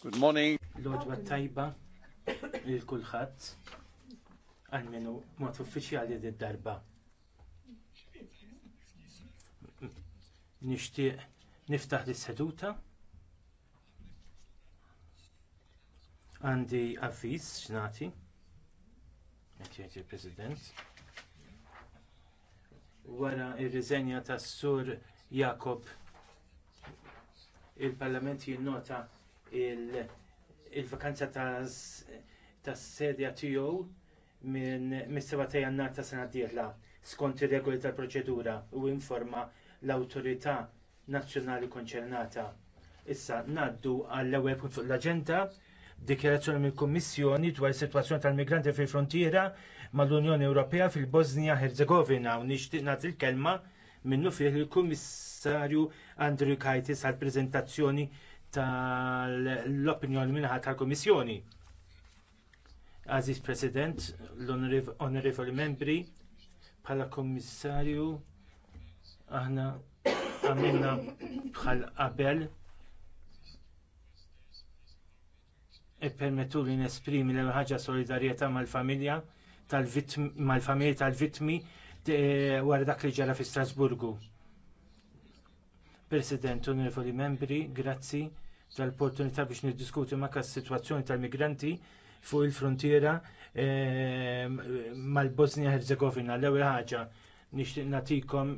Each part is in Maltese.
Good morning. Lord tajba lil kulħadd għalmenu mod uffiċjali d darba. Nixtieq niftaħ is seduta Għandi avviz xnati. Qed president Wara r riżenja tas-sur Jakob il-Parlament jinnota il-vakanza tas sedja tiegħu minn mis-7 jannar ta' sena d-dieħla skont ir-regoli tal-proċedura u informa l-awtorità nazzjonali konċernata. Issa ngħaddu għall-ewwel punt fuq l-aġenda dikjarazzjoni mill-Kummissjoni dwar is-sitwazzjoni tal-migranti fil-frontiera mal-Unjoni Ewropea fil-Bosnia Herzegovina u nixtieq nagħti l-kelma minnu fih il-Kummissarju Andrew Kajtis għall preżentazzjoni tal-opinjoni minnaħat tal-Komissjoni. Aziz President, l-Onorevoli Membri, bħala Komissarju, aħna għamilna bħal qabel ippermettu e li nesprimi l ħaġa solidarjetà mal-familja tal-familja tal-vittmi wara dak li ġara fi Strasburgu. President, onorevoli membri, grazzi tal-opportunità biex niddiskuti magħka s-situazzjoni tal-migranti fuq il-frontiera ehm, mal-Bosnia Herzegovina. L-ewwel ħaġa nixtieq nagħtikom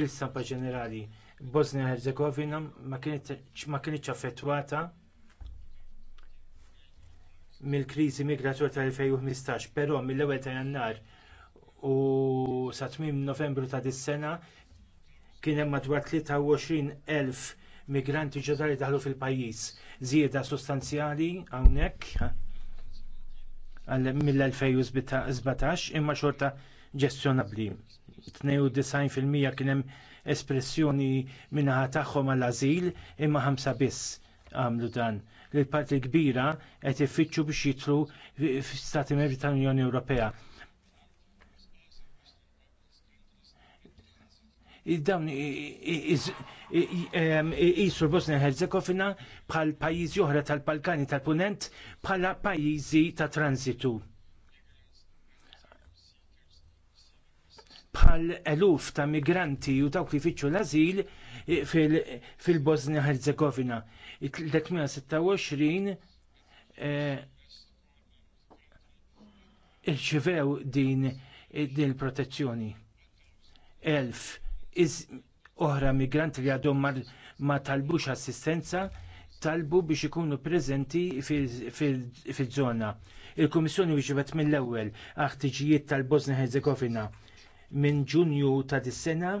il-stampa ġenerali. Bosnia Herzegovina ma kienitx affettwata mill-kriżi migratorja tal-2015, però mill-ewwel ta' Jannar u sa tmiem Novembru ta' dis-sena kien hemm madwar 23,000 migranti ġodda li daħlu fil-pajjiż. Żieda sostanzjali hawnhekk mill-2017 imma xorta ġestjonabbli. 92% kien hemm espressjoni min-naħa tagħhom għall-ażil imma ħamsa biss għamlu dan li l-parti kbira qed ifittxu biex jitlu Stati Membri tal-Unjoni Ewropea. dawn jisur l-Bosnia Herzegovina bħal pajjiżi oħra tal-Balkani tal-Punent bħala pajjiżi ta' transitu. Bħal eluf ta' migranti u dawk li fitxu l-azil fil-Bosnia Herzegovina. 326 eh, irċivew din il-protezzjoni. Elf oħra migranti li għadhom ma talbux assistenza talbu biex ikunu preżenti fil-żona. Il-Kummissjoni wieġibet mill-ewwel aħtiġijiet tal-Bosnia Herzegovina. Minn Ġunju ta' dis-sena,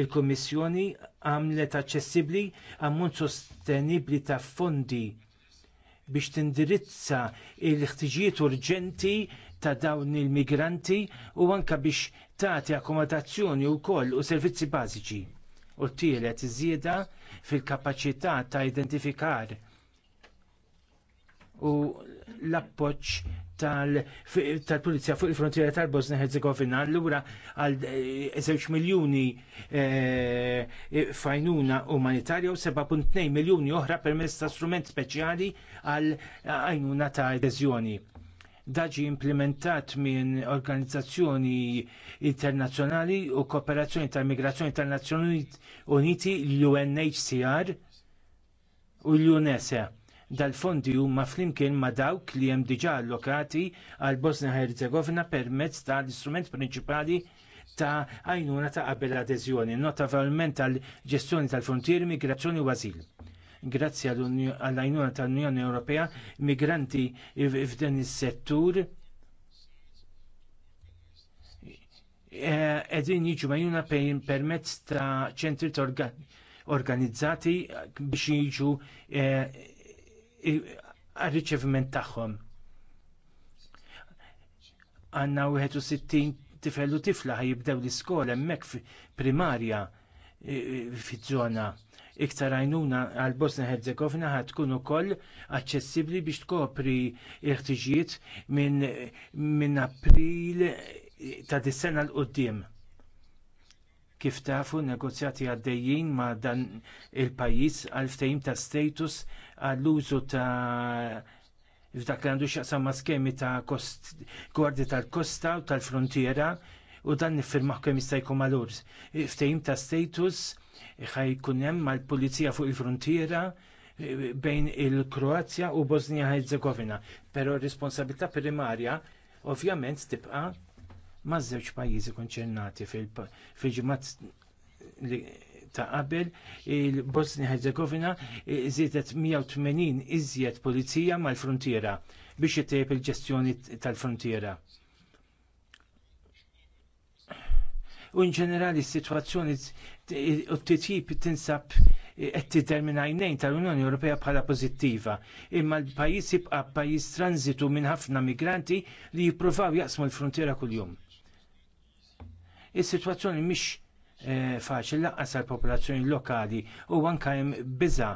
il-Kummissjoni għamlet aċċessibbli ammont sostenibbli ta' fondi biex tindirizza l ħtiġijiet urġenti ta' dawn il-migranti u anke biex tagħti akkomodazzjoni wkoll u servizzi bażiċi. U tielet iż-żieda fil-kapaċità ta' identifikar u l-appoġġ tal-Pulizija fuq il-frontiera tal-Bosnia Herzegovina. Allura għal żewġ eh, miljuni eh, fajnuna umanitarja u 7.2 miljuni oħra permezz ta' strument speċjali għal għajnuna ta' adeżjoni daġi implementat minn organizzazzjoni internazzjonali u kooperazzjoni tal-migrazzjoni tal Uniti l-UNHCR u l-UNESA. Dal-fondi huma flimkien ma dawk li hemm diġà allokati għal Bosnia Herzegovina permezz tal-istrument prinċipali ta' għajnuna ta' qabel adeżjoni, notavelment tal-ġestjoni tal-frontieri, migrazzjoni u għażil. Grazzi għall-għajnuna tal-Unjoni Ewropea, migranti f'dan is-settur qegħdin jiġu majjuna permezz ta' ċentri organizzati biex jiġu e, għal-riċeviment tagħhom. Għanna 61 tifel u tifla ħajibdew l-iskola hemmhekk primarja e, e, fiż-żona iktar għajnuna għal Bosnia Herzegovina ħad tkun ukoll aċċessibbli biex tkopri l-ħtiġijiet minn min April ta' dis-sena l qudiem Kif tafu negozjati għaddejjin ma' dan il-pajjiż għal ftehim ta' status għall-użu ta' f'dak li għandu xaqsam ma' skemi ta' kost, gwardi tal-kosta u tal-frontiera u dan nifirmaħ kemm jista' jkun malur. Ftehim ta' status ħajkun hemm mal-pulizija fuq il-frontiera e, bejn il-Kroazja u Bosnia Herzegovina. Però r-responsabilità primarja ovvjament tibqa' maż-żewġ pajjiżi konċernati fil-ġimgħat ta' qabel il-Bosnia Herzegovina e, żiedet 180 iżjed pulizija mal-frontiera biex itejb il-ġestjoni tal-frontiera. u nġenerali s-sitwazzjoni u t-tip tinsab eh, qed titermina jnejn tal-Unjoni Ewropea bħala pożittiva, imma l-pajjiż jibqa' pajjiż transitu minn ħafna migranti li jippruvaw jaqsmu l-frontiera kuljum. Is-sitwazzjoni mhix eh, faċli laqqas għall popolazzjoni lokali u anke hemm biża'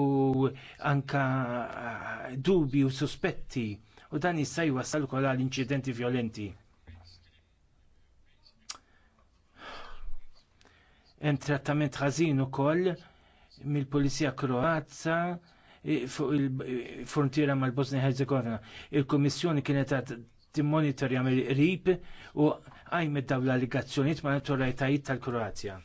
u anke eh, dubi u suspetti u dan jista' jwassal ukoll għal inċidenti vjolenti Hemm trattament ħażin ukoll mill-Pulizija Kroazza fuq il-frontiera mal-Bosnia Herzegovina. Il-Kummissjoni kienet qed timmonitorja mill-qrib u għajmet dawn l-allegazzjonijiet mal l tal-Kroazja.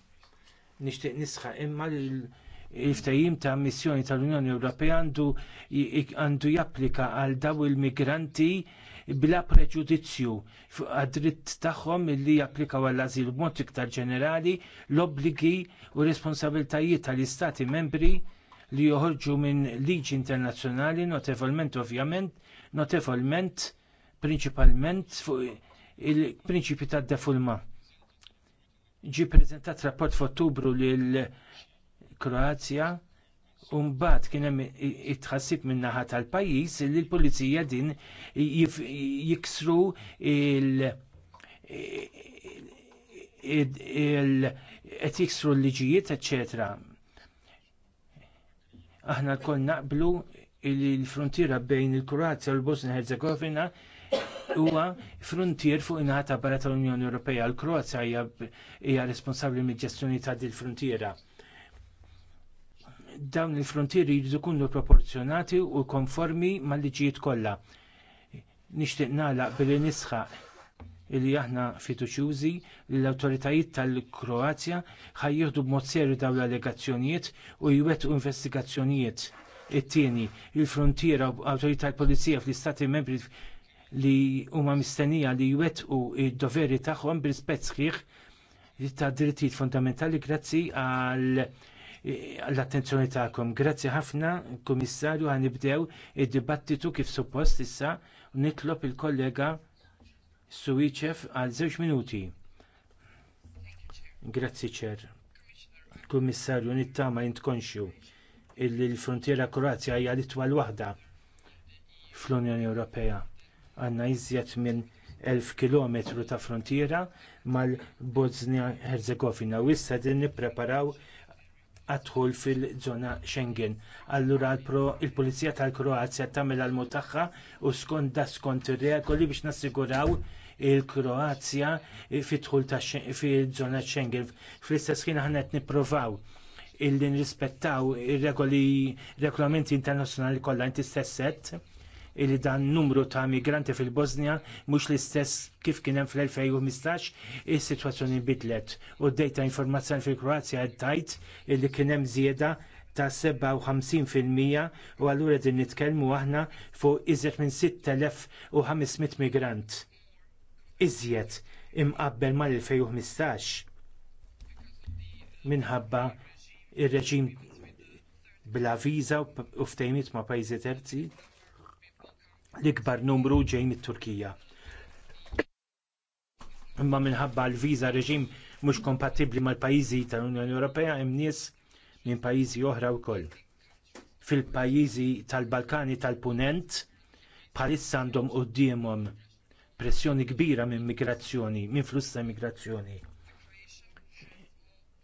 Nixtieq nisħa imma il-ftajim ta' missjoni tal-Unjoni Ewropea għandu japplika għal daw il-migranti bla preġudizzju għad-dritt tagħhom li japplikaw għall-azil b'mod iktar ġenerali l-obbligi u responsabiltajiet tal-istati membri li joħorġu minn liġi internazzjonali notevolment ovvjament notevolment prinċipalment fuq il-prinċipi tad-defulma ġie ppreżentat rapport f'Ottubru lil Kroazja Umbat kien hemm it-tħassib min-naħa tal-pajjiż li l-pulizija din jiksru il- qed jiksru l-liġijiet, eċetera. Aħna lkoll naqblu il-frontiera bejn il-Kroazja u l-Bosnia Herzegovina huwa frontier fuq in-naħa ta' barra tal-Unjoni Ewropea. L-Kroazja hija responsabbli mill-ġestjoni ta' din il-frontiera dawn il-frontieri jridu jkunu proporzjonati u konformi mal-liġijiet kollha. Nixtieq nagħlaq billi nisħaq illi aħna fiduċjużi li l-awtoritajiet tal-Kroazja jieħdu b'mod serju dawn l-allegazzjonijiet u jwettqu investigazzjonijiet. It-tieni, il-frontiera u awtorità tal-Pulizija fl-Istati membri li huma mistennija li jwettqu d doveri tagħhom bil-spezz sħiħ ta' drittijiet fundamentali grazzi għal l-attenzjoni tagħkom. Grazzi ħafna, Kummissarju, ħanibdew id-dibattitu kif suppost issa u nitlob il-kollega Suwiċef għal żewġ minuti. Grazzi ċer. Kummissarju, nittama jintkonxju illi l-frontiera Kroazja hija l-itwal waħda fl-Unjoni Ewropea. Għanna iżjed minn 1000 km ta' frontiera mal-Bosnia Herzegovina. U issa din nippreparaw għadħul fil-żona Schengen. Allura il-Pulizija tal-Kroazja tagħmel għal mutaħħa u skont da skont ir-regoli biex nassiguraw il-Kroazja fidħul fil-żona Schengen. Fl-istess ħin aħna qed nippruvaw illi nrispettaw ir-regoli regolamenti internazzjonali kollha inti stesset li dan numru ta' migranti fil-Bosnja mhux l-istess kif kien hemm fl-2015 is-sitwazzjoni bidlet u d-dejta informazzjoni fil-Kroazja tajt li kien hemm żieda ta' 57% u allura din nitkellmu aħna fuq iżjed minn 6500 migrant. Iżjed imqabbel mal-2015 minħabba ir reġim bla viża u ftejmiet ma' pajjiżi terzi l-ikbar numru ġej mit-Turkija. Imma minħabba l-viża reġim mhux kompatibbli mal-pajjiżi tal-Unjoni Ewropea hemm nies minn pajjiżi oħra wkoll. Fil-pajjiżi tal-Balkani tal-Punent bħalissa għandhom qudiemhom pressjoni kbira minn migrazzjoni, minn fluss ta' migrazzjoni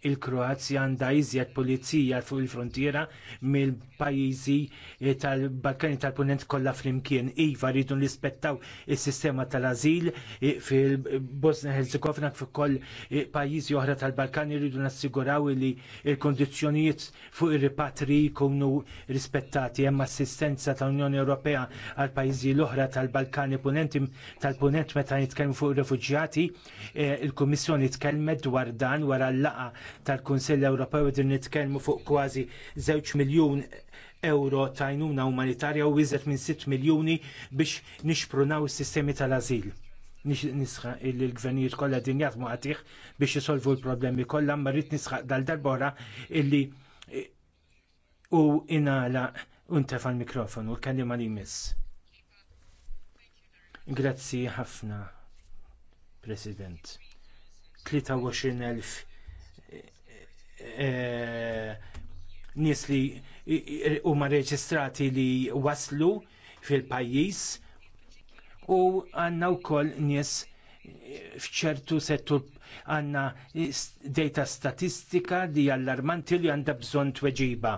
il-Kroazja għandha iżjed pulizija fuq il-frontiera mill-pajjiżi eh, tal-Balkani tal-Punent kollha flimkien. Iva rridu nispettaw is-sistema tal-ażil eh, fil-Bosnia Herzegovina fi koll eh, pajjiżi oħra tal-Balkani rridu nassiguraw li l-kundizzjonijiet fuq ir-ripatri jkunu rispettati hemm assistenza tal-Unjoni Ewropea għal pajjiżi l-oħra tal-Balkani tal-Punent meta nitkellmu fuq ir-refuġjati, il-Kummissjoni tkellmet dwar dan wara l-laqa tal-Kunsill Ewropew din nitkellmu fuq kważi żewġ miljun euro ta' għajnuna umanitarja u iżet minn 6 miljuni biex nixprunaw is-sistemi tal-azil. Nisħaq il-gvernijiet kollha din jaħdmu għatih biex isolvu l-problemi kollha, ma rrid nisħaq dal-darbora illi u inala untef mikrofon mikrofonu l-kellima li jmiss. Grazzi ħafna, President. 23,000 Eh, nies li huma reġistrati li waslu fil-pajjiż u għandna wkoll nies f'ċertu settur għanna data statistika li allarmanti li għandha bżonn tweġiba.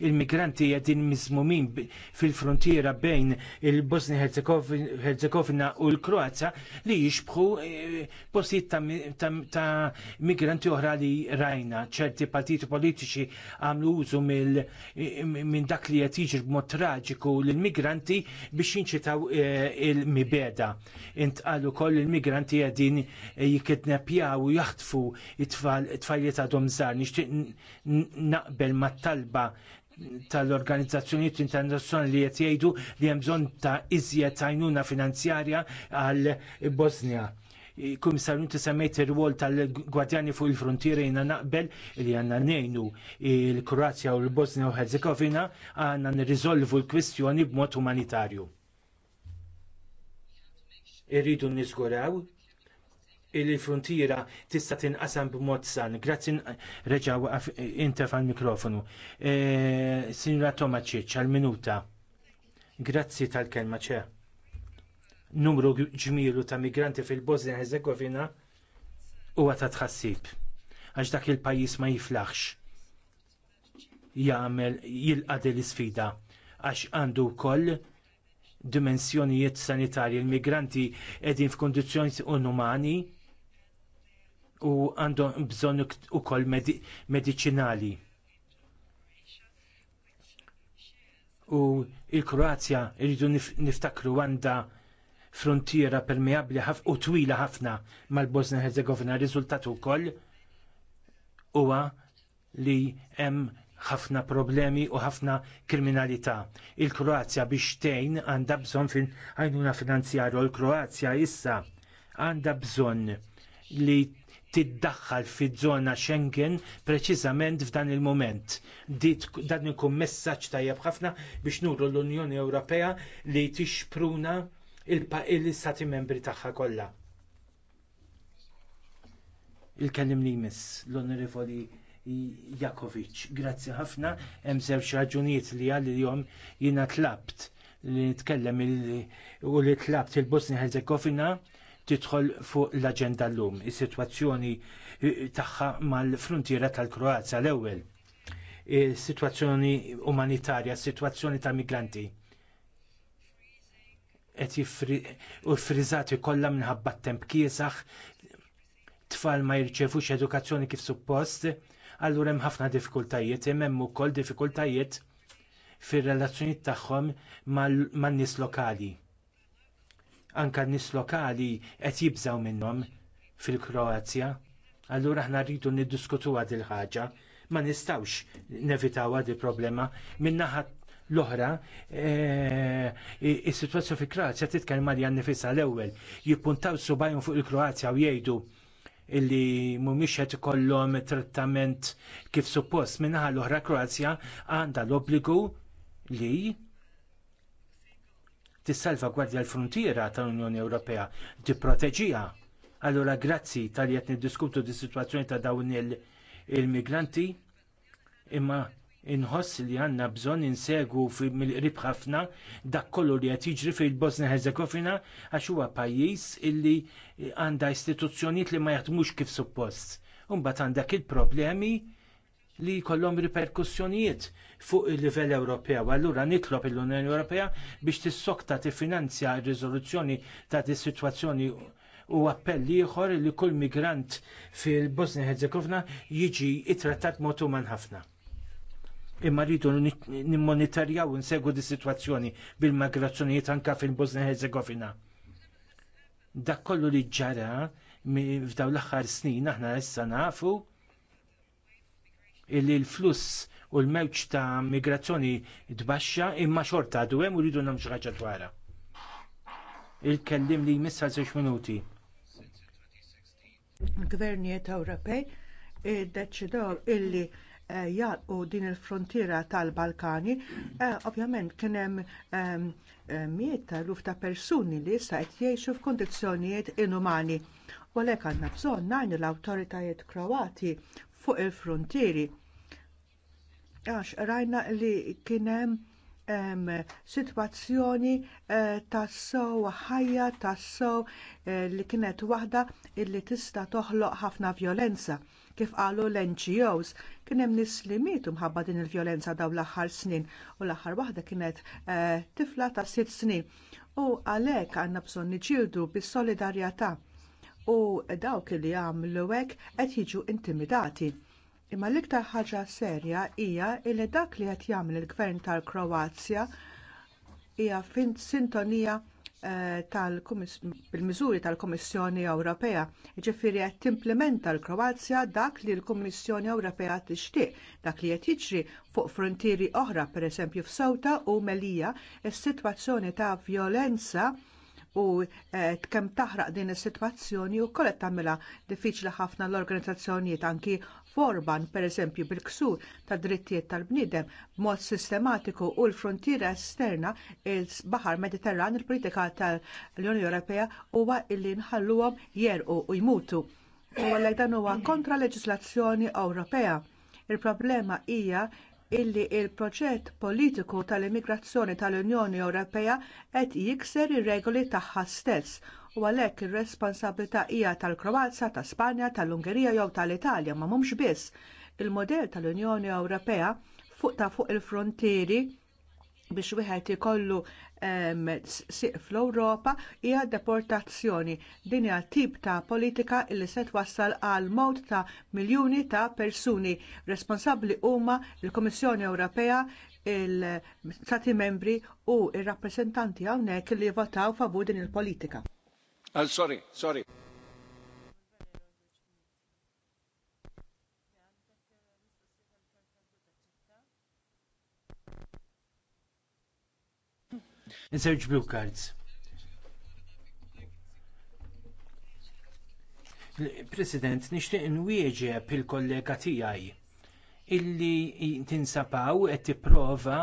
Il-migranti qegħdin miżmumin fil-frontiera bejn il-Bosnia Herzegovina u l-Kroazja li jixbħu eh, postijiet ta' migranti oħra li rajna. ċerti partiti politiċi għamlu użu minn dak li qed jiġri b'mod traġiku l-migranti biex jinċitaw eh, il-mibeda. Intqal koll il-migranti qegħdin jikidnapjaw u jaħtfu it-tfajliet għadhom żgħar. Nixtieq naqbel mat-talba tal-organizzazzjonijiet internazzjonali li qed jgħidu li hemm bżonn ta' iżjed għajnuna finanzjarja għal Bosnia. Kummissarju inti semmejt ir-rwol tal-Gwardjani fuq il-frontiera jiena naqbel li għandna ngħinu il-Kroazja u l-Bosnia u Herzegovina għandna nirriżolvu l-kwistjoni b'mod umanitarju. Irridu niżguraw il-frontiera tista' tinqasam b'mod san. Grazzi reġa' waqaf inta għal-mikrofonu. E, Sinra Tomacic għal-minuta. Grazzi tal-kelma ċe. Numru ġmielu ta' migranti fil-Bosnia e Herzegovina huwa ta' tħassib għax dak il-pajjiż ma jiflaħx jagħmel jilqadi l-isfida għax għandu wkoll dimensjonijiet sanitarji. Il-migranti qegħdin f'kundizzjoni inumani u għandhom bżonn ukoll mediċinali. U l kroazja jridu niftakru għandha frontiera permeabbli u twila ħafna mal-Bosnia Herzegovina. Riżultat ukoll huwa li hemm ħafna problemi u ħafna kriminalità. Il-Kroazja biex tgħin għandha bżonn fin għajnuna finanzjarja u l-Kroazja issa għandha bżonn li tiddaħħal fiż-żona Schengen preċiżament f'dan il mument Dan ikun messaġġ tajjeb ħafna biex nuru l-Unjoni Ewropea li tixpruna l-istati membri tagħha kollha. Il-kellim li jmiss l-Onorevoli Jakovic. Grazzi ħafna, hemm żewġ raġunijiet li għal jom jiena tlabt li nitkellem u li tlabt il-Bosnia Herzegovina tidħol fuq l aġenda llum is-sitwazzjoni eh, tagħha mal-fruntiera tal-Kroazja l-ewwel. Is-sitwazzjoni umanitarja, is-sitwazzjoni ta' migranti u frizzati kollha minħabba temp kiesaħ tfal ma jirċevux edukazzjoni kif suppost, allura hemm ħafna diffikultajiet, hemm ukoll diffikultajiet fir-relazzjonijiet tagħhom man-nies lokali anke n nies lokali qed jibżgħu minnhom fil-Kroazja. Allura aħna rridu niddiskutuha il ħaġa ma nistgħux nevitawha di problema min-naħa l-oħra, eh, is-sitwazzjoni fil Kroazja titkellem għalija nifisha l-ewwel, jippuntaw subajhom fuq il-Kroazja u jgħidu illi mhumiex qed ikollhom trattament kif suppost minnaħa l-oħra Kroazja għandha l-obbligu li tissalvagwardja l-frontiera tal-Unjoni Ewropea, tipproteġija. Allura grazzi tal qed niddiskutu di situazzjoni ta' dawn il-migranti, imma inħoss li għandna bżonn insegwu mill-qrib ħafna dak kollu li qed jiġri fil-Bosnia Herzegovina għax huwa pajjiż illi għandha istituzzjonijiet li ma jaħdmux kif suppost. Imbagħad għandek il-problemi li jkollhom riperkussjonijiet fuq il-livell Ewropew. Allura nitlob l-Unjoni Ewropea biex tissokta tiffinanzja r-riżoluzzjoni ta' dis sitwazzjoni u appell ieħor li kull migrant fil-Bosnia Herzegovina jiġi ittrattat mod uman ħafna. Imma rridu nimmonitorjaw u nsegwu di sitwazzjoni bil-migrazzjonijiet anke fil-Bosnia Herzegovina. Dak kollu li ġara f'dawn l-aħħar snin aħna issa nafu illi l-fluss u l-mewġ ta' migrazzjoni tbaxxa imma xorta għadu u rridu nagħmlu ħaġa dwarha. Il-kellim li jmissa 6 minuti. Il-gvernijiet Ewropej iddeċidew eh, illi eh, jaqqu din il-frontiera tal-Balkani, eh, ovvjament kien hemm ehm, miet ta' luf ta' persuni li issa qed jgħixu f'kundizzjonijiet inumani. U għalhekk għandna bżonn najnu l-awtoritajiet Kroati fuq il-frontieri. Għax rajna li kien hemm sitwazzjoni eh, tas-sow ħajja tas-sow eh, li kienet waħda illi tista' toħloq ħafna vjolenza kif qalu l-NGOs kien hemm nies li mietu mħabba din il-vjolenza dawn l-aħħar snin u l-aħħar waħda kienet eh, tifla ta' sitt snin. U għalhekk għandna bżonn niġġieldu bis-solidarjetà u dawk li jagħmlu hekk qed jiġu intimidati. Imma l-iktar ħaġa serja hija li dak li qed jagħmel il-Gvern tal-Kroazja hija fin sintonija eh, bil-miżuri tal-Kummissjoni Ewropea. Ġifieri qed timplementa l-Kroazja dak li l-Kummissjoni Ewropea tixtieq, dak li qed jiġri fuq frontieri oħra, pereżempju f'Sewta u Melija, is-sitwazzjoni ta' vjolenza u eh, kemm taħraq din is-sitwazzjoni u kollet tagħmilha diffiċli ħafna l-organizzazzjonijiet anki forban pereżempju bil-ksur tad drittijiet tal-bniedem b'mod sistematiku u l-frontiera esterna il-Baħar Mediterran il-politika tal-Unjoni Ewropea huwa illi nħalluhom jerqu u jmutu. U għalhekk dan huwa kontra leġislazzjoni Ewropea. Il-problema hija illi l il proġett politiku tal-immigrazzjoni tal-Unjoni Ewropea qed jikser ir-regoli tagħha stess u għalhekk ir-responsabilità hija tal-Kroazja, ta' Spanja, tal-Ungerija jew tal-Italja ma mhumx biss. il mudell tal-Unjoni Ewropea fuq ta' fuq il-frontieri biex wieħed ikollu sieq fl-Ewropa hija deportazzjoni. Din hija tip ta' politika li se twassal għal mod ta' miljuni ta' persuni. Responsabbli huma l kummissjoni Ewropea il-Stati membri u r rappreżentanti hawnhekk li votaw favur din il-politika. Ah, sorry, sorry. Iżewġ blue cards. President, nixtieq nwieġeb il-kollega tiegħi illi tinsapaw qed tipprova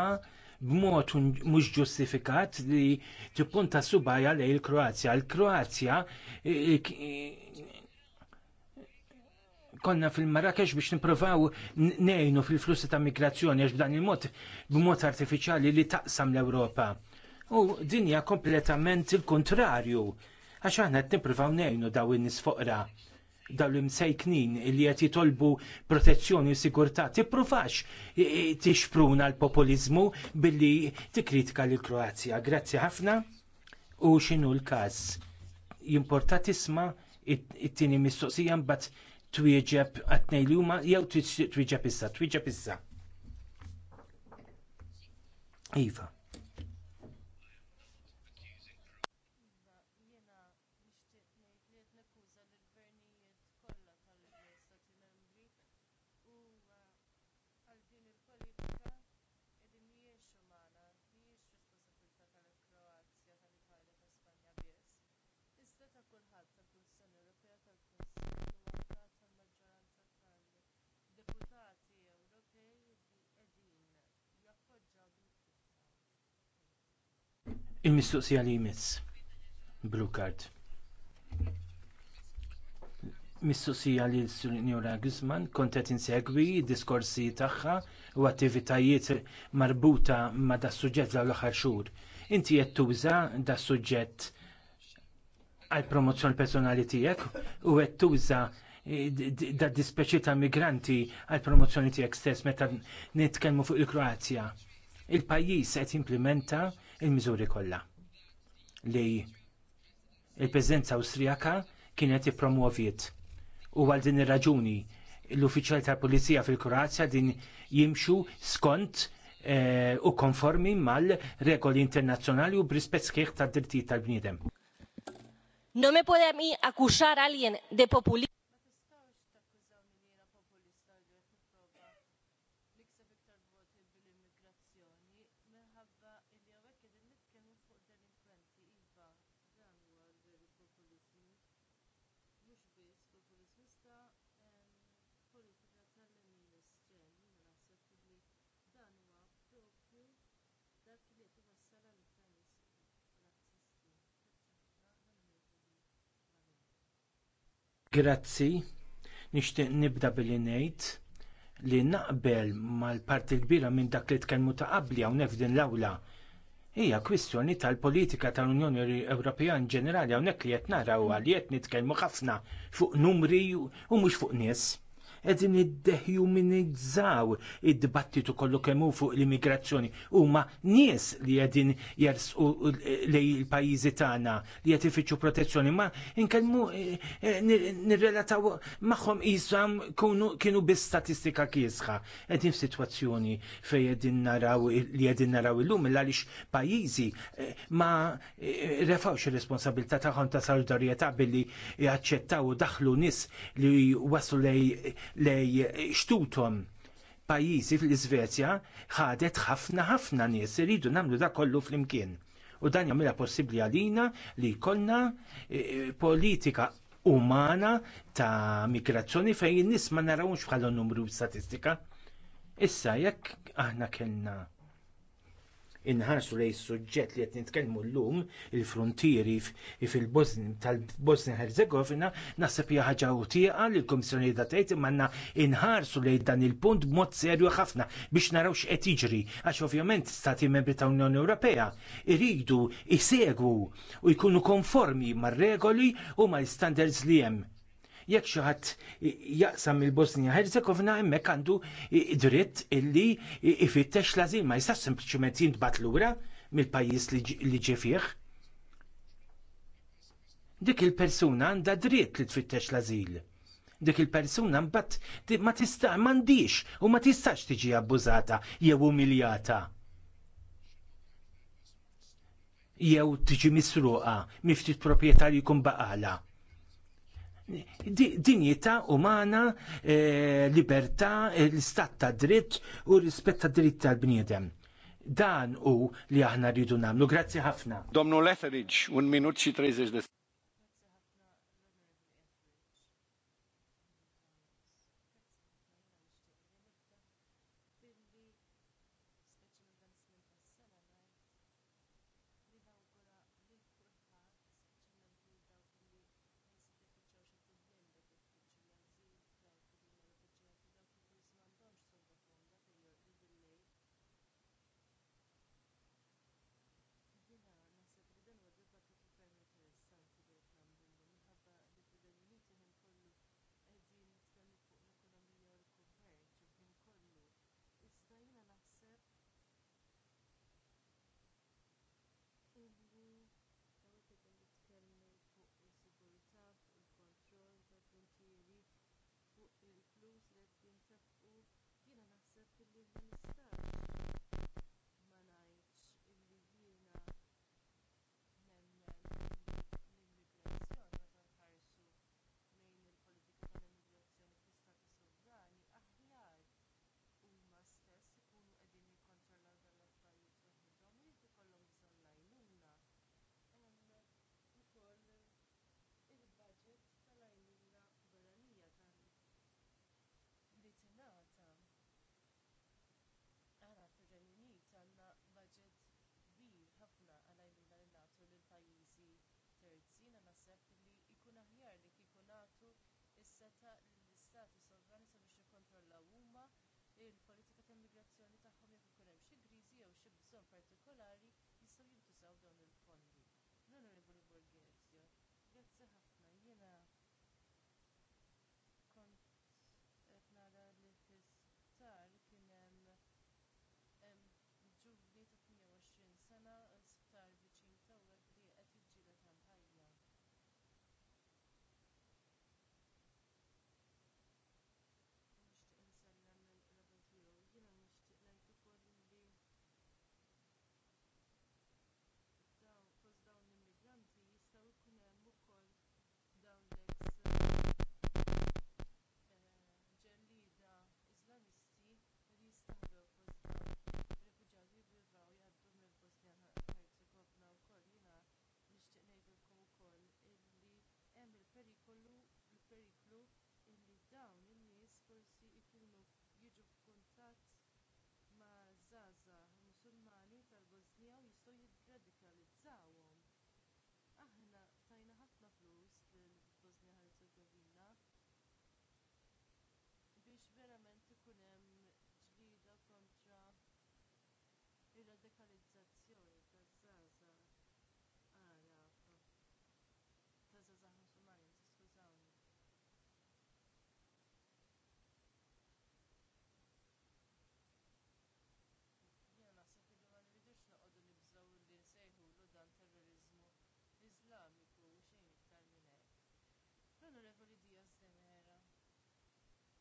b'mod mhux ġustifikat li tippunta subajja lej il-Kroazja. Il-Kroazja konna fil-Marrakex biex nipprovaw nejnu fil-flussi ta' migrazzjoni għax b'dan il-mod b'mod artifiċjali li taqsam l-Ewropa. U dinja kompletament il-kontrarju, għax aħna qed nippruvaw ngħinu daw in-nies foqra daw l-imsejknin li qed jitolbu protezzjoni u sigurtà tippruvax tixpruna l populiżmu billi tikkritika lil kroazja Grazzi ħafna u x'inhu l-każ. Jimporta tisma it-tieni mistoqsija mbagħad twieġeb għatnej li huma jew twieġeb issa, twieġeb issa. Iva. Il-mistoqsija li jmiss. Blue card. Mistoqsija li s sinjora Gizman kont qed insegwi diskorsi tagħha u attivitajiet marbuta ma' da' suġġett l aħħar xhur. Inti qed tuża da' suġġett għal promozzjoni personali tiegħek u qed tuża da' dispeċi ta' migranti għal promozzjoni tiegħek stess meta nitkellmu fuq il-Kroazja il-pajjiż qed jimplementa l miżuri kollha li l preżenza Awstrijaka kienet ippromovjet. U għal din ir-raġuni l-uffiċjal tal-Pulizija fil-Kroazja din jimxu skont eh, u konformi mal-regoli internazzjonali u brispett sħiħ tad-drittijiet tal-bniedem. me alguien de populismo. Grazzi, nixtieq nibda billi ngħid li naqbel mal-parti kbira minn dak li tkellmu ta' qabli hawnhekk din l-awla. Hija kwistjoni tal-politika tal-Unjoni Ewropea in ġenerali hawnhekk li qed naraw għal qed nitkellmu ħafna fuq numri u mhux fuq nies qegħdin iddehumanizzaw id-dibattitu kollu kemm hu fuq l-immigrazzjoni huma nies li qegħdin jersqu lejn il-pajjiżi tagħna li qed ifittxu protezzjoni ma inkellmu eh, eh, nirrelataw magħhom qishom kienu bi statistika kiesħa qegħdin f'sitwazzjoni fejn edin naraw li qegħdin naraw illum għaliex pajjiżi eh, ma refawx ir-responsabilità tagħhom ta' solidarjetà billi jaċċettaw daħlu nis li waslu lej lej xtutom pajjiżi fl-Iżvezja ħadet ħafna ħafna nies iridu nagħmlu da kollu flimkien. U dan jagħmilha possibbli għalina li jkollna eh, politika umana ta' migrazzjoni fejn nies ma narawx bħala numru statistika. Issa jekk aħna kellna inħarsu lejn suġġett li qed nitkellmu llum il-frontieri fil-Bosnia tal-Bosnia Herzegovina naħseb hija ħaġa utieqa li l-Kummissjoni da tgħid imma inħarsu lejn dan il-punt b'mod serju ħafna biex naraw x'qed jiġri għax ovvjament stati membri ta' Unjoni Ewropea iridu jsegwu u jkunu konformi mar-regoli u mal-standards li hemm jekk xi ħadd jaqsam il-Bosnija Herzegovina hemmhekk għandu dritt illi ifittex l-azil ma jistax sempliċement jintbat lura mill-pajjiż li ġie fih. Dik il-persuna għandha dritt li tfittex l-azil dik il-persuna mbagħad ma tista' m'għandix u ma tistax tiġi abbużata jew umiljata. Jew tiġi misruqa miftit proprjetà li jkun baqala dinjità umana, eh, libertà, eh, l-istat ta' dritt u rispett ta' dritt tal-bniedem. Dan u li aħna rridu nagħmlu. Grazzi ħafna. Domnu Letheridge, un minut xi 30 seta' l istati sovrani sabiex jikkontrollaw huma l-politika ta' immigrazzjoni tagħhom jekk ikun hemm xi kriżi jew xi bżonn partikolari jistgħu jintużaw dawn il-fondi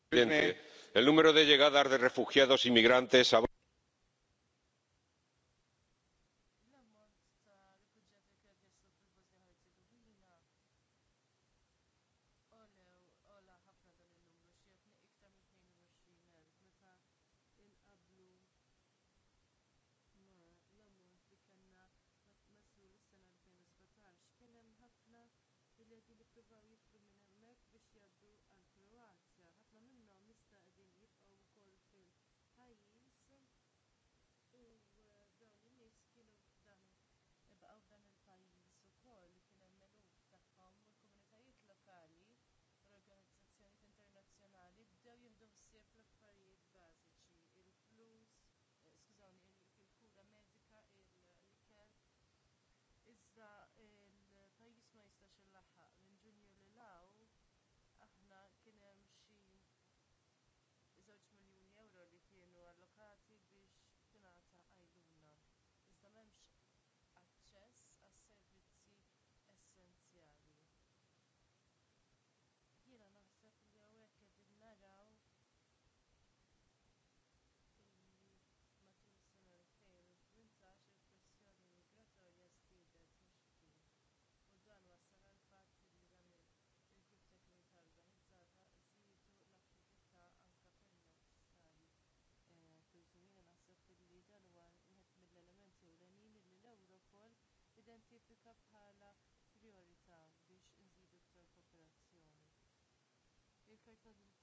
presidente el número de llegadas de refugiados y migrantes ha bajado. tal-minn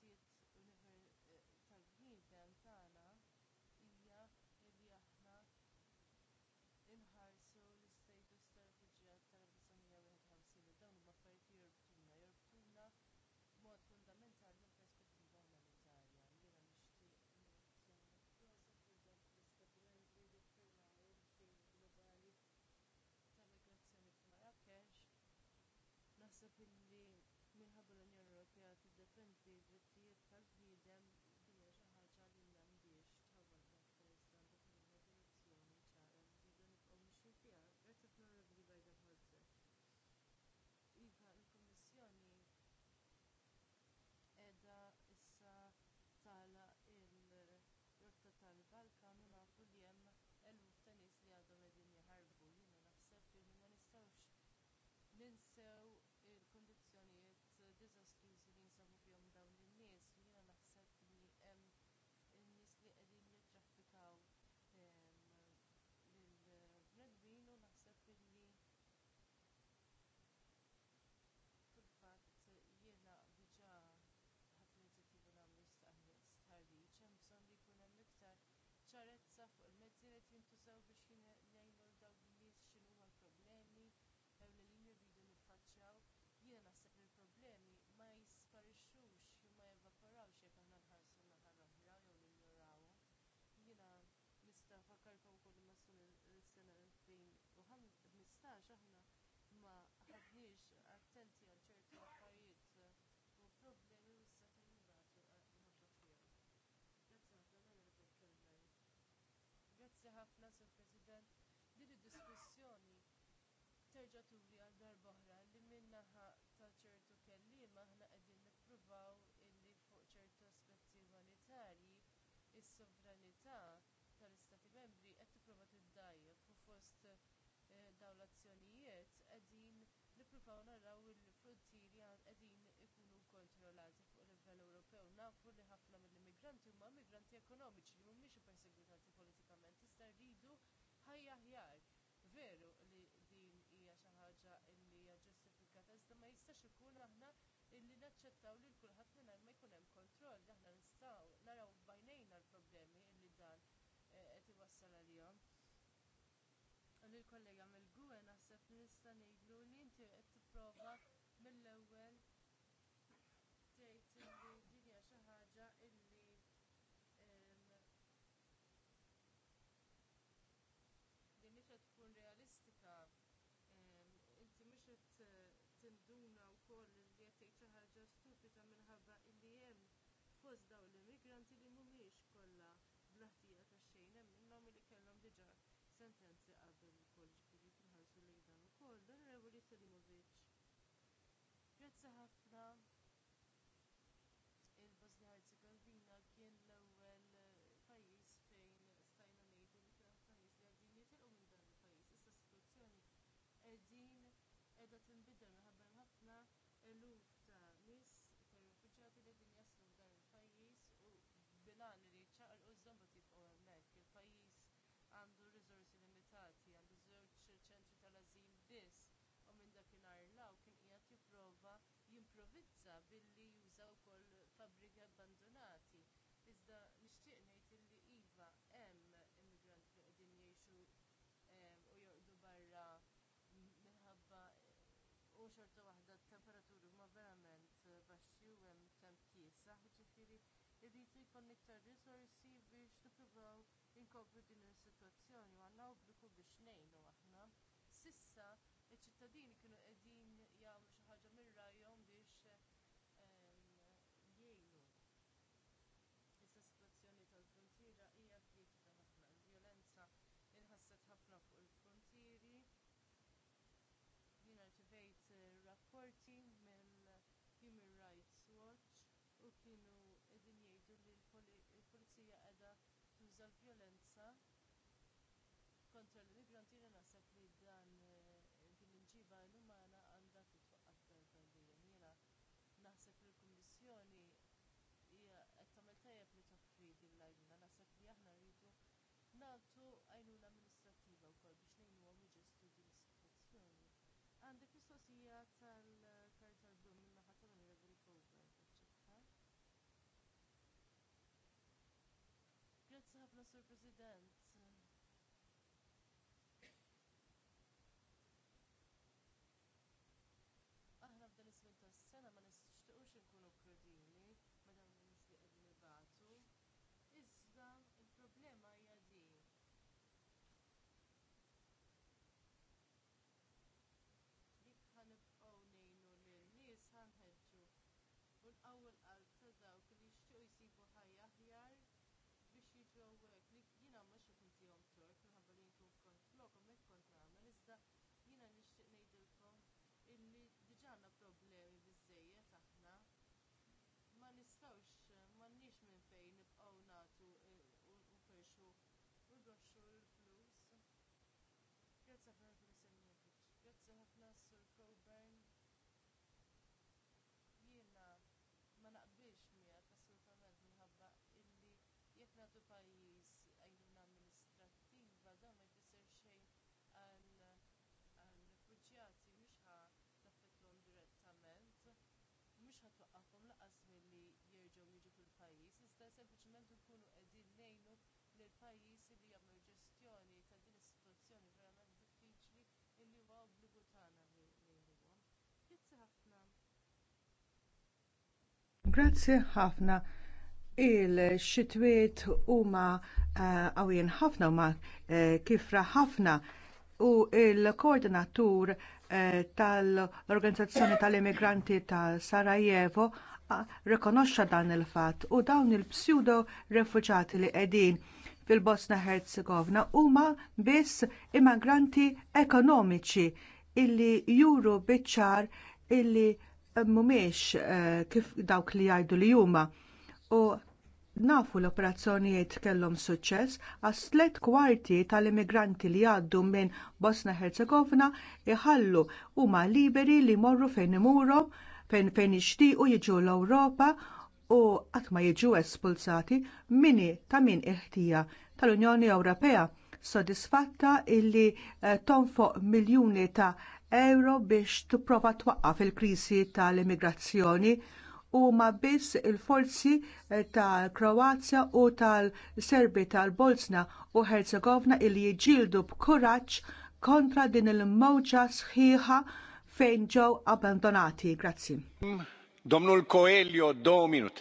ninsew 2015 aħna ma ħadniex attenti għal ċertu affarijiet eh, u problemi u issa qegħdin nagħtu fihom. Grazzi ħafna l-Onorevoli Grazzi ħafna sur President din id-diskussjoni terġa' turi għal darba oħra li min-naħa ta' ċertu kelliema aħna qegħdin nippruvaw nippruvaw naraw li l-fruntieri qegħdin ikunu kkontrollati fuq livell Ewropew. Nafu li ħafna mill-immigranti huma immigranti ekonomiċi li mhumiex ippersegwitati politikament iżda jridu ħajja aħjar. Veru li din hija xi ħaġa li hija ġustifikata iżda ma jistax ikun aħna illi naċċettaw lil kulħadd mingħajr ma jkun hemm kontroll aħna nistgħu naraw bajnejna l-problemi li dan eh, qed iwassal għalihom lill-kollega mill-gue naħseb li nista' ngħidlu li inti qed tipprova mill-ewwel tgħid li din hija xi ħaġa li ehm, li mhix qed tkun realistika ehm, inti mhux qed eh, tinduna wkoll li qed tgħid xi ħaġa stupida minħabba li hemm fost dawn l-immigranti li mhumiex kollha bl-ħtija tax-xejn hemm minnhom li kellhom diġà sentenzi qabel ukoll l-onorevoli selimovic grazzi ħafna irrid jkun iktar risorsi biex nippruvaw inkopru din is-sitwazzjoni u għandna obbligu biex ngħinu aħna. S'issa iċ-ċittadini kienu qegħdin jagħmlu xi ħaġa mir rajhom biex ehm, jgħinu. Issa sitwazzjoni tal-fruntiera hija kritika ħafna. Il-vjolenza inħasset ħafna fuq il-fruntieri. Jiena rċevejt eh, rapporti hija qiegħda tuża l-vjolenza kontra l-immigranti jiena naħseb li dan eh, din il-ġiba inumana għandha titwaqqaf darba dejjem. Jiena naħseb li l-Kummissjoni hija qed tagħmel tajjeb li toffri din l-għajnuna, naħseb li aħna rridu nagħtu għajnuna amministrattiva wkoll biex ngħinuhom jiġġestju din is-sitwazzjoni. Għandek mistoqsija tal ħafna, Sur President. Grazzi ħafna Sur Semjovic, grazzi ħafna Sur Coburn. Jiena ma naqbilx miegħek assolutament minħabba illi jekk nagħtu pajjiż għajnuna amministrattiva dan ma jfisser xejn għall-rifuġjati mhux ħa taffettwhom direttament, mhux ħa twaqqafhom lanqas milli jerġgħu jiġu fil-pajjiż, iżda sempliċement nkunu qegħdin pajjiżi li jagħmlu ġestjoni ta' din is-sitwazzjoni verament diffiċli illi huwa obbligu tagħna li ngħinuhom. Grazzi ħafna. Grazzi ħafna. Il-xitwiet huma qawwin eh, ħafna huma eh, kifra ħafna u il koordinatur eh, tal-Organizzazzjoni tal-Immigranti ta' Sarajevo rikonoxxa dan il-fatt u dawn il-pseudo refuġati li qegħdin fil-Bosna Herzegovina huma biss immigranti ekonomiċi illi juru biċ-ċar illi eh, mhumiex uh, kif dawk li jgħidu li huma. U nafu l-operazzjonijiet kellhom suċċess għas tliet kwarti tal-immigranti li għaddu minn Bosna Herzegovina iħallu huma liberi li jmorru fejn imurhom fejn fejn ixtiequ jiġu l-Ewropa u qatt ma jiġu espulsati mini ta' min iħtija tal-Unjoni Ewropea sodisfatta illi eh, tonfoq miljuni ta' euro biex tipprova twaqqaf il-krisi tal-immigrazzjoni huma biss il-forzi eh, tal-Kroazja u tal-Serbi tal-Bosna u Herzegovna li jiġġieldu b'kuraġġ kontra din il-mowġa sħiħa fejn ġew abbandonati. Grazzi. Domnul Coelho, două minute.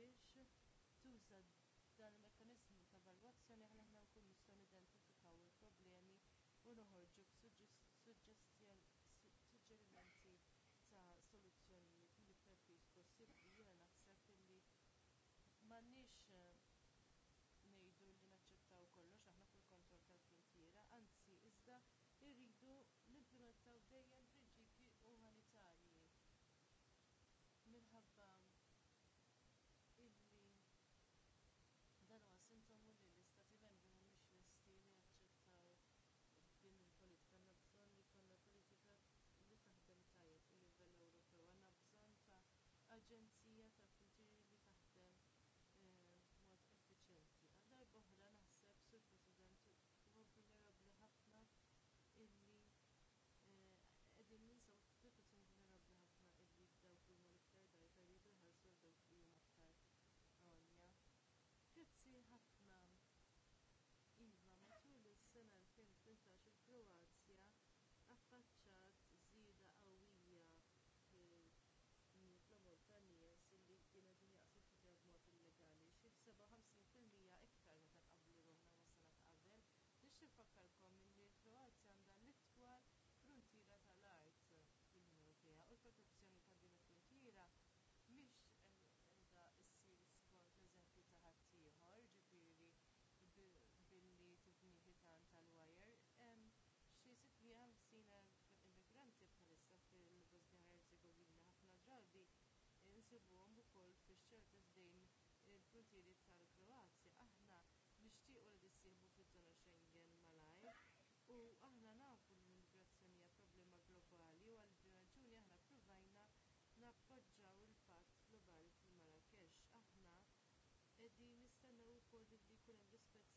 biex tuża dan il-mekkaniżmu ta' evalwazzjoni ħalli aħna nkunu nistgħu nidentifikaw il-problemi u noħorġu b'suġġerimenti ta' soluzzjonijiet li iktar possibbli jiena naħseb illi m'għandniex eh, ngħidu li naċċettaw kollox aħna fuq il-kontroll tal-fruntiera anzi iżda rridu nimplementaw dejjem prinċipji umanitarji minħabba nistennew ukoll li jkun hemm rispett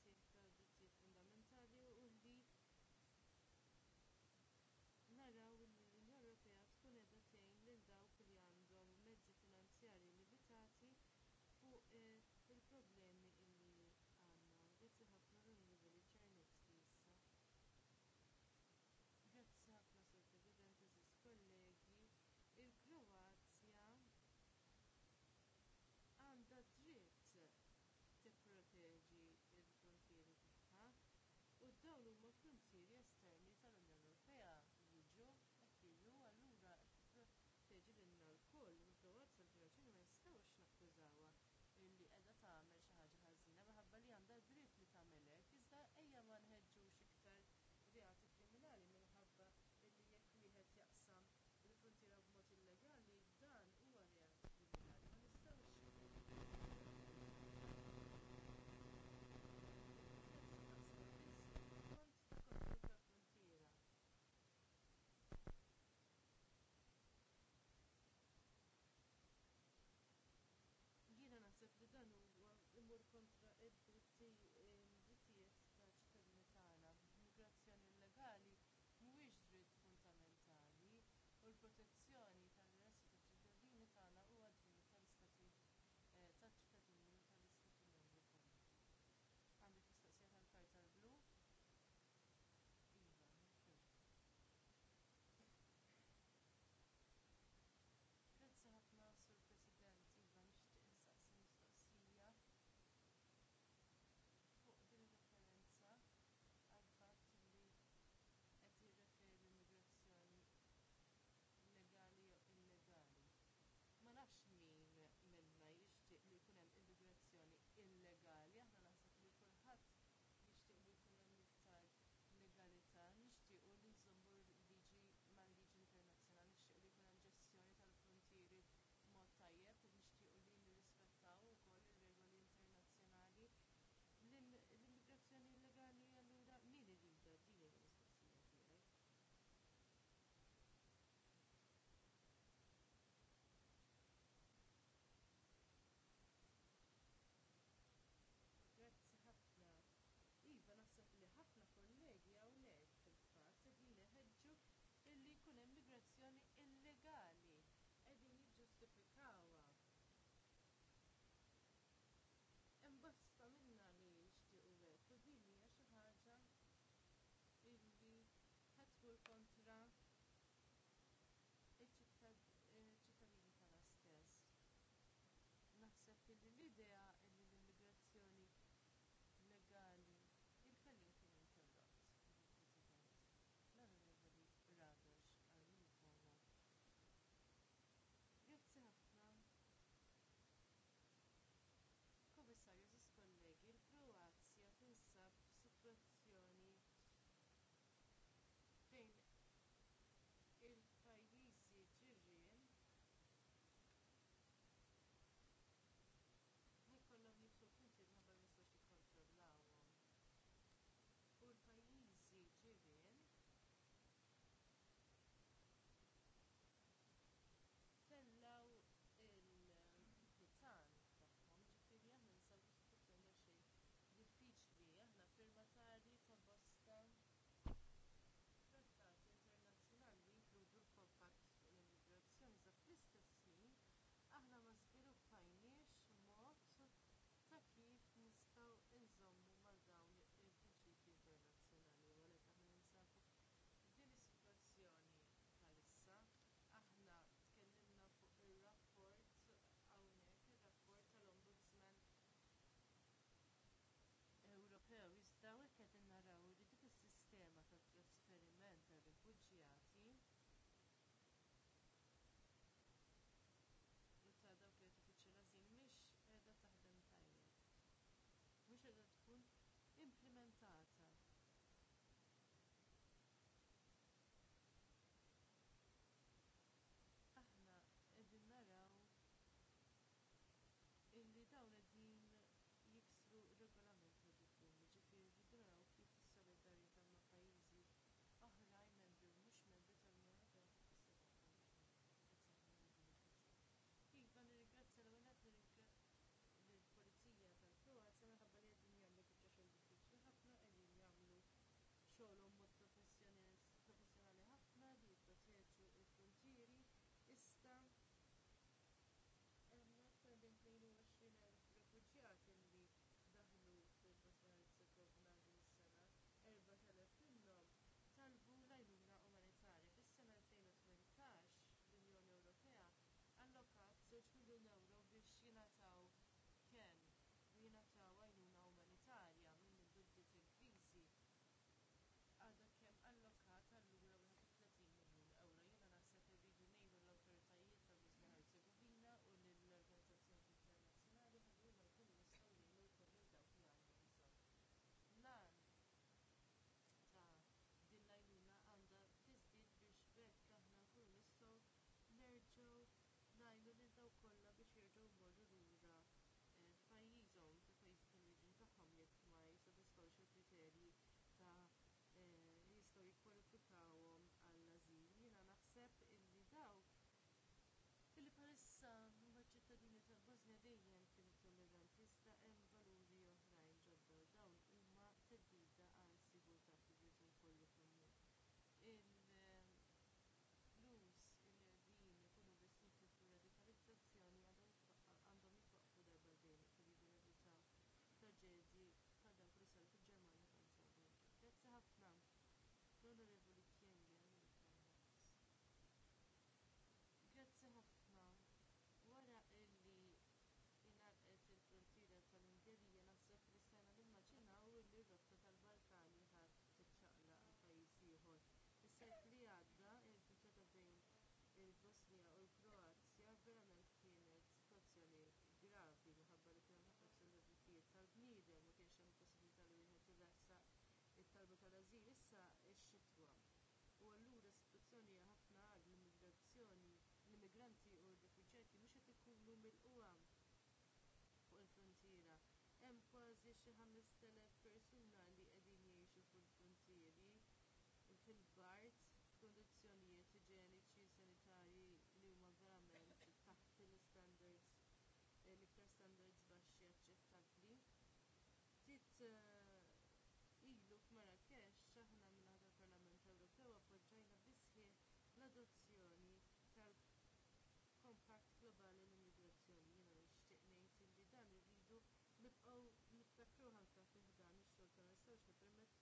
jiggarantixxi 5,000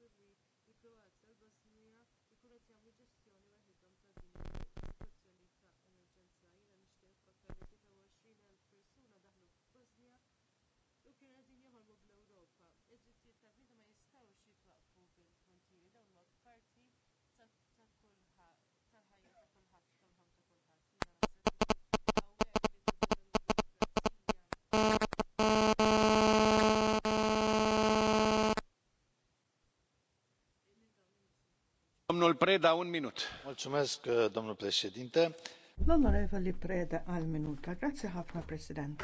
li jippruvaw iktar bosnija jkunu qed jagħmlu ġestjoni Preda, un minut. Mulțumesc, uh, domnul președinte. l Preda, al minuta. Grazie ħafna, President.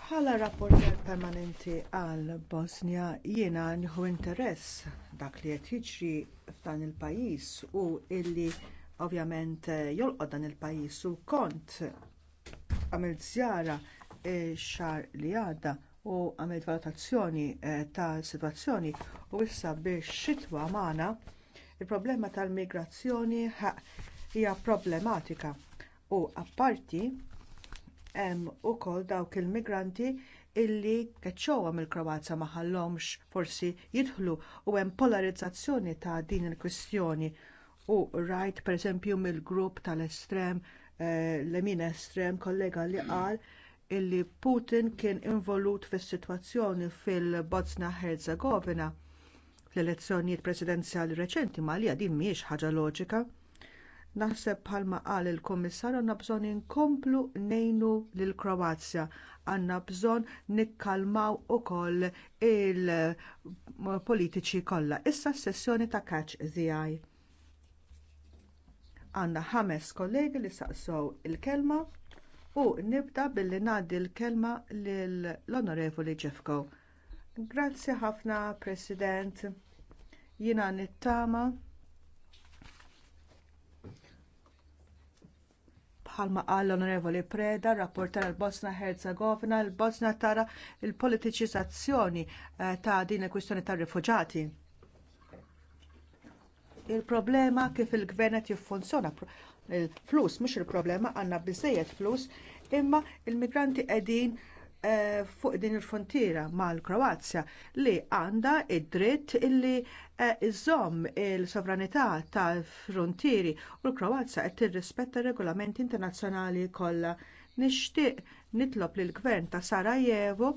Bħala rapporter permanenti għal Bosnia jiena nħu interess dak li qed jiġri f'dan il-pajjiż u illi ovvjament jolqod dan il-pajjiż u kont għamilt żjara x eh, xahar li għadda u għamilt valutazzjoni eh, tal-sitwazzjoni u issa biex xitwa magħna il-problema tal-migrazzjoni hija problematika u apparti hemm ukoll dawk il-migranti illi keċċowa mill-Kroazja ma ħallhomx forsi jidħlu u hemm polarizzazzjoni ta' din il-kwistjoni u rajt pereżempju mill-grupp tal-estrem eh, l-emin estrem kollega li qal illi Putin kien involut fis-sitwazzjoni fil-Bosna Herzegovina fl-elezzjonijiet presidenzjali reċenti ma din mhijiex ħaġa loġika. Naħseb bħalma qal il-Kummissar għandna bżonn inkomplu ngħinu lill Kroazja, għandna bżonn nikkalmaw ukoll il-politiċi kollha. Issa s-sessjoni ta' catch ZI. Għandna ħames kollegi li saqsow il-kelma u nibda billi ngħaddi l-kelma lill-Onorevoli Ġefko. Grazzi ħafna, President. Jiena nittama bħalma qal onorevoli Preda, rapportar l-Bosna Herzegovina, l-Bosna tara l politiċizzazzjoni eh, ta' din il-kwistjoni tar rifugjati. Il-problema kif il-gvern qed jiffunzjona, il-flus mhux il-problema għandna biżżejjed flus imma l migranti qegħdin eh, fuq din il-frontiera mal-Kroazja li għandha id-dritt illi eh, iżom il-sovranità tal-frontieri u l-Kroazja qed tirrispetta r regolamenti internazzjonali kollha. Nixtieq nitlob lill gvern ta' Sarajevo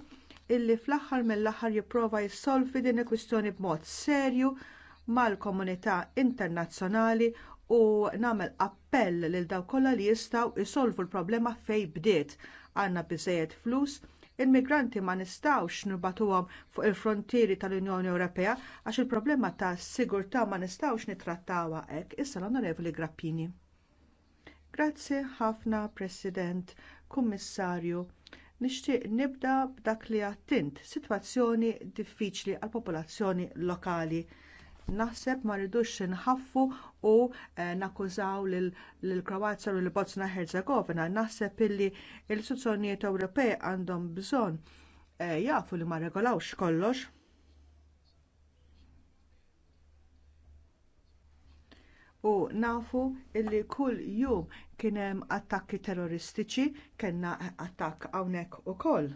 illi fl-aħħar mill-aħħar jipprova jissolvi din il-kwistjoni b'mod serju mal-komunità internazzjonali u nagħmel appell lil daw kollha li jistgħu jsolvu l-problema fejn bdiet. Għandna biżżejjed flus, il-migranti ma nistgħux nibatuhom fuq il-frontieri tal-Unjoni Ewropea għax il-problema tas sigurtà ma nistgħux nittrattawha hekk. Issa l-Onorevoli Grappini. Grazzi ħafna President, Kummissarju. Nixtieq nibda b'dak li għattint sitwazzjoni diffiċli għall popolazzjoni lokali naħseb ma rridux inħaffu u eh, nakkużaw lill kroazja u l-Bosna Herzegovina. Naħseb illi l-istituzzjonijiet Ewropej għandhom bżonn eh, jafu li ma regolawx kollox. U nafu illi kull jum kien hemm attakki terroristiċi kellna attakk hawnhekk ukoll.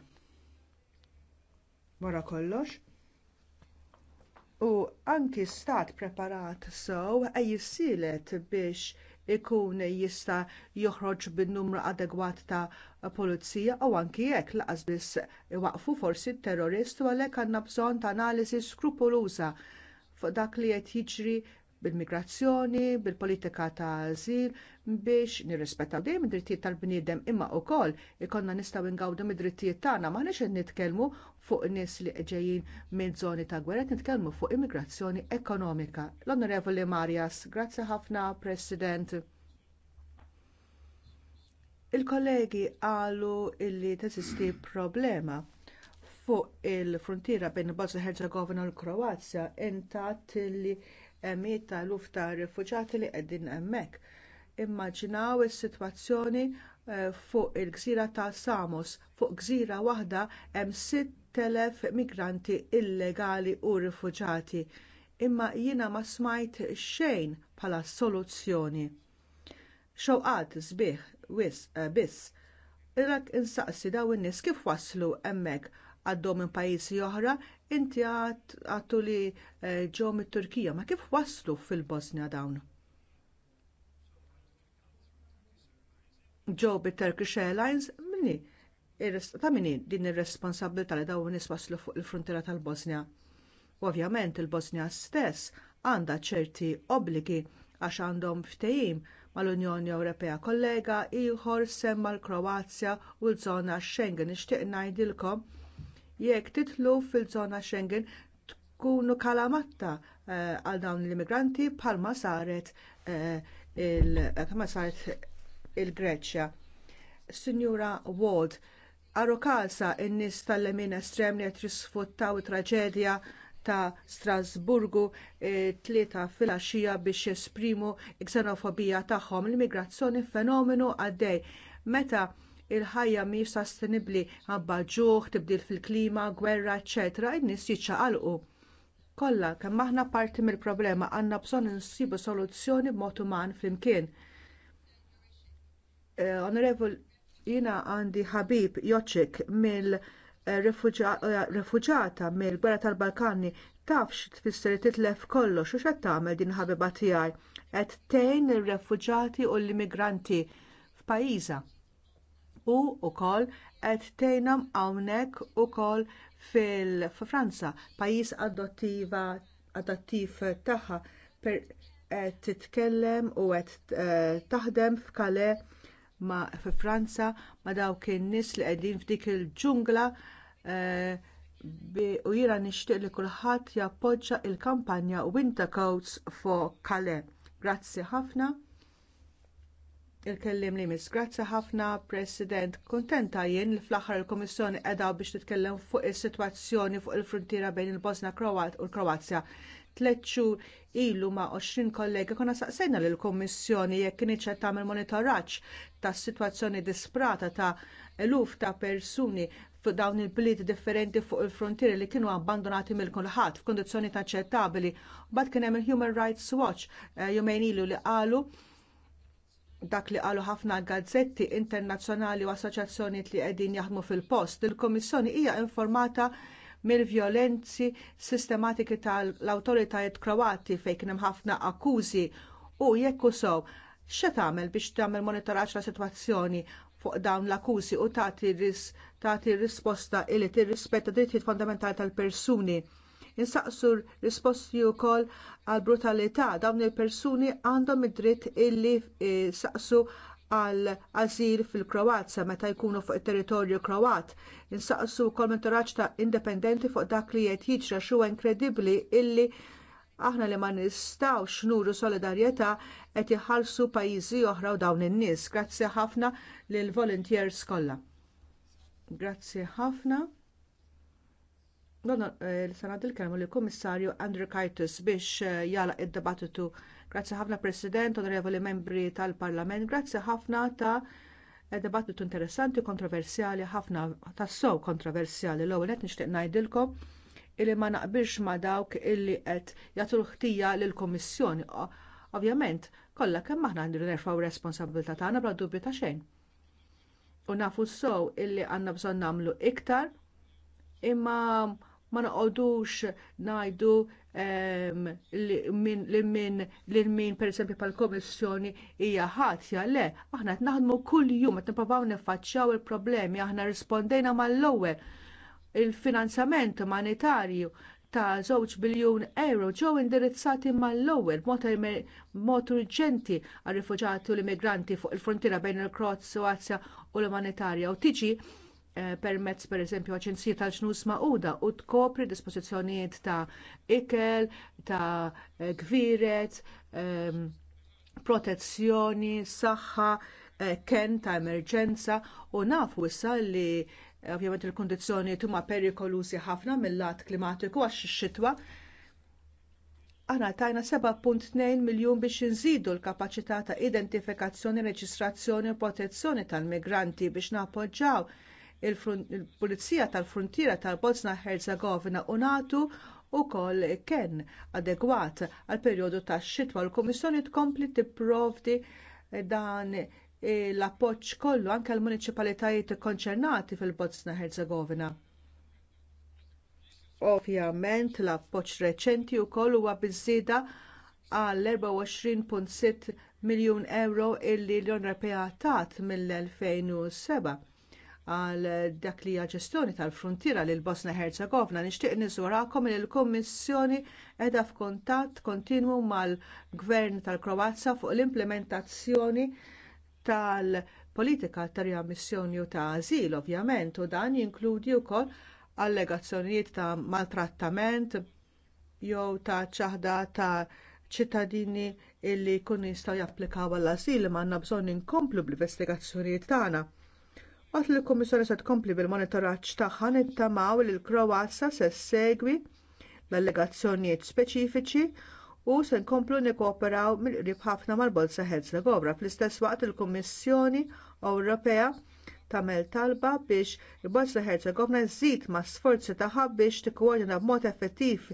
Wara kollox, u anki stat preparat sew so, jissielet biex ikun jista joħroġ bin-numru adegwat ta' pulizija u anki jekk laqas biss waqfu forsi t terrorist u għalhekk għandna bżonn ta' analiżi skrupoluża fuq dak li qed jiġri bil-migrazzjoni, bil-politika ta' azil biex nirrispettaw dejjem id-drittijiet tal-bniedem imma wkoll ikonna nistgħu ingawdu mid-drittijiet tagħna m'aħniex qed nitkellmu fuq nies li ġejjin minn żoni ta' gwerra, nitkellmu fuq immigrazzjoni ekonomika. L-Onorevoli Marias, grazzi ħafna President. Il-kollegi qalu illi teżisti problema fuq il-frontiera bejn Bosnia Herzegovina u l-Kroazja intat emiet ta' luf ta' rifuġati li qegħdin hemmhekk. Immaġinaw is-sitwazzjoni eh, fuq il-gżira ta' Samos, fuq gżira waħda hemm 6,000 migranti illegali u rifuġati. Imma jiena ma smajt xejn bħala soluzzjoni. Xewqat sbieħ wis eh, biss. Irak insaqsi dawn in-nies kif waslu hemmhekk għadhom minn pajjiżi oħra Inti għattu li eh, ġew mit-Turkija, ma kif waslu fil-Bosnia dawn? Ġew bit-Turkish Airlines, minni, ta' minni din ir-responsabilità li dawn niswaslu fuq il-frontiera tal-Bosnia. Ovvjament il-Bosnia stess għandha ċerti obbligi għax għandhom ftehim mal-Unjoni Ewropea kollega ieħor semma l-Kroazja u l-żona Schengen. Nixtieq ngħidilkom jekk titlu fil-żona Schengen tkunu kalamatta eh, għal dawn l-immigranti ma eh, saret il-Greċja. Signora Ward, għarru kalsa n-nis tal-lemin estrem li qed jisfuttaw it traġedja ta' Strasburgu eh, tlieta filgħaxija biex jesprimu xenofobija tagħhom l-immigrazzjoni fenomenu għaddej. Meta il-ħajja mhijiex sostenibbli għabba ġuħ, tibdil fil-klima, gwerra, eċetera, in-nies jiċċaqalqu. Kollha kemm aħna parti mill-problema għandna bżonn insibu soluzzjoni b'mod uman flimkien. Eh, Onorevol, għandi ħabib Joċik mill- eh, refuġata mill-gwerra tal-Balkani tafx tfisser titlef kollox u xed tagħmel din ħabiba tiegħi qed tgħin ir-refuġati u l-immigranti f'pajjiża u wkoll qed tgħinhom hawnhekk ukoll fil-Franza, pajjiż adottiva adattiv tagħha qed titkellem u qed eh, taħdem f'Kale ma Franza ma dawk in-nies li qegħdin f'dik il-ġungla eh, u jiena nixtieq li kulħadd jappoġġja l kampanja Winter Coats for Calais. Grazzi ħafna il-kellim li mis. Grazzi ħafna, President. Kuntenta jien li fl-aħħar il-Komissjoni edha biex titkellem fuq is-sitwazzjoni fuq il-frontiera bejn il-Bosna Kroat u l-Kroazja. Tliet xhur ilu ma' 20 kollega konna saqsejna lill kummissjoni jekk kienieċ qed tagħmel monitoraġġ tas-sitwazzjoni disprata ta' eluf ta' persuni fuq dawn il-bliet differenti fuq il-frontieri li kienu abbandonati mill kulħadd f'kundizzjoni taċċettabbli. Bad kien hemm il-Human Rights Watch eh, jumejn ilu li qalu dak li qalu ħafna gazzetti internazzjonali u assoċjazzjonijiet li qegħdin jaħdmu fil-post, il-Kummissjoni hija informata mill-vjolenzi sistematiki tal-awtoritajiet Kroati fejn kien hemm ħafna akkużi u jekk usow x'e tagħmel biex tagħmel monitoraġġ ta' sitwazzjoni fuq dawn l-akkużi u tagħti risposta li tirrispetta drittijiet fondamentali tal-persuni Insaqsu risposti wkoll għall brutalità dawn il-persuni għandhom id-dritt illi eh, saqsu għal azil fil-Kroazja meta jkunu fuq it territorju Kroat. Insaqsu wkoll mentoraġġ ta' indipendenti fuq dak li qed jiġra xuwa inkredibbli illi aħna li ma nistgħux nuru solidarjetà qed iħallsu pajjiżi oħra u dawn in-nies. Grazzi ħafna lill volunteers kollha. Grazzi ħafna. Sanad il-kelmu eh, li kummissarju Andrew Kaitis biex eh, jala id-debattitu. Grazzi ħafna President, onorevoli membri tal-Parlament, grazzi ħafna ta' debattitu interessanti, kontroversjali, ħafna tas-sow kontroversjali. L-ewwel qed nixtieq ngħidilkom illi ma naqbilx ma dawk illi qed jagħtu l-ħtija lill-Kummissjoni. Ovvjament, kollha kemm aħna nirnerfgħu responsabilità tagħna bla dubju ta' xejn u nafu sew illi għandna bżonn nagħmlu iktar imma ma noqogħdux ngħidu ehm, lil min pereżempju pal komissjoni hija ħatja le aħna qed naħdmu kuljum qed nippruvaw niffaċċjaw il-problemi aħna rispondejna mal-ewwel il-finanzament umanitarju ta' żewġ biljun euro ġew indirizzati mal-ewwel mod urġenti għar-rifuġati u l-immigranti fuq il-frontiera bejn il-Kroazja u l-Umanitarja u tiġi Eh, permezz pereżempju aġenzija tal-ġnus Magħquda u tkopri dispożizzjonijiet ta' ikel, ta' eh, gviret, ehm, protezzjoni, saħħa, eh, ken ta' emerġenza u nafu issa li ovvjament il kundizzjonijiet huma perikolusi ħafna mill-lat klimatiku għax xitwa aħna tajna 7.2 miljun biex nżidu l-kapaċità ta' identifikazzjoni, reġistrazzjoni u protezzjoni tal-migranti biex napoġġaw il-Pulizija tal-Frontiera tal-Bosna Herzegovina u nagħtu wkoll kenn adegwat għal perjodu tax-xitwa l-Kummissjoni tkompli tipprovdi eh, dan eh, l appoġġ kollu anke għall muniċipalitajiet konċernati fil-Bosna Herzegovina ovvjament l-appoġġ reċenti wkoll huwa biżżieda għal 24.6 miljun euro illi l-Unjoni Ewropea tat mill-2007 għal dak li hija ġestjoni tal-frontiera lil Bosna Herzegovina nixtieq niżurakom li l-Kummissjoni qiegħda f'kuntatt kontinwu mal-Gvern tal-Kroazja fuq l-implementazzjoni tal-politika ta' riammissjoni u ta' ażil ovvjament u dan jinkludi wkoll allegazzjonijiet ta' maltrattament jew ta' ċaħda ta' ċittadini illi jkunu jistgħu japplikaw għall ażil ma għandna bżonn inkomplu bl-investigazzjonijiet tagħna Għat li l-Komissjoni se tkompli bil-monitoraġġ tagħha nittamaw li l-Kroazja se segwi l-allegazzjonijiet speċifiċi u se nkomplu nikkooperaw mill-qrib ħafna mal-Bolsa Herzegovra. Fl-istess waqt il-Kummissjoni Ewropea tagħmel talba biex il-Bolsa Herzegovna żżid ma' sforzi tagħha biex tikkoordina b'mod effettiv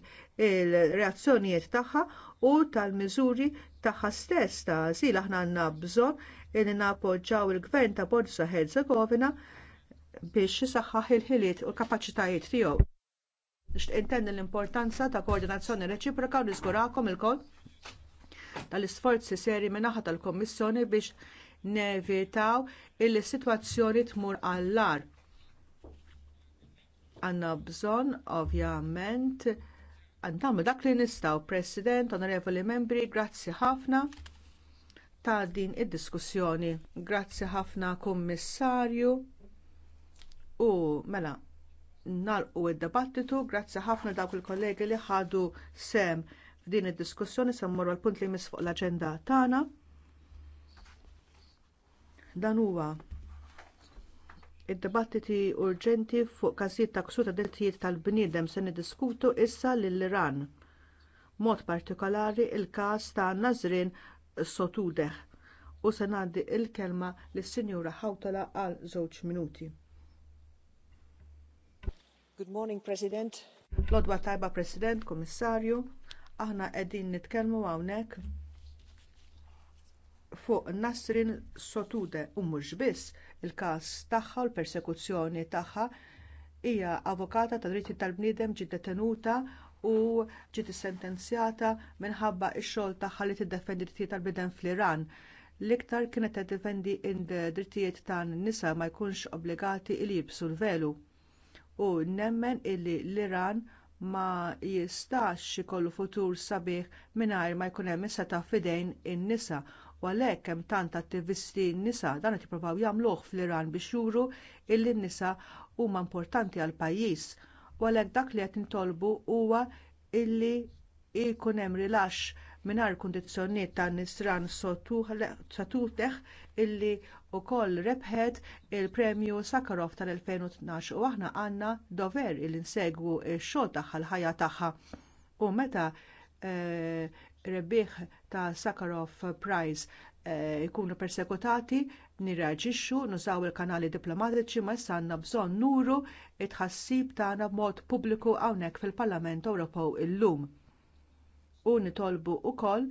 il-reazzjonijiet tagħha u tal-miżuri tagħha stess ta' sil aħna għandna bżonn li nappoġġaw il-gvern ta' Bosnia Herzegovina biex jisaxħaħ il-ħiliet u l-kapaċitajiet tiegħu. Nixtieq l-importanza ta' koordinazzjoni reċiproka u niżgurakom il tal-isforzi seri min-naħa tal kummissjoni biex nevitaw il-sitwazzjoni tmur għall-lar. Għanna bżonn ovvjament, għandam dak li nistgħu President, onorevoli membri, grazzi ħafna ta' din id-diskussjoni. Grazzi ħafna kummissarju u mela nalqu id-debattitu, grazzi ħafna dawk il-kollegi li ħadu sem f'din id-diskussjoni semmorru l-punt li jmiss fuq l-aġenda tagħna. Dan huwa id-dibattiti urġenti fuq każijiet ta' ksur ta' drittijiet tal-bniedem se niddiskutu issa lill-Iran. Mod partikolari l każ ta' Nazrin Sotudeħ u se ngħaddi l kelma lis-Sinjura Hawtala għal żewġ minuti. Good morning, President. Lodwa tajba President, Komissarju, aħna qegħdin nitkellmu hawnhekk fuq Nasrin Sotude u mhux biss il-każ tagħha u l-persekuzzjoni tagħha hija avukata ta' dritti tal-bniedem ġiet detenuta u ġiet issentenzjata minħabba x-xogħol tagħha li tiddefendi drittijiet tal-bidem fl-Iran. L-iktar kienet tiddefendi d-drittijiet tan-nisa ma jkunx obbligati li jibsu l-velu. U nemmen illi l-Iran ma jistax ikollu futur sabiħ mingħajr ma jkun hemm iseta' fidejn in-nisa u għalhekk hemm tant attivisti nisa dan qed jippruvaw jagħmluh fl-Iran biex juru illi n-nisa huma importanti għall pajjiż u għalhekk dak li qed intolbu huwa illi jkun hemm rilaxx mingħajr kundizzjonijiet ta' nisran satuteħ illi wkoll rebħet il-premju Sakharov tal-2012 u aħna għandna dover il insegwu x-xogħol tagħha l-ħajja tagħha. U meta eh, rebbieħ ta' Sakharov Prize jkunu eh, persekutati Nirraġixxu nużaw il-kanali diplomatiċi ma issa għandna bżonn nuru t tħassib tagħna b'mod pubbliku hawnhekk fil-Parlament Ewropew illum. U nitolbu wkoll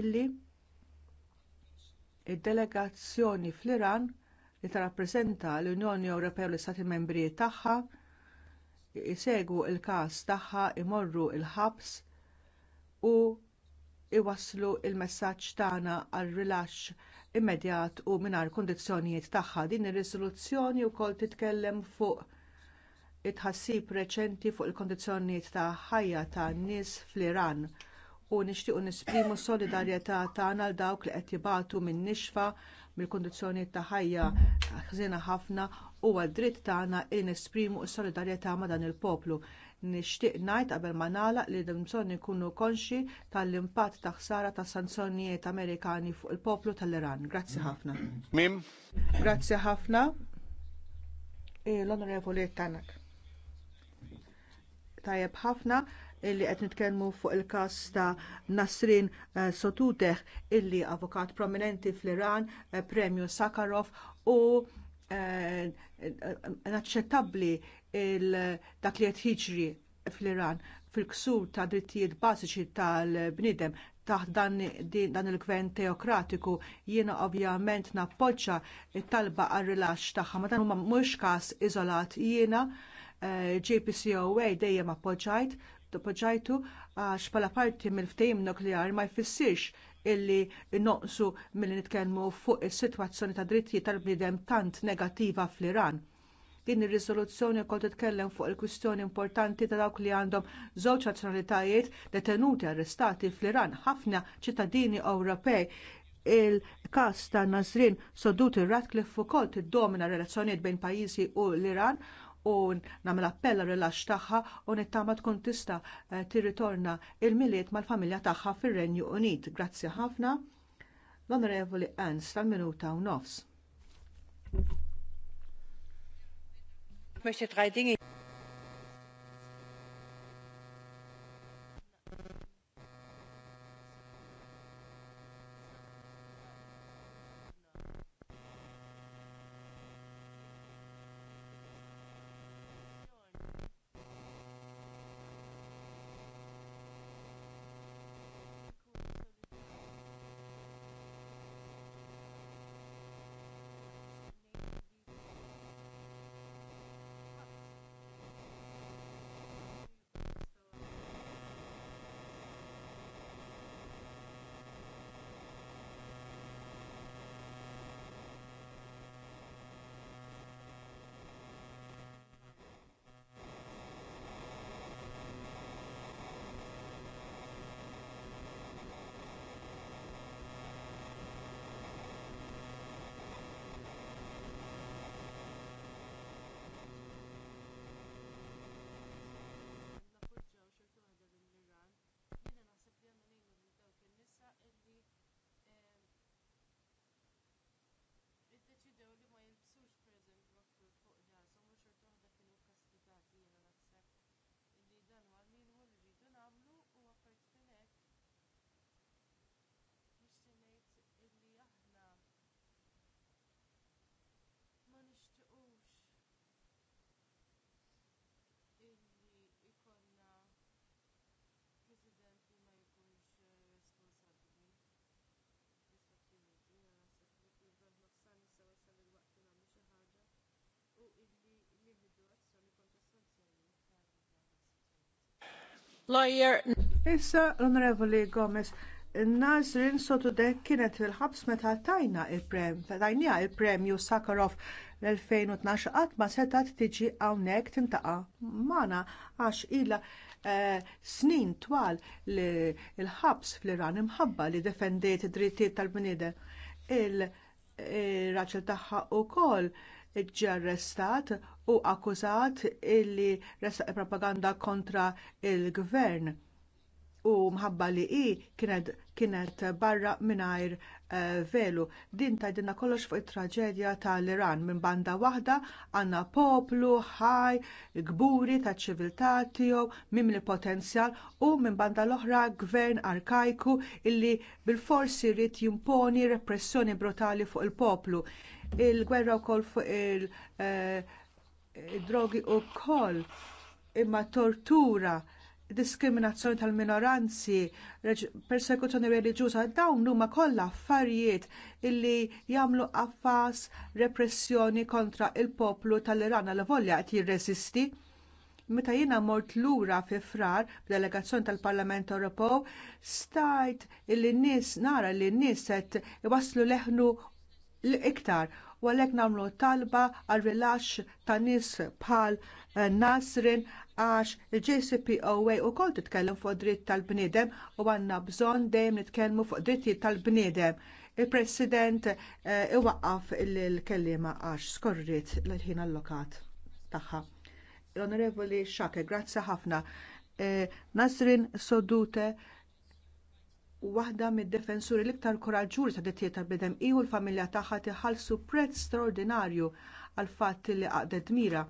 illi id-delegazzjoni fl-Iran li tarrappreżenta l-Unjoni Ewropea u l-Istati Membri tagħha isegwu l każ tagħha imorru l ħabs u iwasslu l messaġġ tagħna għal rilaxx immedjat u mingħajr kundizzjonijiet tagħha. Din ir-riżoluzzjoni wkoll titkellem fuq it-ħassib reċenti fuq il kundizzjonijiet ta' ħajja tan nies fl-Iran u nixtiequ nisprimu solidarjetà tagħna għal dawk li qed jibatu min-nixfa mill-kundizzjonijiet ta' ħajja ħżiena ħafna u għad-dritt tagħna li nesprimu s-solidarjetà ma' dan il-poplu. Nixtieq ngħid qabel ma nagħlaq li bżonn ikunu konxi tal-impatt ta' ħsara tas sanzjonijiet Amerikani fuq il-poplu tal-Iran. Grazzi ħafna. Mim. Grazzi ħafna. E, L-Onorevoli Tanak. Tajjeb ħafna illi qed nitkellmu fuq il-każ ta' Nasrin eh, Sotuteh illi avukat prominenti fl-Iran, eh, premju Sakharov u eh, naċċettabbli dak li qed jiġri fl-Iran fil-ksur ta' drittijiet bażiċi tal-bniedem taħt dan, il-gvern teokratiku jiena ovvjament nappoġġa t talba għar rilaxx tagħha ma dan huma mhux każ iżolat jiena eh, JPCOA dejjem appoġġajt appoġġajtu għax bħala parti mill-ftehim nukleari ma jfissirx illi noqsu milli nitkellmu fuq is-sitwazzjoni ta' drittijiet tal-bniedem tant negattiva fl-Iran Din ir-riżoluzzjoni wkoll titkellem fuq il-kwistjoni importanti ta' dawk li għandhom żewġ nazzjonalitajiet detenuti arrestati fl-Iran ħafna ċittadini Ewropej il-kas ta' Nasrin Soduti Ratcliffe ukoll tiddomina relazzjonijiet bejn pajjiżi u l-Iran u nagħmel appell rilax tagħha u nittama tkun tista' eh, tirritorna il-miliet mal-familja tagħha fir-Renju Unit. Grazzi ħafna. L-Onorevoli Ernst tal-Minuta u Nofs. Möchte drei Dinge. Lawyer. Issa l-Onorevoli Gomez, Nazrin Sotudek kienet fil-ħabs meta tajna il-prem, tajnija il-premju Sakharov l-2012 qatt ma setat tiġi hawnhekk tintaqa mana għax ilha eh, snin twal li l-ħabs fl-Iran imħabba li defendiet id-drittijiet tal-bniedem. Il-raġel tagħha wkoll ġie arrestat u akkużat illi resaq propaganda kontra l gvern u mħabba li hi kienet, kienet barra mingħajr uh, eh, velu. Din tajdinna kollox fuq it-traġedja tal-Iran minn banda waħda għandna poplu ħaj, gburi ta' ċiviltà tiegħu minn potenzjal u minn banda l-oħra gvern arkajku illi bilforsi jrid jimponi repressjoni brutali fuq il-poplu. Il-gwerra wkoll fuq il-, il eh, drogi u koll imma tortura diskriminazzjoni tal-minoranzi, persekuzzjoni reliġjuża, dawn huma kollha affarijiet illi jagħmlu affas repressjoni kontra l poplu tal-Iran li volja qed jirreżisti. Meta jiena mort lura fi frar b'delegazzjoni tal-Parlament Ewropew, stajt illi n-nies nara li n-nies qed iwasslu leħnu l-iktar u għalhekk nagħmlu talba għal rilaxx ta' nies bħal eh, Nasrin għax il-JCPOA wkoll titkellem fuq dritt tal-bniedem u għandna bżonn dejjem nitkellmu fuq drittijiet tal-bniedem. Il-President eh, iwaqqaf il-kellima għax skorrit l-ħin allokat tagħha. L-Onorevoli Xake, grazzi ħafna. Eh, Nasrin Sodute waħda mid-defensuri l-iktar koraġġuri ta' dittijiet bidem ihu l-familja tagħha tiħallsu prezz straordinarju għal fatt li għaqdet mira.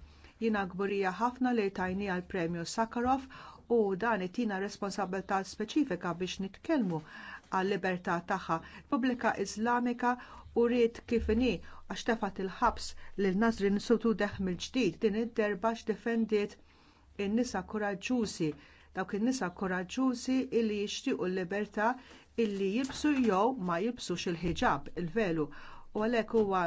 Jiena gburija ħafna li tajni għall premju Sakharov u dan itina responsabilità speċifika biex nitkellmu għal libertà tagħha. Pubblika Iżlamika u rrit kif inhi għax tefat il-ħabs li l Nazrin Sotudeh mill-ġdid din id-derba defendiet in-nisa koraġġużi dawk in-nisa koraġġużi illi jixtiequ l-libertà illi jilbsu jew ma jilbsux il-ħiġab, il-velu. U għalhekk huwa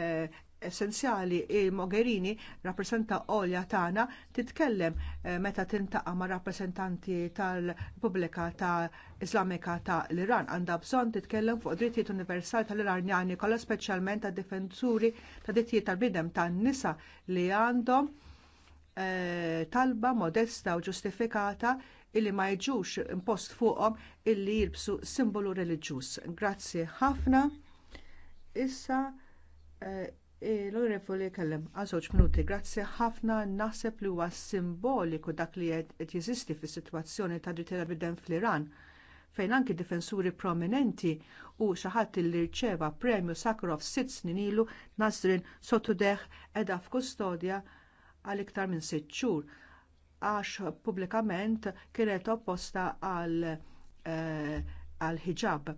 eh, essenzjali il-Mogherini rappreżenta għolja tagħna titkellem eh, meta tintaqa' ma' rappreżentanti tal-Repubblika ta' Islamika ta' l-Iran għandha bżonn titkellem fuq drittijiet universali tal-Iranjani kollha speċjalment tad difensuri ta' drittijiet tal-bidem tan-nisa li għandhom Eh, talba modesta u ġustifikata illi ma jġux impost fuqhom illi jirbsu simbolu reliġjuż. Grazzi ħafna. Issa eh, l kellem għażewġ minuti. Grazzi ħafna naħseb li huwa simboliku dak li qed jeżisti fis-sitwazzjoni ta' tal bidem fl-Iran fejn anki difensuri prominenti u xi ħadd li rċeva premju Sakharov sitt snin ilu Nasrin Sotudeh edha f'kustodja għal iktar minn sitt xhur għax pubblikament kienet opposta għal eh, għal hijab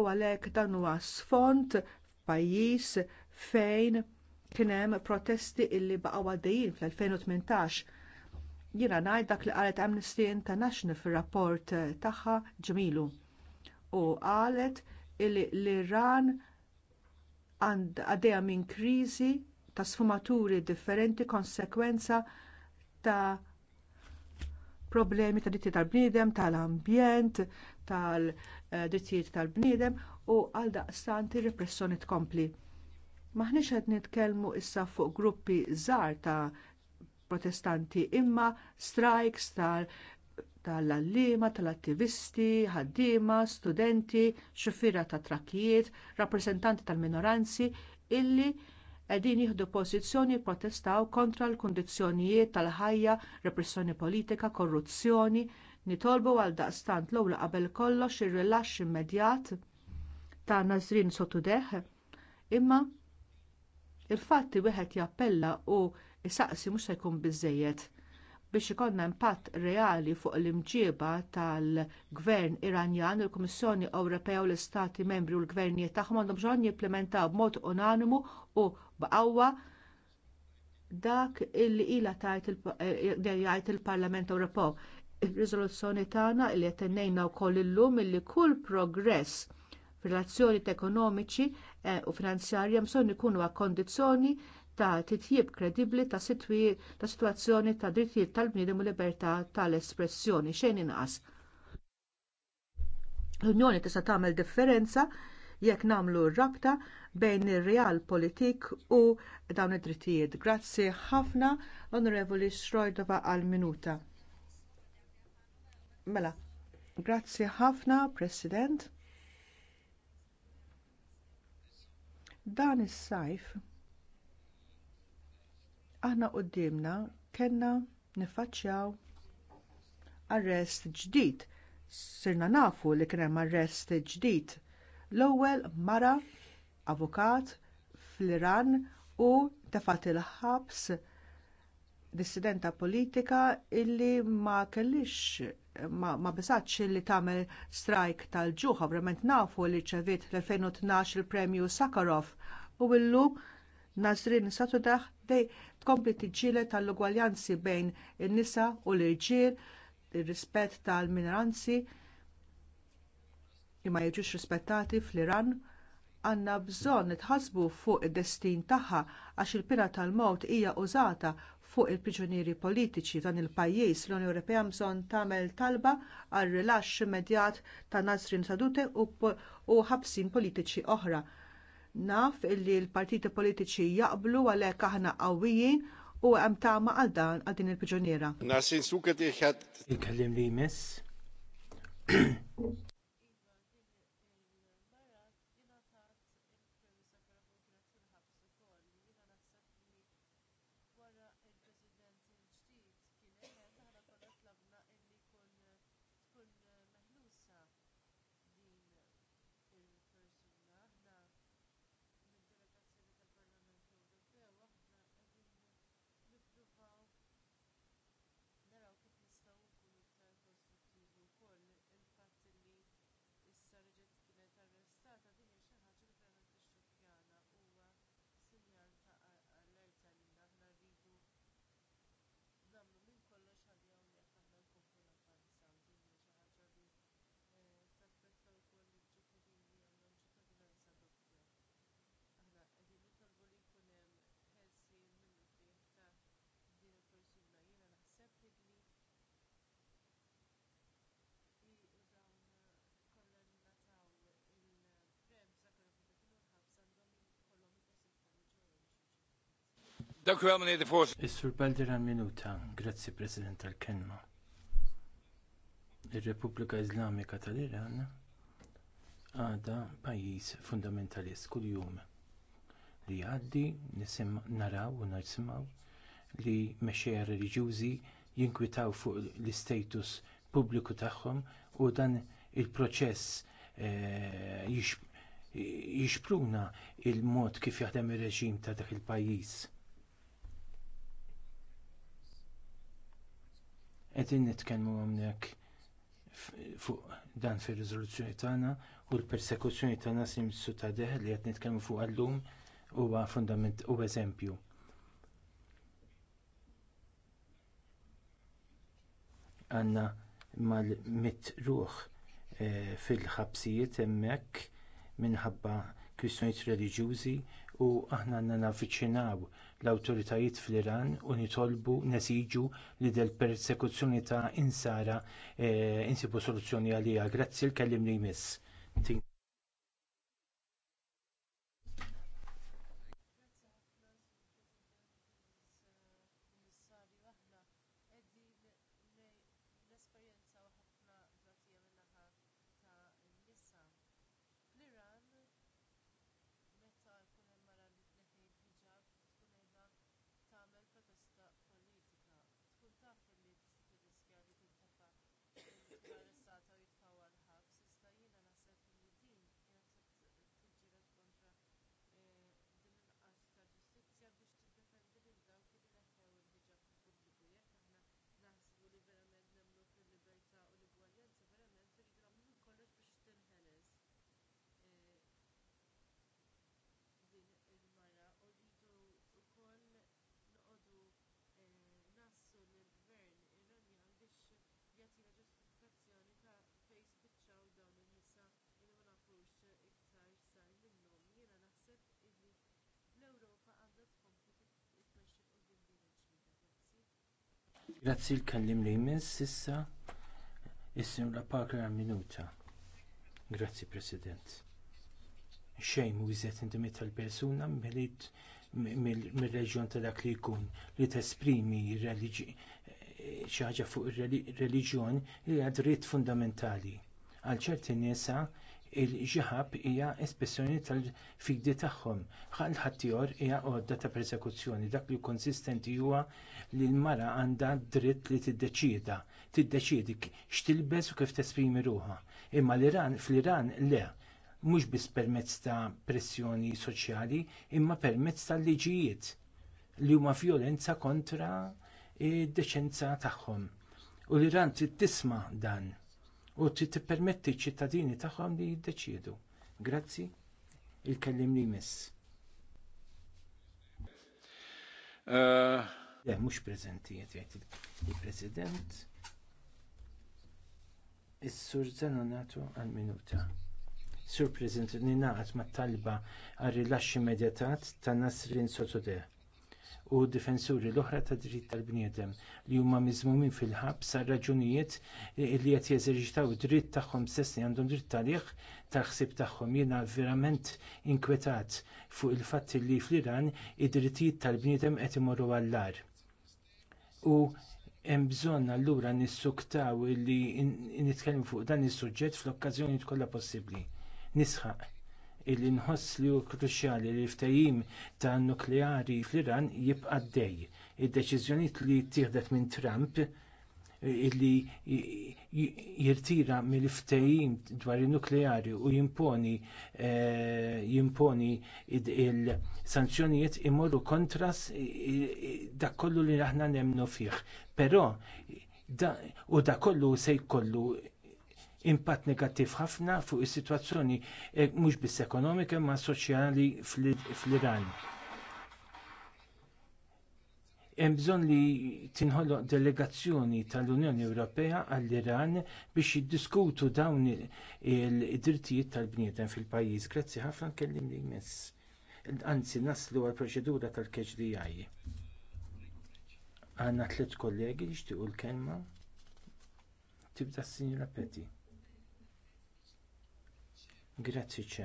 u għalhekk dan huwa sfond f'pajjiż fejn kien hemm protesti illi baqgħu għaddejjin fl-2018. Jiena ngħid dak li qalet Amnesty International fir-rapport tagħha ġmilu. u qalet illi l-Iran għaddejja minn kriżi ta' sfumaturi differenti konsegwenza ta' problemi ta' diritti tal-bniedem, tal-ambjent, tal-drittijiet tal-bniedem u għal daqstanti repressjoni tkompli. Maħniex qed nitkellmu issa fuq gruppi żgħar ta' protestanti imma strikes tal għalliema allima tal-attivisti, ħaddiema, studenti, xufiera ta' trakkijiet, rappreżentanti tal-minoranzi illi qegħdin jieħdu pożizzjoni jipprotestaw kontra l-kundizzjonijiet tal-ħajja, repressjoni politika, korruzzjoni, nitolbu għal daqstant l-ewwel qabel kollox ir-rilaxx immedjat ta' Nazrin Sotudeh. imma il-fatti wieħed jappella u isaqsi mhux se jkun biżżejjed biex ikollna impatt reali fuq l-imġieba tal-Gvern Iranjan, il-Kummissjoni Ewropea u l-Istati Membri u l-Gvernijiet tagħhom għandhom bżonn jipplementaw b'mod unanimu u b'qawwa dak illi ilha eh, jgħid il-Parlament Ewropew. Ir-riżoluzzjoni tagħna li qed tennejna wkoll illum illi kull progress f'relazzjoni ekonomiċi eh, u finanzjarji bżonn ikunu għal kondizzjoni ta' titjib kredibbli ta' sitwazzjoni ta' drittijiet tal-bniedem u libertà tal-espressjoni xejn inqas. L-Unjoni tista' tagħmel differenza jekk nagħmlu rabta bejn ir-real politik u dawn id-drittijiet. Grazzi ħafna, Onorevoli Schrojdova għal minuta Mela, grazzi ħafna, President. Dan is-sajf aħna quddiemna kellna niffaċċjaw arrest ġdid. Sirna nafu li kien hemm arrest ġdid. L-ewwel mara avukat fl-Iran u tefat il-ħabs dissidenta politika illi ma kellix ma, ma bisatx li tagħmel strajk tal-ġuħa, verament nafu li ċevit l-2012 il-premju Sakharov u illum. Nazrin Satudah dej tkompli tiġġiele tal-ugwaljanzi bejn in-nisa u l-irġiel, ir-rispett tal-minoranzi li ma jiġux rispettati fl-Iran għandna bżonn nitħassbu fuq id-destin tagħha għax il-pina tal-mewt hija użata fuq il-priġunieri politiċi dan il-pajjiż l-Unjoni Ewropea bżonn tagħmel talba għal rilaxx immedjat ta' Nasrin Sadute u ħabsin politiċi oħra Naf illi l-partiti politiċi jaqblu għalhekk aħna qawwijin u hemm tama għal dan għal din il-priġuniera. Nasin suket Il-kellim li Dak u għamni di Is-sur Baldera minuta, grazzi President tal-Kenma. Ir-Repubblika Islamika tal-Iran għada pajjiż fundamentalist kuljum li għaddi nisim naraw u narsimaw li meċeja reliġjużi jinkwitaw fuq l-istatus pubbliku tagħhom u dan il-proċess eh, jixpruna l mod kif jaħdem ir-reġim ta' dak il-pajjiż. Qegħdin nitkellmu hawnhekk fuq dan fir-riżoluzzjoni tagħna u l-persekuzzjoni tagħna simsu ta' deħ li qed nitkellmu fuq għallum huwa fundament u eżempju. Għanna mal-mit ruħ eh, fil-ħabsijiet hemmhekk minħabba kwistjonijiet reliġjużi u aħna għandna l-awtoritajiet fl-Iran u nitolbu nesiġu li del persekuzzjoni ta' insara e, insibu soluzzjoni għaliha. Grazzi l-kellim li jmiss. Grazzi l-kallim li jmiss issa is-sinjura Parker għal minuta. Grazzi President. Xejn mu jżet intimi tal-persuna mill-reġjon ta' dak li jkun li tesprimi xi ħaġa fuq ir-reliġjon hija dritt fundamentali. Għal ċerti nisa il-ġiħab hija espressjoni tal-fidi tagħhom. Ħal ħaddieħor hija għodda ta' persekuzzjoni dak li konsistenti huwa li l-mara għandha dritt li tiddeċida, tiddeċiedi x'tilbes u kif tesprimi ruha. Imma l-Iran fl-Iran le, mhux biss permezz ta' pressjoni soċjali, imma permezz ta' liġijiet li huma vjolenza kontra d deċenza tagħhom. U l-Iran trid tisma' dan u tippermetti ċ-ċittadini tagħhom li jiddeċiedu. Grazzi, il-kellim li eh. Le, mhux preżenti qed jgħid il-President. Is-Sur Zanonatu għal-minuta. Sur President, ninaqat mat talba għar rilaxx immedjatat ta' Nasrin Sotodeh u difensuri l-oħra tad dritt tal-bniedem li huma miżmumin fil-ħabs għal raġunijiet li qed jeżerċitaw id-dritt tagħhom stess li għandhom dritt għalih ta' ħsieb tagħhom. Jiena verament inkwetat fuq il-fatt li fl-Iran id-drittijiet tal-bniedem qed imorru għall-ar. U hemm bżonn allura nissuktaw li nitkellmu fuq dan is-suġġett fl okkażjonijiet kollha possibbli. Nisħaq illi nħosslu kruċjali li l-ftehim ta' nukleari fl-Iran jibqa' dej. Id-deċiżjonijiet li tieħdet minn Trump illi jirtira mill-ftehim dwar in nukleari u jimponi eh, jimponi il-sanzjonijiet imorru kontras dak kollu li aħna nemnu fih. Però u da kollu se jkollu impatt negattiv ħafna fuq is-sitwazzjoni eh, mhux biss ekonomika ma soċjali fl-Iran. Hemm bżonn li tinħoloq delegazzjoni tal-Unjoni Ewropea għall-Iran biex jiddiskutu dawn id-drittijiet tal-bniedem fil-pajjiż. Grazzi ħafna kellim li jmiss. Anzi, naslu għall proċedura tal-KHDI. Għanna tliet kollegi li l-kelma. Tibda s-sinjura Peti. Grazzi ċa.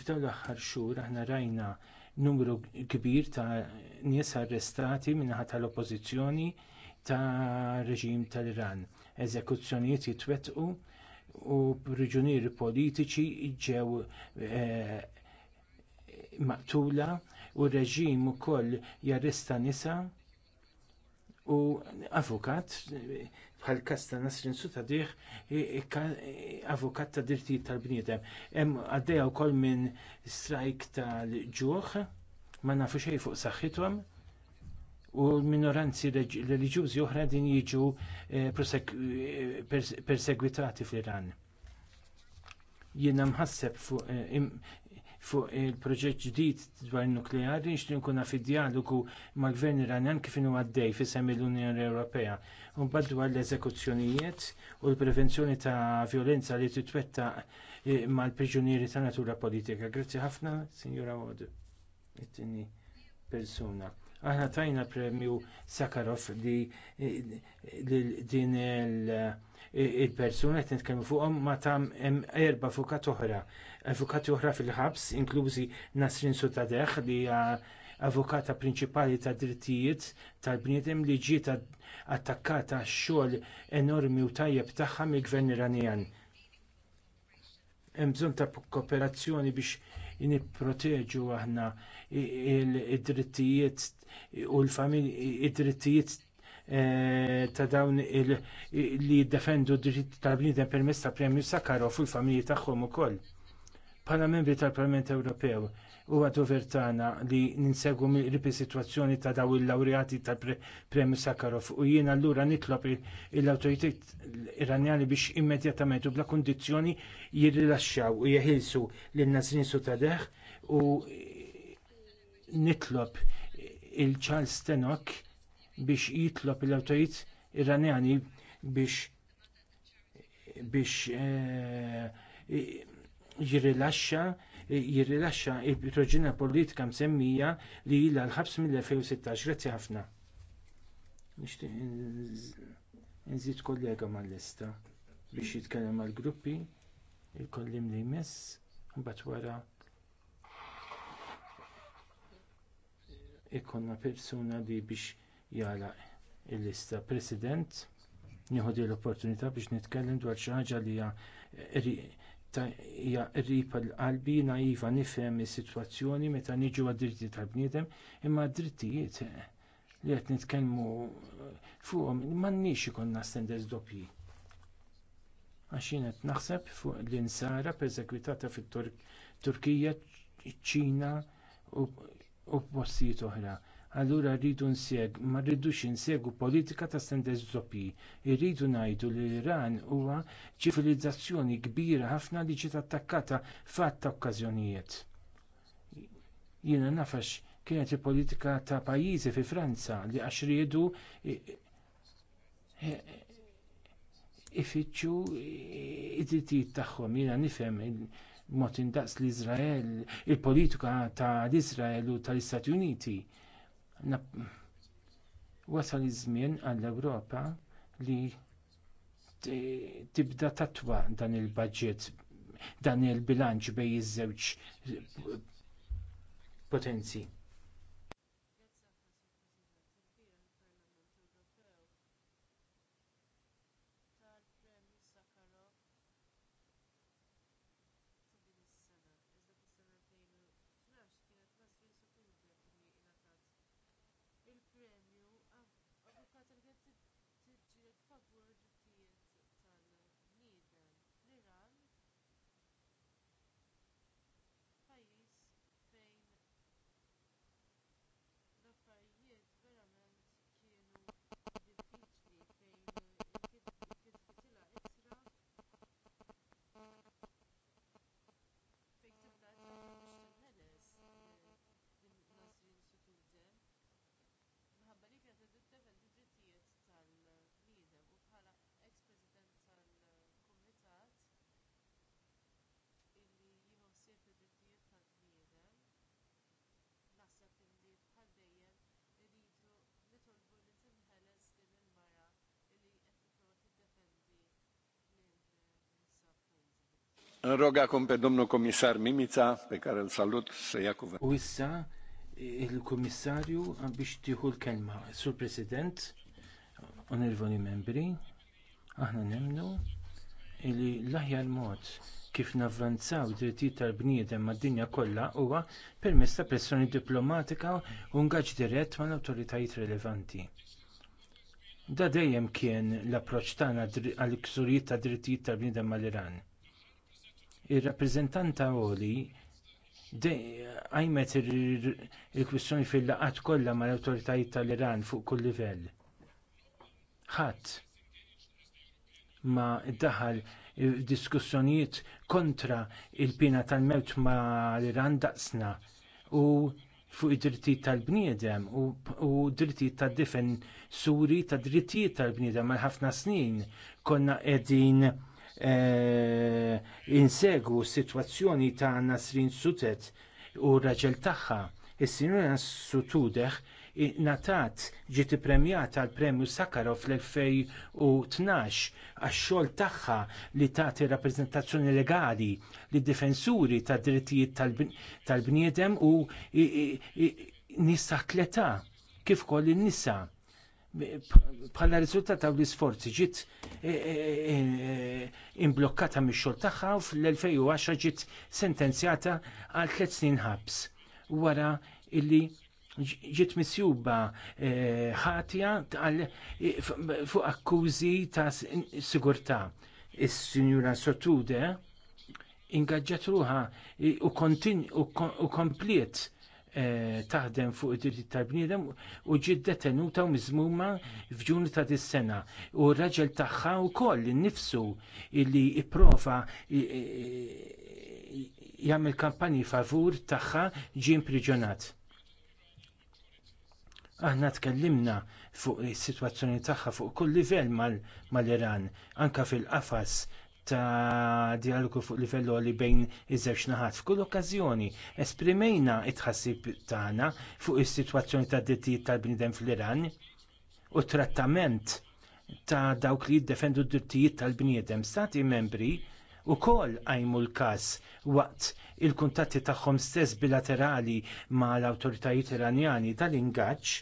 F'dawn l-aħħar xhur aħna rajna numru kbir ta' nies arrestati min tal-oppożizzjoni tar reġim tal-Iran. Eżekuzzjonijiet jitwettqu u priġunieri politiċi ġew eh, maqtula u r reġim ukoll jarresta nisa u avukat bħal każ ta' Nasrin Sutadih avukat ta' dirtijiet tal-bniedem. Hemm għaddejja wkoll minn strajk tal-ġuħ ma nafu xejn fuq saħħithom u minoranzi reliġjużi oħra din jiġu eh, eh, persegwitati fl-Iran. Jiena mħasseb fuq eh, fuq il-proġett ġdid dwar nukleari nixtieq nkun fid id-dialogu mal-Gvern Iranjan kif inhu għaddej fi semmi l-Unjoni Ewropea. U mbagħad dwar l-eżekuzzjonijiet u l-prevenzjoni ta' violenza li titwettaq eh, mal-priġunieri ta' natura politika. Grazzi ħafna, Sinjura Wod. it persuna. Aħna tajna premju Sakharov li eh, din il- il-persuna qed nitkellmu fuqhom ma tam hemm erba' avukat oħra. Avukati oħra fil-ħabs, inklużi Nasrin Sutadeħ li hija avukata prinċipali tad drittijiet tal-bniedem li ġiet attakkata xogħol enormi u tajjeb tagħha mill-gvern Iranjan. Hemm bżonn ta' kooperazzjoni biex nipproteġu aħna id-drittijiet u l-familji id-drittijiet Eh, ta' dawn li jiddefendu d-dritt tal-bniedem permezz ta' premju Sakharov u l-familji tagħhom ukoll. Bħala membri tal-Parlament Ewropew huwa dover tagħna li ninsegwu mill is-sitwazzjoni ta' daw il-lawreati tal-Premju Sakharov u jiena allura nitlob l-awtoritet iranjani biex immedjatament u bla kundizzjoni jirrilaxxaw u jeħilsu lil Nazrin Sutadeħ u nitlob il-Charles Tenok biex jitlob l awtorit iranjani biex biex jirilaxxa jirrilaxxa il-proġina politika msemmija li ilha l-ħabs mill-2016. Grazzi ħafna. Nixtieq nżid kollega mal-lista biex jitkellem mal-gruppi il-kollim li jmiss mbagħad wara ikonna persuna li biex jala il-lista President nieħu l-opportunità biex nitkellem dwar xi ħaġa li hija qrib għall-qalbi naiva nifhem is-sitwazzjoni meta niġu għad dritti tal-bniedem imma d-drittijiet li qed nitkellmu fuqhom m'għandniex ikollna standards doppji. Għax jien qed naħseb fuq l-insara perżekwitata fit-Turkija, ċ-Ċina u postijiet oħra allura rridu nsegħu ma rridux insegu politika ta' standards doppji. Irridu ngħidu li l-Iran huwa ċivilizzazzjoni kbira ħafna li ġiet attakkata fatt ta' okkażjonijiet. Jiena nafax kienet il-politika ta' pajjiżi fi Franza li għax riedu ifittxu id-drittijiet tagħhom. Jiena nifhem mod indaqs l iżrael il-politika l Iżrael u tal-Istati Uniti wasal iż-żmien għall-Ewropa li tibda tatwa dan il-budget dan il-bilanċ bejn iż-żewġ potenzi. Nroga per domnu komissar Mimica, pe care salut, se ia U issa, il-komissarju biex tieħu l-kelma. Sur President, onervoni membri, aħna nemnu li l-aħjar mod kif navvanzaw drittijiet tal-bniedem mad-dinja kollha huwa permess ta' pressjoni diplomatika u ngaġġ dirett mal-awtoritajiet rilevanti. Da dejjem kien l-approċċ tagħna għall-iksurijiet ta' drittijiet tal-bniedem mal-Iran Ir-rappreżentanta għoli għajmet il-kwistjoni fil laqgħat kollha mal awtoritajiet tal-Iran fuq kull livell. Ħadd ma daħal diskussjonijiet kontra l pina tal-mewt mal iran daqsna u fuq id-drittijiet tal-bniedem u, drittijiet tad-difen suri tad drittijiet tal-bniedem għal ħafna snin konna qegħdin Eh, insegu s-sitwazzjoni ta' Nasrin Sutet u r raġel tagħha. Is-sinjura Sutudeħ natat ġiet ippremjata għal premju Sakharov fl-2012 għax-xogħol tagħha li tagħti rappreżentazzjoni legali li difensuri tad drittijiet tal-bniedem u nisa tleta kif koll in-nisa bħala riżultat ta' l-isforzi ġiet e, e, e, imblokkata mix-xogħol tagħha u fl-2010 ġiet sentenzjata għal tliet snin ħabs wara illi ġiet misjuba ħatja fuq akkużi ta' sigurtà. Is-Sinjura Sotude ingaġġat ruħa u kompliet Eh, taħdem fuq id-diritti tal-bniedem u ġiet detenuta u miżmuma f'ġuni ta' dis-sena. U r-raġel tagħha wkoll innifsu li ipprova jagħmel kampanji favur tagħha ġie impriġjonat. Aħna tkellimna fuq is-sitwazzjoni tagħha fuq kull livell mal-Iran, anke fil-qafas ta' dialogu fuq livell li bejn iż-żewġ naħat. F'kull okkażjoni esprimejna t tħassib tagħna fuq is-sitwazzjoni tad drittijiet tal-bniedem fl-Iran u t trattament ta' dawk li jiddefendu d-drittijiet tal-bniedem. Stati membri wkoll għajmu l każ waqt il-kuntatti tagħhom stess bilaterali mal awtoritajiet iranjani tal-ingaġġ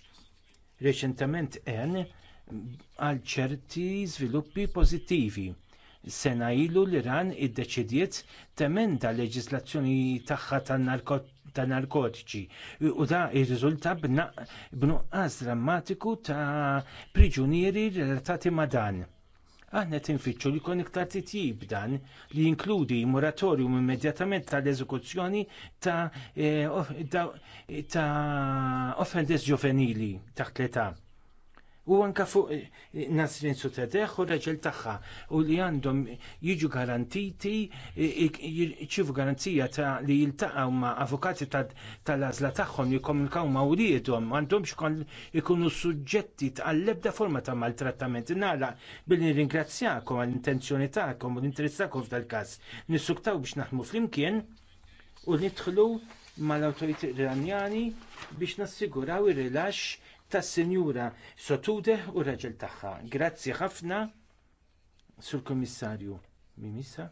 reċentement għen għal ċerti żviluppi pożittivi sena ilu l-Iran iddeċidiet temenda leġiżlazzjoni tagħha tan-narkotiċi u da irriżulta b'nuqqas drammatiku ta' priġunieri relatati ma' dan. Aħna tinfittxu li jkun iktar titjib dan li jinkludi moratorium immedjatament tal-eżekuzzjoni ta', eh, offenders ġuvenili ġovenili taħt l-età u anka fuq eh, eh, Nasrin Sutedeħ u reġel tagħha u li għandhom jiġu garantiti eh, ċivu garanzija ta' li jiltaqgħu ma' avukati tal azla tagħhom jikomunikaw ma' wliedhom għandhom xkon ikunu suġġetti għall-ebda forma ta' maltrattament. Nala, billi ringrazzjakom għall-intenzjoni tagħkom u l interessakom fdal kas Nissuktaw biex naħdmu flimkien u nidħlu mal-awtoriti iranjani biex nassiguraw ir-rilaxx tas-Sinjura Sotude u raġel tagħha. Grazzi ħafna sur Kummissarju. Mimisa?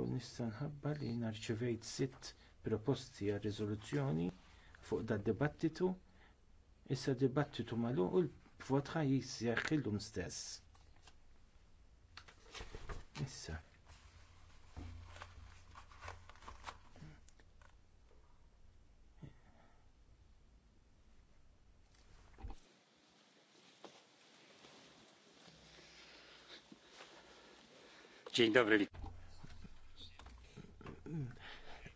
U nista' nħabba li narċivejt sitt proposti għal riżoluzzjoni fuq da dibattitu issa dibattitu magħluq u l-vot ħajjis illum stess. Issa. Dzień dobry.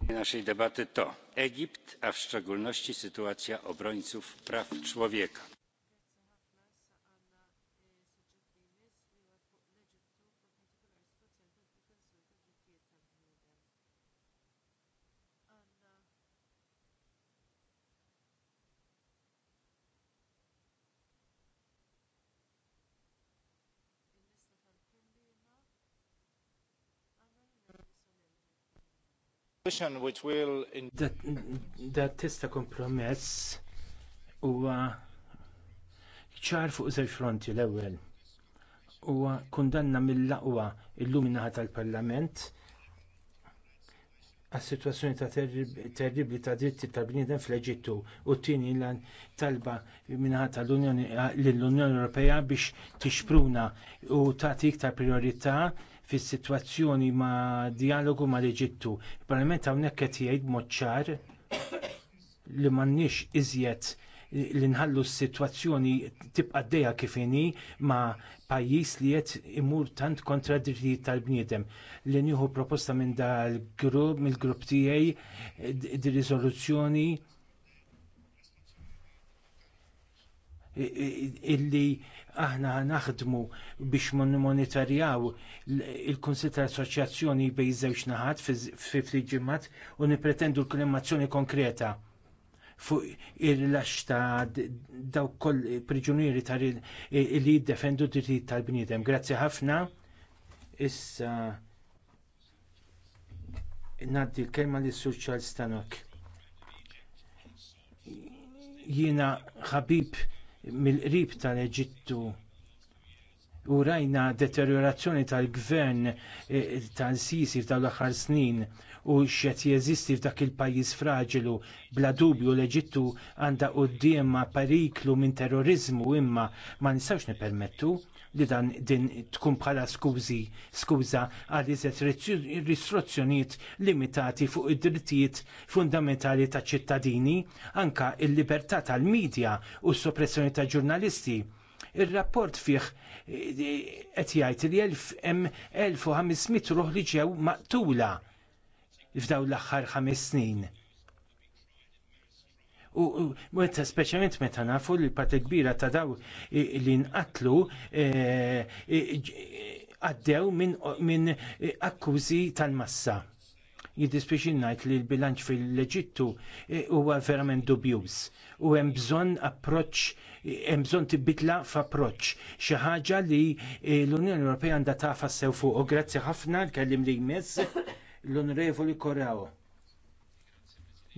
Naszej debaty to Egipt, a w szczególności sytuacja obrońców praw człowieka Dat tista kompromess huwa ċar fuq żewġ fronti l-ewwel. Huwa kundanna mill-laqwa illuminaħa tal-Parlament għas-sitwazzjoni ta' terribli ta' dritti tal-bniedem fl-Eġittu u t-tieni talba minnaħat tal-Unjoni l-Unjoni Ewropea biex tixpruna u tagħti iktar priorità fis-sitwazzjoni ma' dialogu mal eġittu parlament hawnhekk qed jgħid mod li m'għandniex iżjed li nħallu s-sitwazzjoni tibqa' dejja kif kifini ma' pajjiż li qed imur tant kontra d-drittijiet tal-bniedem. Li nieħu proposta minn dal-grupp mill-grupp tiegħi d riżoluzzjoni illi aħna naħdmu biex monitorjaw il-Kunsil assoċjazzjoni bejn żewġ naħat fi fliġimat u nipretendu l-klimazzjoni konkreta fuq il lax ta' daw koll priġunieri ta' li jiddefendu dritti tal-bniedem. Grazzi ħafna. Issa naddi l-kelma li Charles Stanok. Jiena ħabib mill-qrib tal-Eġittu u rajna deteriorazzjoni tal-gvern eh, tal-sisi tal-aħħar snin u xet jeżisti f'dak il-pajjiż fraġilu bla dubju l-Eġittu għandha qudiema periklu minn terrorizmu imma ma nistgħux nipermettu li dan din tkun bħala skużi skuża għal iżet ristruzzjonijiet limitati fuq id-drittijiet fundamentali ta' ċittadini, anka il-libertà tal-medja u s-soppressjoni ta' ġurnalisti. Ir-rapport fih eh, qed jgħid li hemm 1500 ruħ li ġew maqtula f'dawn l-aħħar ħames snin U meta speċjalment meta nafu li parti kbira ta' daw li nqatlu e, e, għaddew minn e, akkużi tal-massa. Jiddispiċi ngħid li l-bilanċ fil-Eġittu huwa verament dubjuż u hemm bżonn approċċ hemm bżonn tibbidla f'approċċ xi ħaġa li l-Unjoni Ewropea għandha tafa sew fuq. U grazzi ħafna l-kellim li jmiss l-Onorevoli Korao.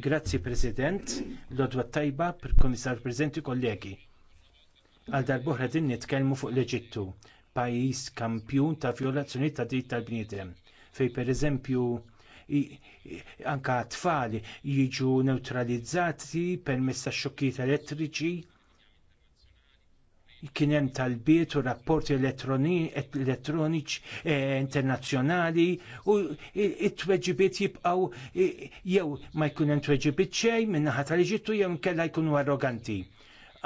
Grazzi President, l-odwa tajba per komissar prezenti kollegi. Għal darbohra din nitkellmu fuq l-Eġittu, pajjiż kampjun ta' violazzjoni ta' dritt tal-bniedem, fej pereżempju anke t tfal jiġu neutralizzati permezz ta' xokkijiet elettriċi kien hemm talbiet u rapporti elettroniċi eh, internazzjonali u it-tweġibiet jibqgħu jew ma jkun hemm tweġibiet xejn min-naħa tal-Eġittu jew inkella jkunu arroganti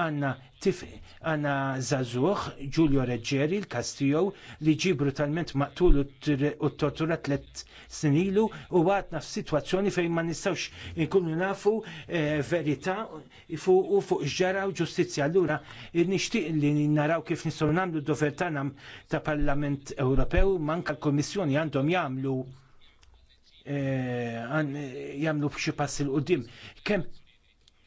għanna tif għanna zazuħ Giulio Reggeri l-Kastijow li ġi brutalment maqtul u t-tortura tlet snilu u għatna f-situazzjoni fejn ma nistawx nkunu nafu eh, verità u fuq ġara u ġustizja. Allura, nishtiq li naraw kif nistaw namlu d ta' Parlament Ewropew, manka l-Komissjoni għandhom jamlu eh, jamlu b'xi pass il qoddim Kem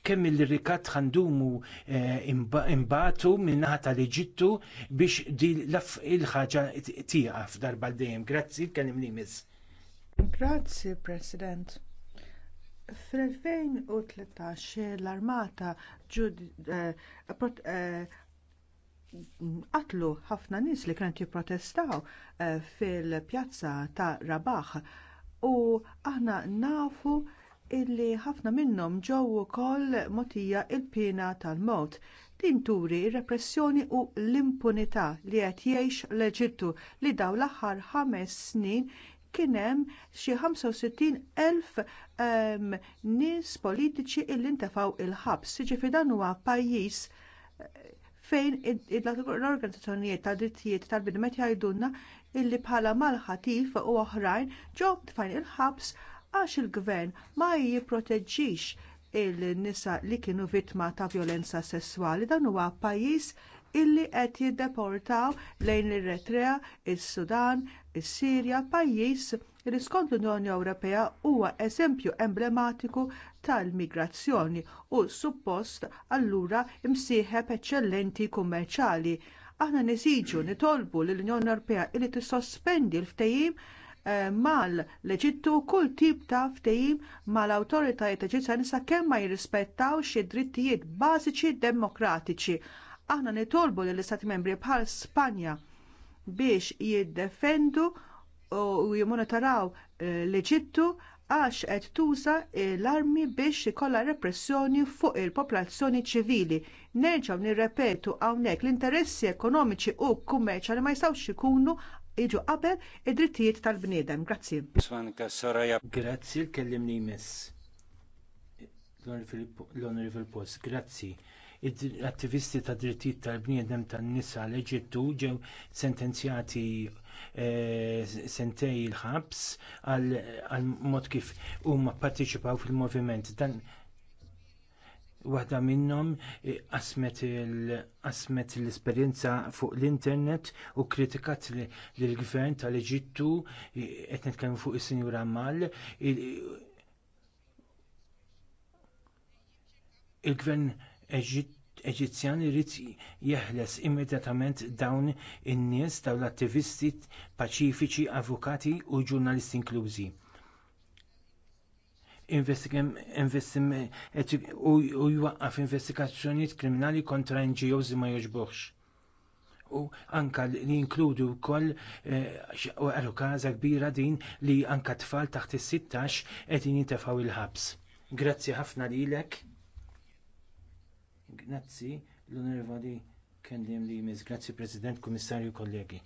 kemm il-rikat ħandumu eh, imbatu minnaħa tal-Eġittu biex di laf il-ħaġa tiqaf f'darba dejjem. Grazzi, kellim li miss. Grazzi, President. fl 2013 l-armata eh, eh, qatlu ħafna nies li kienu jipprotestaw fil-pjazza ta' Rabaħ u aħna nafu illi ħafna minnhom ġew ukoll mogħtija l pena tal-mewt. Din turi r repressjoni u l-impunità li qed jgħix l-Eġittu li dawn l-aħħar ħames snin kien hemm xi 65,000 ehm, nies politiċi illi ntefgħu il-ħabs. Jiġifieri dan huwa pajjiż eh, fejn l-organizzazzjonijiet ta' drittijiet tal qed jgħidulna illi bħala mal-ħatif u oħrajn ġew tfajn il-ħabs għax il-gvern ma jipproteġġix il-nisa li kienu vittma ta' vjolenza sesswali dan huwa pajjiż illi qed jiddeportaw lejn l-Eritrea, is-Sudan, is-Sirja, pajjiż li skont l-Unjoni Ewropea huwa eżempju emblematiku tal-migrazzjoni u suppost allura imsieħeb eċċellenti kummerċjali. Aħna nisiġu nitolbu lill unjoni Ewropea li tissospendi l-ftehim Eh, mal-Eġittu kull tip ta' ftehim mal-awtoritajiet Eġizzjani sakemm ma jirrispettawx id-drittijiet bażiċi demokratiċi. Aħna nitolbu lill istati membri bħal Spanja biex jiddefendu u jimmonitoraw eh, l-Eġittu għax qed tuża l-armi biex ikollha repressjoni fuq il-popolazzjoni ċivili. Nerġgħu nirrepetu hawnhekk l-interessi ekonomiċi u kummerċjali ma jistgħux ikunu iġu qabel id-drittijiet tal-bniedem. Grazzi. Grazzi l-kellimni jmiss. L-Honorable Post, grazzi. Attivisti ta' drittijiet tal-bniedem tan-nisa l-Eġittu ġew sentenzjati eh, sentej il-ħabs għal mod kif huma pparteċipaw fil-moviment. Dan Waħda minnhom eh, qasmet l-esperjenza fuq l-internet u kritikat lill gvern tal-Eġittu eh, qed nitkellmu fuq is-Sinjura Mal. Il-Gvern Eġizzjan irid jeħles immedjatament dawn in-nies dawn l-attivisti paċifiċi, avukati u ġurnalisti inklużi u jwaqqaf investigazzjonijiet kriminali kontra NGOs ma joġboħx. U anka li inkludu wkoll eh, u għarru kaza kbira din li anka tfal taħt is-16 qegħdin jintefgħu il-ħabs. Grazzi ħafna lilek. Grazzi l-onorevoli Kendim li jmiss. Grazzi President, Kummissarju, kollegi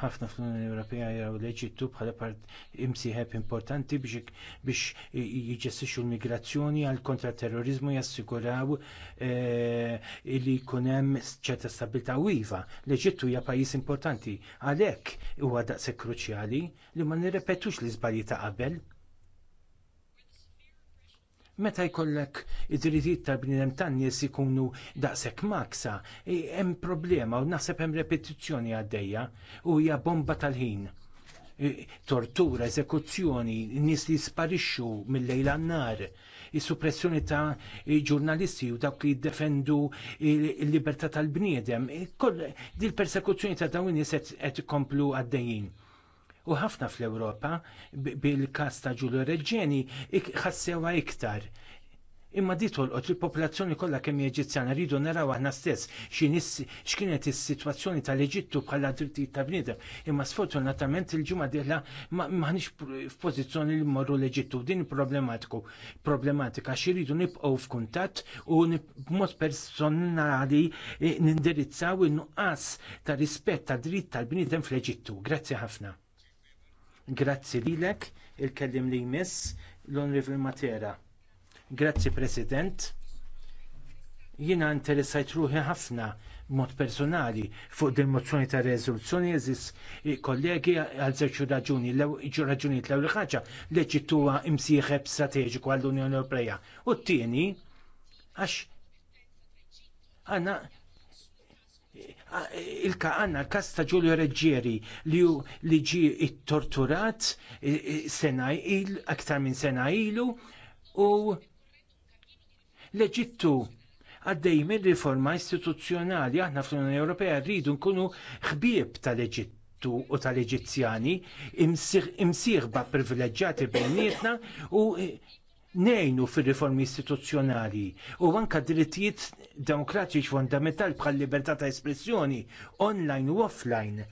ħafna fl-Unjoni Ewropea jew l-Eġittu bħala part imsieħeb importanti biex jiġessixxu l-migrazzjoni għal kontra terrorizmu jassiguraw eh, li jkun hemm ċerta stabilità u iva. L-Eġittu hija pajjiż importanti għalhekk huwa daqshekk kruċjali li ma nirrepetux l-iżbalji ta' qabel Meta jkollek id dritijiet tal-bniedem tan-nies ikunu daqshekk maksa, hemm problema u naħseb hemm repetizzjoni għaddejja u hija bomba tal-ħin tortura, eżekuzzjoni, nies li sparixxu mill-lejl għan-nar, is-suppressjoni ta' ġurnalisti u dawk li jiddefendu l-libertà tal-bniedem. Dil persekuzzjoni ta' dawn nies qed ikomplu għaddejjin. U ħafna fl-Ewropa bil-kas ta' Ġulio Reġġeni ħassewa iktar. Imma di tolqot il-popolazzjoni kollha kemm Eġizzjana rridu naraw aħna stess x'kienet is-sitwazzjoni tal-Eġittu bħala drittijiet ta' bniedem. Imma sfortunatament il-ġimgħa dieħla maħniex f'pożizzjoni li mmorru l-Eġittu din problematiku. Problematika xi rridu nibqgħu f'kuntatt u b'mod personali eh, nindirizzaw in-nuqqas ta' rispett tad dritt tal-bniedem fl-Eġittu. Grazzi ħafna. Grazzi lilek, il-kellim li jmiss l-Onrivil Matera. Grazzi President. Jiena interessajt ruħi ħafna mod personali fuq din mozzjoni ta' rezoluzzjoni eżis kollegi għal żewġ raġuni, l ġu raġuni l-ewwel ħaġa l-Eġittu huwa imsieħeb strateġiku għall-Unjoni Ewropea. U t-tieni għax għandna il-ka għanna l ta' Giulio Reggieri li ju li ġi torturat sena il aktar minn sena ilu u l-Eġittu għaddej minn riforma istituzzjonali aħna fl-Unjoni Ewropea rridu nkunu ħbieb tal-Eġittu u tal-Eġizzjani imsieħba privileġġjati bejnietna u nejnu fil-riformi istituzzjonali u anka drittijiet demokratiċ fondamentali bħal libertà ta' espressjoni online u offline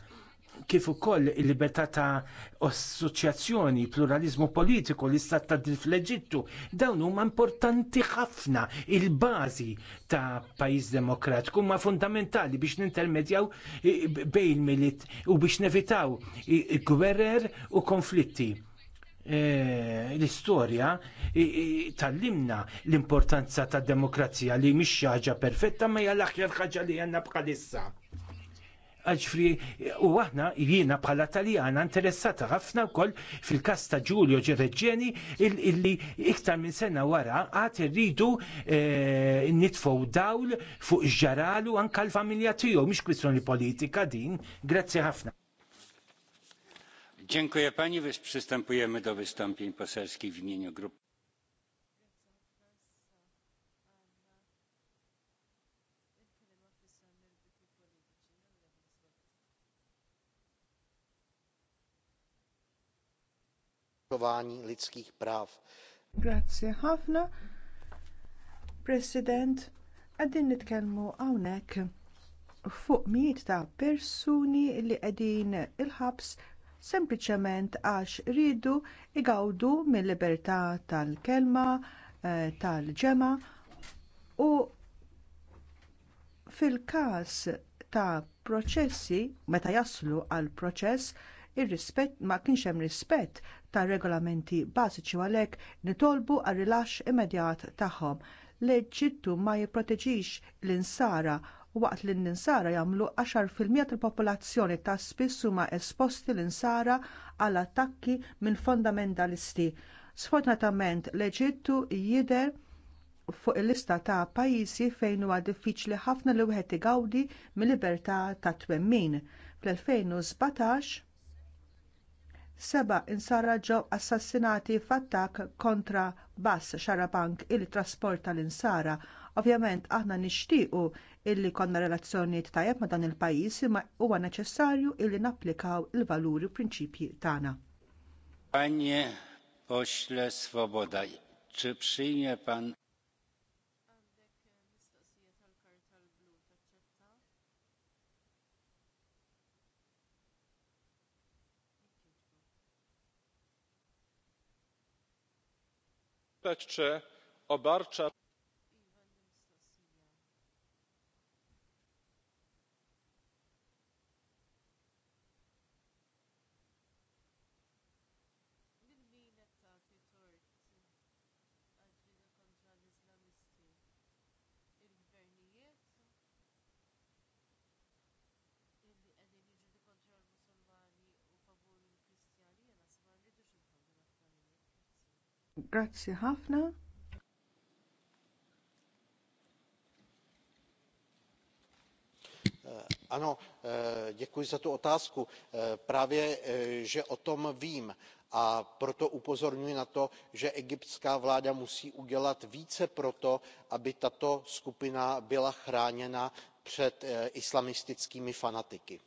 kif ukoll il-libertà ta' assoċjazzjoni, pluralizmu politiku, l-istat ta' dritt fl-Eġittu, dawn huma importanti ħafna il-bażi ta' pajjiż demokratiku huma fundamentali biex nintermedjaw eh, bejn milit u biex nevitaw eh, gwerer u konflitti. Eh, l-istorja tal-limna l-importanza tad demokrazija li mhix ħaġa perfetta ma hija l-aħjar ħaġa li għandna bħalissa. Ġifri, u aħna jiena bħala taljana interessata ħafna wkoll fil-kas ta' Giulio Ġereġġeni illi iktar minn sena wara għad irridu eh, nitfow dawl fuq ġaralu anka l-familja tiegħu mhix kwistjoni politika din. Grazzi ħafna. Dziękuję pani. Przystępujemy do wystąpień poselskich w imieniu grup. Kování lidských práv. Grazie ħafna. President, għaddin nitkellmu hawnhekk fuq mijiet ta' persuni li qegħdin il-ħabs sempliċement għax ridu igawdu mill-libertà tal-kelma, eh, tal-ġema u fil-każ ta' proċessi meta jaslu għal proċess ma kienx hemm rispett tar regolamenti bażiċi għalhekk nitolbu għar rilaxx immedjat tagħhom. l ma jipproteġix l-insara waqt li n-ninsara jagħmlu 10% tal-popolazzjoni ta' spiss huma esposti l-insara għal attakki minn fondamentalisti. Sfortunatament l-Eġittu jidher fuq il-lista ta' pajjiżi fejn huwa diffiċli ħafna li wieħed igawdi mill-libertà ta' twemmin. Fl-2017 seba' insara ġew assassinati f'attakk kontra bass xarabank il trasport tal-insara. Ovvjament aħna nixtiequ illi konna relazzjonijiet tajjeb ma' dan il-pajjiż imma huwa neċessarju illi napplikaw il-valuri u prinċipji tagħna. Panie pośle Swoboda, czy przyjmie pan obarcza Grazzi ħafna. Eh, ano, eh, děkuji za tu otázku. Eh, právě, že o tom vím a proto upozorňuji na to že egyptská vláda musí udělat více pro to aby tato skupina byla chráněna před islamistickými fanatiky.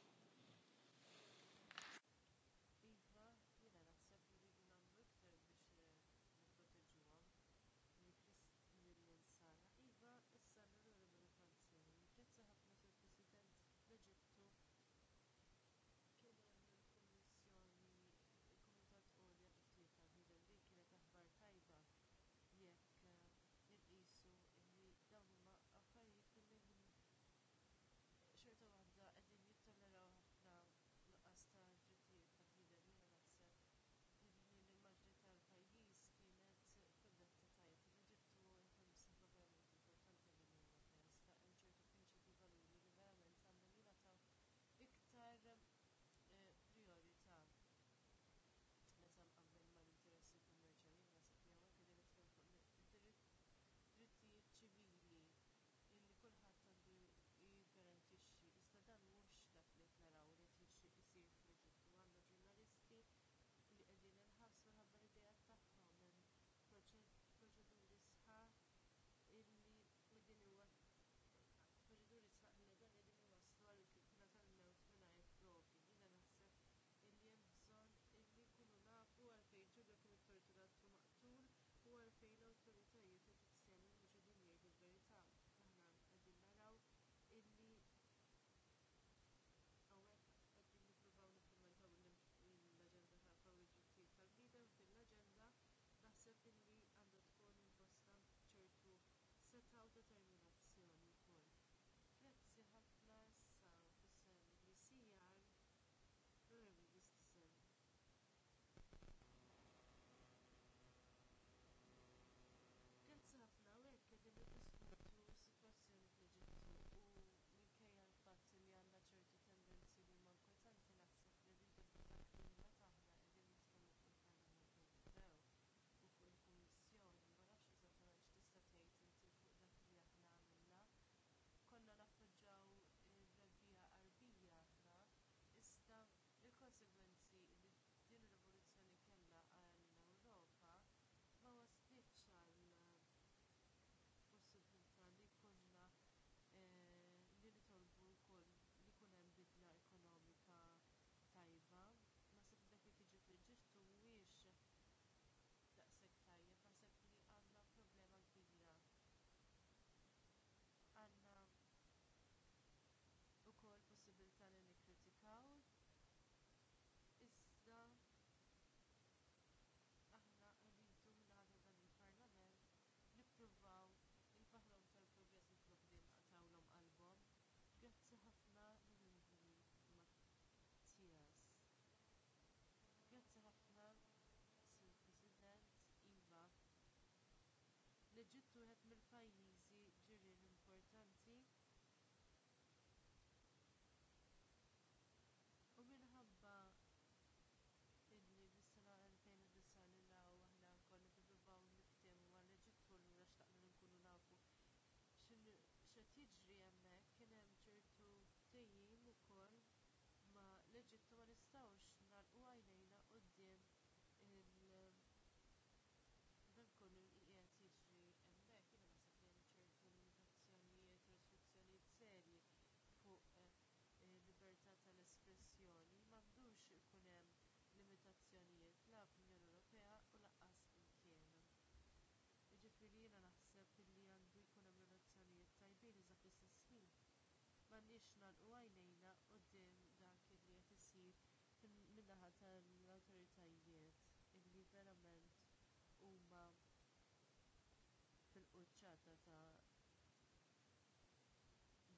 appoġġjata ta'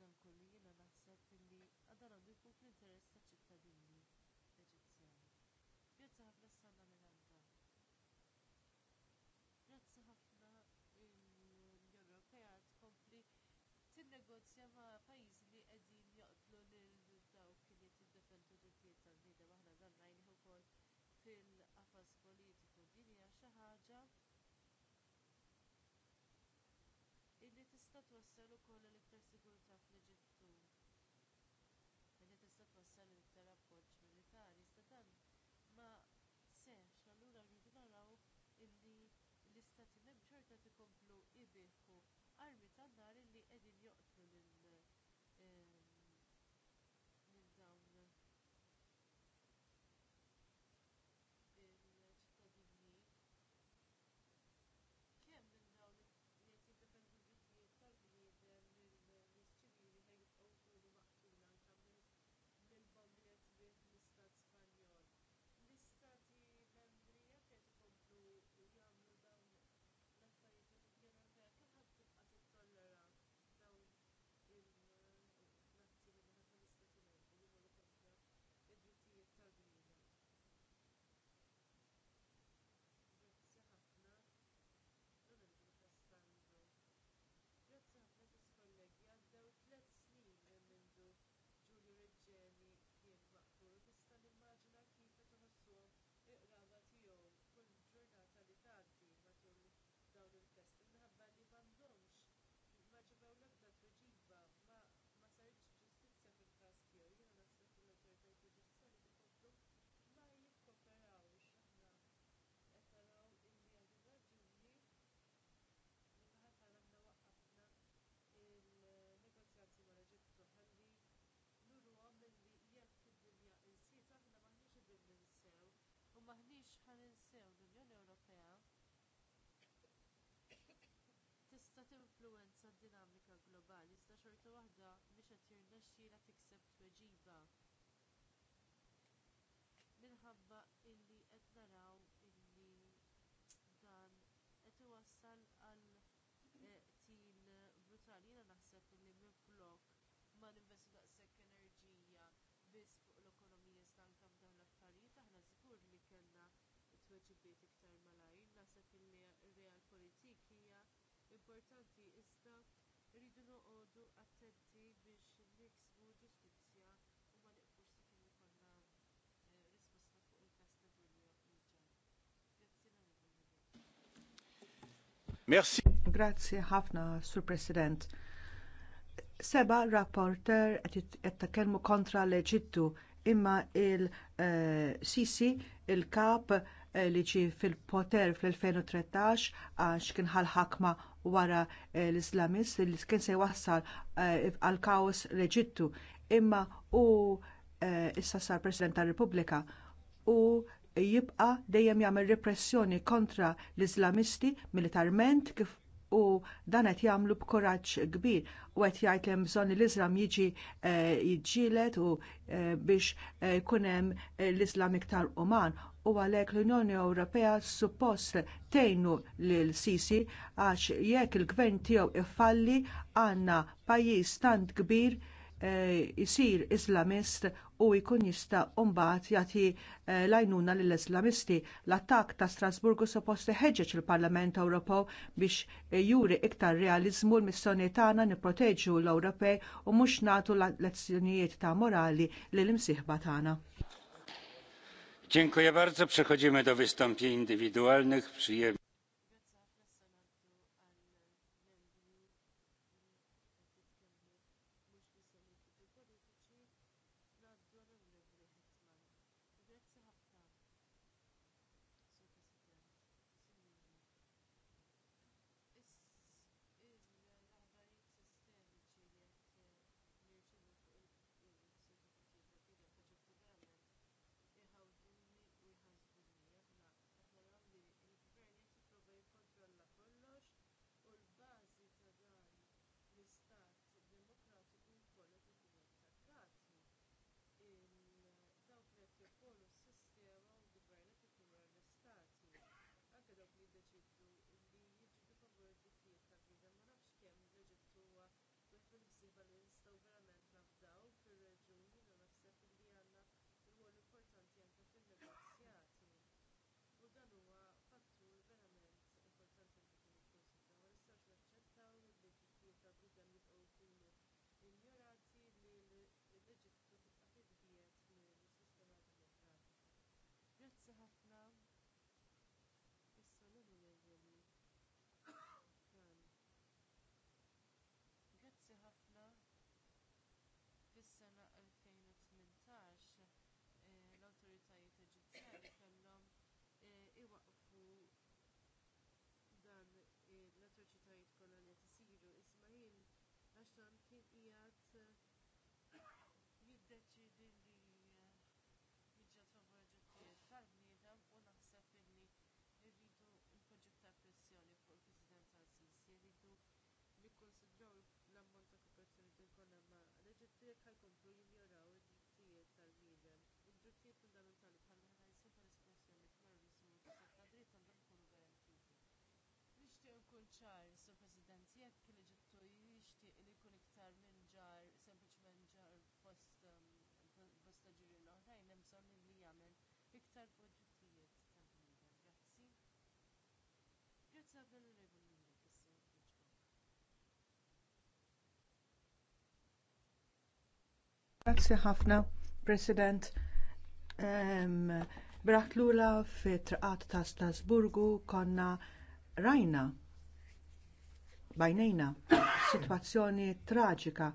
dan kollu jiena naħseb li dan għandu jkun fl-interess taċ-ċittadini eġizzjani. Grazzi ħafna Sanna minn Miranda. Grazzi ħafna l-Unjoni Ewropea tkompli tinnegozja ma' pajjiżi li qegħdin joqtlu lil dawk li qed jiddefendu d-drittijiet tal-bniedem aħna dan rajnieh ukoll fil-qafas politiku din hija xi ħaġa tista' twassal ukoll għal iktar sigurtà fl-eġittu milli tista' twassal għal iktar appoġġ militari iżda dan ma seħħx allura rridu naraw li l-istati membri xorta qed ikomplu jbieħħu armi tan-nar li qegħdin tinfluwenza dinamika globali iżda xorta waħda mhix qed jirnexxielha tikseb tweġiba minħabba li qed naraw li dan qed iwassal għal qtil eh, brutali jiena naħseb li minflok ma ninvestu daqshekk enerġija biss fuq l-ekonomija iżda anke f'dawn l-affarijiet aħna żgur li kellna tweġibiet iktar malajr naħseb illi importanti iżda rridu noqogħdu attenti biex niksbu ġustizzja u ma sakemm ikollna eh, risposta fuq il-każ ta' Grazzi Grazzi ħafna, Sur President. Seba rapporter qed tkellmu kontra l-Eġittu imma il-Sisi, eh, il-kap eh, li ġie fil-poter fl-2013 għax kien ħakma wara eh, l-Islamist li kien se jwassal eh, għal kaos l-Eġittu imma hu eh, issa sar President tar-Repubblika u jibqa dejjem jagħmel repressjoni kontra l-Islamisti militarment kif u dan qed jagħmlu b'kuraġġ kbir u qed jgħid li hemm bżonn l-Iżlam jiġi jiġġieled u biex jkun hemm l-Iżlam iktar uman u għalhekk l-Unjoni Ewropea suppost tgħinu lill Sisi għax jekk il-gvern tiegħu ifalli għandna pajjiż tant kbir eh, isir e, Islamist u jkun jista mbagħad jagħti e, eh, lajnuna lill-Islamisti. L-attakk ta' Strasburgu suppost iħeġġeġ il-Parlament Ewropew biex eh, juri iktar realiżmu l-missjoni tagħna nipproteġu l-Ewropej u mhux nagħtu lezzjonijiet ta' morali lill imsieħba tagħna. Dziękuję bardzo. Przechodzimy do wystąpień indywidualnych. Przyjemnie. ikun ċar sur president jekk l-eġittu jixtieq li jkun iktar minn ġar sempliċement ġar um, bosta ġirien oħrajn hemm bżonn li jagħmel iktar fuq id-drittijiet grazzi grazzi Grazzi ħafna, President. Braħtlula fit-traqat ta' Strasburgu konna rajna bajnejna sitwazzjoni traġika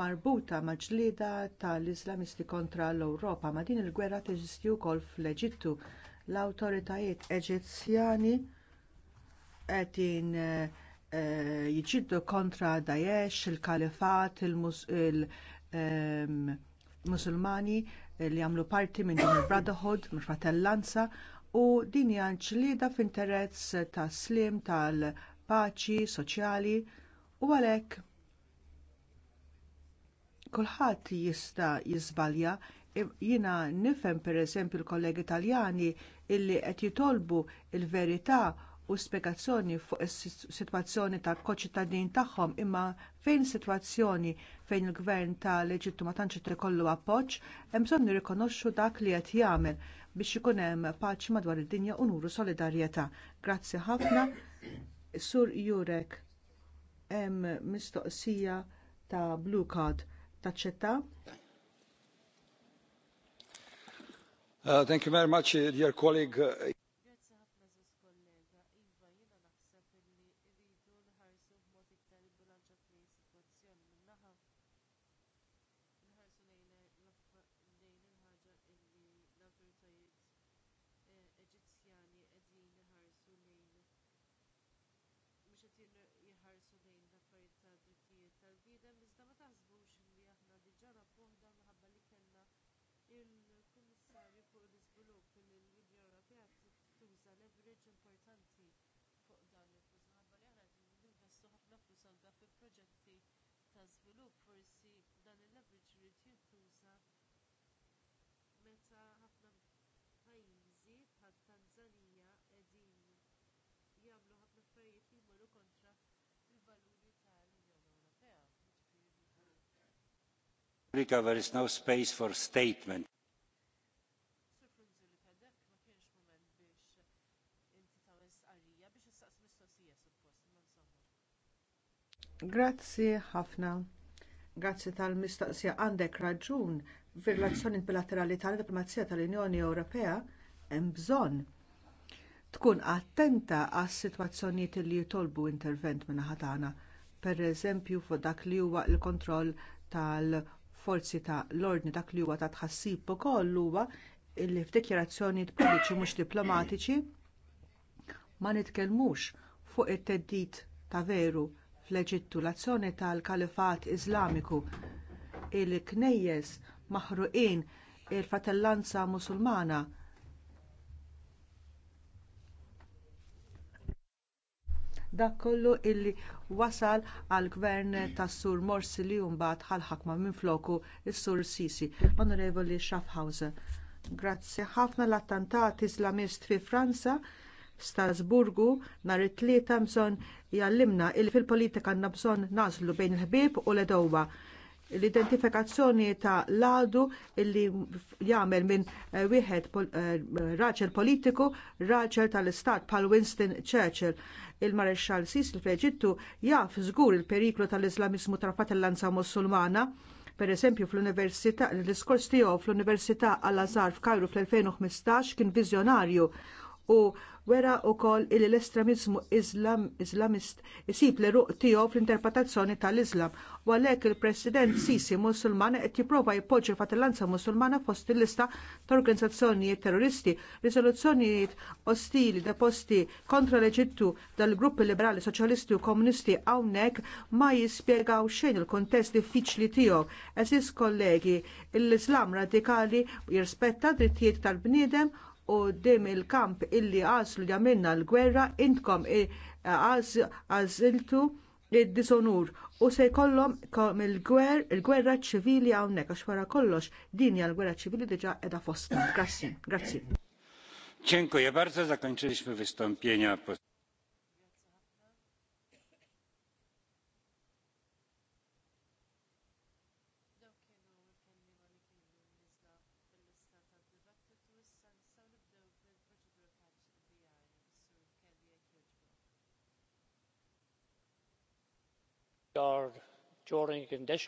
marbuta ma' ġlieda tal-Islamisti kontra l-Ewropa ma' din il-gwerra teżisti wkoll fl-Eġittu. L-awtoritajiet Eġizzjani qegħdin eh, eh, jiġġieldu kontra Daesh, il-Kalifat, il-Musulmani ehm, li jagħmlu parti minn din il-Brotherhood, mill fratellanza u din hija ġlieda f'interess tas-slim tal paċi soċjali u għalhekk kulħadd jista' jiżbalja jiena nifhem pereżempju l-kollegi Taljani illi qed jitolbu l verità u spjegazzjoni fuq is-sitwazzjoni tal-koċittadin tagħhom imma fejn sitwazzjoni fejn il-gvern tal-Eġittu ma tantx qed appoġġ hemm bżonn nirrikonoxxu dak li qed jagħmel biex ikun hemm paċi madwar id-dinja u nuru solidarjetà. Grazzi ħafna Sur Jurek, hemm mistoqsija ta' Blue Card taċċetta? Uh, thank you very much, uh, dear colleague. speaker there is no space for statement. Grazzi ħafna. Grazzi tal mistoqsija għandek raġun fir-relazzjoni bilaterali tal-diplomazija tal-Unjoni Ewropea hemm bżonn tkun attenta għas sitwazzjonijiet li jitolbu intervent minn ħatana, pereżempju fuq dak li huwa l-kontroll tal- forzi ta' l-ordni dak li huwa ta' tħassib ukoll huwa li f'dikjarazzjonijiet pubbliċi mhux diplomatiċi ma nitkellmux fuq it-teddid ta' veru fl-Eġittu l-azzjoni tal-Kalifat Iżlamiku il-knejjes maħruqin il-fratellanza Musulmana dak kollu illi wasal għall gvern tas sur Morsi li mbagħad ħakma minfloku floku sur Sisi. Onorevoli Schaffhauser, grazzi ħafna l attentati Islamist fi Franza Strasburgu nhar it-tlieta bżonn jallimna li fil-politika għandna bżonn nażlu bejn il-ħbieb u l-edowa l-identifikazzjoni ta' ladu illi jagħmel minn eh, wieħed pol eh, raġel politiku, raġel tal-istat bħal Winston Churchill. Il-Marexxall Sisi fl-Eġittu jaf żgur il-periklu tal islamiżmu tal-fratellanza Musulmana. Pereżempju fl-Università, l-diskors tiegħu fl-Università Al-Azhar f'Kajru fl-2015 kien viżjonarju u wera wkoll li l estremiżmu Islamist isib l ruq tiegħu fl-interpretazzjoni tal-Islam u għalhekk il-President Sisi Musulman qed jipprova jpoġġi fratellanza Musulmana fost il-lista ta' organizzazzjonijiet terroristi, riżoluzzjonijiet ostili deposti kontra l-Eġittu dal-gruppi liberali soċjalisti u komunisti hawnhekk ma jispjegaw xejn il-kontest diffiċli tiegħu. Eżis kollegi, l-Islam radikali jirrispetta drittijiet tal-bniedem quddiem il-kamp illi għażlu li għamilna l-gwerra intkom għażiltu id-disonur u se jkollhom kom il-gwerra ċivili hawnhekk għax wara kollox din hija l-gwerra ċivili diġa' qiegħda fostna. Grazzi, grazzi. Dziękuję bardzo. Zakończyliśmy wystąpienia. or during in the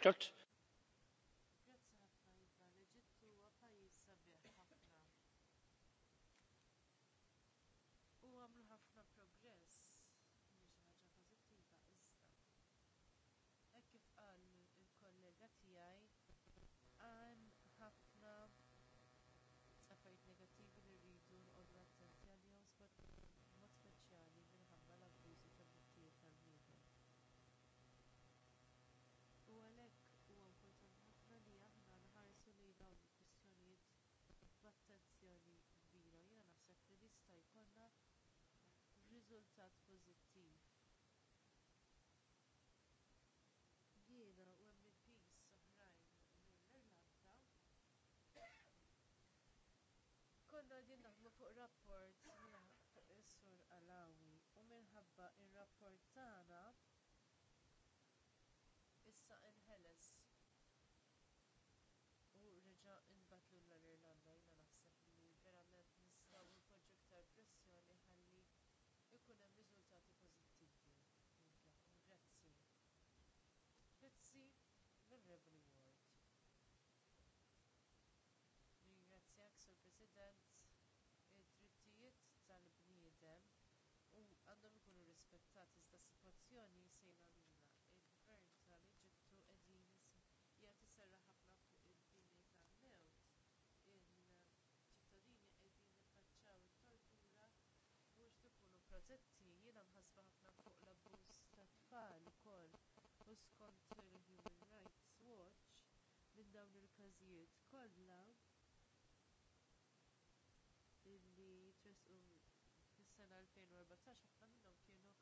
diġà nbagħtulha l-irlanda jiena naħseb li verament nistgħu npoġġu iktar pressjoni ħalli jkun hemm riżultati pożittivi grazzi grazzi l-onorevoli ward nirringrazzjak sur president id-drittijiet tal-bniedem għandhom ikunu rispettati iżda s-sitwazzjoni sejra f'dawn il-każijiet kollha li jitresqu fis-sena 2014 ħafna minnhom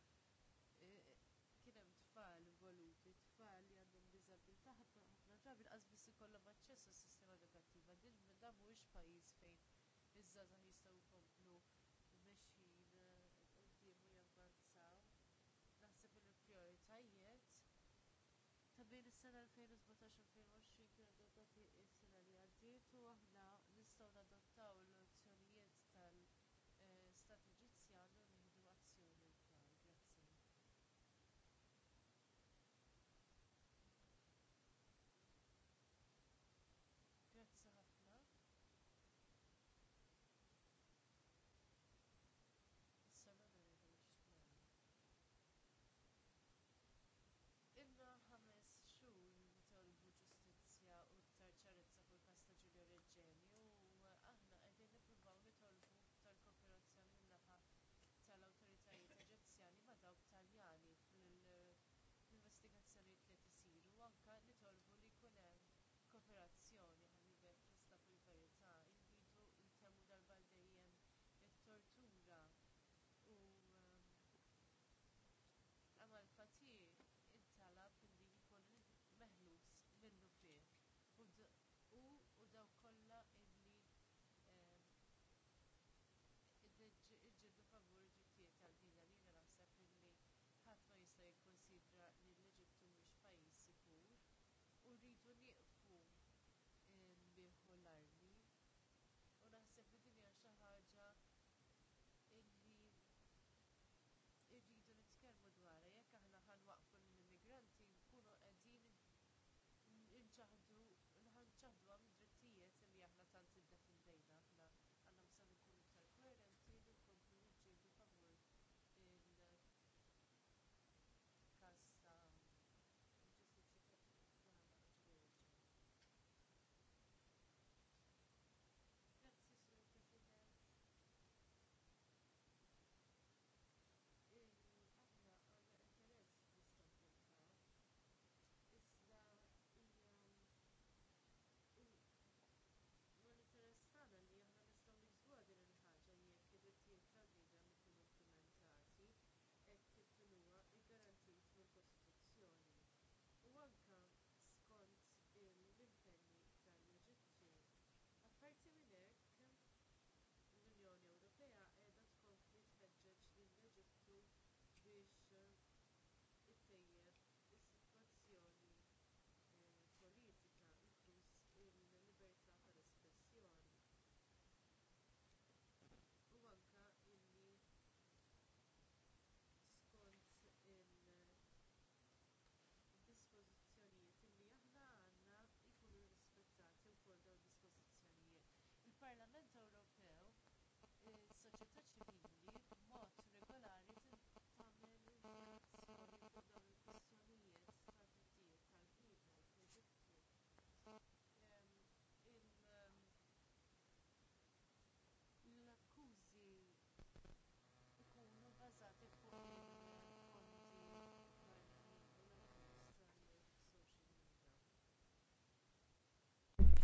kienu e, kien hemm tfal involuti tfal li għandhom diżabilità ħafna drabi lanqas biss ikollhom aċċess għas-sistema edukattiva għaliex dan mhuwiex pajjiż fejn iż-żgħażagħ jistgħu jkomplu mexjin e, quddiem u javvanzaw naħseb li l-prijoritajiet ta' bejn is-sena 2017 u 2020 dibattitu aħna nistgħu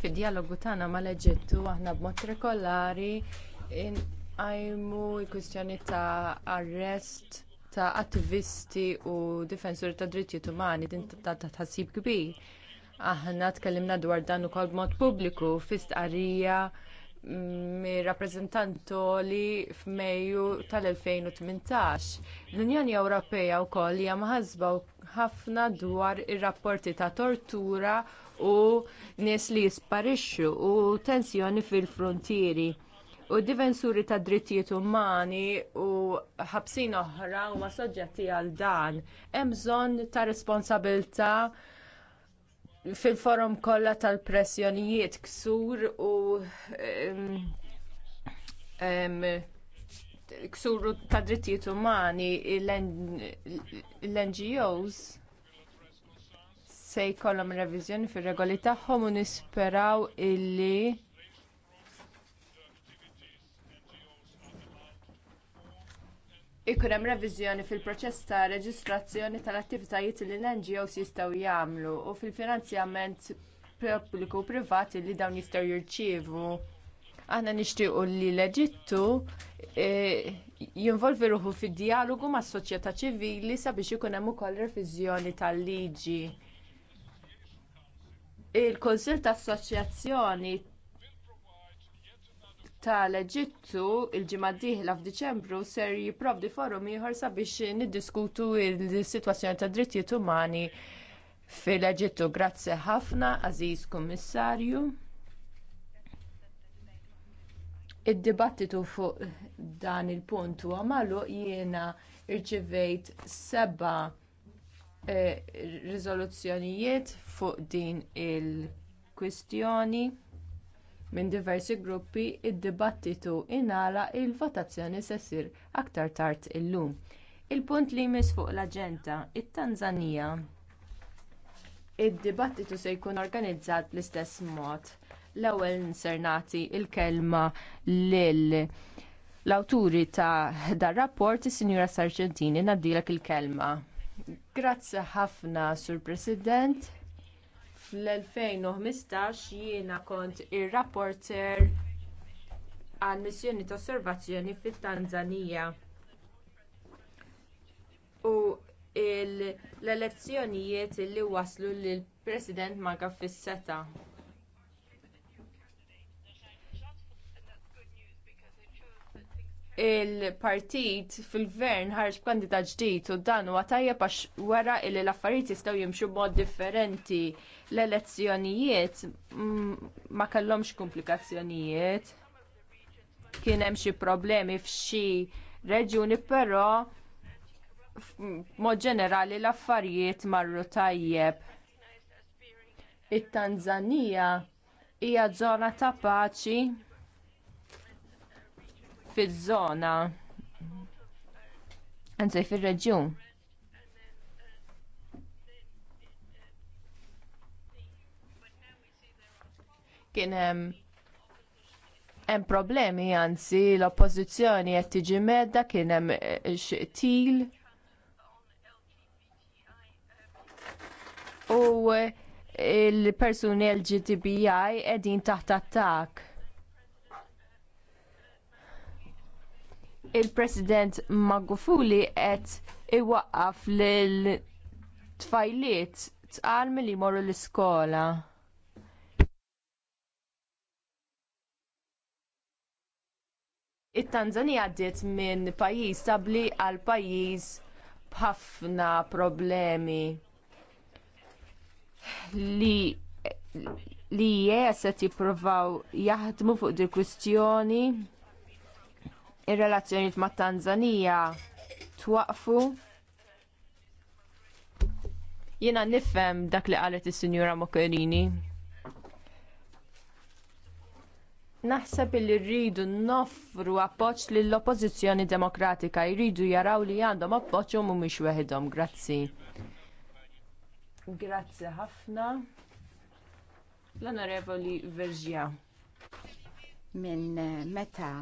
fid dijalogu tagħna mal-Eġittu aħna b'mod regolari ngħajmu l-kwistjoni ta' arrest ta' attivisti u difensuri tad drittijiet umani din ta' tħassib kbir. Aħna tkellimna dwar dan ukoll b'mod pubbliku fi stqarrija mir-rappreżentantoli mm, f'Mejju tal-2018. L-Unjoni Ewropea wkoll hija maħasba ħafna dwar ir-rapporti ta' tortura u nies li jisparixxu u tensjoni fil-frontieri u divensuri ta' drittijiet umani u ħabsin oħra huma soġġetti għal dan. Hemm bżonn ta' responsabilità fil-forum kollha tal-pressjonijiet ksur u um, um, ksuru ta' drittijiet umani l-NGOs se jkollhom reviżjoni fir-regoli tagħhom u nisperaw illi Ikun hemm reviżjoni fil-proċess ta' reġistrazzjoni tal-attivitajiet li l-NGOs jistgħu jagħmlu u fil-finanzjament pubbliku u privat li dawn jistgħu jirċievu. Aħna nixtiequ li l-Eġittu e, jinvolvi ruħu fid-dialogu mas soċjetà ċivili sabiex ikun hemm ukoll reviżjoni tal-liġi il-Konsil ta' Assoċjazzjoni tal-Eġittu il-ġimgħa d-dieħla f'Diċembru ser jipprovdi forum ieħor sabiex niddiskutu l-sitwazzjoni tad drittijiet umani fil-Eġittu. Grazzi ħafna, Aziz Kummissarju. Id-dibattitu fuq dan il-punt huwa magħluq jiena rċivejt seba' Eh, riżoluzzjonijiet fuq din il-kwistjoni minn diversi gruppi id-dibattitu ingħalaq il-votazzjoni se ssir aktar tard illum. Il-punt li jmiss fuq l-aġenda it-Tanzanija id-dibattitu se jkun organizzat bl-istess mod l-ewwel ser nagħti l kelma lil l-awturi ta' dar rapport is-Sinjura Sargentini nadilek il-kelma. Grazzi ħafna, Sur President. Fl-2015 jiena kont ir-rapporter għal missjoni ta' osservazzjoni fit-Tanzanija. U l-elezzjonijiet li waslu lill president Maga fis-seta' il-partit fil-gvern ħarġ kandidat ġdid u dan huwa tajjeb għax wara li l-affarijiet jistgħu jimxu b'mod differenti l-elezzjonijiet mm, ma kellhomx komplikazzjonijiet. Kien hemm xi problemi f'xi reġuni, però mod ġenerali l-affarijiet marru tajjeb. It-Tanzanija hija żona ta' paċi fiż-żona anzi fir-reġjun. Kien hemm hemm problemi anzi l-oppożizzjoni qed tiġi medda kien hemm eh, xtil u eh, l persuni LGTBI qegħdin taħt attakk. il-President Magufuli qed iwaqqaf lil tfajliet tqal li jmorru l-iskola. it-Tanzania għaddiet minn pajjiż stabbli għal pajjiż b'ħafna problemi li li qed jippruvaw jaħdmu fuq di kwistjoni ir-relazzjonijiet mat Tanzanija twaqfu jiena nifhem dak li qalet is-Sinjura Mogherini. Naħseb li rridu noffru appoġġ lill oppożizzjoni demokratika, jridu jaraw li għandhom appoġġ u mhumiex weħidhom. Grazzi. Grazzi ħafna. L-Onorevoli Verġja. Minn meta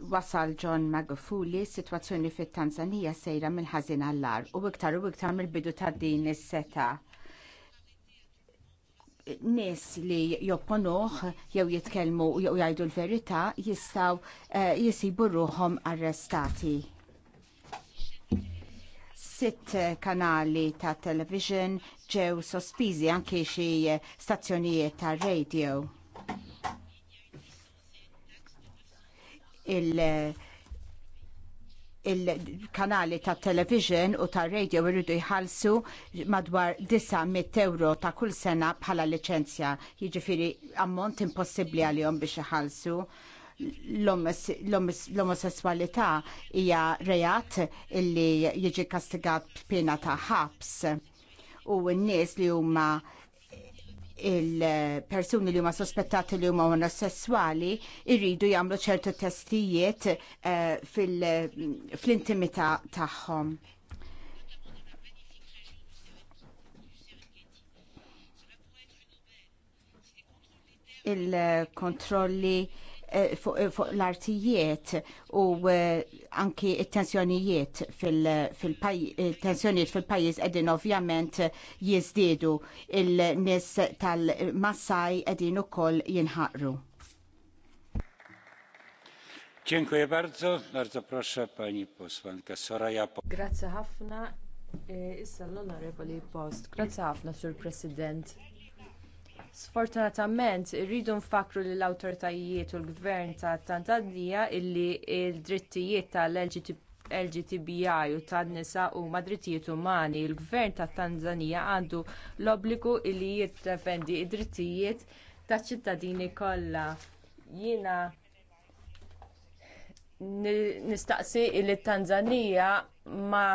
wasal John Magufuli, situazzjoni fit tanzanija sejra mill-ħażin għal u iktar u iktar mill-bidu ta' din is-seta. Nies li jopponuh jew jitkellmu jew jgħidu l-verità jistgħu uh, eh, jisibu ruhom arrestati. Sitt kanali ta' television ġew sospiżi anke xi stazzjonijiet ta' radio il- il-kanali ta' television u ta' radio rridu jħalsu madwar 900 euro ta' kull sena bħala licenzja, jiġifieri ammont impossibbli għalihom biex iħallsu. L-omosessualità hija rejat illi jiġi kastigat pena ta' ħabs u n-nies li huma il-persuni li ma sospettati li huma omosessuali irridu jagħmlu ċertu testijiet uh, fl-intimità tagħhom. il-kontrolli uh, Eh, eh, fuq l-artijiet u eh, anki il-tensjonijiet fil-tensjonijiet fil-pajis edin ovvjament jizdidu il-nis tal-Massaj edin u koll jinħaqru. Dziękuję bardzo. Bardzo proszę pani posłanka Soraya Post. Grazie ħafna. E, issa l-onorevoli Post. Grazie ħafna, Sur President. Sfortunatament, irridu nfakru lill awtoritajiet u l-gvern ta' Tanzania illi d drittijiet tal-LGTBI u tan-nisa huma drittijiet umani. Il-gvern ta' Tanzania għandu l-obbligu illi jiddefendi d drittijiet taċ ċittadini kollha. Jiena nistaqsi li t Tanzania ma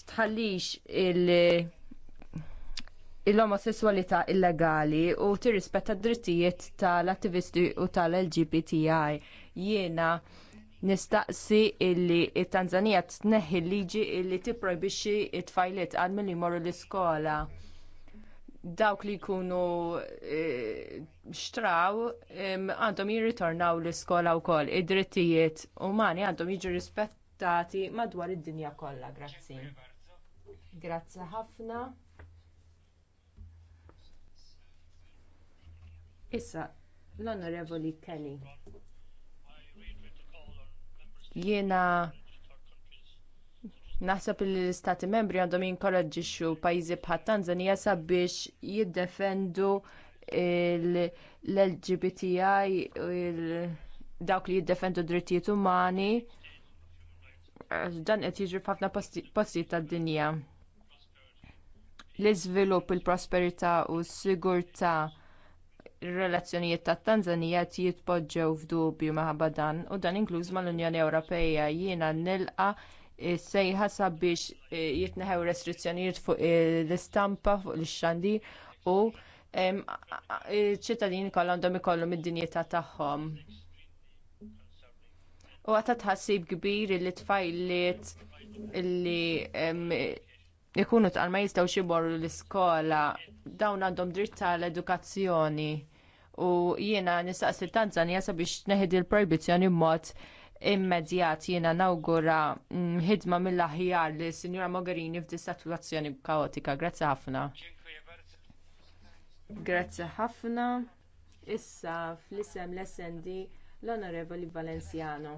tħallix il- l-omosessualità illegali u tirrispetta d-drittijiet tal-attivisti u tal-LGBTI. Jiena nistaqsi illi t tanzania tneħħi liġi illi tipprojbixxi t tfajliet għal milli jmorru l-iskola. Dawk li jkunu e, xtraw e, għandhom jirritornaw l-iskola wkoll id-drittijiet umani għandhom jiġu rispettati madwar id-dinja kollha. Grazzi. Grazzi ħafna. Issa, l-Onorevoli Kelly. Jiena naħseb li l-istati membri għandhom jinkoraġġixxu pajjiżi bħal Tanzania sabiex jiddefendu l-LGBTI dawk li jiddefendu drittijiet umani dan qed jiġri f'ħafna postijiet tad-dinja. L-iżvilupp, il-prosperità u s-sigurtà ir-relazzjonijiet tat-Tanzanija qed jitpoġġew f'dubju minħabba dan u dan inkluż mal-Unjoni Ewropea jiena nilqa sejħa sabiex eh, jitneħew restrizzjonijiet fuq eh, l-istampa fuq l-xandir u ċittadini kollha għandhom ikollhom id-dinjità tagħhom. U għata tħassib kbir li tfajliet li ikunu tqal ma jistgħux jimorru l-iskola dawn għandhom dritt tal-edukazzjoni u jiena nistaqsi l-Tanzania sabiex neħid il-prohibizjoni mod immedjat jiena nawgura mm, ħidma mill-aħjar li Sinjora Mogherini f'di situazzjoni kaotika. Grazzi ħafna. Grazzi ħafna. Issa fl-isem l-SND l-Onorevoli Valenciano.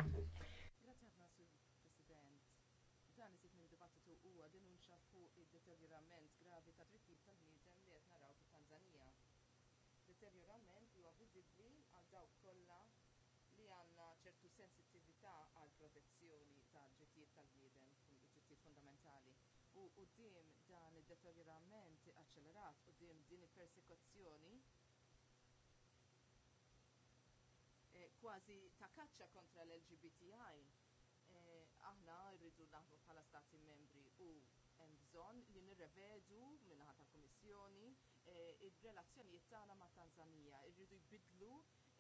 prassi ta' kaċċa kontra l-LGBTI, eh, aħna rridu naħdmu bħala stati membri u hemm bżonn li nirrevedu minnaħa tal kummissjoni eh, il-relazzjonijiet tagħna ma' Tanzanija, rridu jbidlu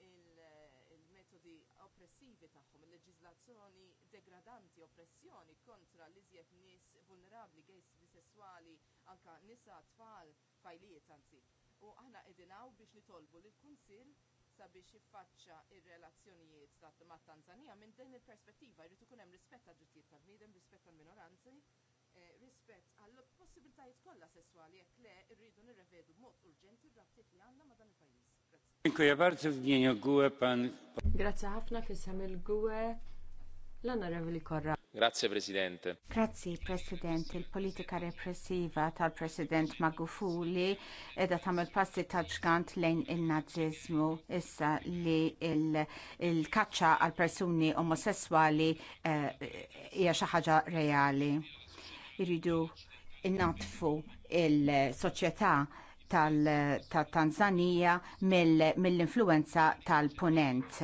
il-metodi il oppressivi tagħhom, il-leġizlazzjoni degradanti, oppressjoni kontra l iżjed nies vulnerabbli, gejs bisessuali, anka nisa, tfal, fajlijiet anzi. U aħna edinaw biex nitolbu lill kunsill sabiex jiffaċċja r relazzjonijiet mat Tanzania minn din il-perspettiva jrid ikun hemm rispett għad drittijiet tal-bniedem, rispett għall-minoranzi, eh, rispett għall possibiltajiet kollha sesswali jekk le rridu nirrevedu b'mod urġenti r-rabtiet li għandna ma' dan il-pajjiż. Grazzi ħafna fissam il-gwe l-onorevoli Korra. Grazie Presidente. Grazie President. Il-politika repressiva tal-President Magufuli edha tagħmel passi ta' ġgant lejn il naġiżmu issa li il-kaċċa il għal persuni omosessuali eh, hija uh, xi ħaġa reali. Iridu innatfu il-soċjetà tal-Tanzania mill-influenza tal-punent.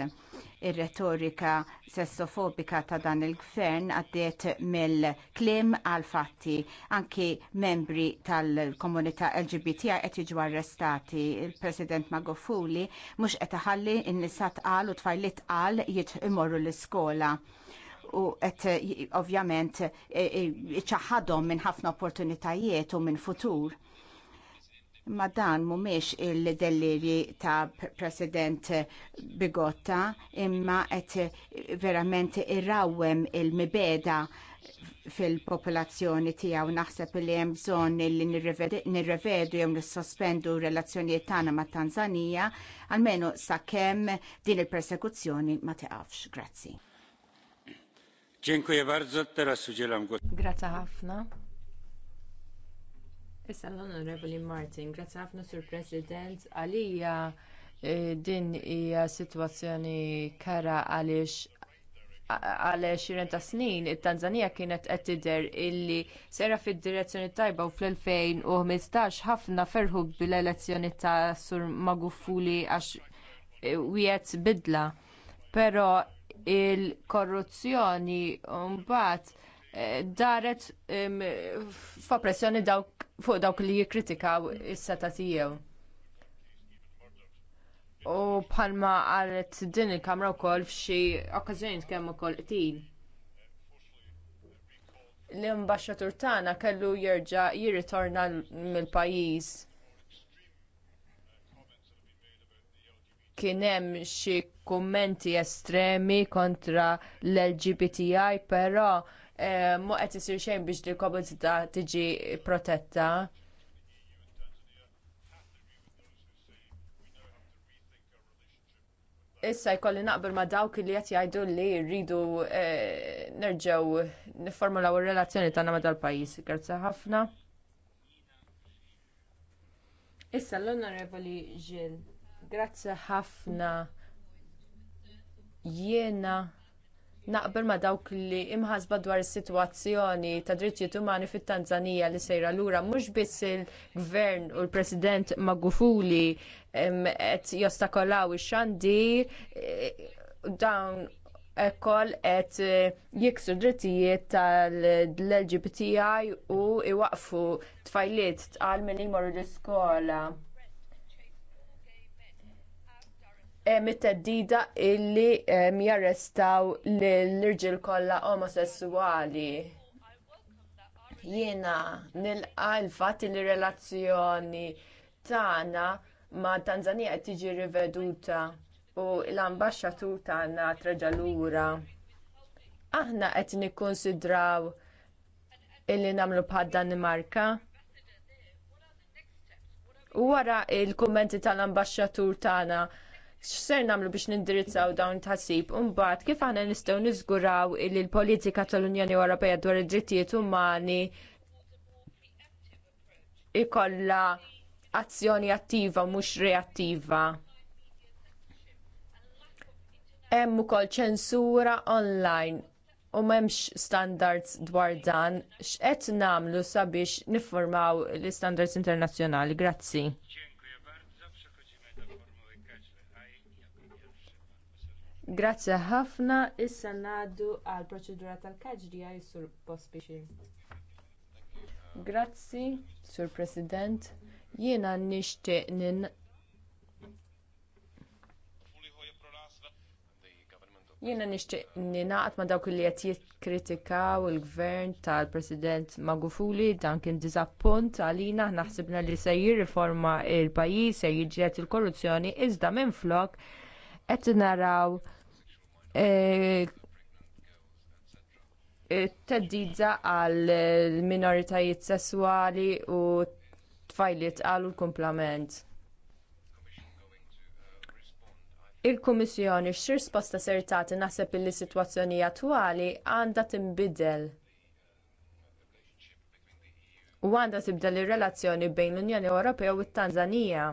Ir-retorika sessofobika ta' dan il-gvern għaddiet mill-klim għal fatti anki membri tal-komunità LGBT qed jiġu arrestati. Il-President Magofuli mhux qed iħalli n-nisa tqal u tfajlit tqal imorru l-iskola u qed ovvjament iċaħħadhom minn ħafna opportunitajiet u minn futur Ma dan mumiex il-delirji ta' President Bigotta imma qed verament irrawem il-mibeda fil-popolazzjoni tiegħu naħseb li hemm bżonn li nirrevedu jew nissospendu relazzjonijiet tagħna ma' tanzania almenu sakemm din il-persekuzzjoni ma tiqafx. Grazzi. Dziękuję bardzo. Teraz udzielam Grazie ħafna. Issa l-Onorevoli Martin, grazzi ħafna sur President, għalija eh, din hija sitwazzjoni kara għaliex għal 20 ta' snin it tanzania kienet qed tidher illi sera fid-direzzjoni tajba u fl-2015 ħafna ferħu bil-elezzjoni ta' Sur Magufuli għax eh, wieħed bidla. Però l korruzzjoni mbagħad daret fa' pressjoni fuq dawk li jikkritikaw is-seta tiegħu. U bħalma qalet din il-kamra wkoll f'xi okkażjonijiet kemm ukoll qtil l-imbaxxatur tagħna kellu jerġa' jirritorna mill-pajjiż. Kien hemm xi kummenti estremi kontra l-LGBTI, però Eh, ma qed isir xejn biex li komunità tiġi protetta. Issa jkolli naqbel ma dawk li qed jgħidu li rridu eh, nerġgħu nifformulaw ir-relazzjoni tagħna ma' dal-pajjiż. Grazzi ħafna. Issa l-Onorevoli Gil, grazzi ħafna jiena naqbel ma dawk li imħasba dwar is-sitwazzjoni ta' drittijiet umani fit-Tanzanija li sejra lura mhux biss il-Gvern u l-President Magufuli qed jostakolaw ix-xandir eh, dawn ukoll qed eh, jiksu drittijiet tal-LGBTI u iwaqfu tfajliet tqal milli jmorru l-iskola. Eh, mit-teddida illi eh, mjarrestaw l-irġil kollha omosessuali jiena qa l fat li relazzjoni tagħna ma' Tanzania qed tiġi riveduta u l-ambaxxatur tagħna treġa' lura. Aħna qed nikkonsidraw illi nagħmlu bħad Danimarka. U wara l kummenti tal-ambaxxatur tagħna x'ser nagħmlu biex nindirizzaw dawn tasib u mbagħad kif aħna nistgħu niżguraw li l-politika tal-Unjoni Ewropea dwar id-drittijiet umani ikollha azzjoni attiva u mhux reattiva. Hemm ukoll ċensura online u m'hemmx standards dwar dan x'qed nagħmlu sabiex niffurmaw l-istandards internazzjonali. Grazzi. Grazzi ħafna, issa ngħaddu għall proċedura tal għal-Sur pospiċi. Grazzi, Sur President, jiena nixtieq nin Jiena nixtieq ninaqat ma dawk li qed jikkritikaw il-gvern tal-President Magufuli dan kien diżappunt għalina naħsibna li se jirriforma l pajjiż se jiġġiet il-korruzzjoni iżda minflok qed naraw Eh, teddidza għal minoritajiet sesswali u tfajliet għal kumplament. Il-Kummissjoni x'ir risposta ser tagħti naħseb li s-sitwazzjoni attwali għandha tinbidel. U għandha tibdel ir-relazzjoni bejn l-Unjoni Ewropea u t-Tanzanija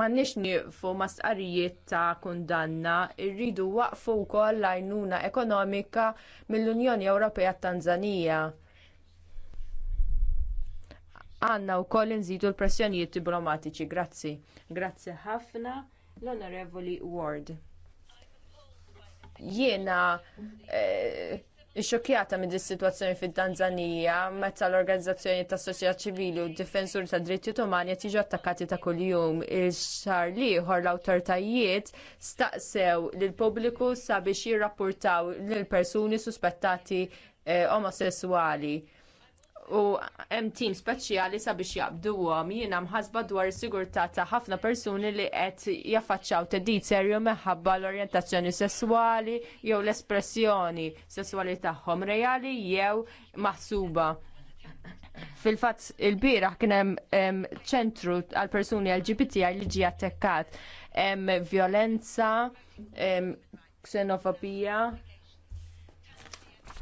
m'għandniex nieqfu ma' stqarrijiet ta' kundanna, irridu waqfu wkoll l-għajnuna ekonomika mill-Unjoni Ewropea Tanzanija. Għandna wkoll inżidu l-pressjonijiet diplomatiċi. Grazzi. Grazzi ħafna l-Onorevoli Ward. Jiena eh, Ixxokjata minn is situazzjoni fit-Tanzanija meta l-organizzazzjoni tas soċjetà ċivili u d-difensuri tad drittijiet umani qed jiġu attakkati ta' kuljum. Il-xahar ieħor l-awtoritajiet staqsew lill pubbliku sabiex jirrappurtaw lil persuni suspettati eh, omosesswali u hemm tim speċjali sabiex jaqbduhom. Jiena mħasba dwar is-sigurtà ta' ħafna persuni li qed jaffaċċaw teddid serju meħabba l-orjentazzjoni sesswali jew l-espressjoni sesswali tagħhom reali jew maħsuba. Fil-fatt il-bieraħ kien hemm ċentru għal persuni LGBT li ġie attekkat hemm violenza, em, ksenofobija,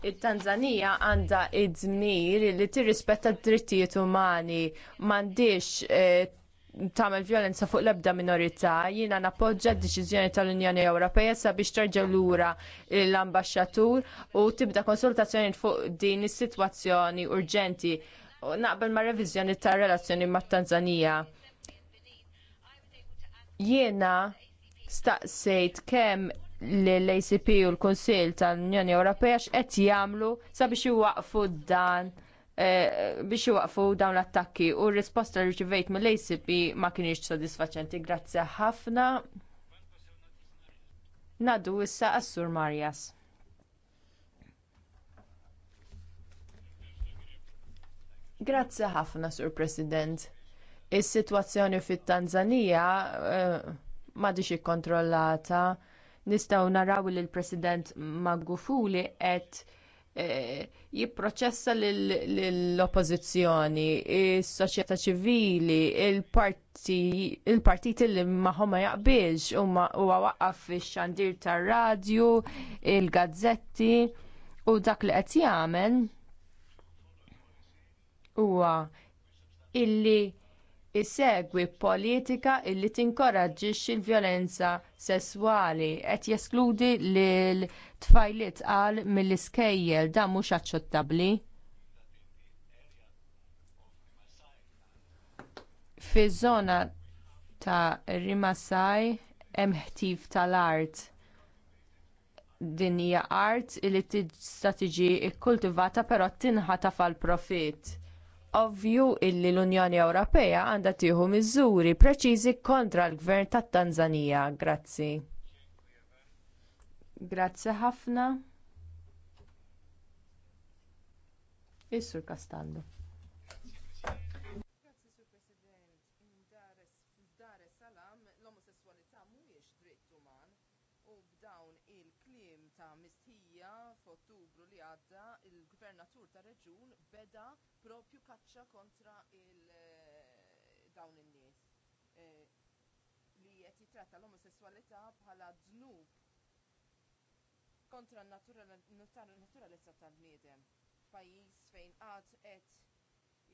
it-Tanzanija għandha id-dmir li tirrispetta d-drittijiet umani m'għandix eh, tagħmel violenza fuq l-ebda minorità, jiena nappoġġa d-deċiżjoni tal-Unjoni Ewropea sabiex terġa' lura l-ambaxxatur u tibda konsultazzjoni fuq din is-sitwazzjoni urġenti u naqbel ma' reviżjoni tar-relazzjoni mat Tanzanija. Jiena staqsejt kemm l-ACP u l-Konsil tal-Unjoni Ewropea x'qed jagħmlu sabiex iwaqfu dan eh, biex iwaqfu dawn l-attakki u r-risposta li rċivejt mill-ACP ma kienx sodisfaċenti. Grazzi ħafna. Nadu issa Assur Marjas. Grazzi ħafna, Sur President. Is-sitwazzjoni fit-Tanzanija uh, eh, ma diċi kontrollata Nistgħu naraw li l-President Magufuli qed e, jipproċessa l-oppozizjoni, il-soċjetà ċivili, il-partiti li magħhom ma jaqbilx u waqqaf fix xandir tar-radju, il-gazzetti u dak li qed jagħmel huwa illi isegwi politika li tinkoraġġixxi l-vjolenza sesswali qed jeskludi lil tfajliet qal mill-iskejjel dan mhux aċċettabbli. Fiż-żona ta' Rimasaj hemm ħtif tal-art. Din hija art li tista' tiġi kkultivata però tinħataf għal profitt ovvju illi l-Unjoni Ewropea għandha tieħu miżuri preċiżi kontra l-gvern tat-Tanzanija. Grazzi. Grazzi ħafna. Is-Sur Castaldo. ħaġa kontra dawn in-nies li qed jitratta l-omosessualità bħala dnub kontra n-naturalizza tal-bniedem f'pajjiż fejn qatt qed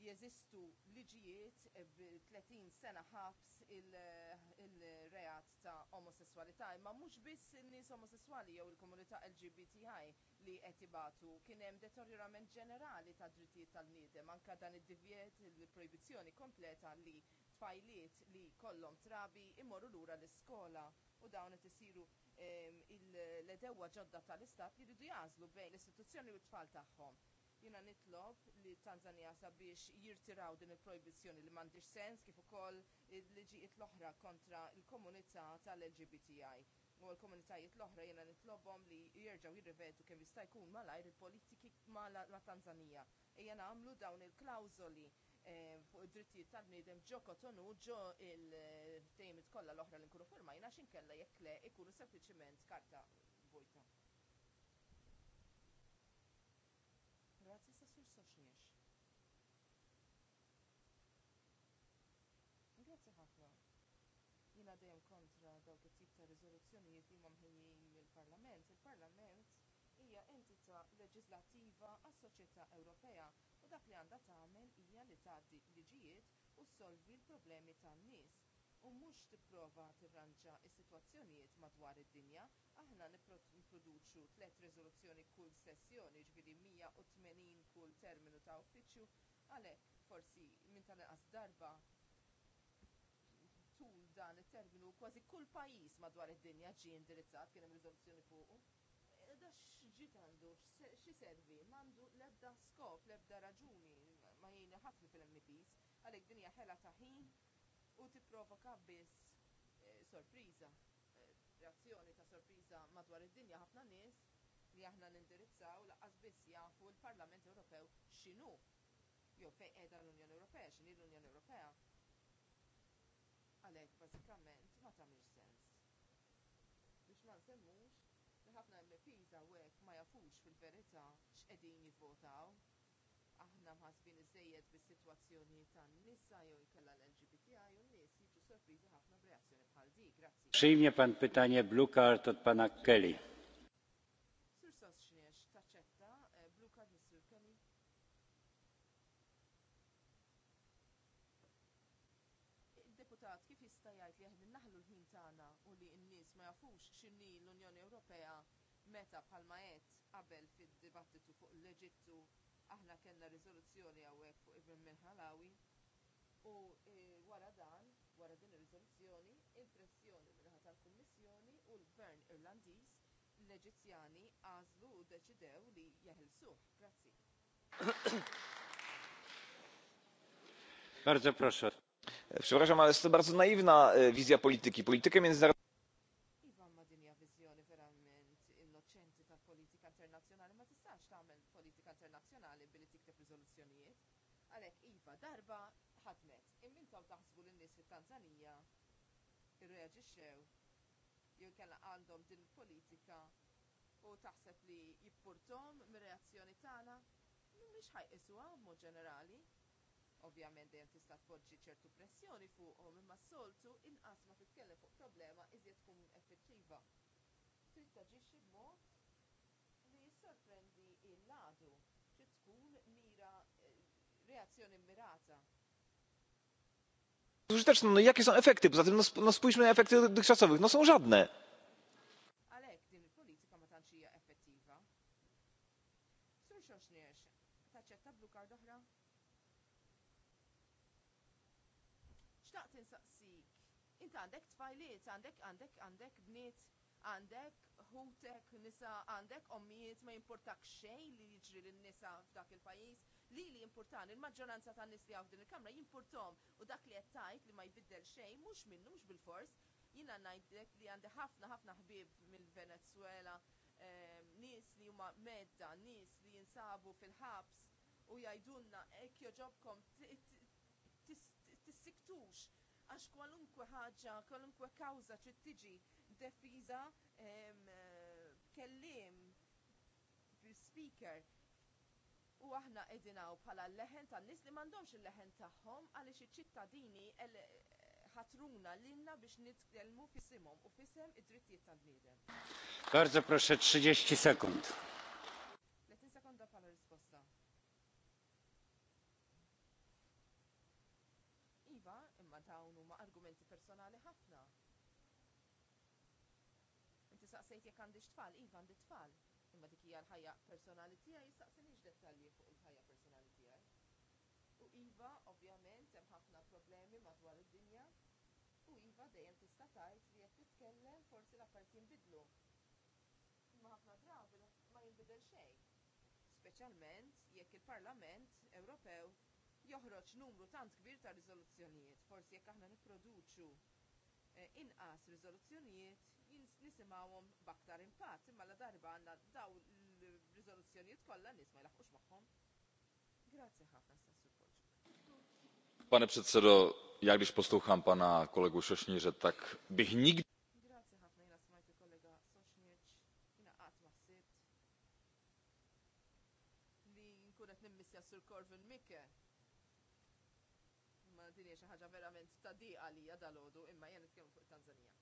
jeżistu liġijiet e, b-30 sena ħabs il-reat il ta' omosessualità, imma mhux biss in-nies omosessuali jew il-komunità LGBTI li qed ibatu kien hemm deterjorament ġenerali ta' drittijiet tal-niedem anke dan id-divjet il-projbizzjoni kompleta li tfajliet li jkollhom trabi imorru lura l-iskola u dawn qed isiru l-edewwa ġodda tal-istat li jridu jażlu bejn l-istituzzjoni u t-tfal tagħhom. Jiena nitlob li Tanzania sabiex jirtiraw din il-projbizzjoni li m'għandhiex sens kif ukoll il-liġijiet l-oħra kontra l komunità tal-LGBTI. U l-komunitajiet l-oħra jiena nitlobhom li jerġgħu jirrivedu kemm jista' jkun malajr il-politiki ma' Tanzania. Ejja nagħmlu dawn il-klawżoli eh, fuq id-drittijiet tal-bniedem ġo kotonu ġo il-tejmit kollha l-oħra li nkunu firmajna x'inkella jekk le ikunu sempliċiment karta vojta. Grazzi sa Sur Soċniex. Grazzi ħafna. Jiena dejjem kontra dawk it-tip ta' riżoluzzjonijiet li huma mħejjin mill-Parlament. Il-Parlament hija entità leġislattiva għas-soċjetà Ewropea u dak li għandha tagħmel hija li tgħaddi liġijiet u ssolvi l-problemi tan-nies u mhux tipprova tirranġa s-sitwazzjonijiet madwar id-dinja aħna nipproduċu tliet riżoluzzjoni kull sessjoni jiġifieri 180 kull terminu ta' uffiċċju għalhekk forsi minn tal-inqas darba tul dan it-terminu kważi kull pajjiż madwar id-dinja ġie indirizzat kien hemm riżoluzzjoni fuqu. E, da għandu, xi servi, m'għandu l-ebda skop, l-ebda raġuni ma jgħinha ħafna fil-MPs, għalhekk din hija ħela ta' ħin u tipprovoka biss eh, sorpriża, eh, reazzjoni ta' sorpriża madwar id-dinja ħafna nies li aħna nindirizzaw lanqas biss jafu l-Parlament Ewropew x'inhu jew fejn qiegħda l-Unjoni Ewropea, x'inhi l-Unjoni Ewropea. Għalhekk bażikament ma tagħmilx sens. Biex ma nsemmux li ħafna MPs hawnhekk ma jafux fil-verità x'qegħdin jivvotaw aħna mħasbin iżejjed bis-sitwazzjoni tan-nisa jew l-LGBTI u n-nies jiġu sorpriżi ħafna b'reazzjoni bħal dik. Grazzi. Przyjmie pan blue card od Kelly. aħna kellna riżoluzzjoni hawnhekk fuq Ibrahim Halawi u e, wara dan, wara din ir-riżoluzzjoni, il-pressjoni min-naħa tal-Kummissjoni u l-Gvern Irlandiż l-Eġizzjani għażlu u ddeċidew li jeħilsuh. Grazzi. Bardzo proszę. Przepraszam, ale jest to bardzo naiwna e, wizja polityki. Politykę międzynarodową. fit-Tanzanija irreaġixxew jew kellha għandhom din il-politika u taħseb li jippurtom mir-reazzjoni tagħna mhumiex ħajqisuha b'mod ġenerali. Ovvjament dejjem tista' tpoġġi ċertu pressjoni fuqhom imma s-soltu inqas ma titkellem fuq problema iżjed tkun effettiva. Trid taġixxi b'mod li jissorprendi l-ladu trid tkun mira eh, reazzjoni mirata użyteczne. No jakie są efekty? Poza tym no, no spójrzmy na efekty dotychczasowych. No są żadne. għandek tfajliet, għandek, għandek, għandek bniet għandek ħutek nisa għandek ommijiet ma jimportak xej li jiġri l-nisa f'dak il-pajis li li importani il-maġġoranza ta' nis li għaw din il-kamra jimportom u dak li tajt li ma jbiddel xej mux minnu mux bil-fors jina najdek li għandek ħafna ħafna ħbib mill-Venezuela nis li huma medda nis li jinsabu fil-ħabs u jajdunna ek joġobkom tissiktux għax kwalunkwe ħaġa, kwalunkwe kawza trid defiża b'kelliem eh, speaker u aħna edinaw bħala l-leħen tan nies li m'għandhomx il-leħen tagħhom għaliex iċ-ċittadini eh, ħatruna lilna biex nitkellmu f'isimhom u f'isem id-drittijiet tal-bniedem. Bardzo proszę 30 sekund. 30 sekonda bħala risposta. Iva, imma dawn huma argumenti personali ħafna. Saqsejt jekk għandi tfal, iva għandi tfal. Imma dik hija l-ħajja personali tiegħi jistaqsinix dettalji fuq il-ħajja personali tiegħi. U iva ovvjament hemm ħafna problemi madwar id-dinja. U iva dejjem tista' tgħid li qed titkellem forsi l-affarijiet jinbidlu. Imma ħafna drabi ma jinbidel xejn. Speċjalment jekk il-Parlament Ewropew joħroġ numru tant kbir ta' riżoluzzjonijiet, forsi jekk aħna nipproduċu eh, inqas riżoluzzjonijiet nisimgħuhom b'aktar impatt imma la darba għandna dawn l riżoluzzjonijiet kollha nies ma jlaħqux magħhom. Grazzi ħafna Sassur Pane předsedo, já když poslouchám pana kolegu Šošníře, tak bych nikdy... Sur Corvin Mikke, Ma hija xi ħaġa verament ta' diqa għalija hija dalodu imma jien nitkellmu fuq it-Tanzanija.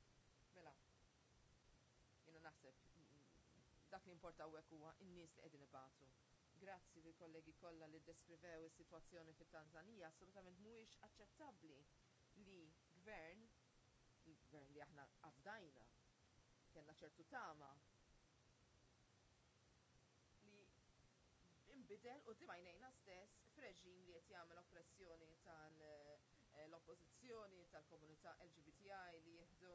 Mela, naħseb mm, dak li importa għek huwa in-nies li qegħdin ibatu. Grazzi li kollegi kollha li deskrivew is-sitwazzjoni fit-Tanzanija assolutament mhuwiex aċċettabbli li gvern il-gvern li aħna għafdajna kellna ċertu tama li imbidel u dimajnejna stess f'reġim li qed jagħmel oppressjoni tal-oppożizzjoni eh, tal-komunità LGBTI li jieħdu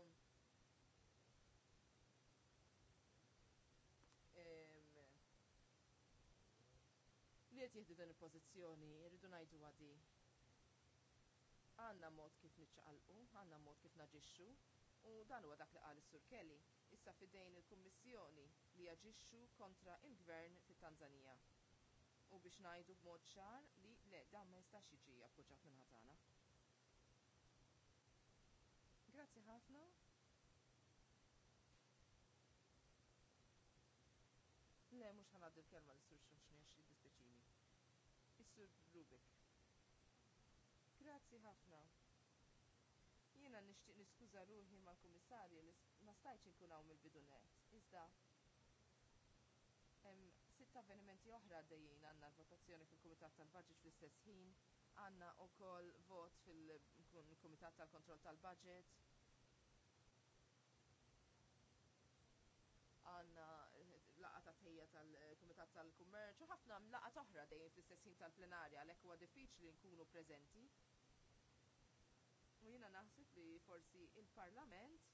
li qed jieħdu din il-pożizzjoni jridu ngħidu għadi. Għandna mod kif niċċaqalqu, għandna mod kif naġixxu u dan huwa dak li qal is-Sur Kelly issa fidejn il-Kummissjoni li jaġixxu kontra l gvern fit-Tanzanija. U biex ngħidu b'mod ċar li le dan ma jistax jiġi appoġġjat minn ħatana. Grazzi ħafna. Le, mhux ħanaddu l-kelma l-Sur Grazzi ħafna. Jiena nixtieq niskuża ruħi mal-Kummissarju li ma stajtx inkun hawn mill-bidunet. Iżda hemm sitt avvenimenti oħra għaddejjin għandna l-votazzjoni fil-Kumitat tal-Baġġit fl-istess ħin, għandna wkoll vot fil-Kumitat tal-Kontroll tal-Baġġit, għanna eh, laqa ta' tejja tal-Kumitat tal-Kummerċ u ħafna laqa oħra dejjem fl-istess ħin tal-plenarja għalhekk huwa diffiċli nkunu preżenti u jiena naħseb li forsi l parlament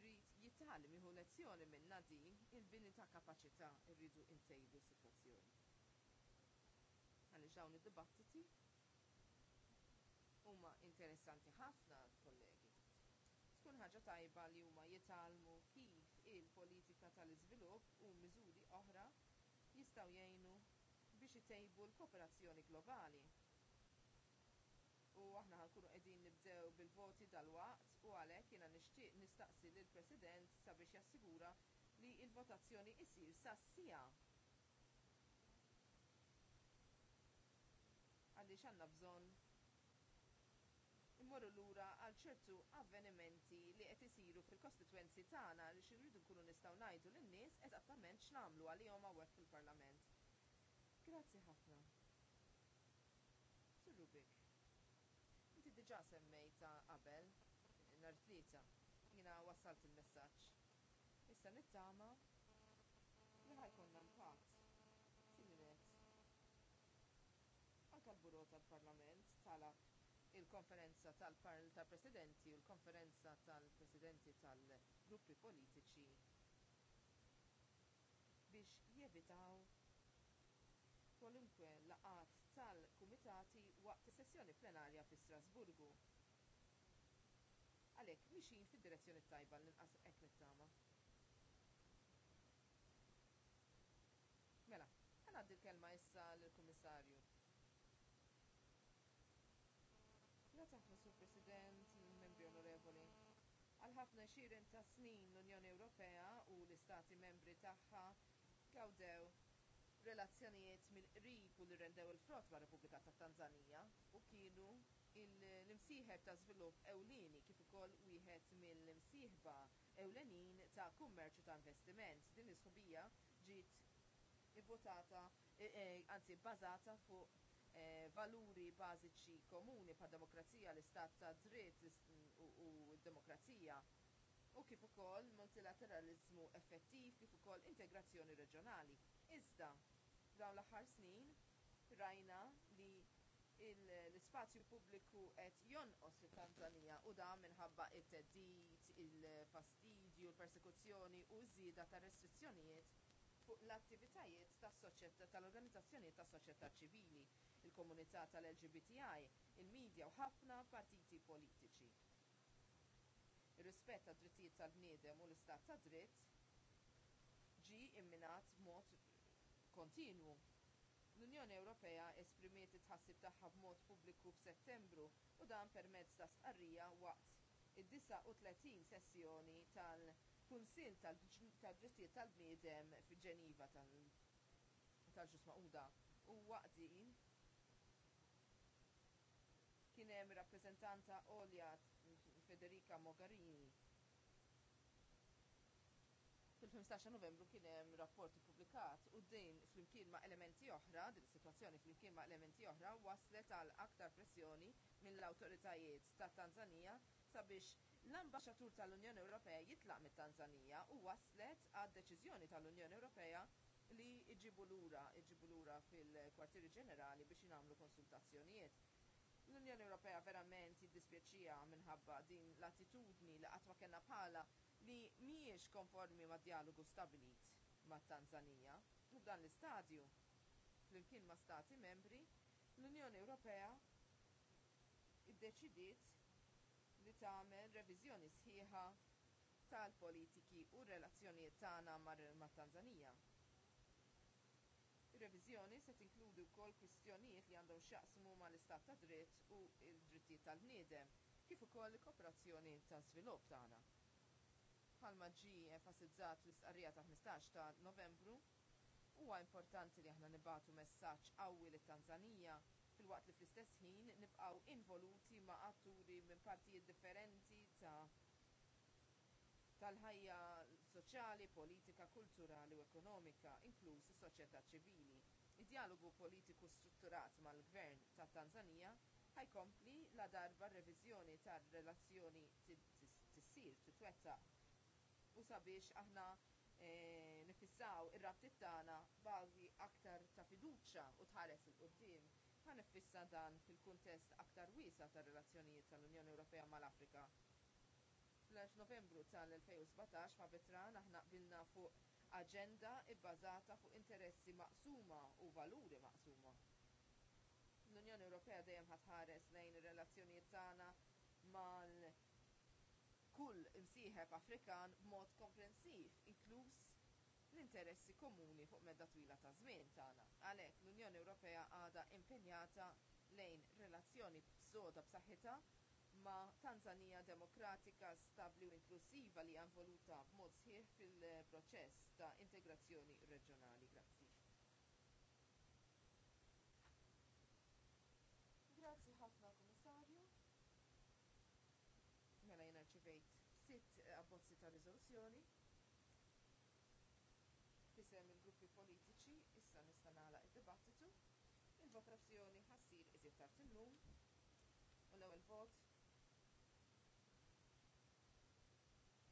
irid jitgħallem jieħu lezzjoni minnha din il-bini ta' kapaċità rridu ntejbu s-sitwazzjoni. Għaliex id-dibattiti huma interessanti ħafna kollegi. Tkun ħaġa tajba li huma jitgħallmu kif il-politika tal-iżvilupp u miżuri oħra jistgħu jgħinu biex itejbu l-kooperazzjoni globali u aħna ħankunu qegħdin nibdew bil-voti dalwaqt u għalhekk jiena nixtieq nistaqsi lill president sabiex jassigura li l-votazzjoni ssir sas Għaliex għandna bżonn immorru lura għal ċertu avvenimenti li qed isiru fil-kostituenzi tagħna li xirridu nkunu nistgħu ngħidu lin-nies eżattament x'namlu għalihom hawnhekk fil-Parlament. Grazzi ħafna. diġà semmejta qabel nhar tlieta jiena wassalt il-messaġġ issa nittama li ħajkollna impatt tieni nett anke l-buro tal-parlament bħala il-konferenza tal-presidenti u l-konferenza tal-presidenti tal-gruppi politiċi biex jevitaw kwalunkwe tal- adottati waqt is-sessjoni plenarja fi strasburgu għalhekk mixin fid-direzzjoni tajba l-inqas hekk nittama mela ħanaddi l-kelma issa lill-kummissarju Grazie ħafna Sur President, membri onorevoli. Għal ħafna xiren ta' snin l-Unjoni Ewropea u l-Istati membri tagħha gawdew relazzjonijiet mill-qrib u li rendew il-frott mar repubblika tat Tanzania u kienu l-imsieħeb ta' żvilupp ewlieni kif ukoll wieħed mill-imsieħba ewlenin ta' kummerċ u ta' investiment. Din is-sħubija ġiet ivvotata e, e, anzi bbażata fuq e, valuri bażiċi komuni pa' demokrazija, l-istat ta' dritt u d-demokrazija u kif ukoll multilateraliżmu effettiv kif ukoll integrazzjoni reġjonali. Iżda f'dawn l-aħħar snin rajna li l-ispazju pubbliku qed jonqos fit-tanzania u dan minħabba t-theddid il-fastidju l-persekuzzjoni u żieda tar-restrizzjonijiet fuq l-attivitajiet tas-soċjetà tal-organizzazzjonijiet tas-soċjetà ċivili il-komunità tal-lgbti il-midja u ħafna partiti politiċi ir-rispett tad-drittijiet tal-bniedem u l-istat ta' dritt ġie imminat b'mod kontinwu l-unjoni ewropea esprimiet it-tħassib tagħha b'mod pubbliku f'settembru u dan permezz ta' stqarrija waqt id-39 sessjoni tal-kunsill tad-drittijiet tal-bniedem fi ġeniva tal-ġnus magħquda u waqt din kien hemm ir-rappreżentanta għolja federica mogherini fil-15 novembru kien hemm rapport ippubblikat u din flimkien ma' elementi oħra, din is-sitwazzjoni flimkien ma' elementi oħra waslet għal aktar pressjoni mill-awtoritajiet ta' Tanzania sabiex l-ambaxxatur tal-Unjoni Ewropea jitlaq mit-Tanzania u waslet għad deċiżjoni tal-Unjoni Ewropea li jġibu lura, jġibu lura fil-kwartieri ġenerali biex jinamlu konsultazzjonijiet. L-Unjoni Ewropea verament jiddispjaċija minħabba din l-attitudni li qatt ma kellna bħala li mhijiex konformi mad dialogu stabbilit mat tanzania u f'dan l-istadju flimkien ma' stati membri l-unjoni ewropea ddeċidiet li tagħmel reviżjoni sħiħa tal-politiki u r-relazzjonijiet tagħna mat tanzania ir-reviżjoni se tinkludi wkoll kwistjonijiet li għandhom x'jaqsmu mal-istat ta' dritt u l drittijiet tal-bniedem kif ukoll il-kooperazzjoni taż-żvilupp tagħna bħalma ġie enfasizzat l-istqarrija ta' 15 ta' Novembru, huwa importanti li aħna nibatu messaġġ qawwi lit tanzanija filwaqt li fl-istess ħin nibqgħu involuti ma' atturi minn partijiet differenti ta' tal-ħajja soċjali, politika, kulturali u ekonomika, inkluż is-soċjetà ċivili. Id-dialogu politiku strutturat mal-gvern tat Tanzanija ħajkompli la darba r reviżjoni tar relazzjoni tissir titwettaq u sabiex aħna eh, nifissaw ir-rabtiet tagħna bażi aktar ta' fiduċja u tħares il quddiem ħa nifissa dan fil-kuntest aktar wiesa tar-relazzjonijiet tal-Unjoni Ewropea mal-Afrika. Fl-10 Novembru tal-2017 ma' Betran aħna qbilna fuq aġenda bbażata fuq interessi maqsuma u valuri maqsuma. L-Unjoni Ewropea dejjem ħatħares lejn ir-relazzjonijiet tagħna mal- kull imsieħeb Afrikan b'mod komprensiv, inkluż l-interessi komuni fuq medda twila ta' żmien tagħna. Għalhekk l-Unjoni Ewropea għadha impenjata lejn relazzjoni b'soda b'saħħitha ma' Tanzania demokratika stabbli u inklusiva li hija involuta b'mod sħiħ fil-proċess ta' integrazzjoni reġjonali. Grazzi. Grazzi ħafna irċevejt sitt eh, abbozzi ta' riżoluzzjoni f'isem il-gruppi politiċi issa nista' nagħlaq id-dibattitu il-votazzjoni ħassir iżjed tard illum u l-ewwel vot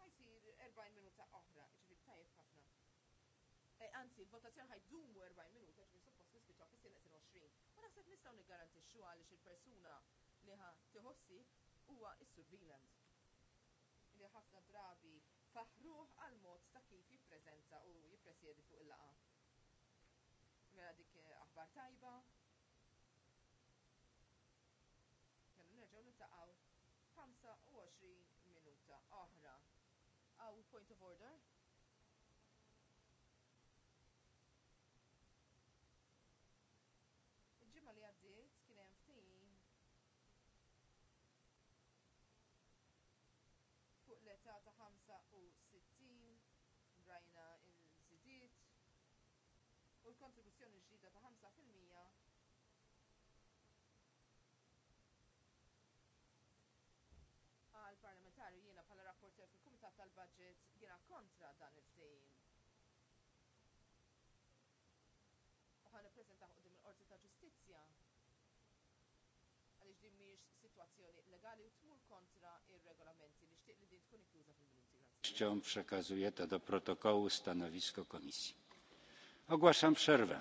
ħajsir 40 minuta oħra jiġifieri tajjeb ħafna eh, anzi, l votazzjoni ħajdumu 40 minuta, ġmi suppost nispiċa fi sena 20. U naħseb nistgħu niggarantixxu għaliex il-persuna li ħa tiħossi huwa s sur studja ħafna drabi faħruh għal mod ta' kif jippreżenta u jippresjedi fuq il-laqgħa. Mela dik aħbar tajba. Kellu mela nerġgħu niltaqgħu 25 minuta oħra. Aw point of order. kontribuzzjoni ġdida ta' 5% għal parlamentari jiena bħala rapporter fil-Kumitat tal-Budget jiena kontra dan il-ftehim. U ħan ippreżenta qudiem il-Qorti ta' Ġustizzja għaliex din mhijiex sitwazzjoni legali u tmur kontra r regolamenti li xtieq li din tkun ikkluża fil-minuti. stanowisko ogłaszam przerwę.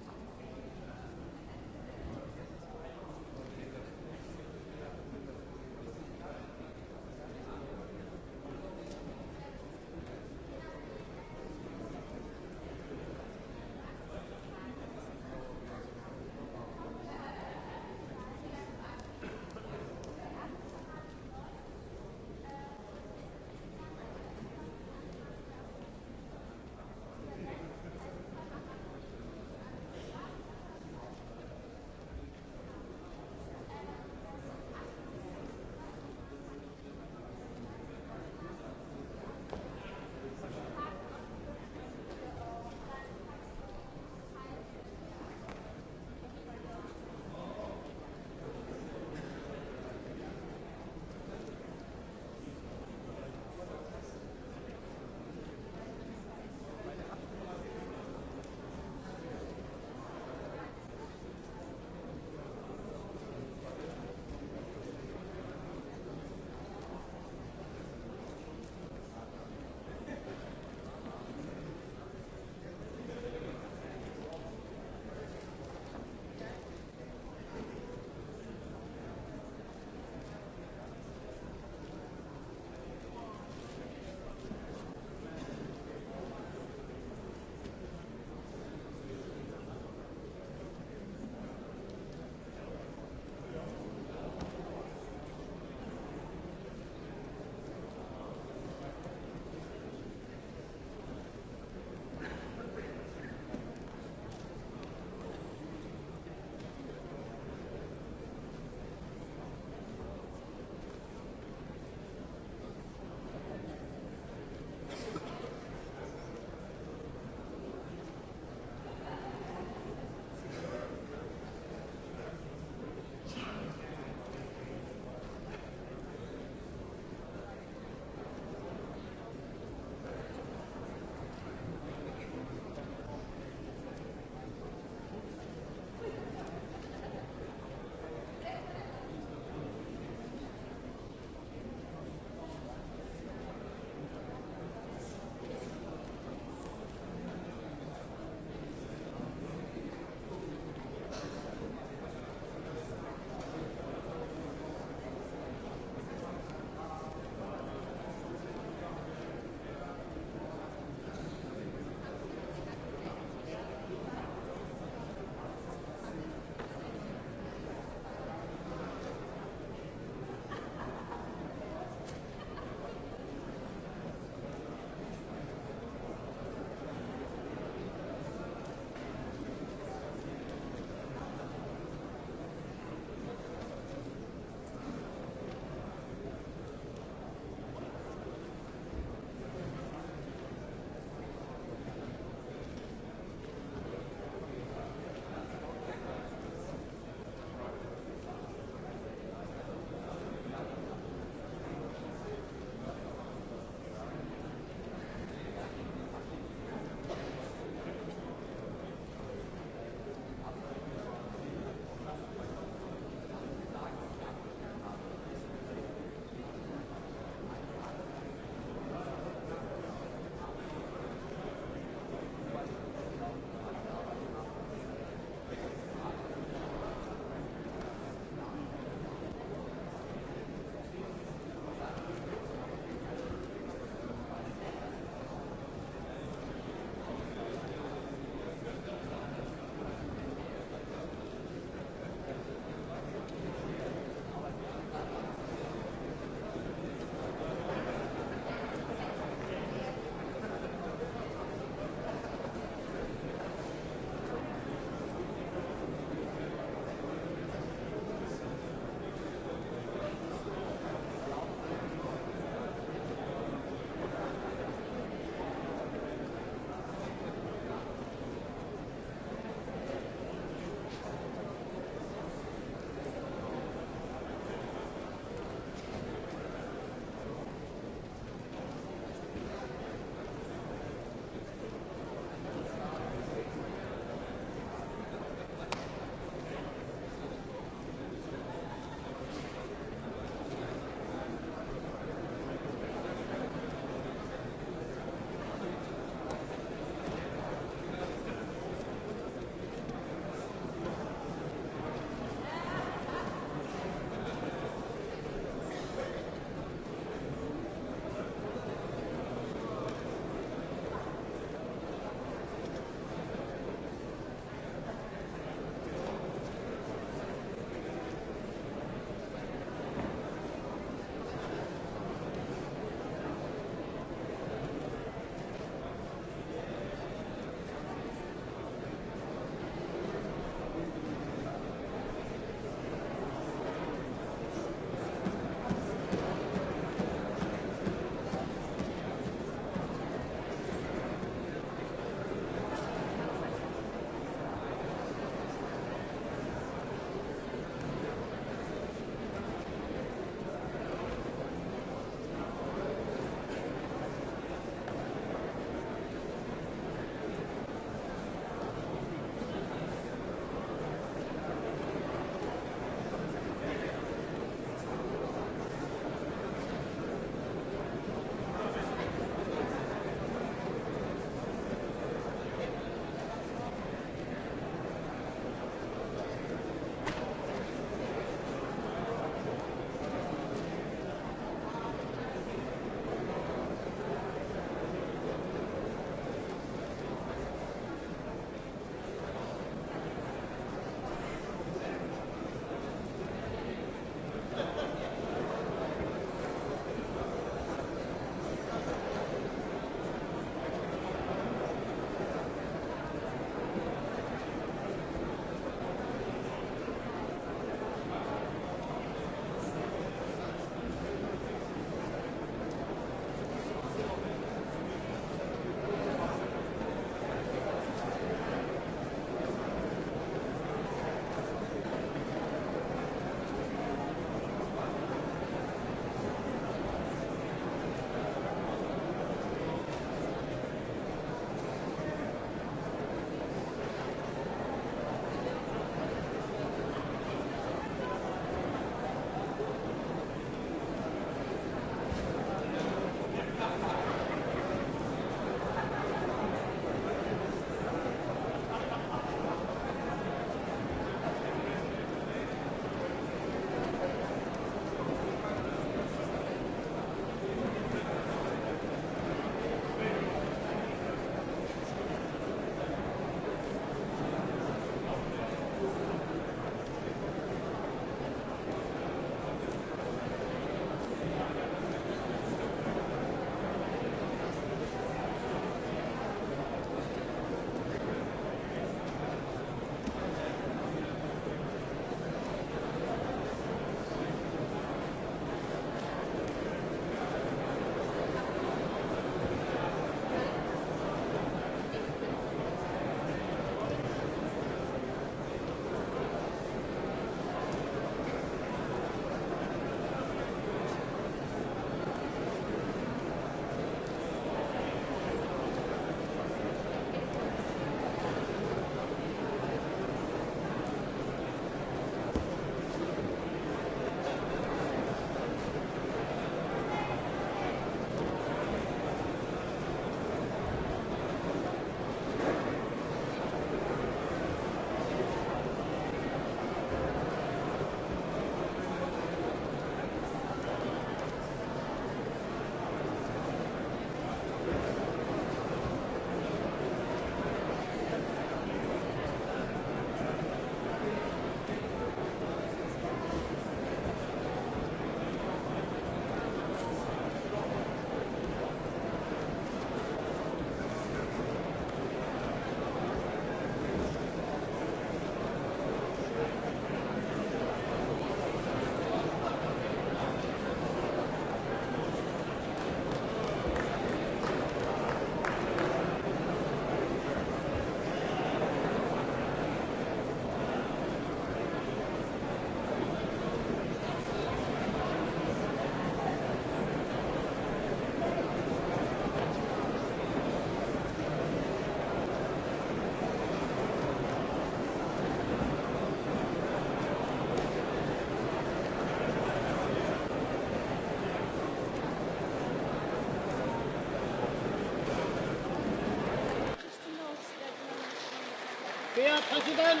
President!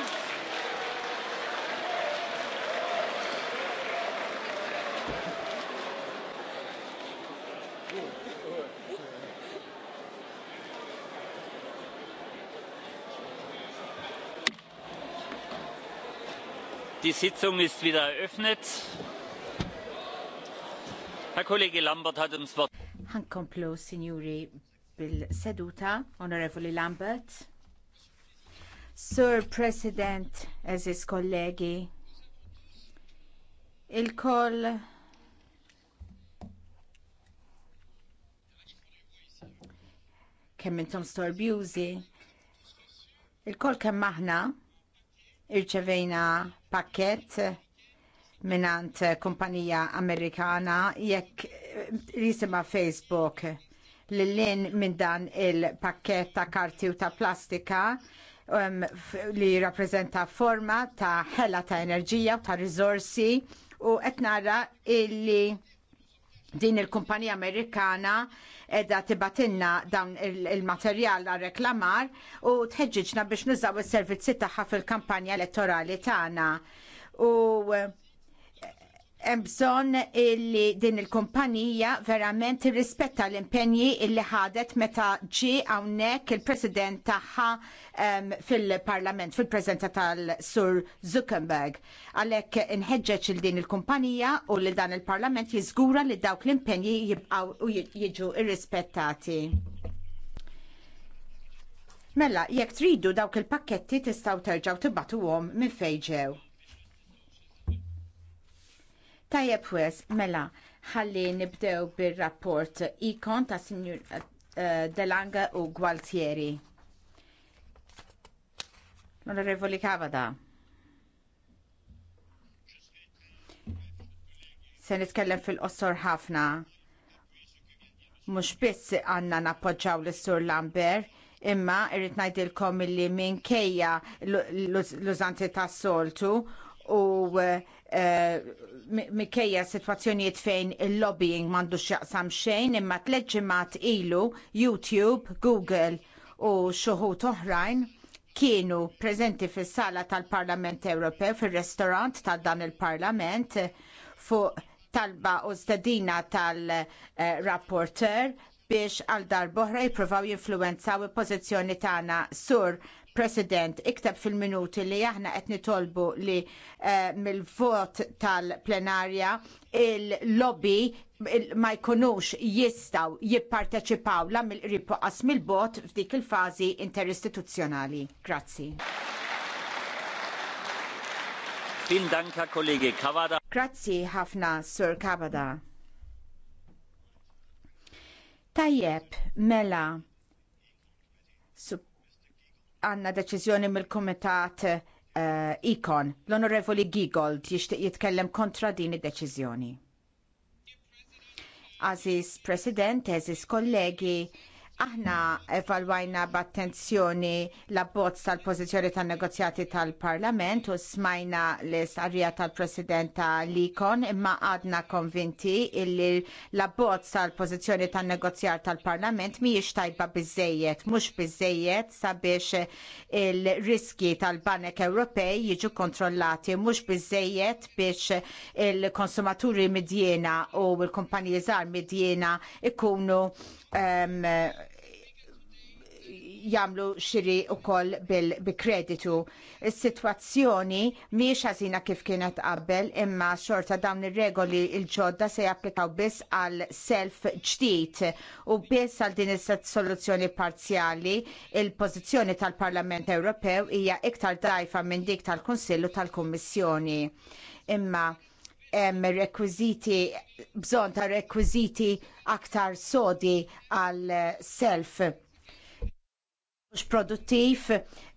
Die Sitzung ist wieder eröffnet. Herr Kollege Lambert hat uns Wort. Hankomplu, Signori, bil-seduta, Onorevoli Lambert. Sur President, eżis kollegi, il-koll kemm intom storbjużi, il-koll kemm aħna irċevejna pakket minant kumpanija Amerikana jekk jisima Facebook l-lin minn dan il-pakket ta' karti u ta' plastika um, li rappresenta forma ta' ħela ta' enerġija u ta' rizorsi u qed nara illi din il-kumpanija Amerikana edha tibatinna dawn il-materjal għal reklamar u tħeġġiġna biex nużaw is-servizzi tagħha fil-kampanja elettorali tagħna. U hemm bżonn illi din il-kumpanija verament irrispetta l-impenji illi ħadet meta ġie hawnhekk il-President tagħha um, fil-Parlament fil-preżenza tal-Sur Zuckerberg. Għalhekk inħeġġeġ il din il-kumpanija u lil dan il-Parlament jiżgura li dawk l-impenji jibqaw u jiġu irrispettati. Mela, jekk tridu dawk il-pakketti terġaw terġgħu għom minn fejn ġew. Tajjeb wes, mela, ħalli nibdew bir-rapport ikon ta' Sinjur eh, eh, Delanga u Gualtieri. Onorevoli Cavada. Se nitkellem fil-qossor ħafna. Mhux biss għandna nappoġġaw lis sur Lambert, imma irrid ngħidilkom minn kejja l-użanti tas soltu u eh, mikkejja situazzjonijiet fejn il-lobbying mandu xaqsam xejn imma tleġġimat ilu YouTube, Google u xuħut oħrajn kienu preżenti fis-sala tal-Parlament Ewropew fir-restorant tal dan il-Parlament fuq talba u stedina tal-rapporter biex għal darboħra jiprofaw jinfluwenzaw il-pożizzjoni tagħna sur President, iktab fil-minuti li aħna qed nitolbu li mil eh, mill-vot tal-plenarja il-lobby ma jkunux jistaw jipparteċipaw la mill-qrib mill-bot f'dik il-fażi interistituzzjonali. Grazzi. Fin danka kollegi Kavada. Grazzi ħafna, Sir Kavada. Tajjeb, mela, għanna deċiżjoni mill-Kumitat uh, eh, Ikon, l-Onorevoli Gigold jixtieq jitkellem kontra din id-deċiżjoni. Aziz President, Aziz kollegi, Aħna evalwajna b'attenzjoni l-abbozz tal-pożizzjoni tan-negozjati tal-Parlament u smajna l isqarrija tal-President likon imma għadna konvinti illi l-abbozz tal-pożizzjoni tan-negozjar tal-Parlament mhijiex tajba biżejjed, mhux biżejjed sabiex il-riski tal-Banek Ewropej jiġu kontrollati, mhux biżejjed biex il-konsumaturi midjena u l-kumpaniji żgħar midjena ikunu um, jagħmlu xiri wkoll bil-kreditu. Is-sitwazzjoni miex ħażina kif kienet qabel imma xorta dawn ir-regoli l-ġodda se japplikaw biss għal self ġdid u biss għal din is-soluzzjoni parzjali il-pożizzjoni tal-Parlament Ewropew hija iktar dajfa minn dik tal konsillu tal-Kummissjoni. Imma hemm rekwiżiti bżonn ta' rekwiżiti aktar sodi għal self mhux produttiv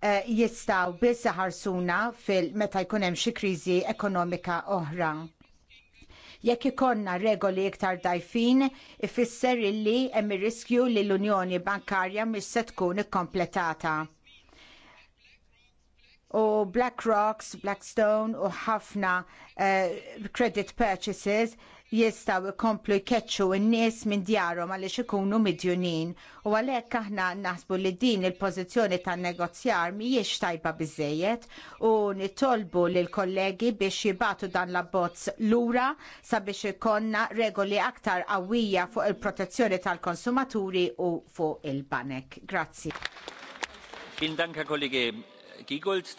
eh, jistgħu biss ħarsuna fil meta jkun hemm xi kriżi ekonomika oħra. Jekk ikonna regoli iktar dajfin, ifisser illi hemm ir riskju li l-Unjoni Bankarja mhix se tkun ikkompletata. U BlackRocks, Blackstone u ħafna uh, credit purchases jistaw ikomplu jkeċċu n-nies minn djarhom għaliex ikunu midjunin u għalhekk aħna naħsbu li din il-pożizzjoni tan-negozjar mhijiex tajba biżejjed u nitolbu lil kollegi biex jibatu dan l-abbozz lura sabiex ikonna regoli aktar qawwija fuq il-protezzjoni tal-konsumaturi u fuq il-banek. Grazzi. Vielen Dank, Herr Kollege Giegold.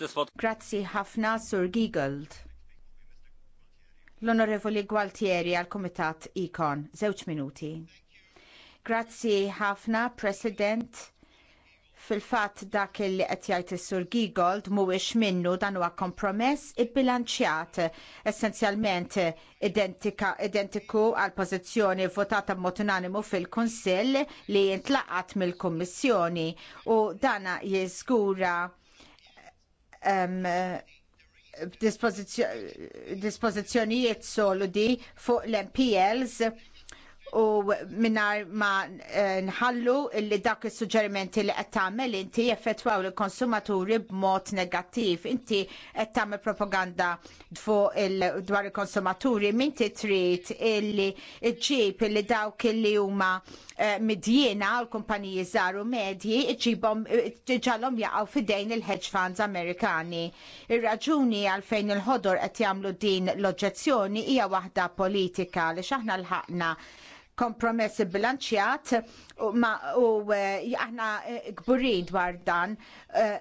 Grazzi ħafna, Sur Giegold. L-Onorevoli Gualtieri għal Komitat Ikon, zewċ minuti. Grazzi ħafna, President. Fil-fat dak il qed jgħid is-Sur Gigold mhuwiex minnu dan huwa kompromess bilanċjat essenzjalment identiku għal pożizzjoni votata b'mod unanimu fil-Kunsill li jintlaqat mill-Kummissjoni u dana jiżgura um, dispożizzjonijiet solidi fuq l-MPLs u minnar ma eh, nħallu illi dak is suġġerimenti li qed tagħmel inti jeffettwaw il-konsumaturi b'mod negattiv. Inti qed tagħmel propaganda fuq dwar il-konsumaturi minti trid illi ġġib illi dawk illi huma eh, midjena u l-kumpaniji żaru medji ġibhom ġalhom jaqgħu fidejn il-hedge funds Amerikani. Ir-raġuni għalfejn il-ħodor qed jagħmlu din l-oġġezzjoni hija waħda politika li x'aħna l-ħaqna kompromess bilanċjat u eh, aħna eh, gburin dwar dan eh,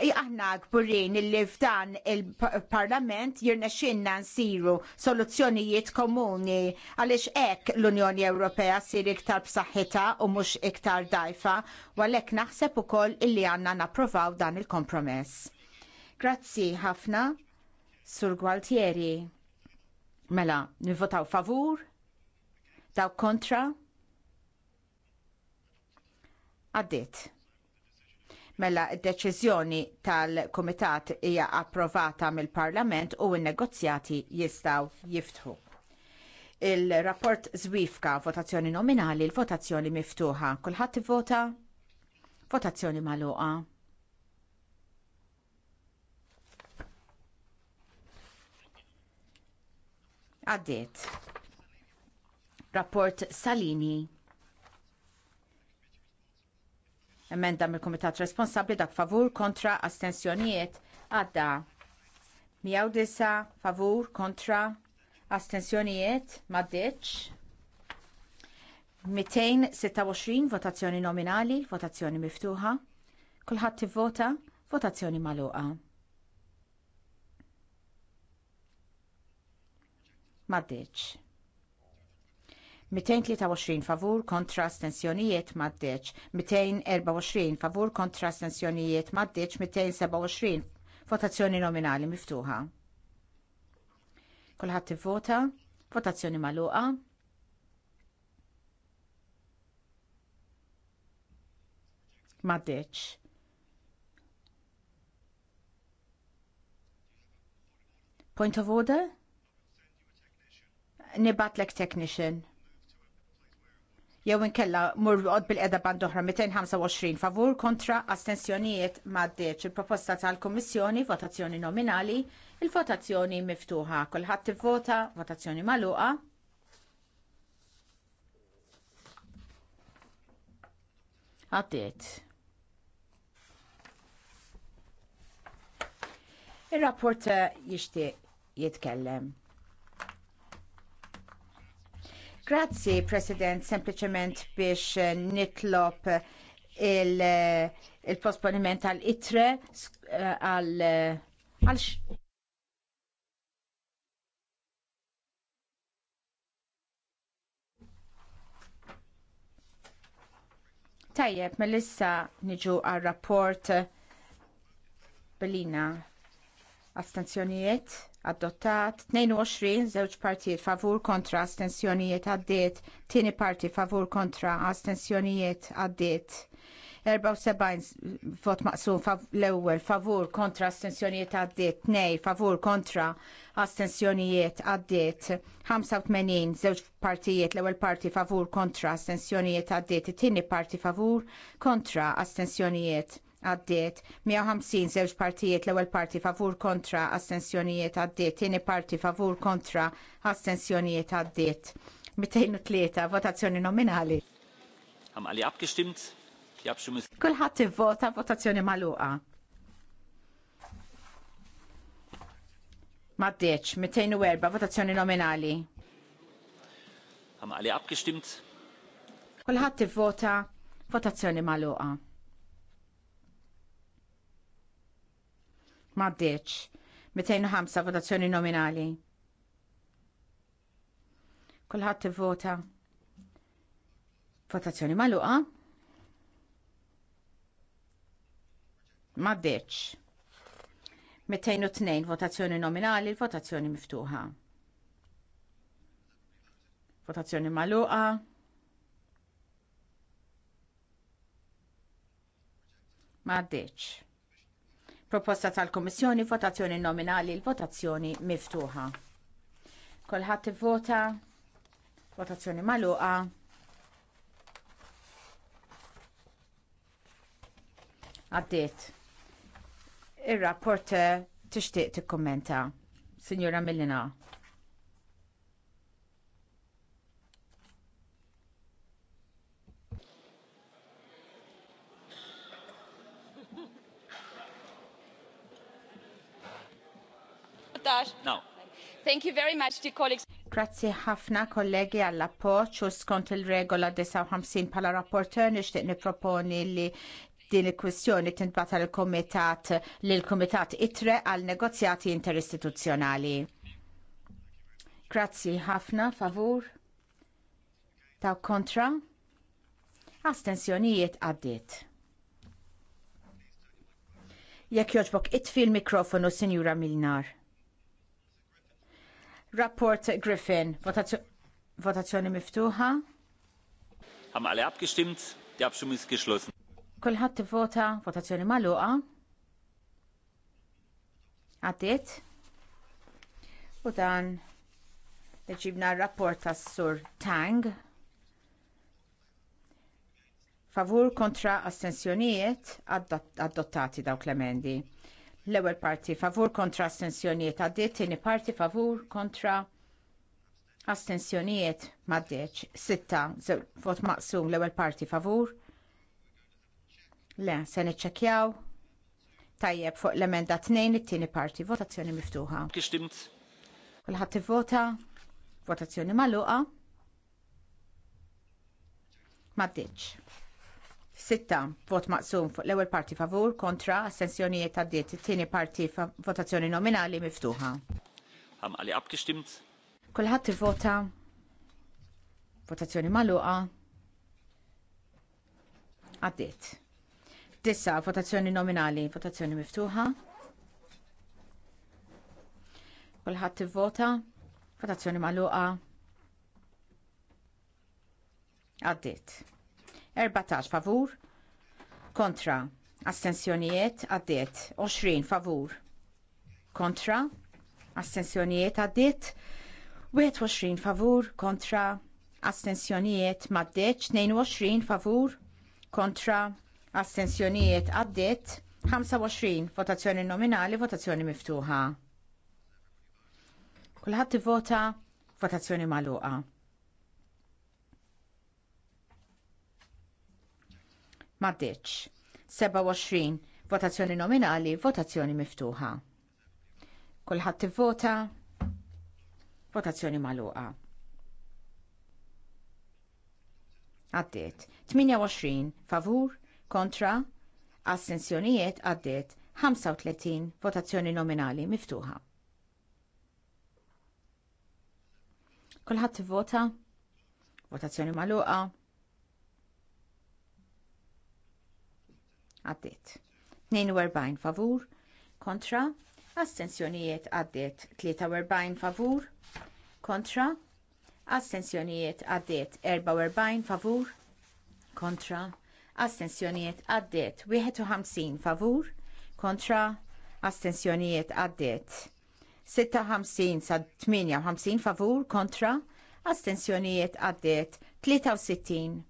aħna gburin li f'dan il-parlament jirnexxinna nsiru soluzzjonijiet komuni għaliex hekk l-Unjoni Ewropea sir iktar b'saħħitha u mhux iktar dajfa u għalhekk naħseb ukoll illi għandna napprovaw dan il-kompromess. Grazzi ħafna, Sur Gualtieri. Mela, nivvotaw favur, Daw kontra? Għaddit. Mela d-deċiżjoni tal-Kumitat hija approvata mill-Parlament u n-negozjati jistaw jiftħu. Il-rapport Zwifka, votazzjoni nominali, l-votazzjoni miftuħa. Kulħadd vota? Votazzjoni magħluqa. Għaddiet Rapport Salini. Emenda mill kumitat Responsabbli dak favur kontra astensjonijiet għadda. Mijaw disa favur kontra astensjonijiet maddeċ. 226 votazzjoni nominali, votazzjoni miftuħa. Kulħadd tivvota, votazzjoni magħluqa. Maddeċ. 223 favur kontra astensjonijiet maddeċ, 224 favur kontra astensjonijiet maddeċ, 227 votazzjoni nominali miftuħa. Kulħadd vota votazzjoni magħluqa. Maddeċ. Point of order? Nibatlek technician jew inkella mur bil-qeda band oħra 225 favur kontra astensjonijiet maddeċ il-proposta tal-Kummissjoni votazzjoni nominali, il-votazzjoni miftuħa. Kulħadd vota votazzjoni magħluqa. Għaddiet. Ir-rapport jixtieq jitkellem. Grazzi, President, sempliciment biex eh, nitlop il għal-itre eh, għal eh, Tajjeb, mill-issa niġu għal rapport Belina. Astanzjonijiet? adottat 22 żewġ partijiet favur kontra astensjonijiet għaddiet, tieni parti favur kontra astensjonijiet għaddiet. 74 vot maqsum l-ewwel favur kontra astensjonijiet għaddiet, 2 favur kontra astensjonijiet għaddiet, 85 żewġ partijiet l-ewwel parti favur kontra astensjonijiet għaddiet, it-tieni parti favur kontra astensjonijiet għaddiet 150 żewġ partijiet l-ewwel parti favur kontra astensjonijiet għaddiet, tieni parti favur kontra astensjonijiet għaddiet. 203 votazzjoni nominali. Ham għali abgestimmt? Kulħadd ivvota votazzjoni magħluqa. Maddeċ, 204 votazzjoni nominali. Ham għali abgestimmt? Kulħadd ivvota votazzjoni magħluqa. maddeċ. 205 votazzjoni nominali. Kulħadd ivvota. Votazzjoni magħluqa. Maddeċ. 202 votazzjoni nominali, votazzjoni miftuħa. Votazzjoni magħluqa. Maddeċ. Proposta tal-Komissjoni, votazzjoni nominali, l-votazzjoni miftuħa. Kolħat vota, votazzjoni maluqa. Għaddit. Ir-rapport tixtieq tikkommenta. Signora Millina. Thank you very much, dear colleagues. Grazzi ħafna kollegi għall appoġġ u skont il-regola 59 pala rapporteur nixtieq niproponi li din il-kwistjoni tintbata l-komitat l-komitat itre għal negozjati interistituzzjonali. Grazzi ħafna, favur. Taw kontra. Astensjonijiet għaddit. Jekk joġbok it l-mikrofonu, Sinjura Milnar. Rapport Griffin, votazzjoni miftuħa. Haben alle abgestimmt? Die Abstimmung ist geschlossen. Kulħadd tivvota votazzjoni magħluqa. Għaddit. U dan ġibna r-rapport tas-sur Tang favur kontra astensjonijiet adottati dawk l-emendi. L-ewwel parti favur kontra astensjonijiet għaddiet, tieni parti favur kontra astensjonijiet m'għaddiex. Sitta vot maqsum l-ewwel parti favur. Le, se niċċekkjaw. Tajjeb fuq l-emenda tnejn it-tieni parti, votazzjoni miftuħa. Gestimt. Kulħadd ivvota, votazzjoni magħluqa. M'għaddiex. Sitta, vot maqsum fuq l-ewwel parti favur kontra assenzjonijiet għaddiet it-tieni parti votazzjoni nominali miftuħa. Ham għali abgestimmt? Kulħadd ivvota votazzjoni magħluqa għaddiet. Dissa votazzjoni nominali, votazzjoni miftuħa. Kulħadd ivvota votazzjoni magħluqa għaddiet. 14 favur kontra astensjonijiet għaddiet 20 favur kontra astensjonijiet għaddiet 21 favur kontra astensjonijiet maddiet 22 favur kontra astensjonijiet għaddiet 25 votazzjoni nominali votazzjoni miftuħa kulħadd ivota votazzjoni magħluqa ma 27 votazzjoni nominali, votazzjoni miftuħa. Kulħadd tivvota, votazzjoni magħluqa. Għaddiet 28 favur, kontra, assenzjonijiet għaddiet 35 votazzjoni nominali miftuħa. Kulħadd tivvota, votazzjoni magħluqa. għaddiet. 42 favur kontra astensjonijiet għaddiet 43 favur kontra astensjonijiet għaddiet 44 favur kontra astensjonijiet għaddiet 51 favur kontra astensjonijiet għaddiet 56 sa 58 favur kontra astensjonijiet għaddiet 63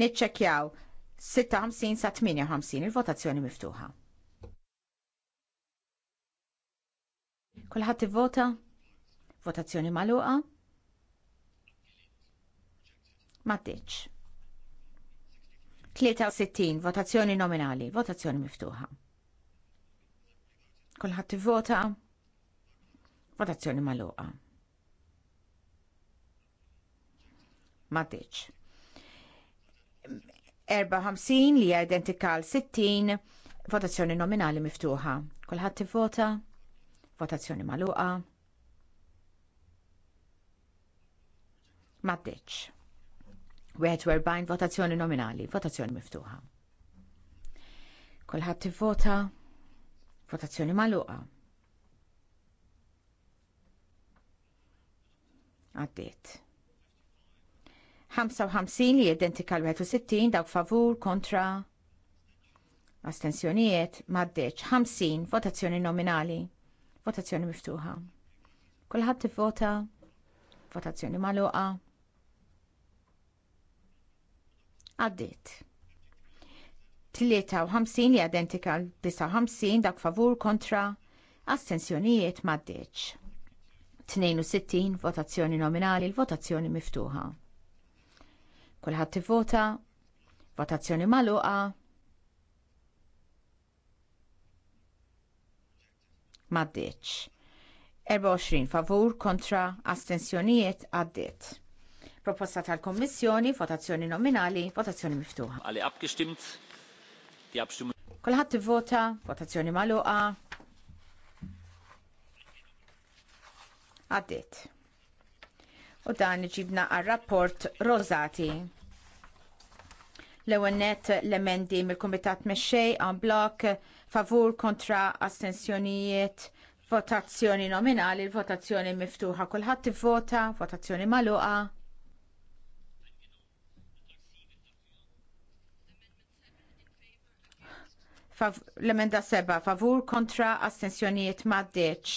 Niċċekjaw 56 sa 58 il-votazzjoni miftuħa. Kulħadd ivvota? Votazzjoni magħluqa? M'għaddiċ. 63 votazzjoni nominali, votazzjoni miftuħa. Kulħadd ivvota? Votazzjoni magħluqa. M'għaddiċ. 54 li identikal identika 60 votazzjoni nominali miftuħa. Kulħadd tivvota? Votazzjoni magħluqa. Maddeċ. 41 votazzjoni nominali, votazzjoni miftuħa. Kulħadd tivvota? Votazzjoni magħluqa. Għaddiet. 55 li identika l-61 daw favur kontra astensjonijiet maddeċ 50 votazzjoni nominali votazzjoni miftuħa kulħadd tivvota votazzjoni magħluqa għaddiet 53 li identika l-59 dak favur kontra astensjonijiet maddeċ 62 votazzjoni nominali l-votazzjoni miftuħa Kulħadd tivvota, votazzjoni magħluqa. m'għaddietx. 24 favur kontra astensjonijiet għaddiet. Proposta tal-Kommissjoni, votazzjoni nominali, votazzjoni miftuħa. Għalli abkistimt. di abstimmung. Kolħat vota, votazzjoni maluqa. Għaddit u dan iġibna għal rapport Rosati. L-ewwel nett l-emendi mill-Kumitat Mexxej għan blok favur kontra astensjonijiet votazzjoni nominali, votazzjoni miftuħa, kulħadd vota, votazzjoni magħluqa. l-emenda 7 favur kontra astensjonijiet maddeċ.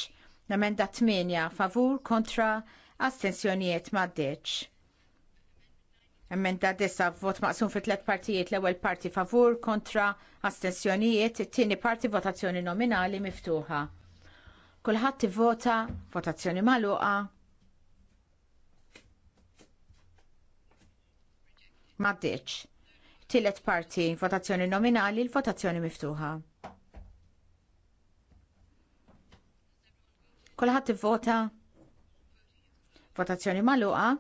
L-emenda 8 favur kontra astensjonijiet maddeċ. Emenda dessa vot maqsum fi tlet partijiet l-ewwel parti favur kontra astensjonijiet, it-tieni parti votazzjoni nominali miftuħa. Kulħadd ivvota votazzjoni magħluqa. Maddeċ. Tillet parti votazzjoni nominali, l-votazzjoni miftuħa. Kulħadd ivvota Votazzjoni maluqa.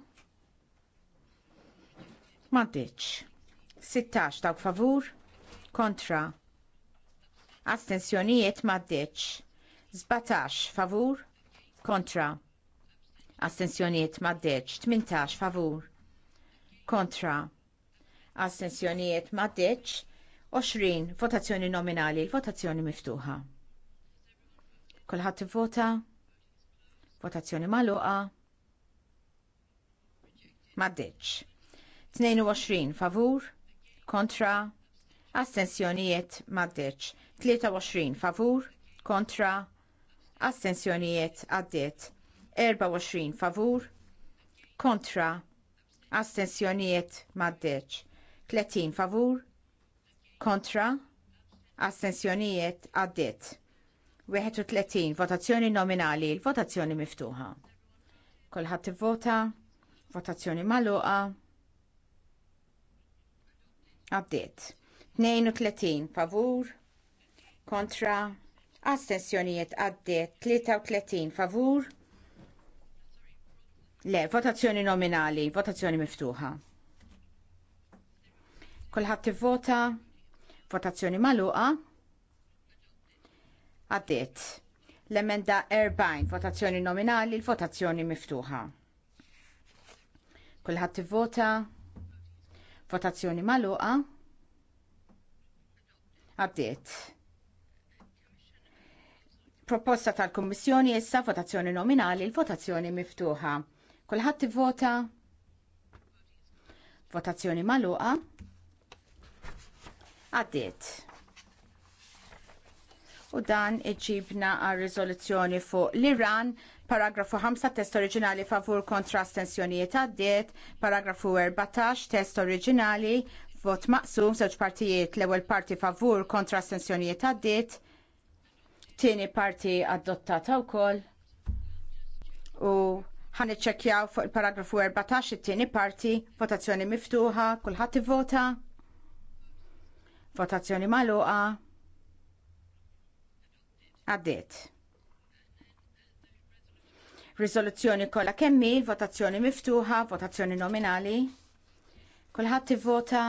Mantiċ. 16 dawk favur kontra. Astensjonijiet maddeċ. 17 favur kontra. Astensjonijiet maddeċ. 18 favur kontra. Astensjonijiet maddeċ. 20 votazzjoni nominali, votazzjoni miftuħa. Kulħadd vota. votazzjoni magħluqa maddeċ. 22 favur kontra astensjonijiet maddeċ. 23 favur kontra astensjonijiet għaddiet. 24 favur kontra astensjonijiet maddeċ 30 favur kontra astensjonijiet għaddiet 31 votazzjoni nominali votazzjoni miftuħa kulħadd vota Votazzjoni magħluqa. Abdiet. 32 favur kontra astensjonijiet għaddiet 33 favur. Le, votazzjoni nominali, votazzjoni miftuħa. Kulħadd tivvota, votazzjoni magħluqa. Għaddiet. L-emenda 40, votazzjoni nominali, l-votazzjoni miftuħa. Kulħadd tivvota. Votazzjoni magħluqa. Għaddiet. Proposta tal-Kummissjoni issa votazzjoni nominali, il-votazzjoni miftuħa. Kulħadd tivvota. Votazzjoni magħluqa. Għaddiet u dan iġibna għal riżoluzzjoni fuq l-Iran, paragrafu 5 test oriġinali favur kontra astensjonijiet għaddiet, paragrafu 14 test oriġinali vot maqsum żewġ partijiet l-ewwel parti favur kontra astensjonijiet għaddiet, tieni parti adottata wkoll u ħan iċċekkjaw fuq il-paragrafu 14 it-tieni parti, votazzjoni miftuħa, kulħadd ivvota, votazzjoni magħluqa. Għaddiet. Riżoluzzjoni kollha kemm votazzjoni miftuħa, votazzjoni nominali. Kulħadd tivvota.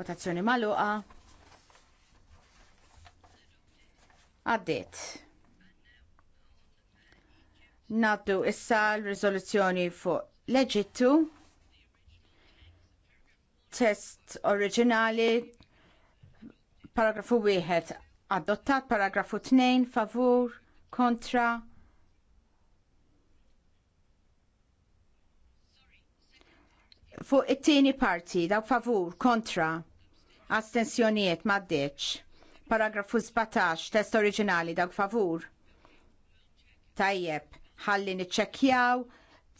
Votazzjoni magħluqa. Għaddiet. Naddu issa l-riżoluzzjoni fuq leġittu. test oriġinali paragrafu wieħed adottat paragrafu 2 favur kontra fuq it-tieni parti daw favur kontra astensjonijiet maddeċ paragrafu 17 test oriġinali daw favur tajjeb ħalli niċċekkjaw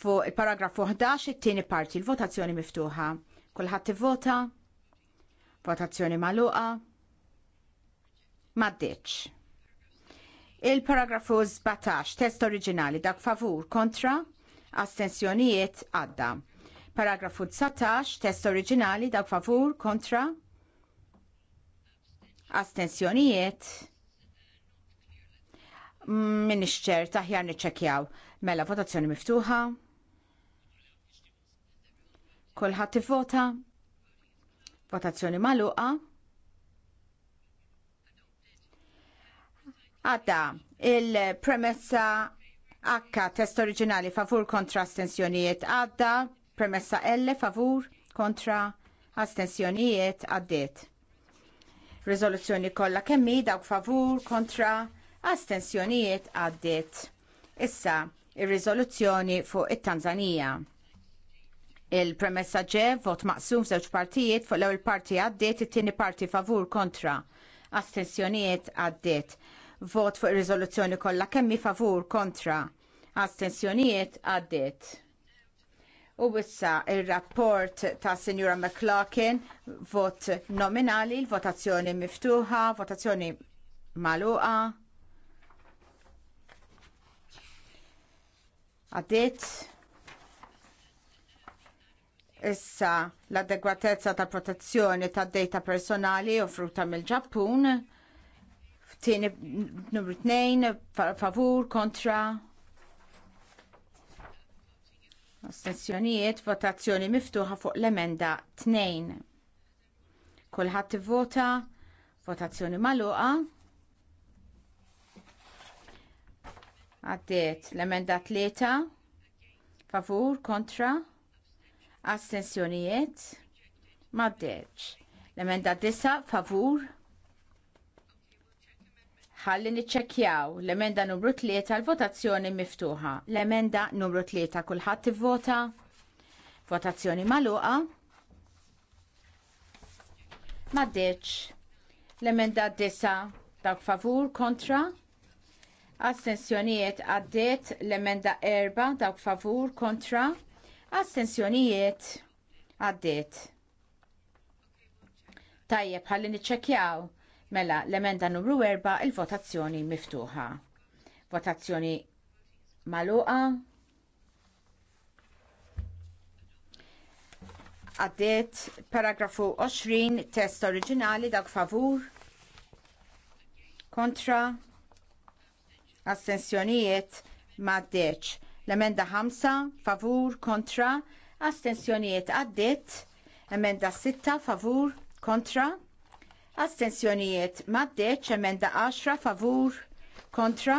fuq il-paragrafu 11 it-tieni parti il votazzjoni miftuħa kulħadd ivvota votazzjoni magħluqa maddeċ. Il-paragrafu 17, test oriġinali, dak favur kontra, astensjonijiet għadda. Paragrafu 19, test oriġinali, dak favur kontra, astensjonijiet. Mm, minix taħjar niċċekjaw. Mela votazzjoni miftuħa. Kolħat tivvota. Votazzjoni maluqa. Għadda, il-premessa akka test oriġinali favur kontra astensjonijiet għadda, premessa L favur kontra astensjonijiet għaddiet. Rizoluzzjoni kollha kemmi dawk favur kontra astensjonijiet għaddiet. Issa, ir-riżoluzzjoni il fuq it tanzania Il-premessa ġe vot maqsum żewġ partijiet fuq l-ewwel parti għaddiet, it-tieni parti favur kontra. Astensjonijiet għaddiet vot fuq ir-riżoluzzjoni kollha kemm favur kontra astensjonijiet għaddiet. U issa ir-rapport ta' Sinjura McLaughlin vot nominali, votazzjoni miftuħa, votazzjoni magħluqa. Għaddiet. Issa l-adegwatezza ta' protezzjoni ta' data personali offruta mill-Ġappun Tieni numru tnejn favur kontra Astenzjonijiet, votazzjoni miftuħa fuq l-emenda tnejn. Kulħadd vota, votazzjoni magħluqa. Għaddiet l-emenda tleta, Favur, kontra. Astenzjonijiet. Maddeċ. L-emenda disa favur, ħalli niċċekkjaw l-emenda numru 3 tal-votazzjoni miftuħa. L-emenda numru 3 kulħadd ivvota. Votazzjoni magħluqa. Maddeċ. L-emenda disa' dawk favur kontra. Astensjonijiet għaddiet l-emenda erba' dawk favur kontra. Astensjonijiet għaddiet. Tajjeb, ħalli niċċekkjaw. Mela, l-emenda numru 4 il-votazzjoni miftuħa. Votazzjoni maluqa. Għaddiet paragrafu 20 test oriġinali dak favur. Kontra. Astensjonijiet maddeċ. L-emenda 5 favur kontra. Astensjonijiet għaddiet. Emenda 6 favur kontra. Astensjonijiet maddeċ emenda 10 favur kontra.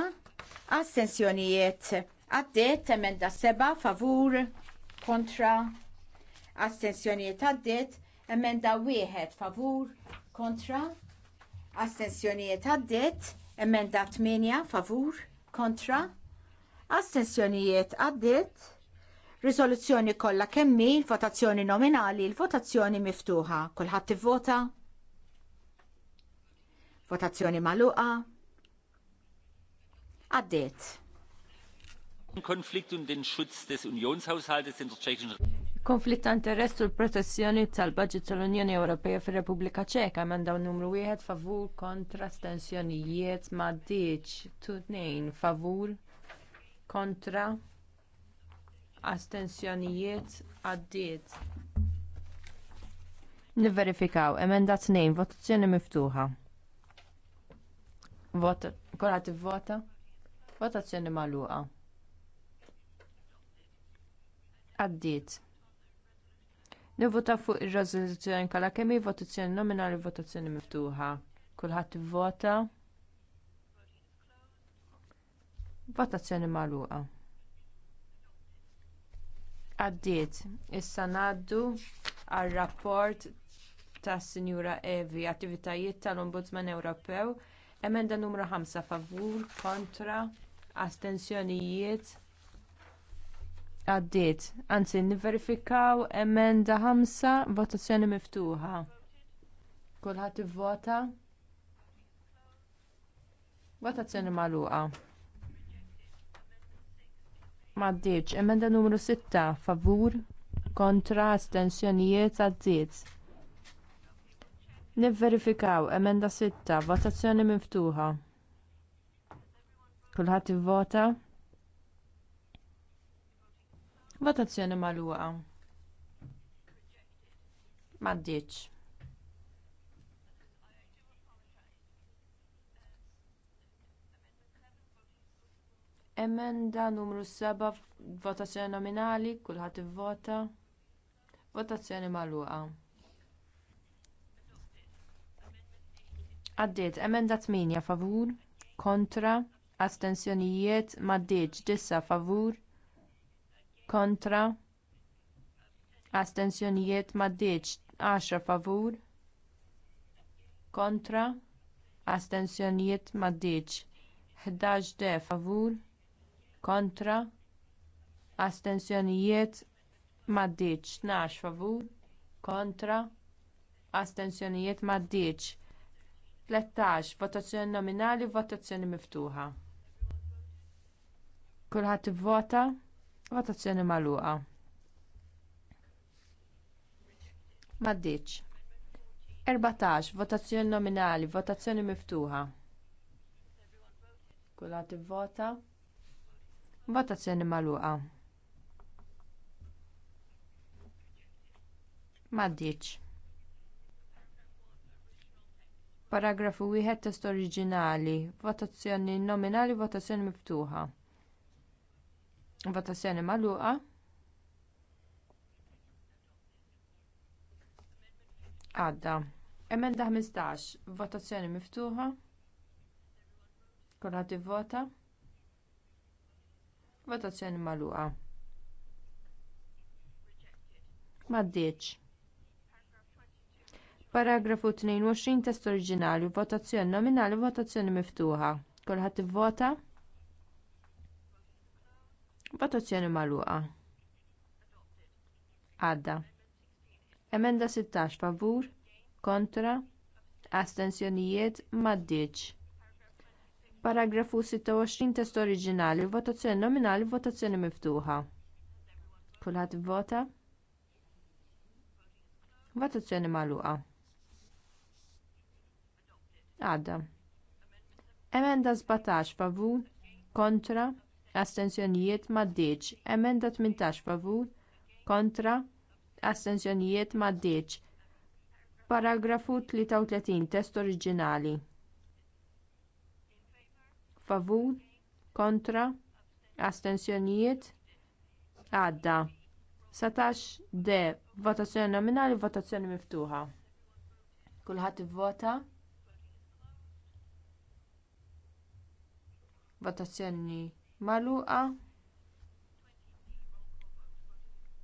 Astensjonijiet għaddiet emenda 7 favur kontra. Astensjonijiet għaddiet emenda 1 favur kontra. Astensjonijiet għaddiet emenda 8 favur kontra. Astensjonijiet għaddiet risoluzzjoni kollha kemm votazzjoni nominali, l-votazzjoni miftuħa. Kulħadd ivvota? Votazzjoni maluqa. Għaddiet. Konflikt und um den Schutz des Unionshaushaltes in der Tschechischen Konflitt ta' interess u l-protezzjoni tal-budget tal-Unjoni Ewropea fir-Repubblika Ċeka mandaw numru wieħed favur kontra stensjonijiet ma' diċ tutnejn favur kontra astensjonijiet għaddiet. Nivverifikaw emenda tnejn votazzjoni miftuħa. Vota, kolħat vota. Votazzjoni magħluqa. Għaddit. Nivvota fuq ir-riżoluzzjoni kollha kemm hi votazzjoni nominali votazzjoni miftuħa. Kulħadd ivvota. Votazzjoni magħluqa. Għaddit. Issa ngħaddu għar-rapport tas-Sinjura Evi, attivitajiet tal-Ombudsman Ewropew Emenda numru 5 favur kontra astensjonijiet għaddiet. Anzi, nivverifikaw emenda 5 votazzjoni miftuħa. Kulħadd ivvota. Votazzjoni magħluqa. M'għaddiex. Emenda numru 6 favur kontra astensjonijiet għaddiet. Nivverifikaw emenda 6, votazzjoni miftuħa. Kulħadd ivvota. Votazzjoni magħluqa. M'għaddietx. Emenda numru 7, votazzjoni nominali, kulħadd ivvota. Votazzjoni magħluqa. Għaddiet, emenda 8 favur, kontra, astensjonijiet, maddiċ, dissa favur, kontra, astensjonijiet, maddiċ, 10 favur, kontra, astensjonijiet, maddiċ, 11 de favur, kontra, astensjonijiet, maddiċ, 12 favur, kontra, astensjonijiet, maddiċ, 13 votazzjoni nominali votazzjoni miftuħa kulħadd ivvota votazzjoni magħluqa m'għaddiex 14 votazzjoni nominali votazzjoni miftuħa kulħadd ivvota votazzjoni magħluqa m'għaddiex Paragrafu wieħed test oriġinali. Votazzjoni nominali, votazzjoni miftuħa. Votazzjoni magħluqa. Għadda. Emenda 15. Votazzjoni miftuħa. Kulħadd ivvota. Votazzjoni magħluqa. m'għaddietx Paragrafu 22 test oriġinali, votazzjoni nominali, votazzjoni miftuħa. Kulħadd ivvota? Votazzjoni magħluqa. Għadda. Emenda 16 favur, kontra, astensjonijiet, maddiċ. Paragrafu 26 test oriġinali, votazzjoni nominali, votazzjoni miftuħa. Kulħadd ivvota? Votazzjoni magħluqa għadda emenda 17 favur kontra astensjonijiet m'għaddiex emenda 18 favur kontra astensjonijiet m'għaddiex paragrafu 33 test oriġinali favur kontra astensjonijiet għadda 17 de votazzjoni nominali votazzjoni miftuħa kulħadd ivvota votazzjoni magħluqa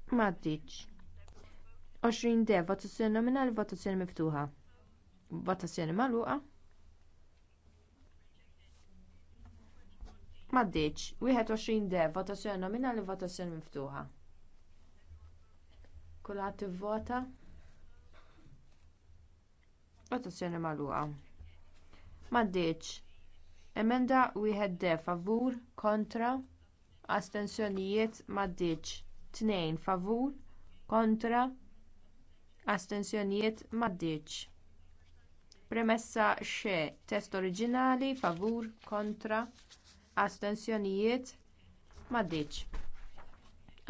m'għaddietx 20 d votazzjoni nominali votazzjoni miftuħa votazzjoni magħluqa m'għaddietx 21 d votazzjoni nominali votazzjoni miftuħa kulħadd ivvota votazzjoni magħluqa m'għaddietx emenda wieħed d favur kontra astensjonijiet m'għaddiex tnejn favur kontra astensjonijiet m'għaddiex premessa x test oriġinali favur kontra astensjonijiet m'għaddiex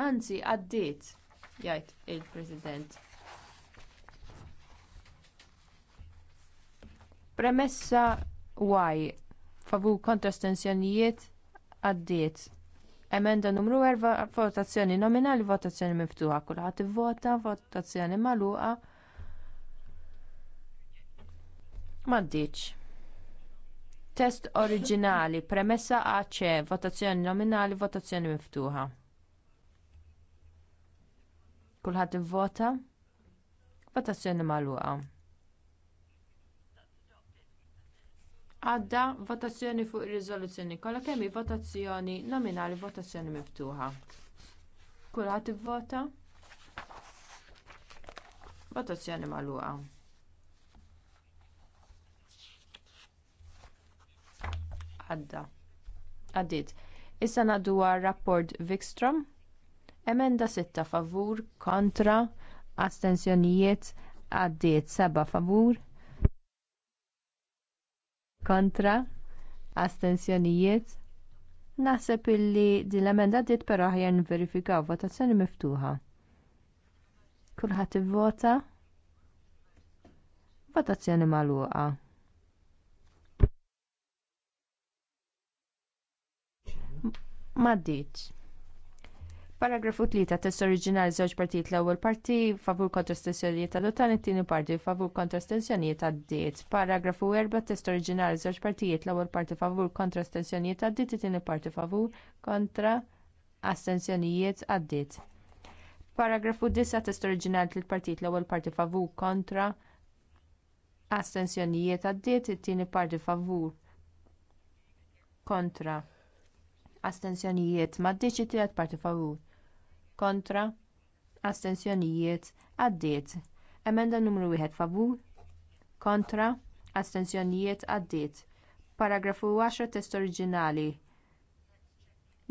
anzi għaddiet jgħid il-president premessa y favur kontra stensjonijiet għaddiet. Emenda numru 4 votazzjoni nominali votazzjoni miftuħa. Kulħadd ivvota votazzjoni magħluqa. M'għaddiċ. Test oriġinali, premessa AC, votazzjoni nominali, votazzjoni miftuħa. Kulħadd ivvota votazzjoni magħluqa. għadda votazzjoni fuq ir-riżoluzzjoni kollha kemm hi votazzjoni nominali votazzjoni miftuħa kulħadd ivvota votazzjoni magħluqa għadda għaddiet issa ngħaddu għar-rapport Wikstrom emenda 6 favur kontra astensjonijiet għaddiet 7 favur kontra astensjonijiet naħseb illi din l-emenda ddiet però aħjar nverifikaw votazzjoni miftuħa kulħadd ivvota votazzjoni magħluqa m'għaddiex Paragrafu 3 test oriġinali żewġ partijiet l-ewwel parti favur kontra stensjonijiet tal it-tieni parti favur kontra stensjonijiet għaddiet. Paragrafu 4 test oriġinali żewġ partijiet l-ewwel parti favur kontra stensjonijiet għaddiet it-tieni parti favur kontra astensjonijiet għaddiet. Paragrafu 9 test oriġinali tliet partijiet l-ewwel parti favur kontra astensjonijiet għaddiet it-tieni parti favur kontra astensjonijiet m'għaddiex it-tielet parti favur kontra astensjonijiet għaddiet emenda numru 1 favur kontra astensjonijiet għaddiet paragrafu 10 test oriġinali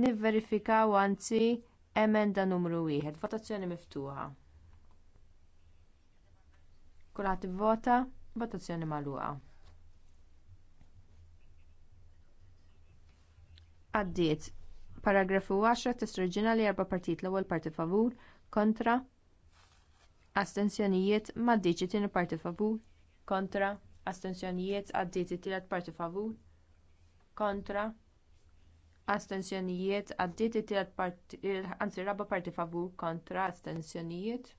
nivverifikaw anzi emenda numru 1 votazzjoni miftuħa kulħadd ivvota votazzjoni magħluqa għaddiet Paragrafu 10 test oriġinali erba' partit l-ewwel parti favur, kontra, astensjonijiet m'għaddiċ it-tieni parti favur, kontra, astensjonijiet għaddiet it-tielet parti favur, kontra, astensjonijiet għad it-tielet parti, anzi raba parti favur, kontra, astensjonijiet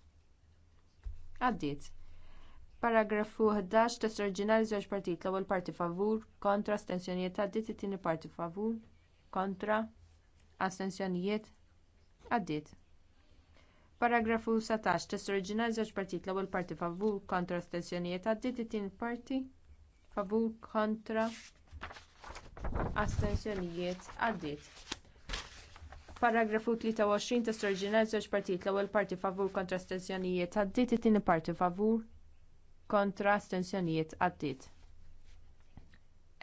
għaddiet. Paragrafu 11 test oriġinali żewġ partit l-ewwel parti favur, kontra, astensjonijiet għaddiet it-tieni parti favur, kontra, astensjonijiet għaddiet paragrafu 17 test oriġinali żewġ partit l-ewwel parti favur kontra astensjonijiet għaddiet it-tieni parti favur kontra astensjonijiet għaddiet paragrafu 23 test oriġinali żewġ partit l-ewwel parti favur kontra astensjonijiet għaddiet it-tieni parti favur kontra astensjonijiet għaddiet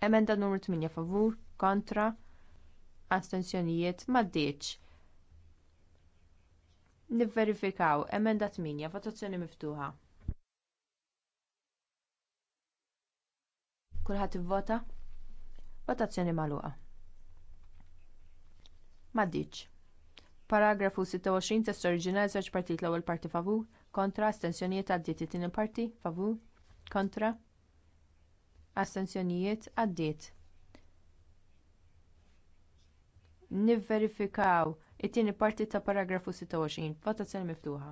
emenda numru 8 favur kontra astensjonijiet m'għaddietx Nivverifikaw emenda 8 votazzjoni miftuħa. Kulħadd ivvota? Votazzjoni magħluqa. m'għaddietx Paragrafu 26 test oriġinali żewġ partit l-ewwel parti favur, kontra astensjonijiet għaddiet it-tieni parti favur, kontra astensjonijiet għaddiet nivverifikaw it-tieni parti ta' paragrafu 26 votazzjoni miftuħa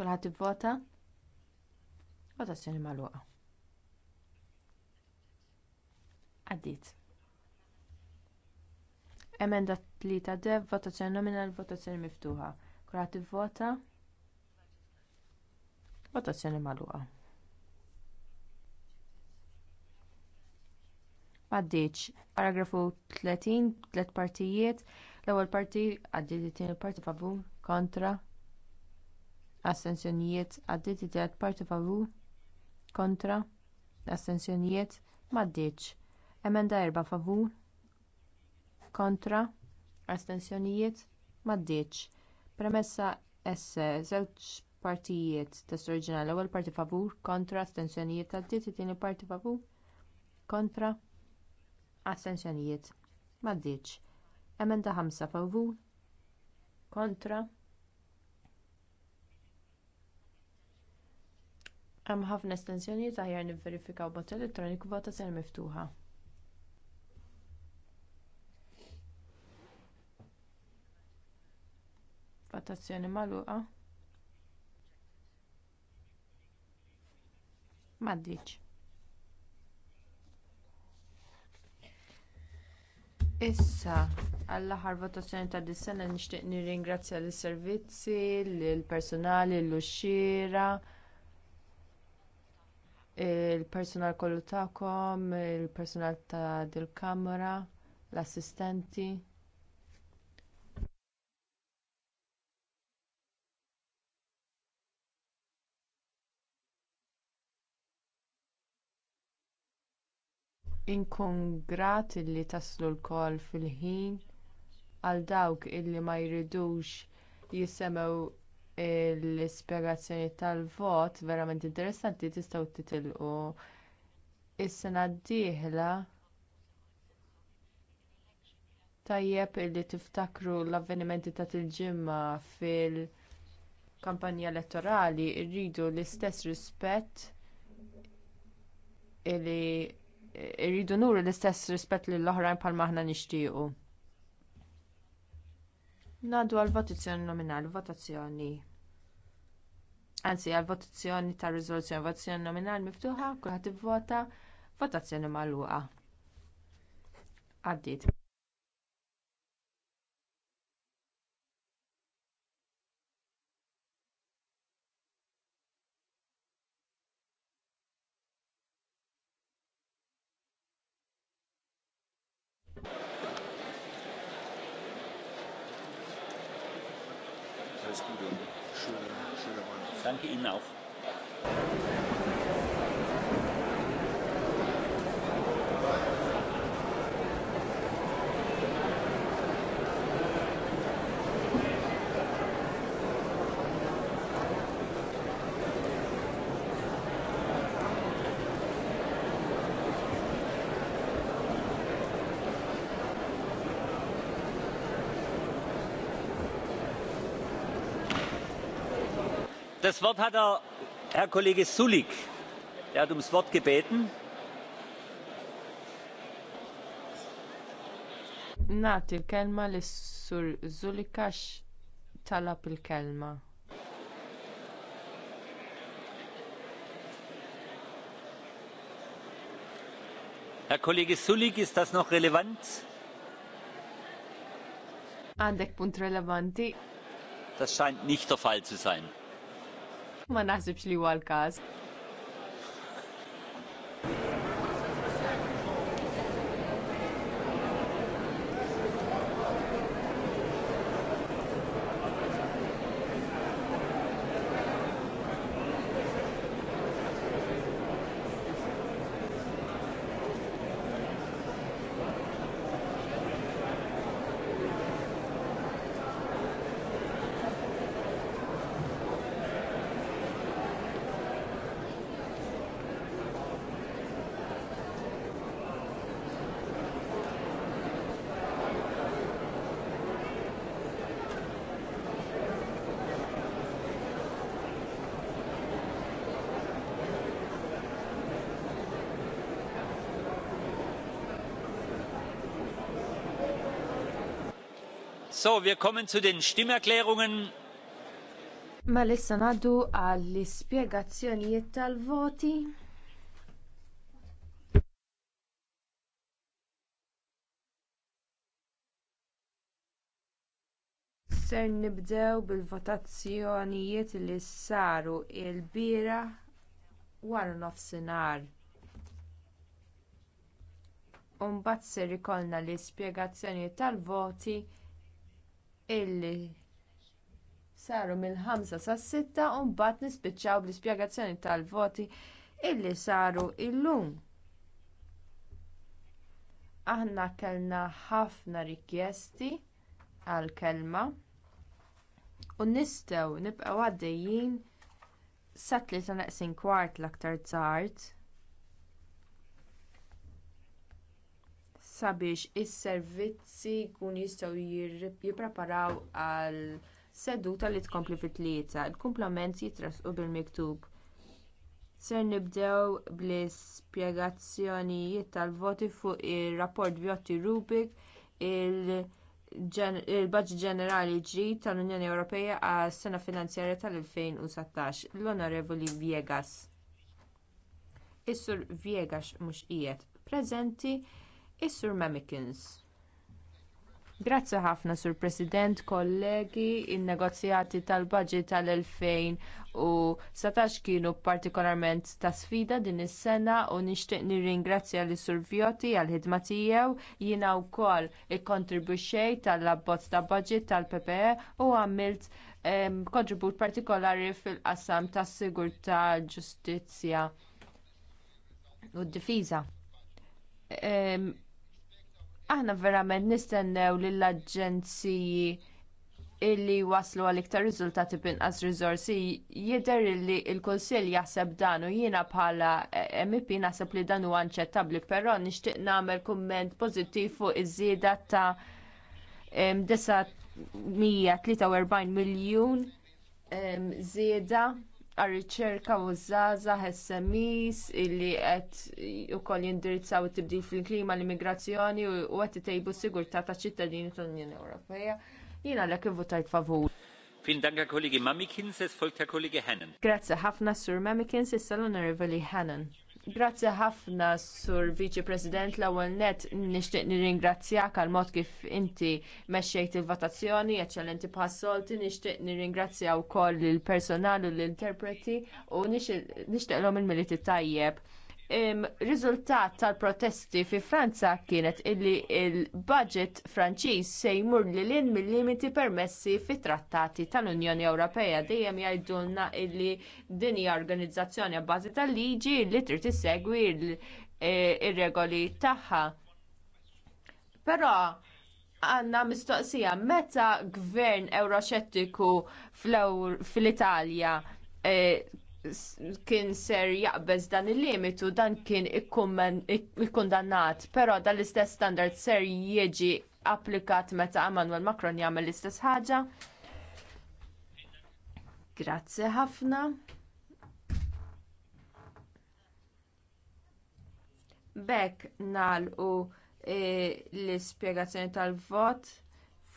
kulħadd ivvota votazzjoni magħluqa għaddiet emenda 3 dev votazzjoni nominali votazzjoni miftuħa kulħadd ivvota votazzjoni magħluqa m'għaddiex. Paragrafu 30 tliet partijiet. L-ewwel parti għaddiet it-tieni parti favur kontra astensjonijiet għaddiet it-tielet parti favur kontra astensjonijiet m'għaddiex. Emenda erba' favur kontra astensjonijiet m'għaddiex. Premessa S żewġ partijiet test oriġinali l-ewwel parti favur kontra astensjonijiet għaddiet it-tieni parti favur kontra astensjonijiet m'għaddietx emenda 5 favur kontra hemm ħafna estensjonijiet aħjar nivverifikaw b'mod elettroniku votazzjoni miftuħa votazzjoni magħluqa m'għaddiex Issa, għall-aħħar votazzjoni ta' dis-sena nixtieq nirringrazzja lis servizzi lill-personali l-uxxiera il-personal kollu tagħkom, il-personal ta' dil-kamra, l-assistenti. inkongrat illi taslu lkoll fil-ħin għal dawk illi ma jridux jisimgħu l-ispjegazzjoni tal-vot verament interessanti tistgħu titilqu is-sena d-dieħla tajjeb illi tiftakru l-avvenimenti ta' til fil-kampanja elettorali rridu l-istess rispett illi irridu nuru l-istess rispett lill oħrajn bħalma aħna nixtiequ. Nadu għal-votazzjoni nominali, votazzjoni. Anzi, għal-votazzjoni tar riżoluzzjoni, votazzjoni nominali miftuħa, kulħadd ivvota, votazzjoni magħluqa. Għaddiet. Das Wort hat der Herr Kollege Sulik. Er hat ums Wort gebeten. Nati l-kelma li sur Zulikax talab il-kelma. Herr Kollege Sulik, ist das noch relevant? Andek punt relevanti. Das scheint nicht der Fall zu sein. Ma naħsibx li huwa l-każ. So, wir kommen zu den Stimmerklärungen. Ma lissa naddu għall-ispjegazzjonijiet tal-voti. Ser nibdew bil-votazzjonijiet li saru l-bira waru nofsinhar. U mbagħad ser ikollna l-ispjegazzjonijiet tal-voti illi saru mill-5 sas-6 u mbagħad nispiċċaw bl-ispjegazzjoni tal-voti illi saru llum. Aħna kellna ħafna rikjesti għall kelma u nistgħu nibqgħu għaddejjin sa tlieta naqsin kwart l-aktar tard. sabiex is-servizzi jkunu jistgħu jippreparaw għal seduta li tkompli fit-tlieta. Il-kumplament jitrasqu bil-miktub. Ser nibdew bl-ispjegazzjonijiet tal-voti fuq ir-rapport Vjotti Rubik il baġit Ġenerali ġdid tal-Unjoni Ewropea għas sena finanzjarja tal-2017 l-Onorevoli Vjegas. Is-Sur Viegas mhux qiegħed preżenti Is-Sur Mamikins. Grazzi ħafna, Sur President, kollegi, in-negozjati tal-budget tal-2017 kienu partikolarment ta' sfida din is-sena u nixtieq nirringrazzja li Sur Vjoti għal ħidma tiegħu jiena wkoll ikkontribwixxej tal-abbozz ta' budget tal-PPE u għamilt kontribut partikolari fil-qasam tas-sigurtà ġustizzja u d-difiża. Aħna verament nistennew lill aġenziji illi waslu għal iktar riżultati b'inqas riżorsi jidher li l-Kunsill jaħseb dan u jiena bħala eh, MEP naħseb li dan huwa anċettabbli, però nixtieq nagħmel kumment pożittiv fuq iż-żieda ta' 943 miljun żieda għal riċerka u żaza SMEs illi qed ukoll jindirizzaw it-tibdil fil-klima l-immigrazzjoni u qed itejbu sigurtà taċ ċittadini tal-Unjoni Ewropea. Jiena ek ivvutajt favur. Fin danka kollegi Mamikins, es folgt kollegi Hannan. Grazie, Hafna Sur Mamikins, Es l-Onorevoli Hannan. Grazzi ħafna sur Viċi President l-ewwel net nixtieq nirringrazzjak għal mod kif inti mexxejt il-votazzjoni, eċċellenti passolti, nixtieq nirringrazzja wkoll il-personal u l-interpreti u nixtieqlhom il-militi tajjeb riżultat tal-protesti fi Franza kienet illi l il budget Franċiż se jmur lil in mill-limiti permessi fit trattati tal-Unjoni Ewropea dejjem jgħidulna illi din hija organizzazzjoni bbażi tal-liġi li trid tissegwi e, r regoli tagħha. Però għanna mistoqsija meta gvern euroxettiku fl-Italja e, kien ser jaqbeż dan il-limitu dan kien ikkundannat, però dan l-istess standard ser jieġi applikat meta Emmanuel Macron jagħmel l-istess ħaġa. Grazzi ħafna. B'hekk nagħlqu e, l-ispjegazzjoni tal-vot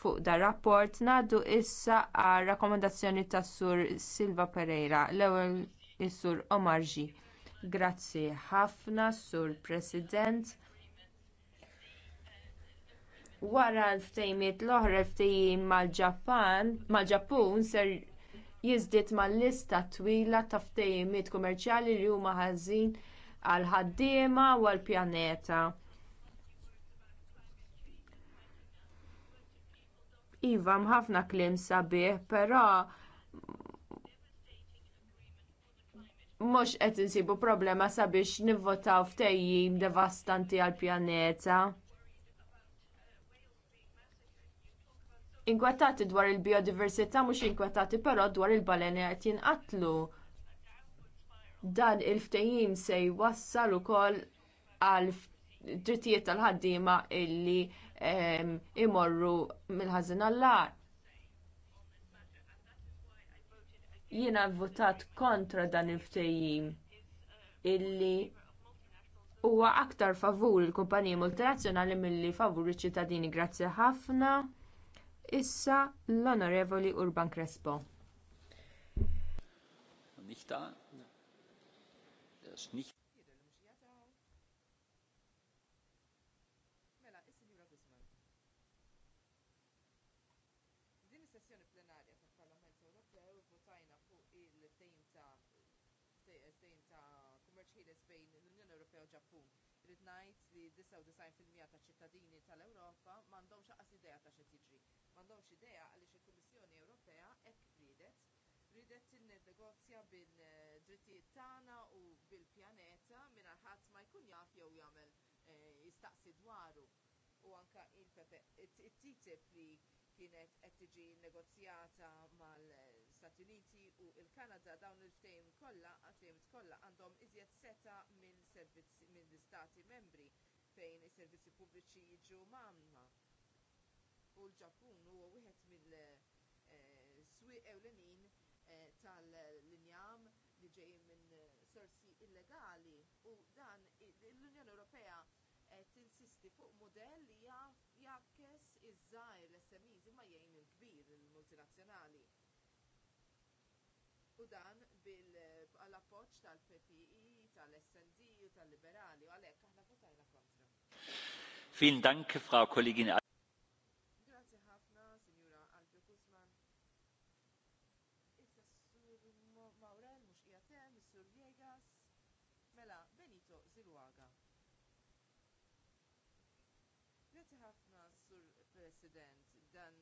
fuq dar rapport nadu issa għar rakkomandazzjoni tas-sur Silva Pereira. L-ewwel is-sur Omarji. Grazzi ħafna, sur President. Wara l-ftejmiet l-oħra il-ftehim mal ġappan mal ġappun ser jiżdied mal-lista twila ta' ftehimiet kummerċjali li huma ħażin għal ħaddiema u għall pjaneta. Iva, mħafna kliem sabiħ, però mhux qed insibu problema sabiex nivvotaw f'tejjim devastanti għall pjaneta Inkwetati dwar il-biodiversità mhux inkwetati però dwar il-baleni qed jinqatlu. Dan il-ftehim se jwassal ukoll għal drittijiet tal-ħaddiema illi ehm, imorru mill-ħażin għall-art. jiena votat kontra dan il-ftehim illi huwa aktar favur il-kumpaniji multinazzjonali milli favur iċ-ċittadini. Grazzi ħafna. Issa l-Onorevoli Urban Crespo. Nicht m'għandhomx idea għaliex il-Kummissjoni Ewropea hekk ridet ridet tinnegozja bil-drittijiet eh, tagħna u bil-pjaneta mingħajr ħadd ma jkun jaf jew jagħmel eh, jistaqsi dwaru u anke il-TTIP li kienet qed tiġi negozjata mal-Stati Uniti u l kanada dawn il-ftehim kollha għatlimt kollha għandhom iżjed seta mill-istati membri fejn is-servizzi pubbliċi jiġu mamma u l-Ġappun huwa wieħed mill-swieq eh, ewlenin eh, tal-linjam li ġej minn sorsi illegali u dan l-Unjoni Ewropea eh, tinsisti fuq mudell li jakkes iż-żgħir l-SMEs imma jgħin il-kbir il-multinazzjonali. U dan bil-appoġġ tal-PPI, e, tal-SND u tal-Liberali u għalhekk aħna votajna kontra. Vielen Dank, Frau Kollegin President. Dan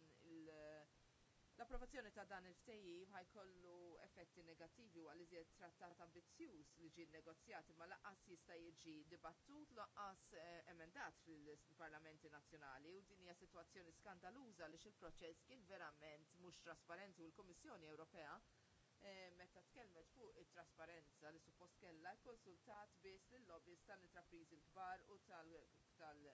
L-approvazzjoni ta' dan il-ftehim ħajkollu effetti negattivi għal iżjed trattat ambizjuż li ġie negozjat imma laqqas jista' jiġi dibattut lanqas eh, emendat fil-Parlamenti Nazzjonali u din hija sitwazzjoni skandaluża li xil-proċess kien verament mhux trasparenti u l-Kummissjoni Ewropea eh, meta tkellmet fuq it-trasparenza li suppost kellha kkonsultat biss lill lobbies tal-intrapriżi l-kbar u tal-, tal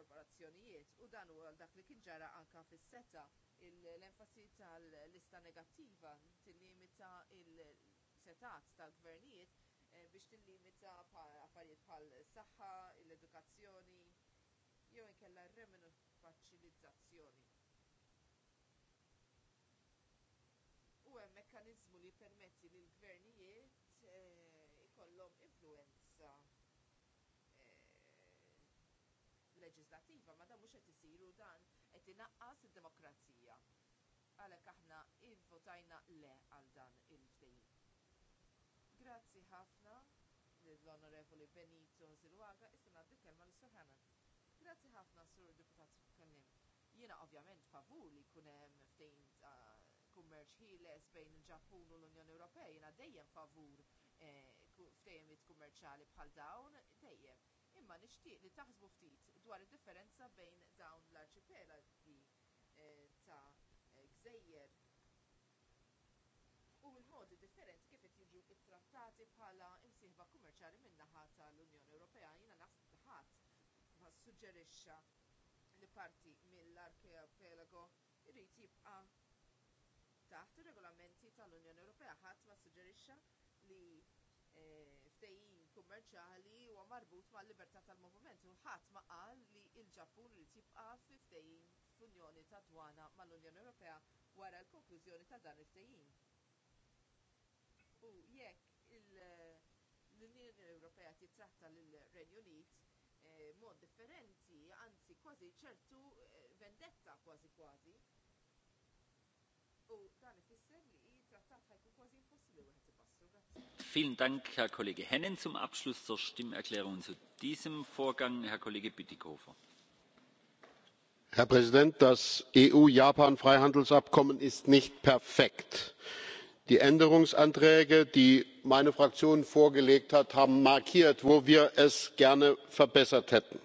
korporazzjonijiet u dan huwa dak li kien ġara anke fis-seta l-enfasi tal-lista negattiva tillimita il-setat tal-gvernijiet eh, biex tillimita affarijiet bħal saħħa, l-edukazzjoni, jew inkella r-remunefaċilizzazzjoni. U hemm mekkaniżmu li permetti lill gvernijiet eh, ikollhom influwenza leġislattiva ma mhux qed isir u dan qed inaqqas id-demokrazija. Għalhekk aħna vvojtajna le għal dan il-ftehim. Grazzi ħafna l onorevoli Benito Zilwaga, issa ngħaddi kelma l sur Grazzi ħafna sur deputat kellim. Jiena ovvjament favur li jkun hemm ftehim ta' kummerċ ħieles bejn il-Ġappun u l-Unjoni Ewropea, jiena dejjem favur eh, ftehimiet kummerċali bħal dawn, dejjem imma nixtieq li taħsbu ftit dwar id-differenza bejn dawn l-arċipelagi eh, ta' eh, gżejjer u l-modi differenti kif qed jiġu ttrattati bħala imsieħba kummerċjali min-naħa tal-Unjoni Ewropea jiena naħseb ħadd ma ssuġġerixxa li parti mill-arċipelago irid jibqa' taħt ir-regolamenti tal-Unjoni Ewropea ħadd ma ssuġġerixxa li eh, ftehim kummerċjali huwa marbut mal-libertà tal-moviment u ħadd ma qal li l-Ġappun irid jibqa' fl-ftehim f'unjoni ta' dwana mal-Unjoni Ewropea wara l-konklużjoni ta' dan il-ftehim. U jekk l-Unjoni Ewropea titratta lill-Renju Unit eh, mod differenti, anzi kważi ċertu eh, vendetta kważi kważi. U dan ifisser li trattat ħajkun kważi impossibbli wieħed Vielen Dank, Herr Kollege Hennen. Zum Abschluss zur Stimmerklärung zu diesem Vorgang, Herr Kollege Bütikofer. Herr Präsident, das EU-Japan-Freihandelsabkommen ist nicht perfekt. Die Änderungsanträge, die meine Fraktion vorgelegt hat, haben markiert, wo wir es gerne verbessert hätten.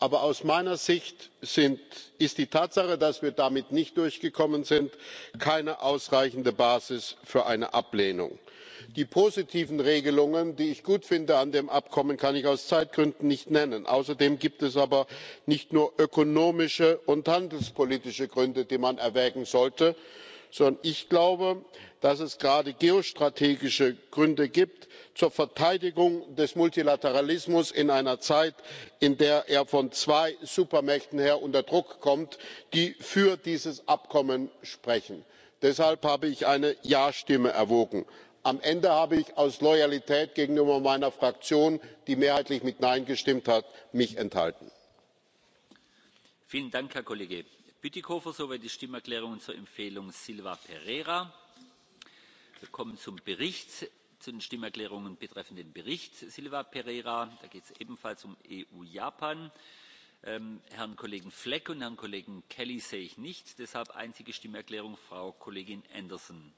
Aber aus meiner Sicht ist die Tatsache, dass wir damit nicht durchgekommen sind, keine ausreichende Basis für eine Ablehnung die positiven regelungen die ich gut finde an dem abkommen kann ich aus zeitgründen nicht nennen. außerdem gibt es aber nicht nur ökonomische und handelspolitische gründe die man erwägen sollte sondern ich glaube dass es gerade geostrategische gründe gibt zur verteidigung des multilateralismus in einer zeit in der er von zwei supermächten her unter druck kommt die für dieses abkommen sprechen. deshalb habe ich eine ja stimme erwogen am ende habe ich aus loyalität gegenüber meiner fraktion die mehrheitlich mit nein gestimmt hat mich enthalten. vielen dank herr kollege soweit die stimmerklärungen zur empfehlung silva pereira. wir kommen zum bericht zu den stimmerklärungen bericht silva pereira. da geht es ebenfalls um eu japan. Ähm, herrn kollegen fleck und herrn kollegen kelly sehe ich deshalb einzige stimmerklärung frau kollegin anderson.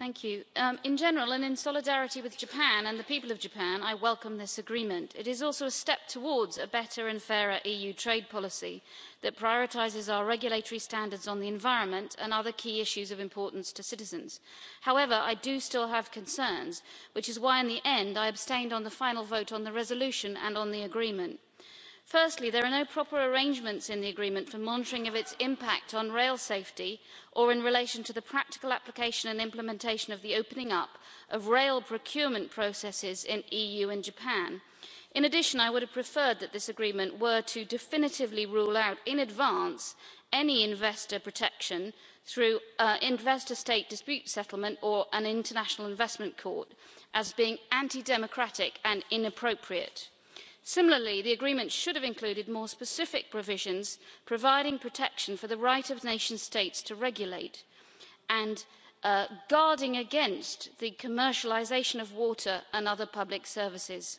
madam um, president in general and in solidarity with japan and the people of japan i welcome this agreement. it is also a step towards a better and fairer eu trade policy that prioritises our regulatory standards on the environment and other key issues of importance to citizens. however i do still have concerns which is why in the end i abstained on the final vote on the resolution and on the agreement firstly there are no proper arrangements in the agreement for monitoring of its impact on rail safety or in relation to the practical application and implementation of the opening up of rail procurement processes in the eu and japan. in addition i would have preferred that this agreement were to definitively rule out in advance any investor protection through uh, investor state dispute settlement or an international investment court as being anti democratic and inappropriate similarly the agreement should have included more specific provisions providing protection for the right of nation states to regulate and uh, guarding against the commercialisation of water and other public services.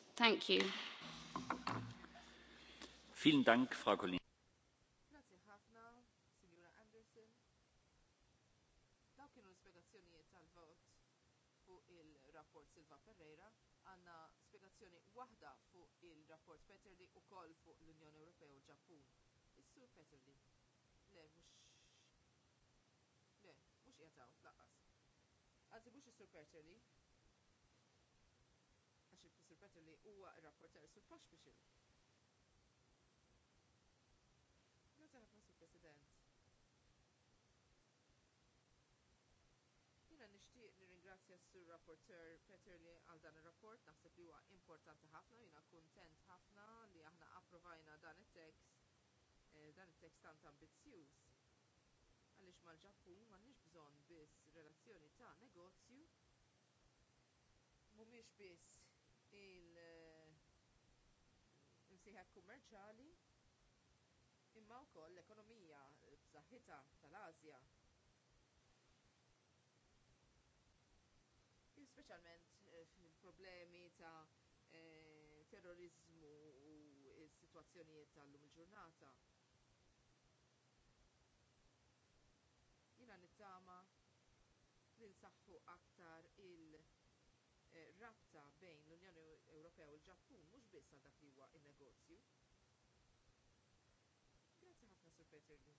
Sur Peterli. Għax il-Sur Peterli huwa rapporter sur Poshbixil. Grazie ħafna Sur President. Jiena nixtieq nirringrazzja sur rapporter Peterli għal dan ir-rapport, naħseb li huwa importanti ħafna, jiena kuntent ħafna li aħna approvajna dan it-tekst eh, dan it-tekst tant ambizzjuż. Għaliex mal-Ġappun m'għandniex bżonn biss relazzjoni ta' negozju mhumiex biss il-msieħeb eh, kummerċjali imma wkoll l-ekonomija b'saħħitha tal-Asja. Speċjalment eh, fil-problemi ta' eh, terrorizmu u s-sitwazzjonijiet tal-lum il-ġurnata. Jiena nittama li nsaħħu aktar il- rabta bejn l-Unjoni Ewropea u l-Ġappun mhux biss għal dak li huwa n-negozju. Grazzi ħafna Sur Peterlu.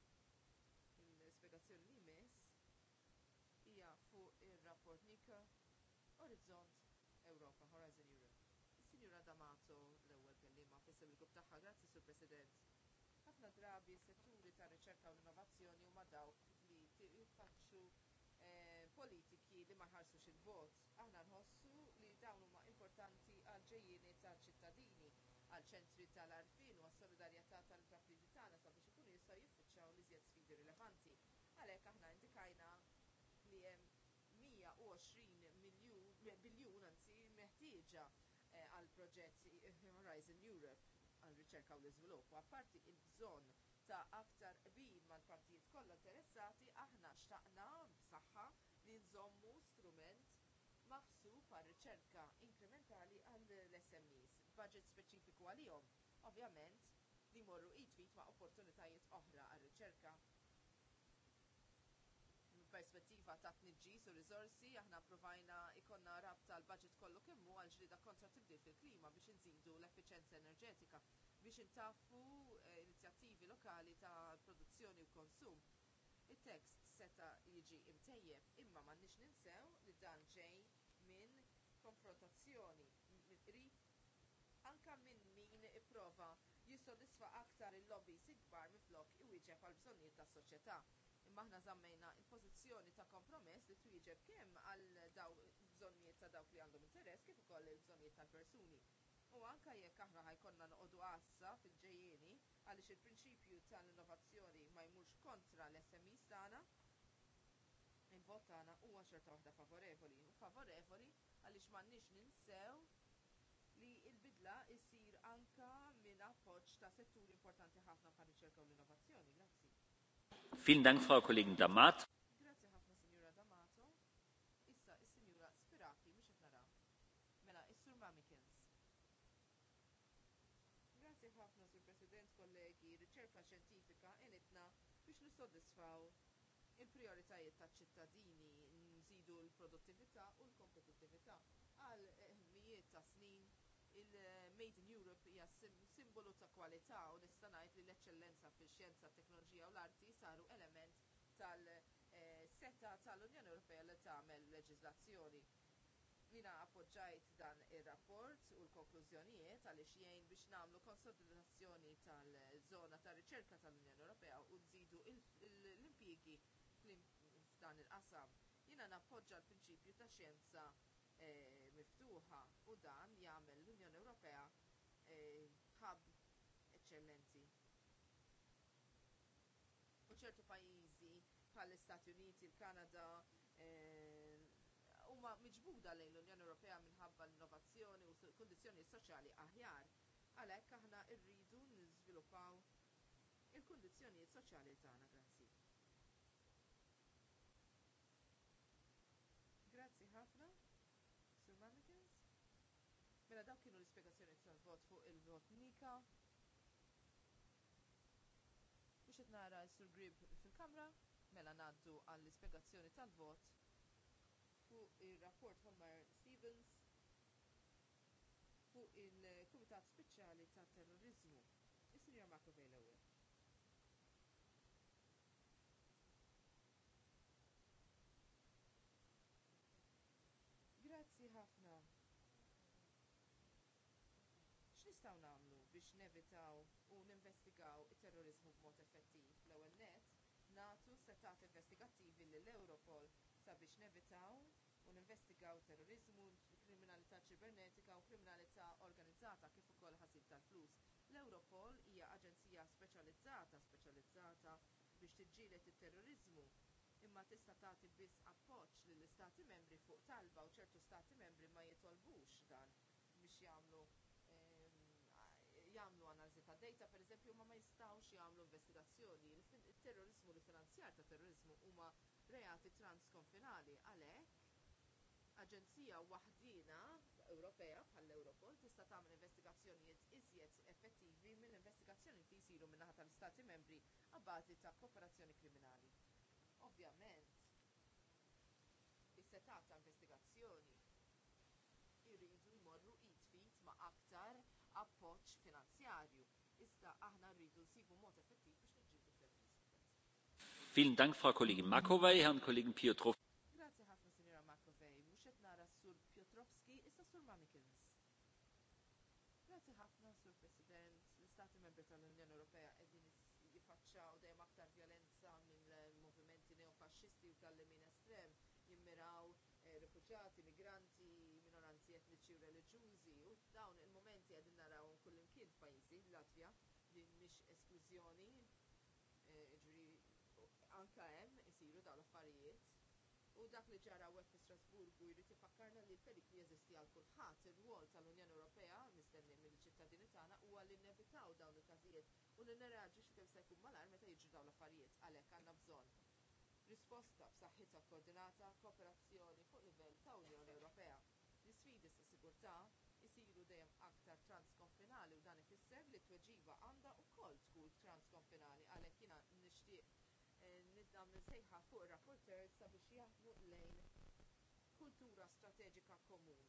Il-spjegazzjoni li mess hija fuq ir-rapport Nika Orizzont Europa, Horizon Europe. Is-Sinjura D'Amato l-ewwel kelliema fis il-grupp tagħha, grazzi Sur President. Ħafna drabi s-setturi ta' riċerka u innovazzjoni huma dawk li jiffaċċu eh, politiki li ma ħarsux il-vot. Aħna nħoss dawn huma importanti għall-ġejjieni tal-ċittadini għall-ċentri tal-għarfien u għas-solidarjetà tal-intrapriżi tagħna sabiex ikun jistgħu jiffaċċjaw l-iżjed sfidi rilevanti għalhekk aħna indikajna li hemm 120 biljun anzi meħtieġa eh, għall-proġett eh, Horizon Europe għall-riċerka u l-iżvilupp apparti il bżonn ta' aktar qbil mal-partijiet kollha interessati aħna xtaqna b'saħħa żviluppar riċerka inkrimentali għall-smes b'baġit speċifiku għalihom ovvjament li jmorru jitwit ma' opportunitajiet oħra għar-riċerka mill-perspettiva ta' tniġġis u riżorsi aħna pprovajna jkollna rabta l budget kollu kemm hu għal ġlieda kontra tibdil fil-klima biex inżidu l-effiċenza enerġetika biex intaffu eh, inizjattivi lokali ta' produzzjoni u konsum. it-tekst seta' jiġi imtejjeb imma m'għandniex ninsew li dan ġej konfrontazzjoni mill-qrib anke minn min ipprova jissodisfa aktar il-lobbies ikbar minflok iwieġeb għal bżonnijiet tas-soċjetà imma aħna żammejna l-pożizzjoni ta' kompromess li twieġeb kemm għal bżonnijiet ta' dawk li għandhom interess kif ukoll il-bżonnijiet tal-persuni u anke jekk aħna ħajkonna noqogħdu għassa fil-ġejjieni għaliex il-prinċipju tal-innovazzjoni ma jmurx kontra l smi tagħna il-vot tagħna huwa xorta waħda favorevoli favorevoli għaliex m'għandniex ninsew li l-bidla jsir anke minn appoġġ ta' setturi importanti ħafna bħar-riċerka u l-innovazzjoni. Grazzi. il-produttività u l-kompetittività għal eh, mijiet ta' snin il-Made in Europe hija simbolu ta' kwalità u nista' ngħid li l-eċċellenza fix-xjenza, t-teknoloġija u l-arti saru element tal-seta eh, tal-Unjoni Ewropea li tagħmel leġiżlazzjoni. Jiena appoġġajt dan ir-rapport u l-konklużjonijiet għaliex jgħin biex nagħmlu konsolidazzjoni tal-żona tar riċerka tal-Unjoni Ewropea u nżidu l impjiegi f'dan il-qasam jiena nappoġġa l-prinċipju ta' xjenza eh, miftuħa u dan jagħmel l-Unjoni Ewropea eh, hub eċċellenti. U ċertu pajjiżi bħall-Istati Uniti, il-Kanada eh, huma miġbuda lejn l-Unjoni Ewropea minħabba l-innovazzjoni u kundizzjonijiet soċjali aħjar għalhekk aħna rridu niżviluppaw il-kundizzjonijiet soċjali tagħna. Grazzi. Grazzi ħafna, Sir Mamikins. Mela daw kienu l-ispiegazzjoni tal-vot fuq il-vot Nika. Biex qed nara Sir Grib fil-kamra, mela ngħaddu għall-ispiegazzjoni tal-vot fuq ir-rapport Homer Stevens fuq il-Kumitat Speċjali tat Terrorizmu. Is-Sinjor Makovej l nistgħu nagħmlu biex nevitaw u ninvestigaw it-terroriżmu b'mod effettiv l-ewwel nett nagħtu settat investigattivi lill-europol sabiex nevitaw u ninvestigaw it-terroriżmu il-kriminalità ċibernetika u kriminalità organizzata kif ukoll ħasil tal-flus l-europol hija aġenzija speċjalizzata speċjalizzata biex tiġġieled it-terroriżmu imma tista' tagħti biss appoġġ lill-istati membri fuq talba u ċertu stati membri ma jitolbux dan biex jagħmlu jagħmlu analiżi ta' dejta pereżempju ma ma jistgħux jagħmlu investigazzjoni. Il-terrorizmu u l-finanzjar ta' terrorizmu huma reati transkonfinali għalhekk aġenzija waħdina Ewropea bħall-Europol tista' tagħmel investigazzjonijiet iżjed effettivi mill investigazzjoni li jsiru min-naħa tal-Istati membri għabbażi ta' kooperazzjoni kriminali. Ovvjament, is-setat ta' investigazzjoni jridu jmorru id-fit ma' aktar appoġġ finanzjarju iżda aħna rridu nsibu mod effettiv biex niġġieldu l-frodi. tal ġuri anke hemm isiru dawn l-affarijiet. U dak li ġara hekk fi Strasburgu jrid ifakkarna li l-perikli jeżisti għal kulħadd ir-rwol tal-Unjoni Ewropea mistenni mill-ċittadini tagħna huwa li nevitaw dawn il-każijiet u li nirreaġixxu kemm se jkun malar meta jiġri dawn l-affarijiet għalhekk għandna bżonn risposta b'saħħitha kkoordinata kooperazzjoni fuq livell ta' Unjoni Ewropea. L-isfidi sa' sigurtà jsiru dejjem aktar transkonfinali u dan ifisser li t-tweġiba għandha u nagħmel sejħa fuq ir sabiex jaħdmu lejn kultura strateġika komuni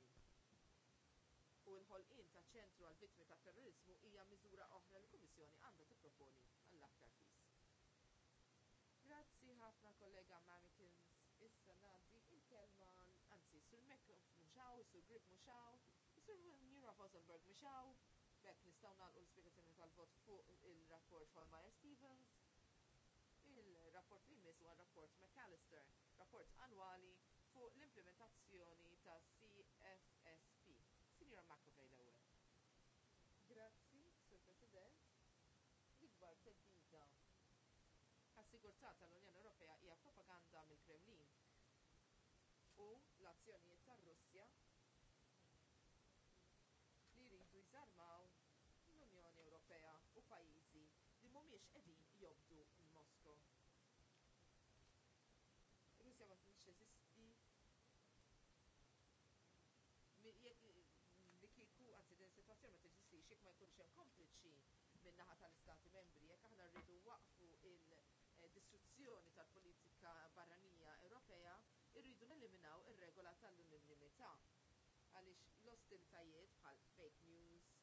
u l-ħolqien ta' ċentru għall-vittmi tat-terroriżmu hija miżura oħra li kummissjoni għandha tipproponi għall-aktar fis grazzi ħafna kollega Mamikins issa ngħaddi il kelma anzi sur Mekkof mhux sur Grip Muxaw, hawn, sur Mira Fosenberg mhux hawn, b'hekk nistgħu nagħlqu l-ispjegazzjoni tal-vot fuq il rapport Holmeyer Stevens il-punt huwa rapport mcallister rapport annwali fuq l-implementazzjoni ta' cfsp sinjura macovei l-ewwel grazzi sur president l-ikbar theddida għas tal-unjoni ewropea hija propaganda mill-kremlin u l-azzjonijiet tar-russja li jridu jżarmaw l-unjoni ewropea u pajjiżi li mhumiex qegħdin jobdu il ma kienx teżisti li kieku anzi din is ma teżistix jekk ma jkunx hemm kompliċi min-naħa tal-Istati Membri jekk aħna rridu waqfu il-distruzzjoni tal-politika barranija Ewropea irridu neliminaw ir-regola tal-unanimità għaliex l-ostilitajiet bħal fake news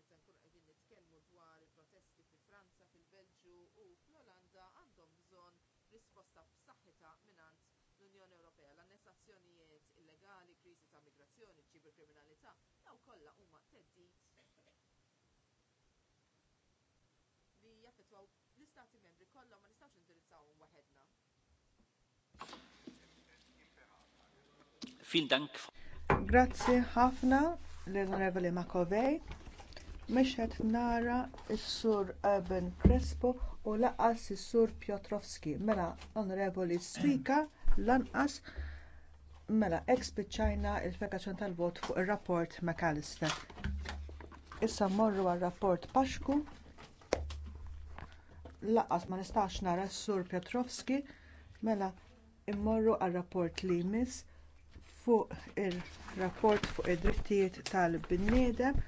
meta nkunu qegħdin nitkellmu dwar il-protesti fi Franza, fil-Belġju u fl-Olanda għandhom bżonn risposta b'saħħitha l unjoni Ewropea, l-annessazzjonijiet illegali, kriżi ta' migrazzjoni, ċiberkriminalità, daw kollha huma teddid li jaffettwaw l-istati membri kollha ma nistgħux indirizzawhom waħedna. Fin dank. Grazzi ħafna l-Onorevoli Makovej. Mexet nara s-sur Urban Crespo u laqas is-sur Piotrowski. Mela, Onorevoli speaker, lanqas mela hekk spiċċajna l-fekazzjoni tal-vot fuq ir-rapport McAllister. Issa mmorru għar-rapport Paxku lanqas ma nistax nara s-sur Piotrowski mela mmorru għar-rapport li jmiss fuq ir-rapport fuq id-drittijiet tal-bniedem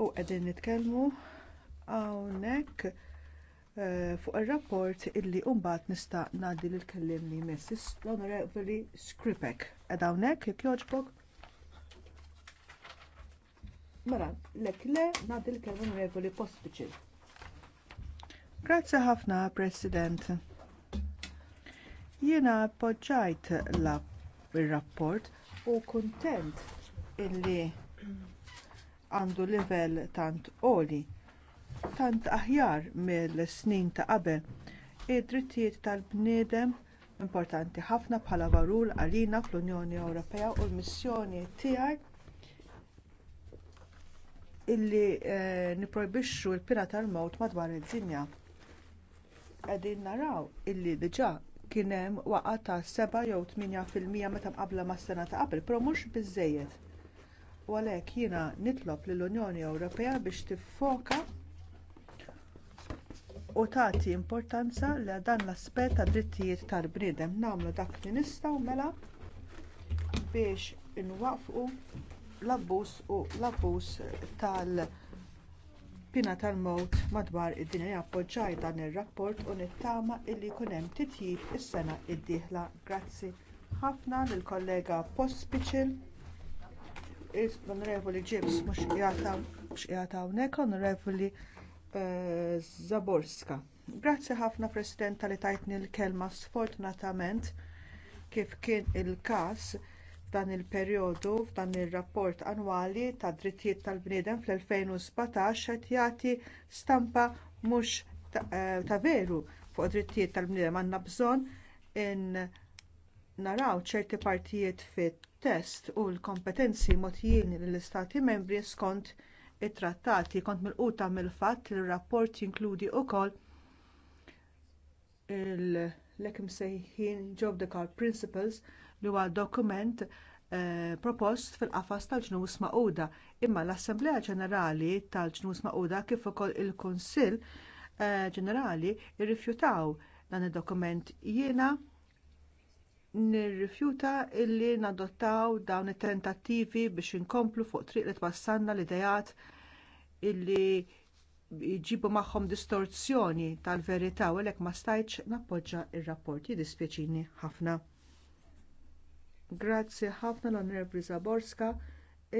u qegħdin nitkellmu hawnhekk Eh, fuq ir-rapport illi mbagħad nista' ngħaddi lil kelliem li jmiss l-Onorevoli Skripek. Qed hawnhekk jekk jogħġbok. Mela, lek le ngħaddi l-kelma Onorevoli Pospiċil. Grazzi ħafna, President. Jiena appoġġajt ir-rapport u kuntent illi għandu livell tant għoli tant aħjar mill-snin ta' qabel. Id-drittijiet tal-bniedem importanti ħafna bħala valur għalina fl-Unjoni Ewropea u l-missjoni tiegħi illi eh, niprojbixxu l-pina tal-mewt madwar id-dinja. Qegħdin naraw illi diġà kien hemm waqgħa ta' 7 jew 8% meta mqabbla mas-sena ta' qabel, però mhux biżżejjed. U għalhekk jiena nitlob lill unjoni Ewropea biex tiffoka u tagħti importanza li dan l-aspett tad drittijiet tal-bniedem nagħmlu dak li nistgħu mela biex inwaffqu l-abbuż u l-abbuż tal-pina tal-mewt madwar id-dinja appoġġjaj dan ir-rapport u nittama li jkun hemm titjib is-sena d-dieħla. Grazzi ħafna lill kollega Pospiċil l-Onorevoli James mhux qiegħed hawnhekk, Onorevoli Zaborska. Grazzi ħafna President tal-li tajtni l-kelma sfortunatament kif kien il-każ f'dan il-perjodu f'dan ir-rapport annwali tad drittijiet tal-bniedem fl-2017 qed jagħti stampa mhux eh, ta, veru fuq drittijiet tal-bniedem għandna bżonn in naraw ċerti partijiet fit-test u l-kompetenzi mogħtijin lill istati membri skont it-trattati kont milquta mill-fatt li r-rapport jinkludi wkoll l-hekk imsejħin Job the card Principles li huwa dokument eh, propost fil-qafas tal-ġnus Magħquda, imma l-Assembleja Ġenerali tal-ġnus Magħquda kif ukoll il-Kunsill eh, Ġenerali eh, rrifjutaw dan id-dokument jiena nirrifjuta illi nadottaw dawn it-tentattivi biex inkomplu fuq triq li twassalna l-idejat illi jġibu magħhom distorzjoni tal-verità u għalhekk ma stajtx nappoġġa r rapporti dispjaċini ħafna. Grazzi ħafna l-Onorevoli Zaborska,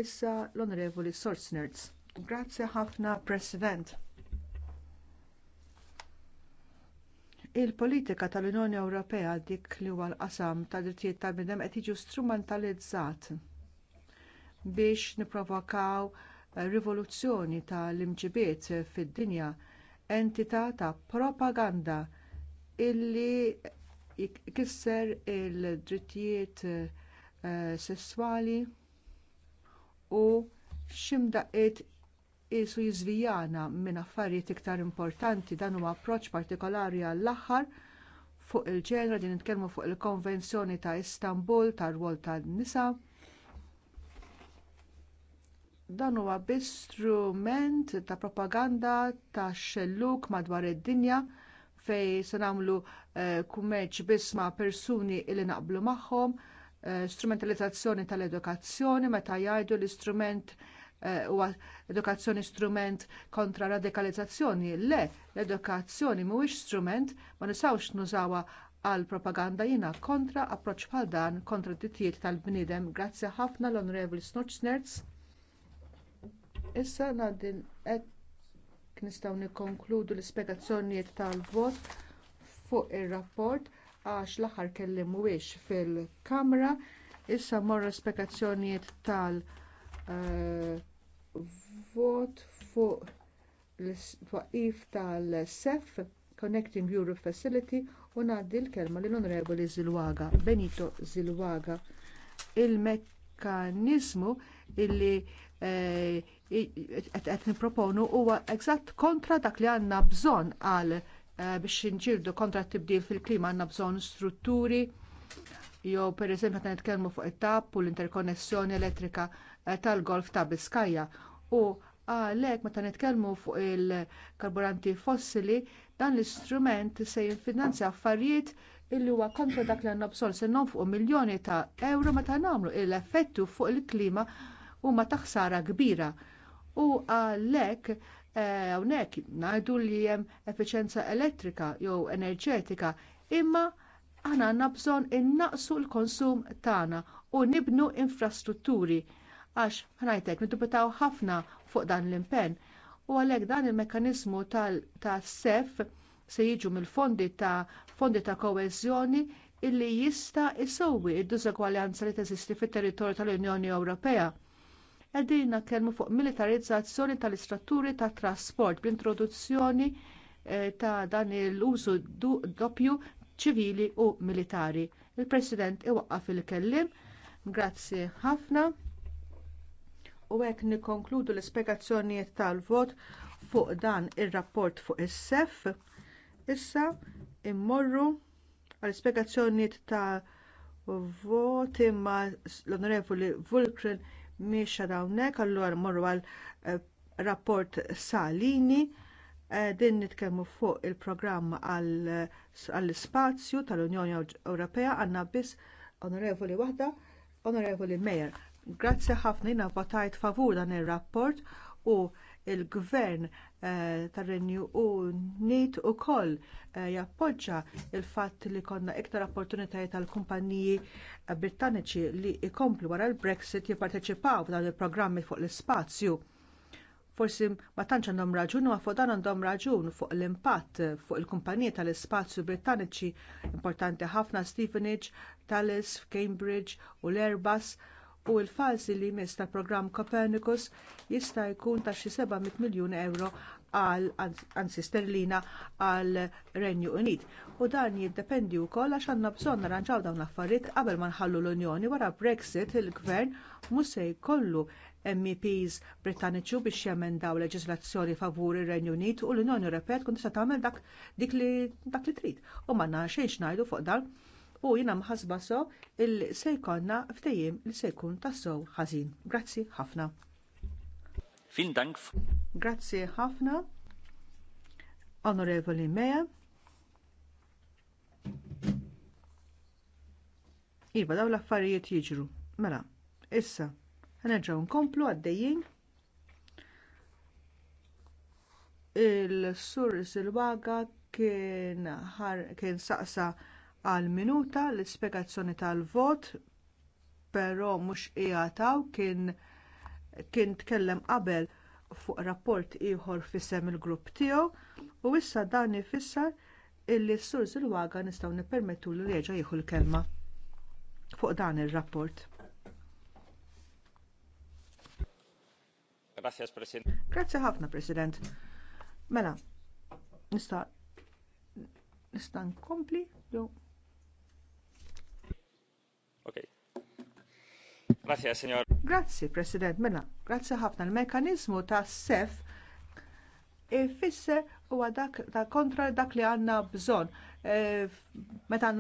issa l-Onorevoli Sorsnerz. Grazzi ħafna President. il-politika tal-Unjoni Ewropea dik li huwa l-qasam tad-drittijiet tal-bnedem qed jiġu strumentalizzat biex nipprovokaw rivoluzzjoni tal-imġibiet fid-dinja entità ta' propaganda illi jkisser il-drittijiet eh, sesswali u x'imdaqqiet isu jiżvijana minn affarijiet iktar importanti dan huwa approċċ partikolari għall-aħħar fuq il-ġenra din nitkellmu fuq il-Konvenzjoni ta' Istanbul tar-rwol tan-nisa. Dan huwa biss strument ta' propaganda ta' xelluk madwar id-dinja fejn se nagħmlu eh, kummerċ biss ma' persuni li naqblu magħhom, eh, strumentalizzazzjoni tal-edukazzjoni meta jgħidu l-istrument Eh, u edukazzjoni strument kontra radikalizzazzjoni. Le, l-edukazzjoni mhuwiex strument ma nisawx nużawha għal propaganda jiena kontra approċċ bħal dan kontra d-dittijiet tal-bniedem. Grazzi ħafna l-Onorevoli Snoċnerz. Issa nadin hekk nistgħu nikkonkludu l-ispjegazzjonijiet tal-vot fuq ir-rapport għax l-aħħar kellim mhuwiex fil-Kamra. Issa morru spjegazzjonijiet tal-vot vot fuq l-twaqif tal-SEF Connecting Europe Facility u ngħaddi l-kelma lill onorevoli Zilwaga, Benito Zilwaga. Il-mekkanizmu illi eh, qed nipproponu huwa eżatt kontra dak li għandna bżonn għal eh, biex inġirdu kontra t-tibdil fil-klima għandna bżonn strutturi jew pereżempju qed nitkellmu fuq it-tapp u l-interkonnessjoni elettrika tal-Golf ta' Biskajja u għalhekk meta nitkellmu fuq il-karburanti fossili dan l-istrument se jiffinanzja affarijiet illi huwa kontra dak li għandna bżonn se fuq miljoni ta' euro meta nagħmlu l-effetti fuq il-klima huma ta' ħsara kbira. U għalhekk eh, hawnhekk ngħidu li hemm effiċjenza elettrika jew enerġetika imma aħna għandna bżonn innaqsu l-konsum tagħna u nibnu infrastrutturi għax ħnajtek niddubitaw ħafna fuq dan l-impenn u għalhekk dan il-mekkaniżmu tas-sef se jiġu mill-fondi ta' fondi ta' koezjoni illi jista' jisowi d diżegwaljanza li teżisti fit-territorju tal-Unjoni Ewropea. Qegħdin kelmu fuq militarizzazzjoni tal-istrutturi tat trasport bl-introduzzjoni eh, ta' dan l-użu doppju ċivili u militari. Il-President iwaqqaf il-kellim. Grazie ħafna u hekk nikkonkludu l-ispjegazzjonijiet tal-vot fuq dan ir-rapport fuq is-sef. Issa immorru għall-ispjegazzjonijiet ta' vot imma l-Onorevoli Vulkrin miexa dawnek. allura mmorru għal rapport Salini eh, din nitkellmu fuq il-programm għall-spazju tal-Unjoni Ewropea għandna biss onorevoli waħda, onorevoli Mejer. Grazzi ħafna jina votajt favur dan ir-rapport u l gvern eh, tar-Renju Unit ukoll eh, jappoġġa l fatt li konna iktar opportunitajiet tal kumpaniji eh, Brittaniċi li jkomplu wara l-Brexit jipparteċipaw f'dan il-programmi fuq l-ispazju. Forsi ma tantx għandhom raġun ma fuq dan għandhom raġun fuq l-impatt fuq il-kumpaniji tal-ispazju Brittaniċi importanti ħafna Stevenage, Thales, Cambridge u l-Airbus u l falsi li jmiss tal programm Copernicus jista' jkun ta' xi 700 miljun euro għal anzi sterlina għal Renju Unit. U dan jiddependi wkoll għax għandna bżonn naranġaw dawn l-affarijiet qabel ma nħallu l-Unjoni wara Brexit il-Gvern mhux se jkollu MEPs Britanniċi biex jemendaw leġiżlazzjoni favur ir-Renju Unit u l-Unjoni Ewropea tkun tista' tagħmel dak li trid. U ma nara xejn ngħidu fuq dan u jiena mħasba so il se jkollna ftehim li se jkun tassew ħażin. Grazzi ħafna. Fin Dank. Grazzi ħafna. Onorevoli Meja. Iva, dawn l-affarijiet jiġru. Mela, issa, ħanerġaw nkomplu għaddejjin. Il-sur Silwaga kien, kien saqsa għal minuta l-ispjegazzjoni tal-vot, però mhux jgħataw kien kien tkellem qabel fuq rapport ieħor f'isem il-grupp tiegħu u issa dan ifisser illi s-sur Zilwaga nistgħu nippermettu li jerġa' jieħu l-kelma fuq dan ir-rapport. Grazie ħafna, President. Mela, nista' nista' nkompli jew Grazie, signor. Grazie, President. Mela, grazie ħafna. Il-mekanizmu ta' SEF ifisser u għadak ta' kontra dak li għanna bżon. E, meta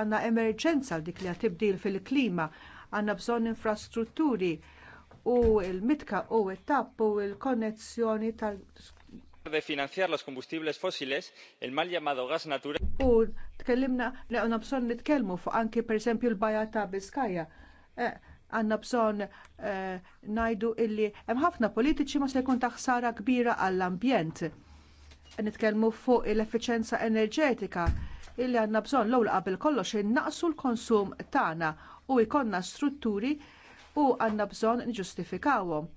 għanna emerġenza dik li għatibdil fil-klima, għanna bżon infrastrutturi u il mitka u il tapp u il konnezzjoni tal de financiar los combustibles fósiles, el mal llamado gas natural tkellimna li għandna bżonn nitkellmu fuq anki pereżempju l-baja ta' Biskaja. Eh, Għanna bżonn eh, ngħidu illi hemm ħafna politiċi ma se jkun taħsara kbira għall-ambjent. Nitkellmu fuq l efficienza enerġetika illi għandna bżonn l għol qabel kollox innaqsu l-konsum tagħna u jkollna strutturi u għandna bżonn niġustifikawhom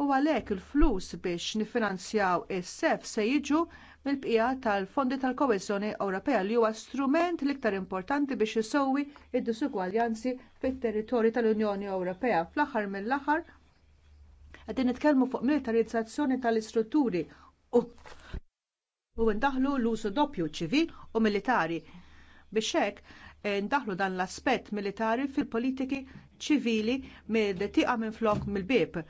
u għalhekk il-flus biex nifinanzjaw is-sef se jiġu mill-bqija tal-fondi tal-Koesjoni Ewropea li huwa strument l-iktar importanti biex isowwi d disugwaljanzi fit-territorju tal-Unjoni Ewropea. Fl-aħħar mill-aħħar qegħdin nitkellmu fuq militarizzazzjoni tal-istrutturi u ndaħħlu ndaħlu l-użu doppju ċivil u militari. Biex hekk eh, ndaħlu dan l-aspett militari fil-politiki ċivili mill-tieqa minn flok mill-bib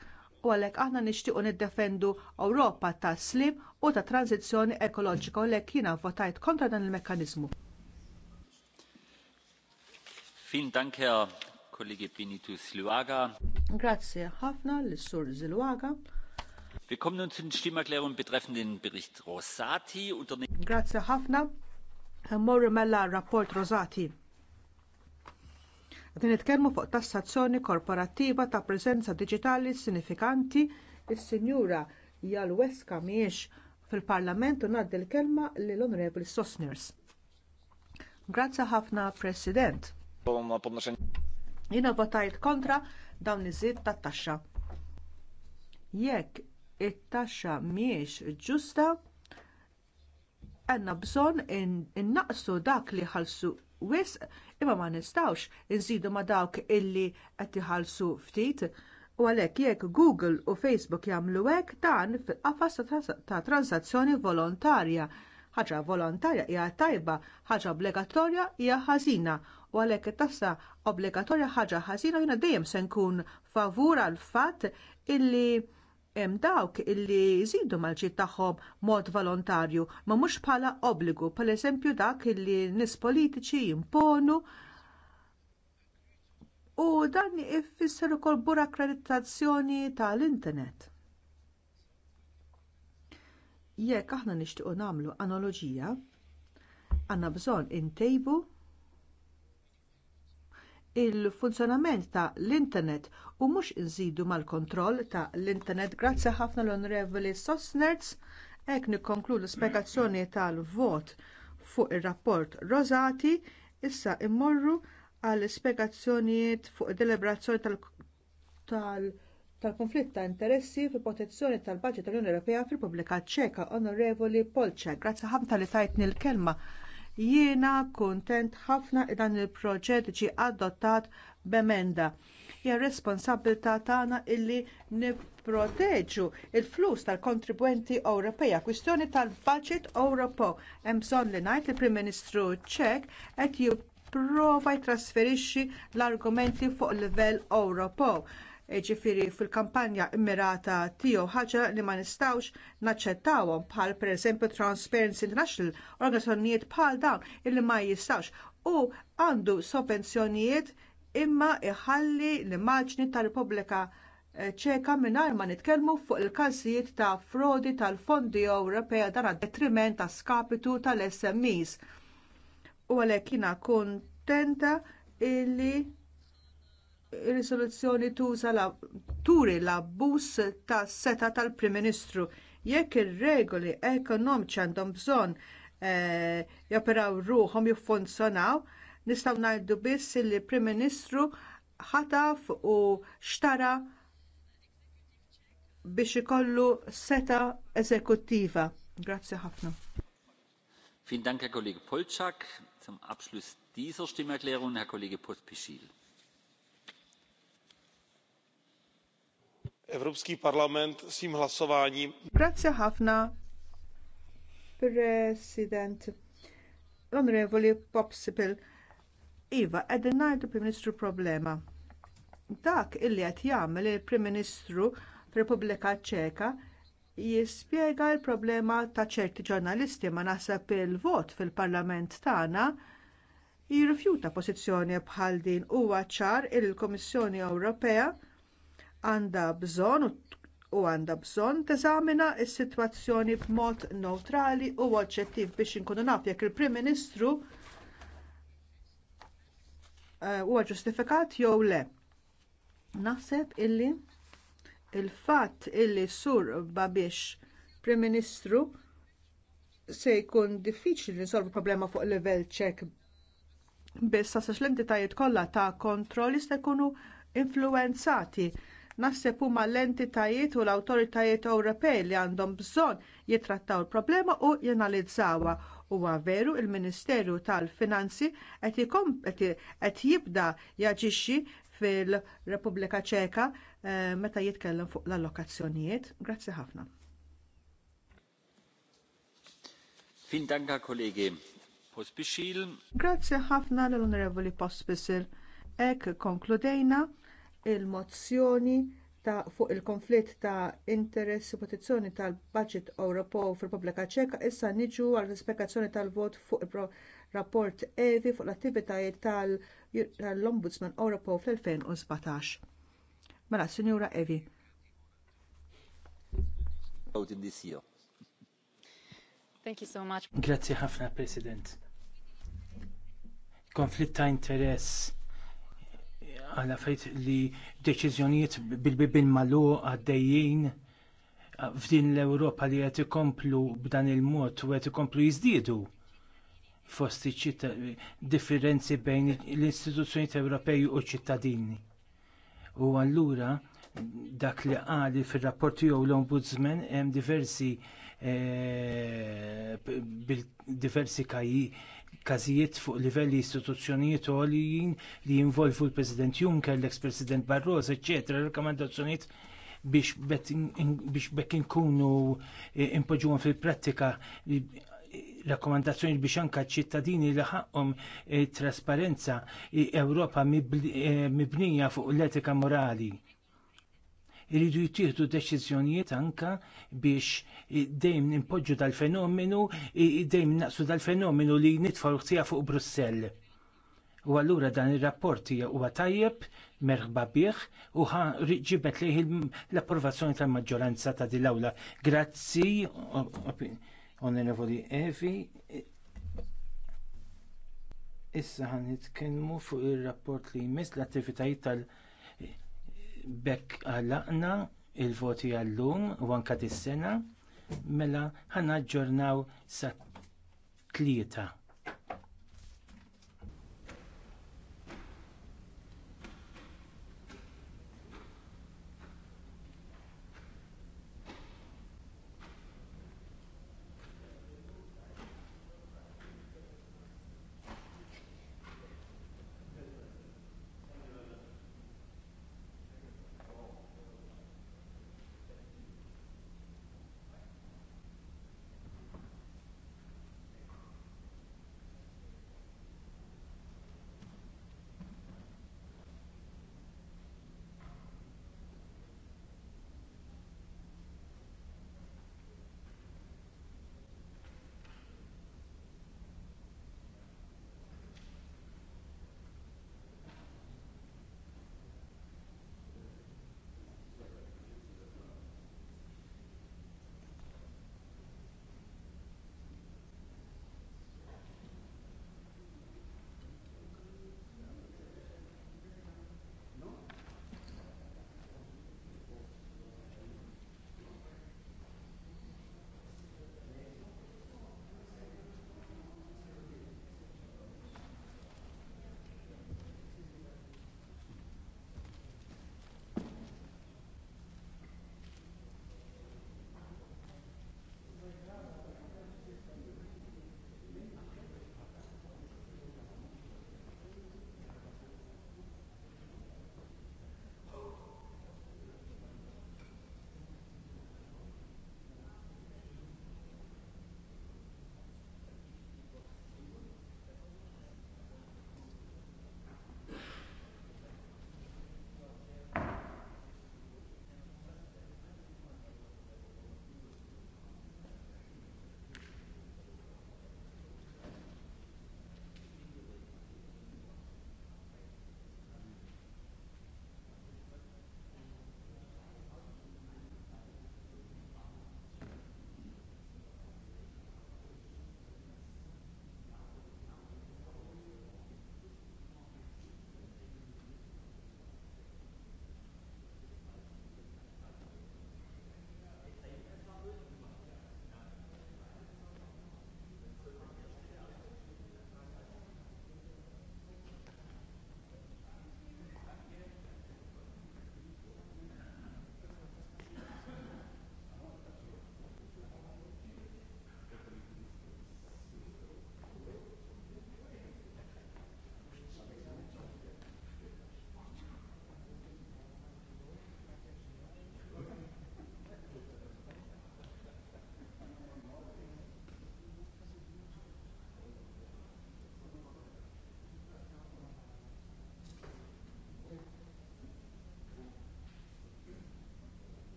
u għalhekk aħna nixtiequ niddefendu Ewropa ta' slim u ta' tranzizzjoni ekoloġika u għalhekk jiena votajt kontra dan il-mekkaniżmu. Fin danke kollegi Siluaga. Grazie ħafna l-Sur Siluaga. Wir kommen nun zu den Stimmerklärungen betreffend den Bericht Rosati. Grazie ħafna. Morri mella rapport Rosati Għadin nitkellmu fuq tassazzjoni korporattiva ta' preżenza diġitali sinifikanti is-Sinjura Jalweska miex fil-Parlament u ngħaddi l-kelma lill onorevoli Sosners. Grazzi ħafna, President. Jiena votajt kontra dawn iż-żied tat-taxxa. Jekk it-taxxa mhijiex ġusta, għandna bżonn innaqsu dak li ħalsu Wis imma ma nistawx inżidu ma dawk illi qed iħallsu ftit. U għalhekk jekk Google u Facebook jagħmlu hekk dan fil-qafas ta' transazzjoni volontarja. Ħaġa volontarja hija tajba, ħaġa obbligatorja hija ħażina. U għalhekk it-tassa obbligatorja ħaġa ħażina jiena dejjem se nkun favur għall fatt illi hemm dawk illi jżidu mal-ġid tagħhom mod volontarju ma mhux bħala obbligu, pereżempju dak illi nis politiċi jimponu u dan ifisser ukoll burakratizzazzjoni tal-internet. Jekk aħna nixtiequ nagħmlu analoġija, għandna bżonn intejbu il-funzjonament ta' l-internet u mhux inżidu mal-kontroll ta' l-internet. Grazzi ħafna l-Onorevoli Sosnerz. Hekk nikkonklu l-spjegazzjoni tal-vot fuq ir-rapport Rosati. Issa immorru għall spjegazzjonijiet fuq id deliberazzjoni tal-konflitt ta' interessi fil protezzjoni tal-Baġit tal-Unjoni Ewropea fil-Pubblika Ċeka, Onorevoli Polċa. Grazzi ħafna li tajtni l-kelma. Jiena kuntent ħafna dan il-proġett ġie adottat b'emenda. Hija responsabilità tagħna illi nipproteġu l il flus tal-kontribwenti Ewropej. Kwistjoni tal-budget Ewropew. Hemm bżonn li ngħid il-Prim Ministru Ċek qed jipprova jtrasferixxi l-argumenti fuq livell Ewropew ġifiri fil-kampanja immirata tiegħu ħaġa li ma nistgħux naċċettawhom bħal pereżempju Transparency International organizzazzjonijiet bħal dawn illi ma jistgħux u għandu sovvenzjonijiet imma iħalli l-immaġni tar Repubblika eh, ċeka mingħajr ma nitkellmu fuq il-każijiet ta' frodi tal-fondi Ewropea dan għad detriment ta' skapitu tal-SMEs. U għalhekk jiena kuntenta illi risoluzzjoni tuża la turi la abbuż tas seta tal-Prim Ministru. Jekk ir-regoli ekonomiċi għandhom bżonn e, joperaw ruhom jiffunzjonaw, nistgħu ngħidu biss li prim Ministru ħataf u xtara biex ikollu seta eżekuttiva. Grazzi ħafna. Vielen Dank, Herr Kollege Polczak. Zum Abschluss dieser Stimmerklärung, Herr Kollege Pospischil Evropský parlament svým hlasováním. Grazie ħafna, President. L-Onorevoli Popsibil. Iva, għedin najdu Prim Ministru problema. Dak illi qed jagħmel il-Prim Ministru Repubblika Ċeka jispjega l-problema ta' ċerti ġurnalisti ma naħseb il-vot fil-Parlament tagħna jirrifjuta pożizzjoni bħal din huwa ċar il-Kummissjoni Ewropea għandha bżonn u għandha bżonn teżamina s-sitwazzjoni b'mod newtrali u oġġettiv biex inkunu naf jekk il-Prim Ministru eh, huwa ġustifikat jew le. Naħseb illi il-fatt illi sur Babiex Prim Ministru se jkun diffiċli nisolvu problema fuq livell check biss sa l-entitajiet kollha ta' kontroll jista' jkunu influwenzati Naħseb huma l-entitajiet u l-awtoritajiet Ewropej li għandhom bżonn jitrattaw il-problema u janalizzawha. Huwa veru l ministeru tal-Finanzi qed jibda jaġixxi fil-Repubblika Ċeka eh, meta jitkellem fuq l-allokazzjonijiet. Grazzi ħafna. Fin danka kollegi Pospisil. Grazzi ħafna l-Onorevoli Pospisil. Ek konkludejna il-mozzjoni fuq il-konflitt ta' interess u protezzjoni tal-Baġit Ewropew fir-repubblika Ċeka issa niġu għall l tal-vot fuq ir rapport EVI fuq l-attivitajiet tal-Ombudsman Ewropew fl-2017. Mela, Sinjura Evi. Thank you so much. Grazie ħafna, President. Konflitt ta' interess għala fejt li deċiżjonijiet bil-bibin malu għaddejjin f'din l-Ewropa li qed ikomplu b'dan il-mod u qed ikomplu jiżdiedu fost differenzi bejn l-istituzzjonijiet Ewropej u ċittadini. U allura dak li għali fir rapporti u l-Ombudsman hemm diversi eh, bil diversi kajji każijiet fuq livelli istituzzjonijiet għoljin li jinvolvu l-President Juncker, l-ex-President Barroso, ecc. rakkomandazzjonijiet biex bekk inkunu eh, impoġuhom fil-prattika rakkomandazzjoni biex anka ċittadini li ħaqhom eh, trasparenza Ewropa eh, mibnija fuq l-etika morali Iridu jittieħdu deċiżjonijiet anka biex dejjem nimpoġġu dal-fenomenu, dejjem naqsu dal-fenomenu li nitfaw ħtija fuq Brussell. U allura dan ir-rapport huwa tajjeb, merħba bih u ħa ġibet liħ l-approvazzjoni tal-maġġoranza ta' dil-awla. Grazzi, onorevoli Evi. Issa ħan nitkellmu fuq ir rapport li jmiss l-attivitajiet tal- bekk għallaqna il-voti għallum u anke dis-sena mela ħanaġġornaw sa tlieta.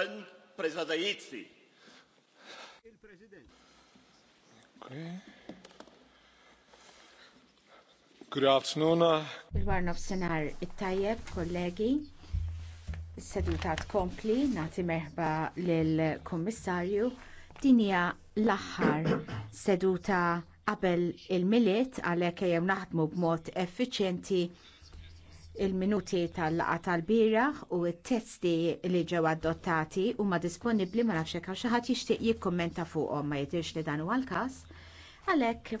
Pan Prezadajitsi. Il-President. Good afternoon. Uh, Il-warnof senar it-tajjeb, kollegi. Is-seduta tkompli, nagħti merħba lill-Kummissarju. Din hija l-aħħar seduta qabel il-miliet għalhekk jew naħdmu b'mod effiċjenti Il-minuti tal-laqa tal bieraħ u t-testi li ġew adottati huma disponibbli ma nafx hekk xi ħadd jixtieq jikkummenta fuqhom ma jidhirx li dan huwa l-każ. Għalhekk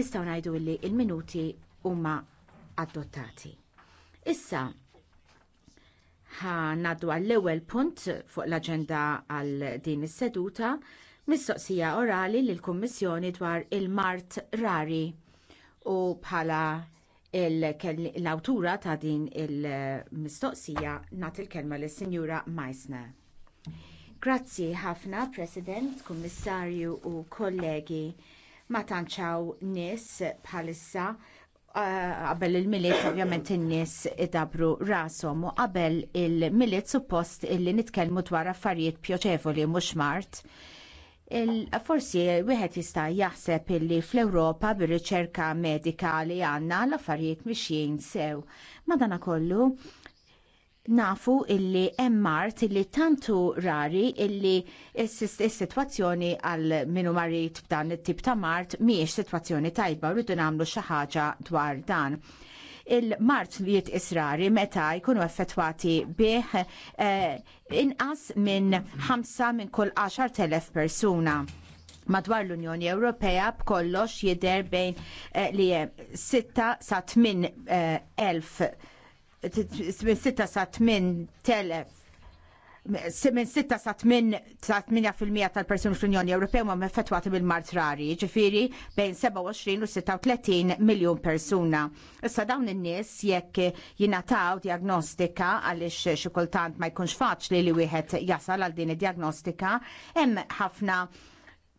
nistgħu ngħidu li l minuti huma adottati. Issa ħa ngħaddu għall-ewwel punt fuq l-aġenda għal din is-seduta mistoqsija orali lill-Kummissjoni dwar il-Mart Rari u bħala l-awtura ta' din il-mistoqsija nagħti il-kelma lis sinjura Meissner. Grazzi ħafna, President, Kummissarju u kollegi. Ma tanċaw nies bħalissa uh, qabel il-miliet ovvjament in-nies idabru rashom u qabel il-miliet suppost illi nitkellmu dwar affarijiet pjoċevoli mhux mart Forsi wieħed jista' jaħseb illi fl-Ewropa bir-riċerka medika li għandna l-affarijiet mixjin sew. Madanakollu, nafu illi hemm art illi tantu rari illi s-sitwazzjoni għal minu marit b'dan it-tip ta' mart mhijiex sitwazzjoni tajba rridu nagħmlu xi ħaġa dwar dan il-mart li jitqisrari meta jkunu effettwati bih eh, inqas minn 5 minn kull 10,000 persuna madwar l-Unjoni Ewropea b'kollox jider bejn eh, li 6 sa 8 6 eh, sa 8 minn 6 sa 8% tal-persuni fl-Unjoni Ewropew ma effettwati bil-mart rari, ġifiri bejn 27 u 36 miljon persuna. Issa dawn in-nies jekk jingħataw diagnostika għaliex xi kultant ma jkunx faċli li wieħed jasal għal din id-diagnostika, hemm ħafna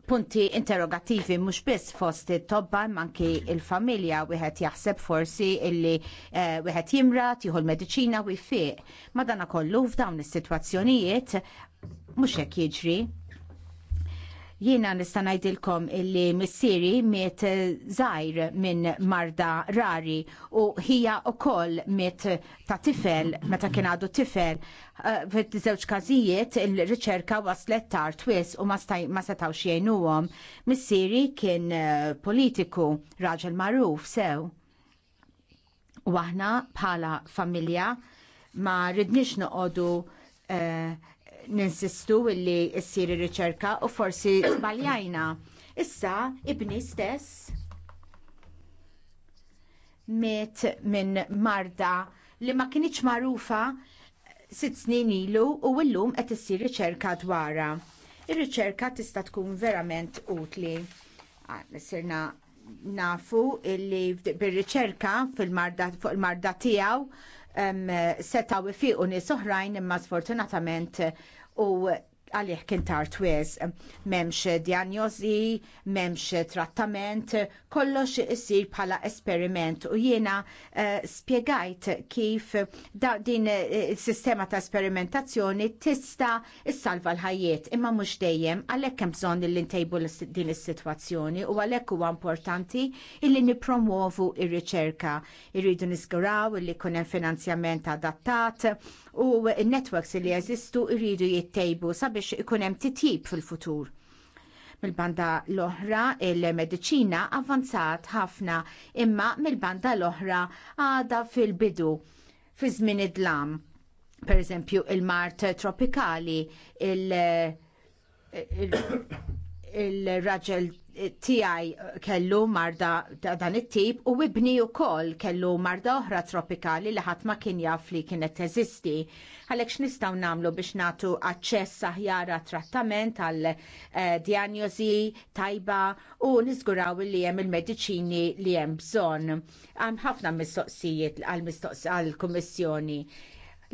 punti interrogativi mhux biss fost it-tobba manki il-familja wieħed jaħseb forsi illi eh, wieħed jimra tieħu l-mediċina u jfiq. Madana kollu f'dawn is-sitwazzjonijiet mhux hekk jiġri Jiena nista' ngħidilkom illi missieri miet eh, żgħir minn marda rari u hija wkoll miet ta' tifel meta kien għadu tifel. Eh, Fit żewġ każijiet il-riċerka waslet tard twiss u ma setgħu jgħinuhom. Missieri kien eh, politiku raġel magħruf sew. U aħna bħala familja ma ridniex noqogħdu ninsistu illi ssir ir-riċerka u forsi żbaljajna. Issa ibni stess miet minn marda li ma kienieċ magħrufa sitt snin ilu u illum qed issir riċerka dwarha. Ir-riċerka tista' tkun verament utli. Ah, sirna nafu illi bir-riċerka fil-marda fuq il-marda tiegħu setgħu ifiqu nies oħrajn imma sfortunatament u għalih kien tard twiz, memx diagnosi, memx trattament, kollox jisir bħala esperiment u jiena eh, spiegajt kif da, din eh, sistema ta' esperimentazzjoni tista' salva l-ħajiet imma mhux dejjem għalhekk hemm bżonn li ntejbu din is-sitwazzjoni u għalhekk huwa importanti illi nippromuovu ir-riċerka. Irridu nisguraw illi jkun hemm finanzjament adattat u n-networks li jeżistu jridu jittejbu sabiex ikun hemm titjib fil-futur mill-banda l-oħra il-medicina avvanzat ħafna imma mill-banda l-oħra għada fil-bidu fi żmien id-dlam. Per eżempju il-mart tropikali, il-, il il-raġel tiegħi kellu marda dan it-tip u ibni wkoll kellu marda oħra tropikali li ħadd ma kien jaf li kienet teżisti. Għalek x'nistgħu nagħmlu biex nagħtu aċċess aħjar trattament għal eh, diagnosi tajba u niżguraw li hemm il-mediċini li hemm bżonn. Hemm ħafna mistoqsijiet għall-kummissjoni.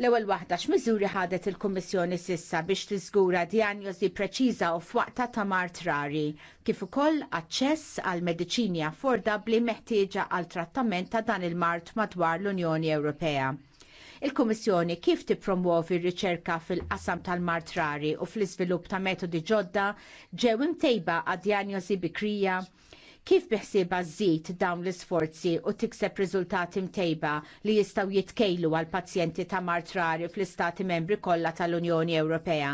L-ewwel waħda x'miżuri ħadet il-Kummissjoni sissa biex tiżgura dijanjosi preċiża u f'waqta ta' mart rari, kif ukoll aċċess għal mediċini affordabbli meħtieġa għal trattament ta' dan il-mart madwar l-Unjoni Ewropea. Il-Kummissjoni kif tippromuovi r-riċerka fil-qasam tal-mart rari u fl-iżvilupp ta' metodi ġodda ġew imtejba għad dijanjosi bikrija Kif biħsieba żżid dawn l-isforzi u tikseb riżultati mtejba li jistgħu jitkejlu għal pazjenti ta' mart rari fl-istati membri kollha tal-Unjoni Ewropea?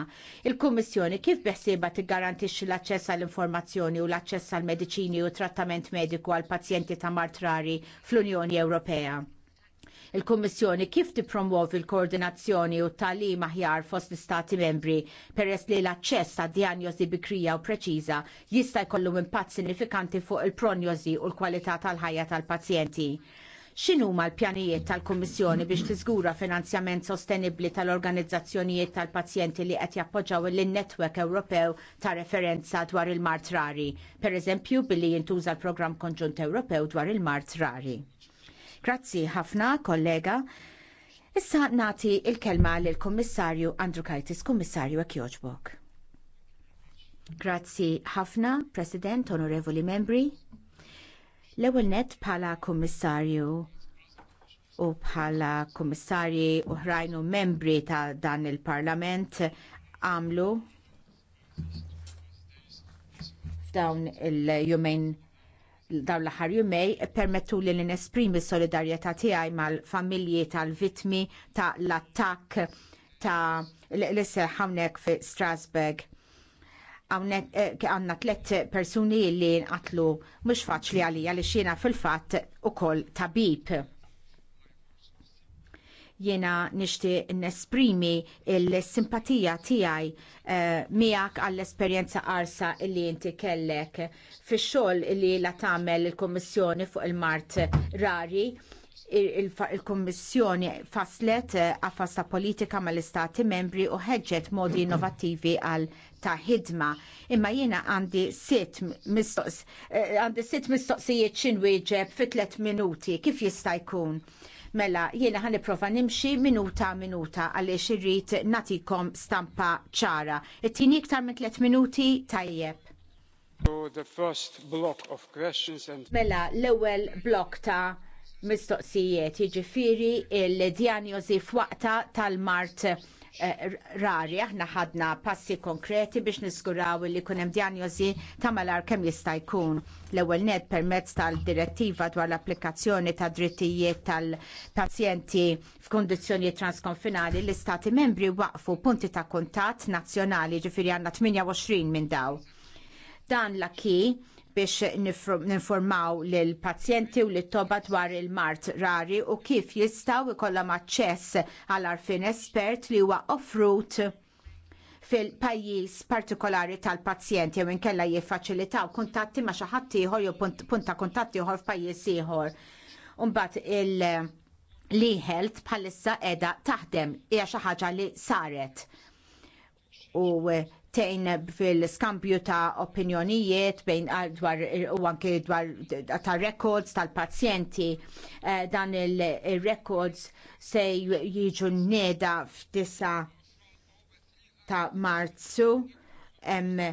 Il-Kummissjoni kif biħsieba tiggarantixxi l-aċċess għall-informazzjoni u l-aċċess għall mediċini u trattament mediku għal pazjenti ta' mart rari fl-Unjoni Ewropea? Il-Kummissjoni kif tippromuovi l-koordinazzjoni u t-tagħlim aħjar fost l-Istati membri peress li l-aċċess għad diagnosi bikrija u preċiża jista' jkollu impatt sinifikanti fuq il-pronjosi u l-kwalità tal-ħajja tal-pazjenti. X'inhu ma l-pjanijiet tal-Kummissjoni biex tiżgura finanzjament sostenibbli tal-organizzazzjonijiet tal-pazjenti li qed jappoġġaw il-Netwerk Ewropew ta' referenza dwar il-Mart Rari, pereżempju billi jintuża l-programm konġunt Ewropew dwar il-Mart Rari. Grazzi ħafna, kollega. Issa nati il-kelma lill-Kummissarju Andrew Kajtis, kommissarju Ekjoġbok. Grazzi ħafna, President, Onorevoli Membri. L-ewwel net bħala kommissarju u bħala kommissarji oħrajn u membri ta' dan il-Parlament għamlu f'dawn il-jumejn dawn l-aħħar jumej permettu li l nesprimi solidarjetà tiegħi mal-familji tal-vittmi ta' l-attakk ta' l-isser hawnhekk fi Strasbourg. Eh, Għanna tlet persuni li nqatlu mhux faċli għalija li xina fil-fatt ukoll tabib. Jiena nixtieq nesprimi il-simpatija tiegħi eh, miak għall esperjenza arsa li inti kellek fix-xogħol li la tagħmel il-Kummissjoni fuq il-Mart Rari il-Kommissjoni faslet għafas eh, ta' politika mal istati membri u ħeġġet modi innovattivi għal ta' ħidma. Imma jiena għandi sitt eh, mistoqsijiet xinwieġeb fi tliet minuti. Kif jista' jkun? Mela, jiena ħan niprofa nimxi minuta minuta għaliex irrid natikom stampa ċara. It-tieni iktar minn tlet minuti tajjeb. The first block of questions and... Mela, l-ewwel blok ta' mistoqsijiet, jiġifieri il-djanjosi f'waqta tal-Mart Eh, rari, aħna ħadna passi konkreti biex niskuraw li kunem diagnosi ta' malar kem jista' jkun. L-ewwel net permezz tal-direttiva dwar l-applikazzjoni ta' drittijiet tal-pazjenti f'kundizzjonijiet transkonfinali l-istati membri waqfu punti ta' kuntatt nazzjonali ġifieri għandna 28 minn daw. Dan l-akki biex ninformaw lill pazjenti u l-toba dwar il-mart rari u kif jistgħu jkollhom aċċess għal arfin espert li huwa offrut fil-pajjiż partikolari tal-pazjent jew inkella jiffaċilitaw kuntatti ma' xi ħadd ieħor jew punta kuntatti ieħor f'pajjiż ieħor. Imbagħad il- li health bħalissa qiegħda taħdem hija xi ħaġa li saret. U tejn fil-skambju ta' opinjonijiet bejn ah, dwar u anke dwar ta' records tal-pazjenti eh, dan il-records se jiġu nneda f'tisa ta' marzu hemm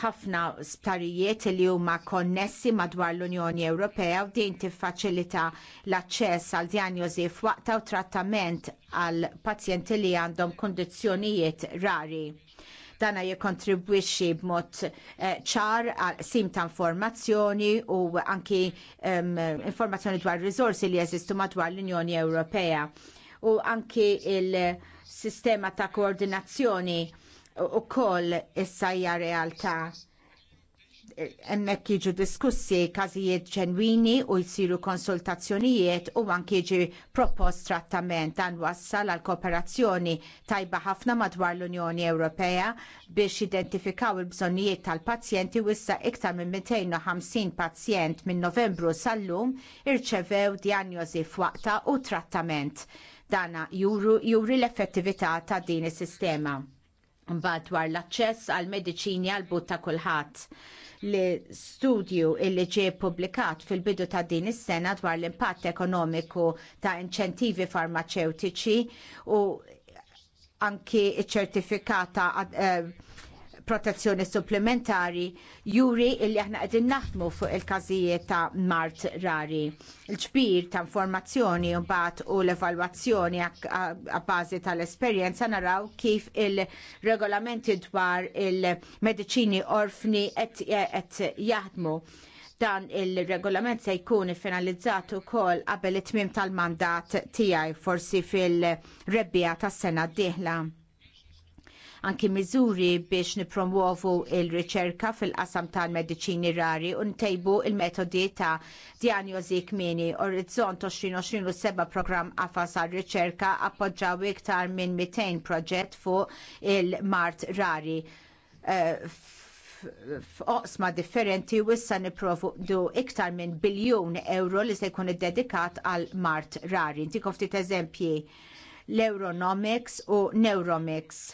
ħafna sptarijiet li huma konnessi madwar l-Unjoni Ewropea u din tiffaċilita l-aċċess għal dijanjosi f'waqta u trattament għal pazjenti li għandhom kundizzjonijiet rari Dana jikontribwixxi b'mod eh, ċar għal sim ta' informazzjoni u anki informazzjoni dwar risorsi li jeżistu madwar l-Unjoni Ewropea u anki il-sistema ta' koordinazzjoni u koll issa hija realtà hemmhekk jiġu diskussi każijiet ġenwini u jsiru konsultazzjonijiet u anki jiġi propost trattament dan wassal għal kooperazzjoni tajba ħafna madwar l-Unjoni Ewropea biex identifikaw il-bżonnijiet tal-pazjenti u issa iktar minn 250 pazjent minn Novembru sal-lum irċevew diagnosi f'waqta u trattament dana juri, juri l-effettività ta' din is-sistema. Mbagħad dwar l-aċċess għal mediċini għal but ta' kulħadd li studju illi ġie publikat fil-bidu ta' din is-sena dwar l-impatt ekonomiku ta' inċentivi farmaceutiċi u anki ċ ċertifikata uh, protezzjoni supplementari juri illi aħna qegħdin naħdmu fuq il-każijiet ta' mart rari. Il-ġbir ta' informazzjoni mbagħad u l-evalwazzjoni għabbażi tal-esperjenza naraw kif il-regolamenti dwar il medicini orfni qed jaħdmu dan il-regolament se jkun finalizzatu ukoll qabel it-tmiem tal-mandat tiegħi forsi fil-rebbija tas-sena d-dieħla anki miżuri biex nipromuovu il-riċerka fil-qasam tal-mediċini rari u ntejbu il-metodi ta' diagnosi kmini. Orizzont 2027 u seba program għafas għal-riċerka appoġġaw iktar minn 200 proġett fuq il-mart rari. Uh, eh, f'oqsma differenti u issa niprofu du iktar minn biljun euro li se jkun id-dedikat għal mart rari. Ntikom ftit eżempji l-Euronomics u Neuromics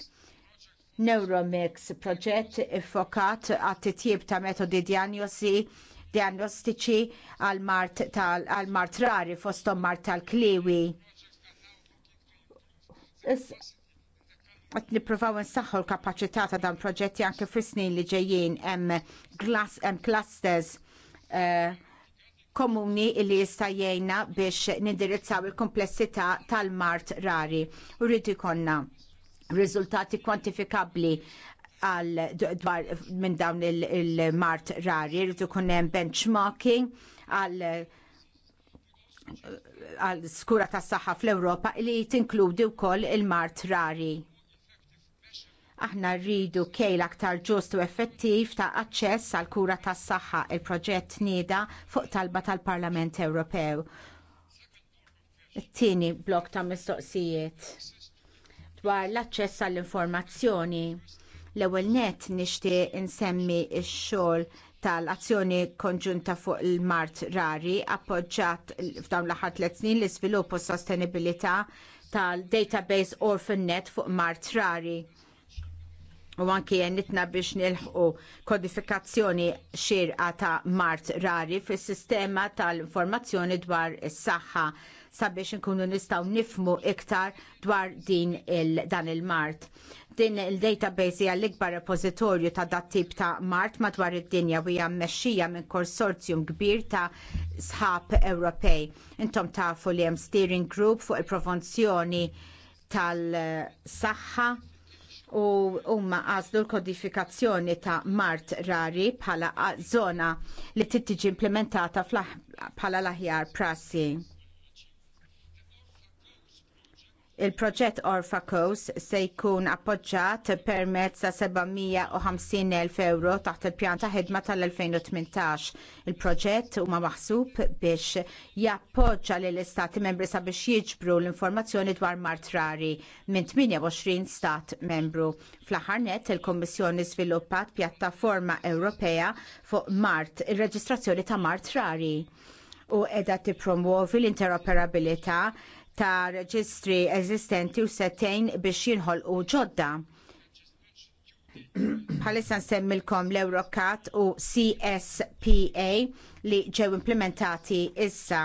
Neuromix proġett iffokat għat titjib ta' metodi diagnosi diagnostiċi għal mart rari fostom mart tal-kliwi. Għat niprofaw nsaħħu l-kapacità ta' dan proġetti anke fis-snin li ġejjin hemm hemm clusters eh, komuni li jista' jgħinna biex nindirizzaw il-komplessità tal-mart rari. Uridi konna riżultati kwantifikabbli għal dwar minn dawn il-mart il rari, rridu kunem benchmarking għal għal skura tas saħħa fl-Ewropa li tinkludi wkoll il-mart rari. Aħna rridu kejl aktar ġust u effettiv ta' aċċess għal kura tas saħħa il-proġett nieda fuq talba tal-Parlament Ewropew. It-tieni blok ta' mistoqsijiet dwar l-aċċess għall-informazzjoni. L-ewwel nett nixtieq insemmi x-xogħol tal-azzjoni konġunta fuq il-mart rari appoġġjat f'dawn l-aħħar tliet snin l-iżvilupp u s sostenibilità tal-database OrphanNet fuq mart rari. U anki jennitna biex nilħqu kodifikazzjoni xirqa ta' mart rari fis sistema tal-informazzjoni dwar is-saħħa sabiex nkunu nistgħu nifmu iktar dwar din il dan il-mart din il-database hija l-ikbar repożitorju ta' dat tip ta' mart madwar id-dinja u hija mmexxija minn konsorzjum kbir ta' sħab Ewropej. Intom tafu li hemm steering group fuq il provenzjoni tal-saħħa u huma għażlu l-kodifikazzjoni ta' mart rari bħala żona li tittiġi implementata bħala l-aħjar prassi Il-proġett Orfa Coast se jkun appoġġjat permezz ta' 750.000 euro taħt il-pjan ta' ħidma tal-2018. Il-proġett huma maħsub biex jappoġġa lill istati membri sabiex jiġbru l-informazzjoni dwar mart rari minn 28 stat membru. Fl-aħħar nett il-Kommissjoni żviluppat pjattaforma Ewropea fuq Mart, ir reġistrazzjoni ta' Mart Rari u edha tippromuovi l-interoperabilità ta' reġistri eżistenti u setejn biex jinħolqu ġodda. Bħalissa nsemmilkom l-Eurocat u CSPA li ġew implementati issa.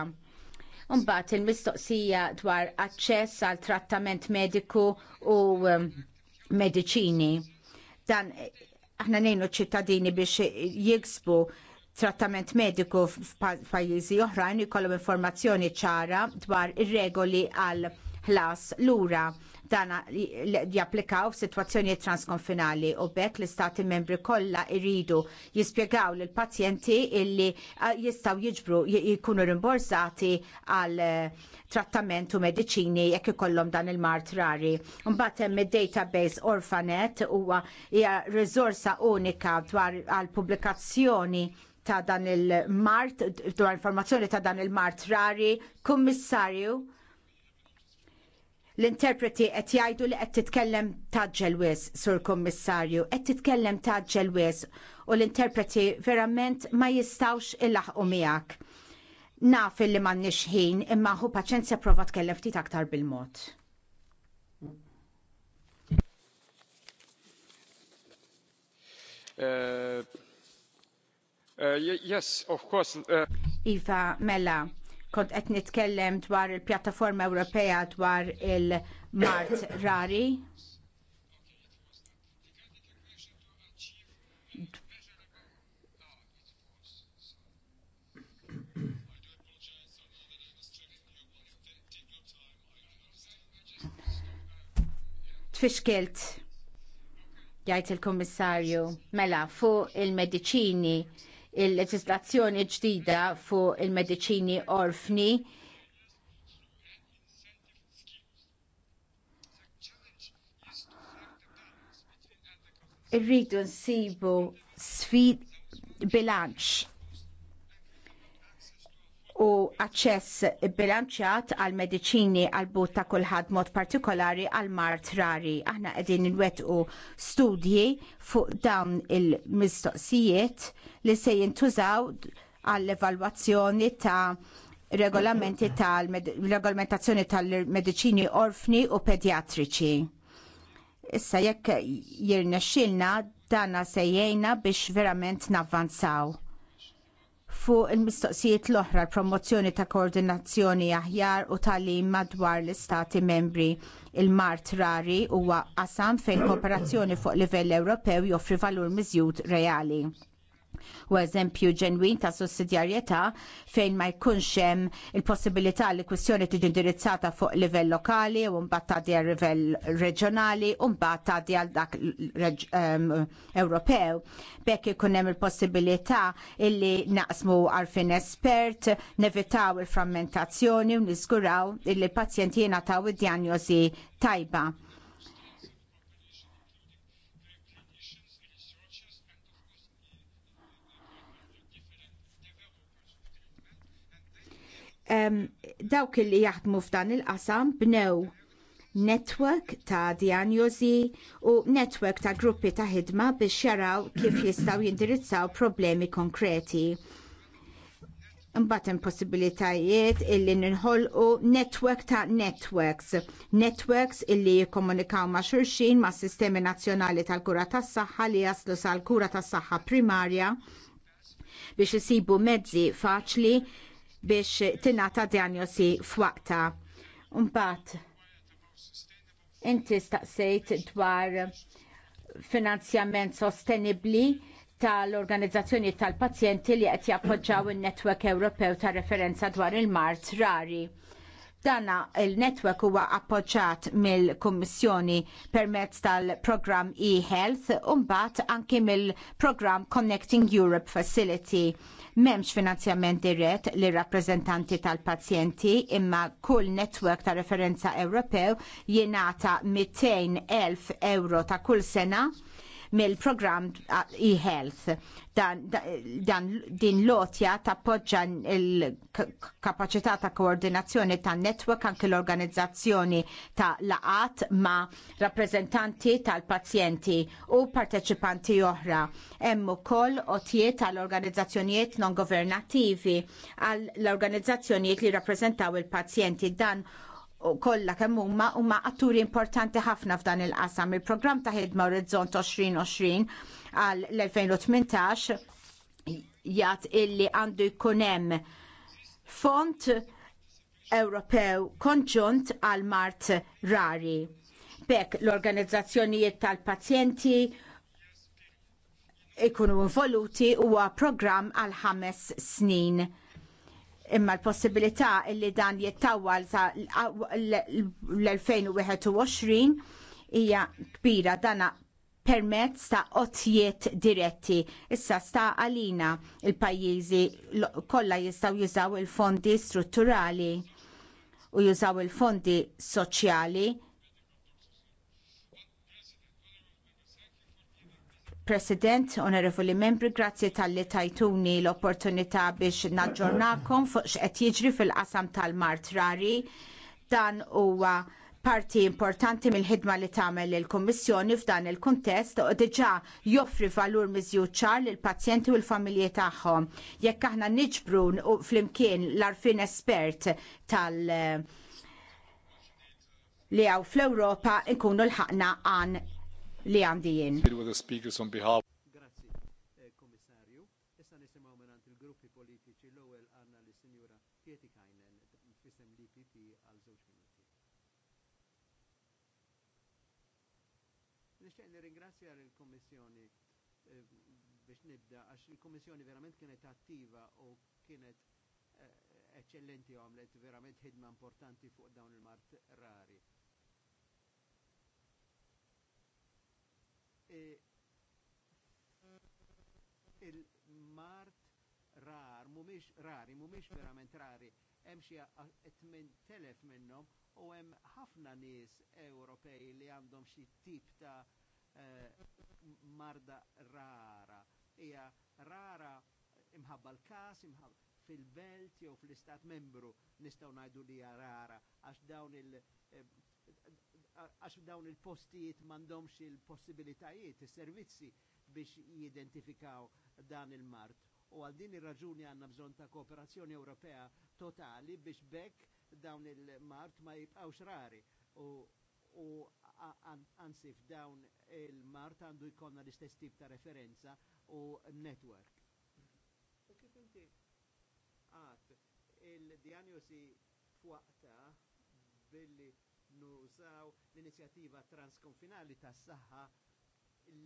Umbat il-mistoqsija dwar aċċess għal trattament mediku u um, mediċini. Dan aħna nejnu ċittadini biex jiksbu trattament mediku f'pajjiżi oħrajn jkollhom informazzjoni ċara dwar ir-regoli għal ħlas lura dana japplikaw f'sitwazzjonijiet transkonfinali u bekk l-istati membri kollha jridu jispjegaw lill pazjenti illi jistgħu jiġbru jkunu rimborsati għal eh, trattament u mediċini jekk ikollhom dan il-mart rari. Mbagħad hemm id-database Orphanet huwa hija riżorsa unika dwar għal pubblikazzjoni ta' dan il-mart, dwar informazzjoni ta' dan il-mart rari, kummissarju, l-interpreti qed jgħidu li qed titkellem ta' ġelwis, sur kummissarju, qed titkellem ta' ġelwis u l-interpreti verament ma jistawx il-laħqu miegħek. Naf li ma ħin imma hu paċenzja prova tkellem ftit aktar bil-mod. Uh Uh, yes, of course. Uh, iva, mela, kont qed nitkellem dwar il-pjattaforma Ewropea dwar il-Mart Rari. Tfixkilt, jgħid il-Kummissarju, mela fuq il-mediċini il-leġislazzjoni ġdida fu il-mediċini orfni irridu nsibu sfid bilanċ u aċċess bilanċjat għal mediċini għal but ta' kulħadd mod partikolari għal mart rari. Aħna qegħdin u studji fuq dawn il-mistoqsijiet li se jintużaw għall evalwazzjoni ta' regolamenti tal-regolamentazzjoni tal-mediċini orfni u pedjatriċi. Issa jekk jirnexxilna dana se jgħinna biex verament navvanzaw fuq il-mistoqsijiet l-oħra l-promozzjoni ta' koordinazzjoni aħjar u tagħlim madwar l-istati membri. Il-mart rari huwa qasam fejn kooperazzjoni fuq livell Ewropew joffri valur miżjud reali u eżempju ġenwin ta' sussidjarjetà fejn ma jkunx hemm il-possibilità li kwistjoni tiġi indirizzata fuq livell lokali u mbagħad tgħaddi għal livell reġjonali u mbagħad tgħaddi għal dak ehm, Ewropew. Bekk ikun hemm il-possibilità illi naqsmu għarfien espert, nevitaw il-frammentazzjoni u niżguraw illi l-pazjenti jingħataw id-dijanjosi tajba dawk li jaħdmu f'dan il-qasam bnew network ta' diagnosi u network ta' gruppi ta' ħidma biex jaraw kif jistgħu jindirizzaw problemi konkreti. Mbatem possibilitajiet illi u network ta' networks. Networks illi jikkomunikaw ma' xulxin ma' sistemi nazzjonali tal-kura tas saħħa li jaslu sal-kura tas saħħa primarja biex isibu mezzi faċli biex tingħata diagnosi f'waqta. Unbat, inti staqsejt dwar finanzjament sostenibbli tal-organizzazzjoni tal-pazjenti li qed jappoġġaw in netwek Ewropew ta' referenza dwar il-Mart rari. Dana il-netwerk huwa appoġġat mill-Kummissjoni permezz tal-programm e-Health u mbagħad anki mill-programm Connecting Europe Facility M'hemmx finanzjament dirett li rappreżentanti tal-pazjenti imma kull netwerk ta' referenza Ewropew jingħata 200.000 elf euro ta' kull sena mill-programm uh, e-health. Dan, dan din lotja tappoġġa il-kapacità ta' koordinazzjoni ta' network anke l-organizzazzjoni ta' laqat ma' rappresentanti tal-pazjenti u parteċipanti oħra. Hemm ukoll otjiet tal-organizzazzjonijiet non governattivi għall organizzazzjonijiet li rappreżentaw il-pazjenti dan kollha kemm huma huma atturi importanti ħafna f'dan il-qasam. Il-programm ta' ħidma Orizzont 2020 għal l-2018 jgħat illi għandu jkun hemm font Ewropew konġunt għal mart rari. Bekk l-organizzazzjonijiet tal-pazjenti ikunu involuti huwa programm għal ħames snin imma l-possibilità li dan jittawal sa l-2021 hija kbira dana permezz ta' qotjiet diretti. Issa sta' għalina il-pajjiżi kollha jistgħu jużaw il-fondi strutturali u jużaw il-fondi soċjali President, onorevoli membri, grazzi tal-li tajtuni l-opportunità biex naġġornakom fuq x'qed jiġri fil-qasam tal-Mart Rari. Dan huwa parti importanti mill-ħidma li tagħmel il-Kummissjoni f'dan il-kuntest u diġà joffri valur miżjud ċar lil pazjenti u l-familji tagħhom. Jekk aħna niġbru flimkien l-arfin espert tal- eh, li għaw fl-Europa nkunu l-ħakna għan li għandi jien. Nixtieq nirringrazzja lill-Kummissjoni eh, biex nibda għax il-Kummissjoni verament kienet attiva u kienet eċċellenti eh, għamlet verament ħidma importanti fuq dawn il-mart rari. Eh, il-mart rar, mumiex rari, mumiex verament rari, hemm xi 8000 minnhom u hemm ħafna nies Ewropej li għandhom xi tip ta' eh, marda rara. Hija rara imħabba l-każ, imħabba fil-belt jew fl-istat membru nistgħu ngħidu li hija rara għax dawn il- eh, għax dawn il-postijiet mandomx il-possibilitajiet, il-servizzi biex jidentifikaw dan il-mart. U għal din ir-raġuni għanna bżon ta' kooperazzjoni Ewropea totali biex bekk dawn il-mart ma jibqawx rari. U anzi f'dawn il-mart għandu jkollna l-istess tip ta' referenza u network. U kif inti għat il-diagnosi fuqta billi nużaw l-inizjattiva transkonfinali tas saħħa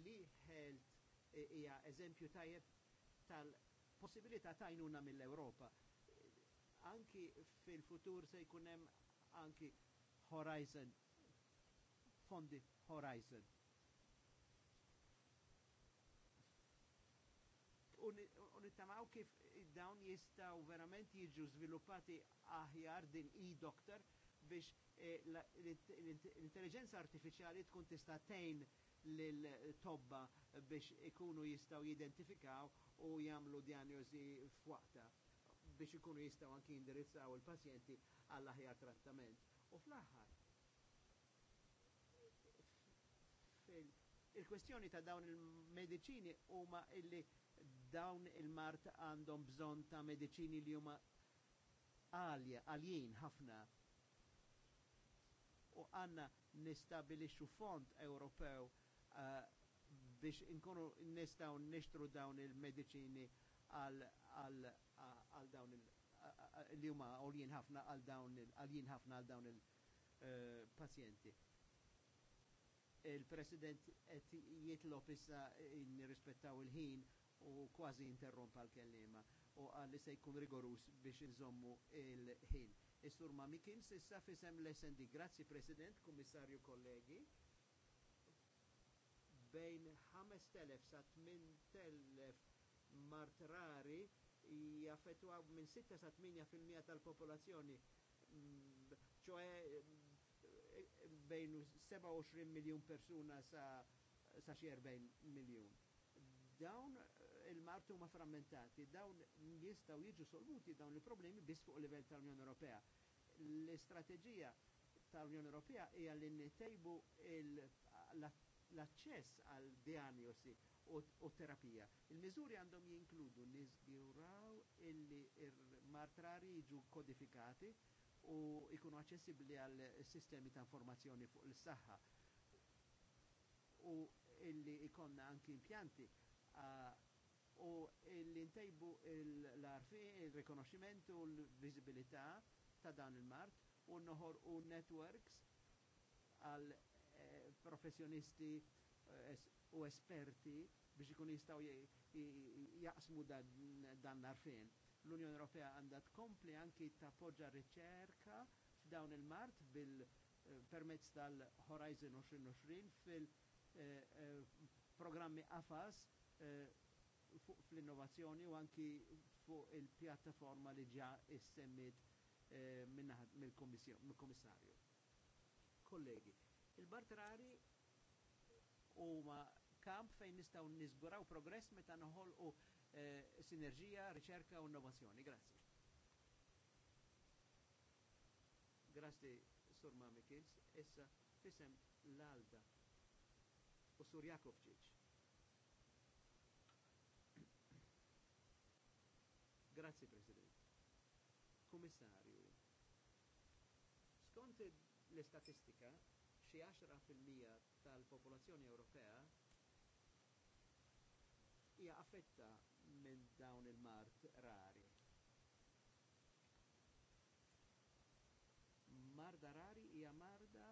li ħelt e, hija eżempju tajjeb tal-possibilità tajnuna mill-Ewropa. Anki fil-futur se jkun hemm anki Horizon, fondi Horizon. Unittamaw kif dawn jistaw verament jiġu sviluppati aħjar din e doctor biex eh, l-intelligenza artificiali tkun tista' tgħin lil-tobba biex ikunu jistgħu jidentifikaw u jagħmlu diagnosi f'waqta biex ikunu jistgħu anki jindirizzaw il-pazjenti għall aħjar trattament. U fl-aħħar il-kwestjoni ta' dawn il-medicini huma illi dawn il-mart għandhom bżonn ta' medicini li huma għalja, għaljien ħafna u għanna nistabilixxu fond Ewropew uh, biex inkunu nistaw nixtru dawn il-medicini għal dawn li huma għoljien ħafna għal dawn għaljien ħafna għal dawn il-pazjenti. Eh, Il-President qed jitlob issa nirrispettaw il-ħin u kważi interrompa l-kellima u għalli se jkun rigorus biex inżommu il-ħin. Is-sur e Mamikins issa fisem l-SND. Grazzi President, Kummissarju kollegi. Bejn 5.000 sa 8.000 martrari jaffetwaw minn 6 sa 8% tal-popolazzjoni, mm, ċoħe mm, bejn 27 miljon persuna sa, sa 40 miljon. Dawn il-mart huma frammentati, dawn jistgħu jiġu solvuti dawn il-problemi biss fuq livell tal-Unjoni Ewropea. L-istrateġija tal-Unjoni Ewropea hija li ntejbu l-aċċess għal diagnosi u terapija. Il-miżuri għandhom jinkludu niżguraw illi il-martrari jiġu kodifikati u jkunu aċċessibbli għal sistemi ta' informazzjoni fuq il-saħħa u illi ikonna anki impjanti u li ntejbu l-arfi, il-rikonoxximent u l-viżibilità ta' dan il-mart u noħor u networks għal eh, professjonisti eh, u esperti biex ikun jistaw jaqsmu dan l narfin. L-Unjoni Ewropea għandha tkompli anki tappoġġa riċerka f'dawn il-mart bil-permezz eh, tal-Horizon 2020 fil-programmi AFAS fuq fl-innovazzjoni u anki fuq il-pjattaforma li ġa issemmit eh, mill-komissarju. Kollegi, il-bartrari huma kamp fejn nistgħu niżguraw progress meta noħolqu eh, sinerġija, riċerka u innovazzjoni. Grazzi. Grazzi, Sur Mamikins, issa fisem l-alda u Sur Grazzi, President. Kummissarju, skont l-istatistika, xi 10% tal-popolazzjoni Ewropea hija affetta minn dawn il-mart rari. Marda rari hija marda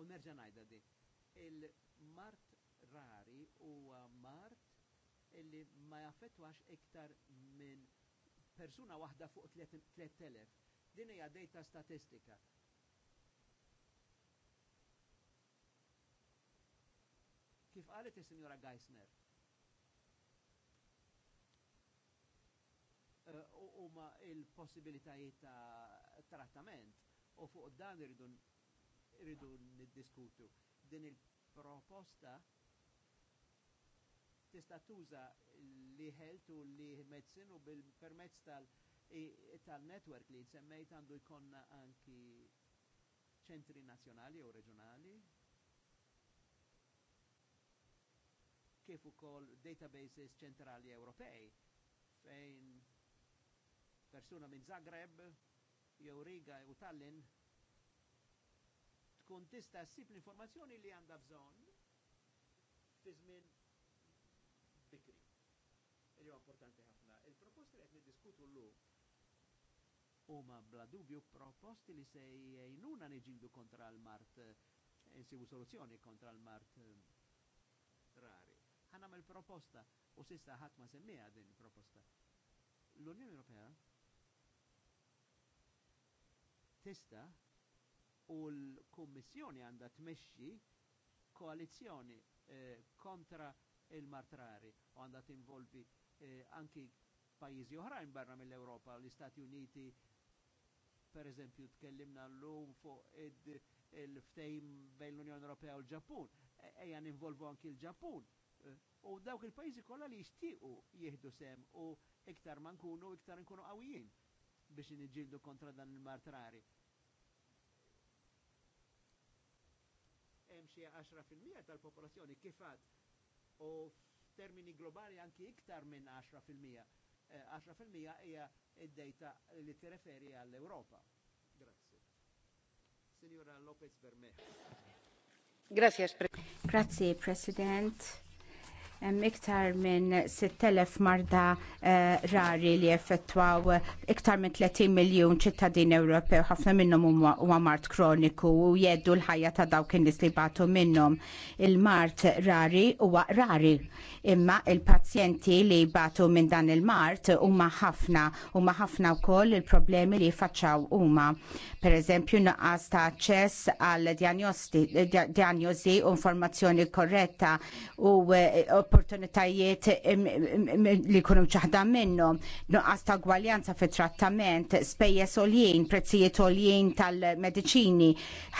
u nerġa' ngħidha di. Il-mart rari huwa mart illi ma jaffettwax iktar minn persuna waħda fuq 3000. Din hija data statistika. Kif qalet is-Sinjora Geisner? Eh, huma uh, il-possibilitajiet ta' trattament u fuq dan irridu niddiskutu din il-proposta tista' tuża li health u li medicine u bil-permezz tal-network li semmejt għandu jkonna anki ċentri nazjonali u reġjonali kif ukoll databases ċentrali Ewropej fejn persuna minn Zagreb jew Riga u Tallinn tkun tista' ssib l-informazzjoni li għandha bżonn fi żmien li huwa importanti ħafna. Il-proposti li qed niddiskutu llum huma bla dubju proposti li se jgħinuna niġildu kontra l-mart eh, insibu soluzzjoni kontra l-mart eh, rari. Ħanam il-proposta u sista ħadd ma semmija din il-proposta. L-Unjoni Ewropea tista u l-Kummissjoni għandha tmexxi koalizzjoni eh, kontra il-martrari u għandha tinvolvi E, anki pajjiżi oħrajn barra mill-Ewropa, l-Istati Uniti, per eżempju, tkellimna l-lum fuq il-ftejm bejn l-Unjoni Ewropea u l-Ġappun. E, Ejja ninvolvu anki l-Ġappun. E, u dawk il-pajjiżi kollha li jixtiequ jieħdu sem u iktar ma nkunu iktar nkunu qawwijin biex niġġieldu kontra dan il-martrari. Hemm xi 10% tal-popolazzjoni kif u termini globali anki iktar minn 10%. 10% eh, hija id-dejta li tirreferi għall-Europa. Grazie. Signora Lopez Bermejo. Grazie, Hemm iktar minn 6,000 marda uh, rari li effettwaw iktar minn 30 miljun ċittadin Ewropew, ħafna minnhom huwa mart kroniku u jeddu l-ħajja ta' dawk in-nies li batu minnhom. Il-mart rari huwa rari, imma il-pazjenti li batu minn dan il-mart huma ħafna, huma ħafna wkoll il-problemi li jfaċċaw huma. Pereżempju naqas ta' aċċess għal diagnosi u informazzjoni korretta u uh, opportunitajiet li jkunu ċaħda minnhom, nuqqas ta' gwaljanza fit trattament, spejjeż oljien, prezzijiet oljien tal-mediċini,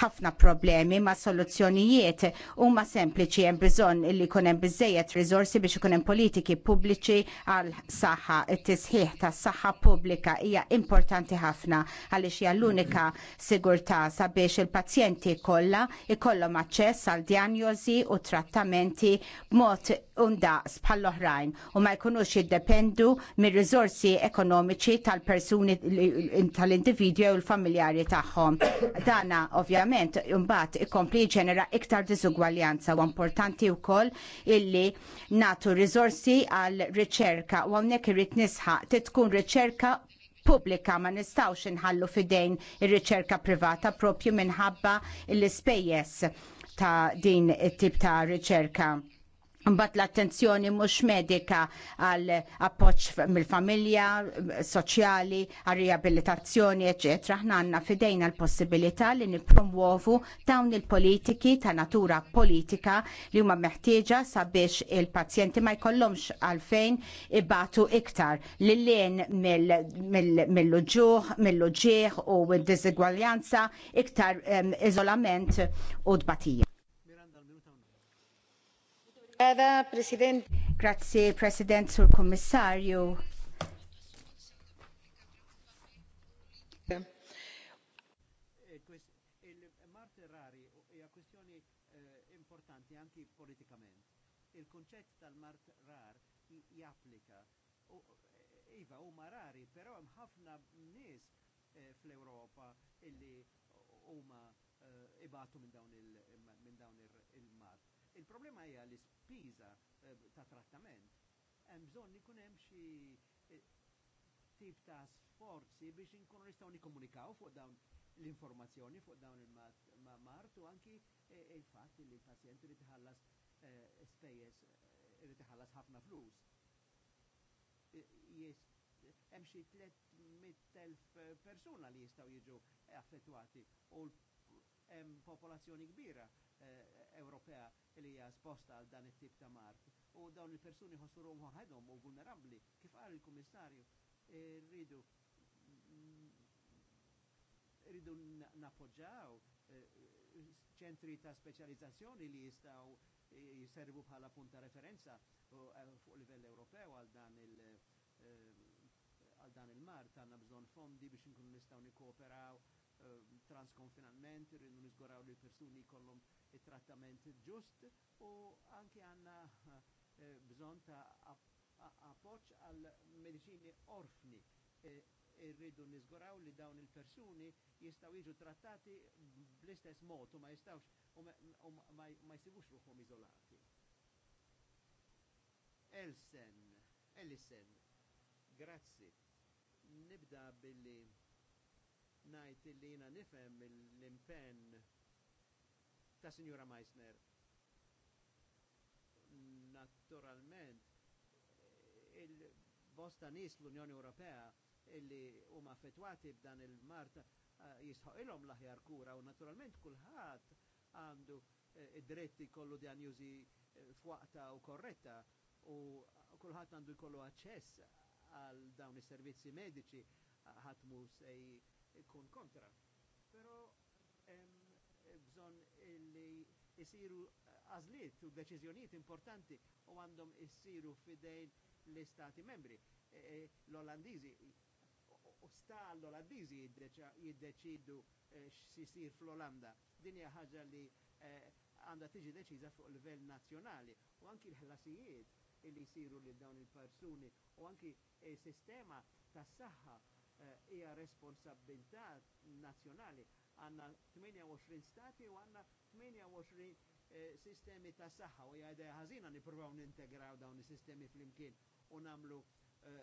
ħafna problemi ma' soluzzjonijiet huma sempliċi hemm bżonn li jkun hemm rizorsi biex ikun hemm politiki pubbliċi għal saħħa it-tisħiħ tas-saħħa pubblika hija importanti ħafna għaliex hija l-unika sigurtà sabiex il-pazjenti kollha ikollhom aċċess għal djanjosi u trattamenti b'mod unda bħall-oħrajn u ma jkunux jiddependu mir riżorsi ekonomiċi tal-persuni tal-individwi u l-familjari tagħhom. Dana ovvjament imbagħad ikompli ġenera iktar diżugwaljanza u importanti wkoll illi natu riżorsi għal riċerka u hawnhekk irid nisħaq tkun riċerka pubblika ma nistawx inħallu fidejn ir-riċerka privata propju minħabba l-ispejjeż ta' din it-tip ta' riċerka. Mbatt l-attenzjoni mhux medika għal appoġġ mill-familja, soċjali, għal riabilitazzjoni, ecc. Aħna għandna fidejna l-possibilità li nippromuovu dawn il-politiki ta' natura politika li huma meħtieġa sabiex il-pazjenti ma jkollhomx għalfejn ibatu iktar li l-lien mill-ġuħ, mill-ġieħ u d-diżigwaljanza iktar iżolament u dbatija. Grazie President, Sur Commissario. bżonn ikun hemm xi eh, tip ta' sforzi biex inkunu nistgħu nikkomunikaw fuq dawn l-informazzjoni fuq dawn il-mart u anki eh, eh, il-fatt li l-pazjent irid iħallas spejjeż irid iħallas ħafna flus. Hemm xi 300,000 persuna li jistgħu jiġu affettwati u hemm popolazzjoni kbira Ewropea li hija sposta għal dan it-tip ta' mart u dawn il-persuni ħossurom waħedhom u vulnerabli. Kif qal il-Kummissarju, rridu rridu napoġġaw eh, ċentri ta' speċjalizzazzjoni li jistaw eh, jiservu bħala punta referenza eh, fuq livell Ewropew għal dan il- għal dan il-mar tanna bżon fondi biex nkunu nistaw nikkooperaw transkonfinalment, rridu nizgoraw li l persuni kollom it-trattament ġust u anki għanna Eh, bżon ta' appoċ għal medicini orfni e, irridu e, nizguraw li dawn il-persuni jistaw jiġu trattati bl-istess mod u ma jistawx u ma jisibux ruħom izolati. Elsen, Ellison, grazzi. Nibda billi najt li jina nifem l-impen ta' Signora Meisner elettoralment eh, il-bosta nis l-Unjoni Ewropea illi huma affettwati b'dan il-mart eh, jisħoq ilhom l-aħjar kura u naturalment kulħadd għandu eh, id dritt kollu dan jużi fwaqta u korretta u kulħadd għandu jkollu aċċess għal dawn is-servizzi mediċi ħadd mu se jkun kontra. Però bżonn illi jsiru għazliet u deċiżjonijiet importanti u għandhom issiru fidejn l-istati membri. E, e, L-Olandiżi u sta l-Olandiżi jiddeċidu e, x'isir fl-Olanda. Din hija ħaġa li e, għandha tiġi deċiża fuq livell nazzjonali u anki l-ħlasijiet li jsiru lil dawn il-persuni u anki sistema tas-saħħa hija responsabilità nazzjonali għanna 28 stati u għanna 28 sistemi ta' saħħa u jgħada ħażina nippruvaw nintegraw dawn is-sistemi flimkien u namlu eh,